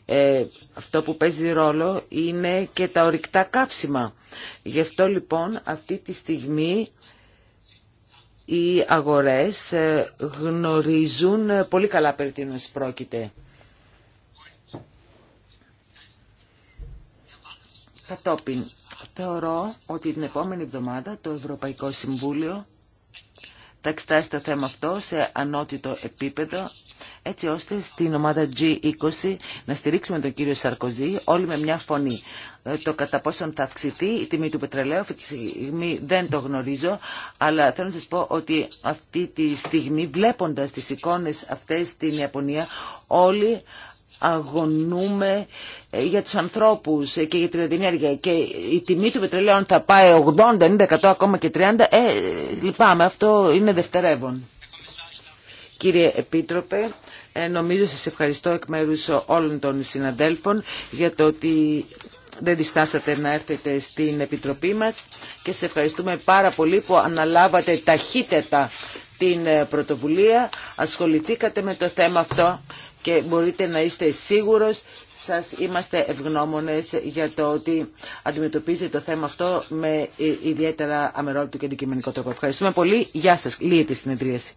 Ε, αυτό που παίζει ρόλο είναι και τα ορυκτά καύσιμα. Γι' αυτό λοιπόν αυτή τη στιγμή οι αγορές ε, γνωρίζουν ε, πολύ καλά περί τίνος πρόκειται. Κατόπιν, θεωρώ ότι την επόμενη εβδομάδα το Ευρωπαϊκό Συμβούλιο θα εξετάσει το θέμα αυτό σε ανώτιτο επίπεδο, έτσι ώστε στην ομάδα G20 να στηρίξουμε τον κύριο Σαρκοζή όλοι με μια φωνή. Ε, το κατά πόσον θα αυξηθεί η τιμή του πετρελαίου, αυτή τη στιγμή δεν το γνωρίζω, αλλά θέλω να σας πω ότι αυτή τη στιγμή βλέποντας τις εικόνες αυτές στην Ιαπωνία όλοι αγωνούμε ε, για τους ανθρώπους ε, και για την ενέργεια και η τιμή του πετρελαίου θα πάει 80, 90, ακόμα και 30, ε, λυπάμαι, αυτό είναι δευτερεύον. Κύριε Επίτροπε, ε, νομίζω σας ευχαριστώ εκ μέρους όλων των συναντέλφων για το ότι δεν διστάσατε να έρθετε στην Επιτροπή μας και σε ευχαριστούμε πάρα πολύ που αναλάβατε ταχύτερα την πρωτοβουλία, ασχοληθήκατε με το θέμα αυτό και μπορείτε να είστε σίγουρος σας είμαστε ευγνώμονες για το ότι αντιμετωπίζετε το θέμα αυτό με ε, ιδιαίτερα αμερόληπτο και αντικειμενικό τρόπο. Ευχαριστούμε πολύ. Γεια σας. Λύεται η συνεδρίαση.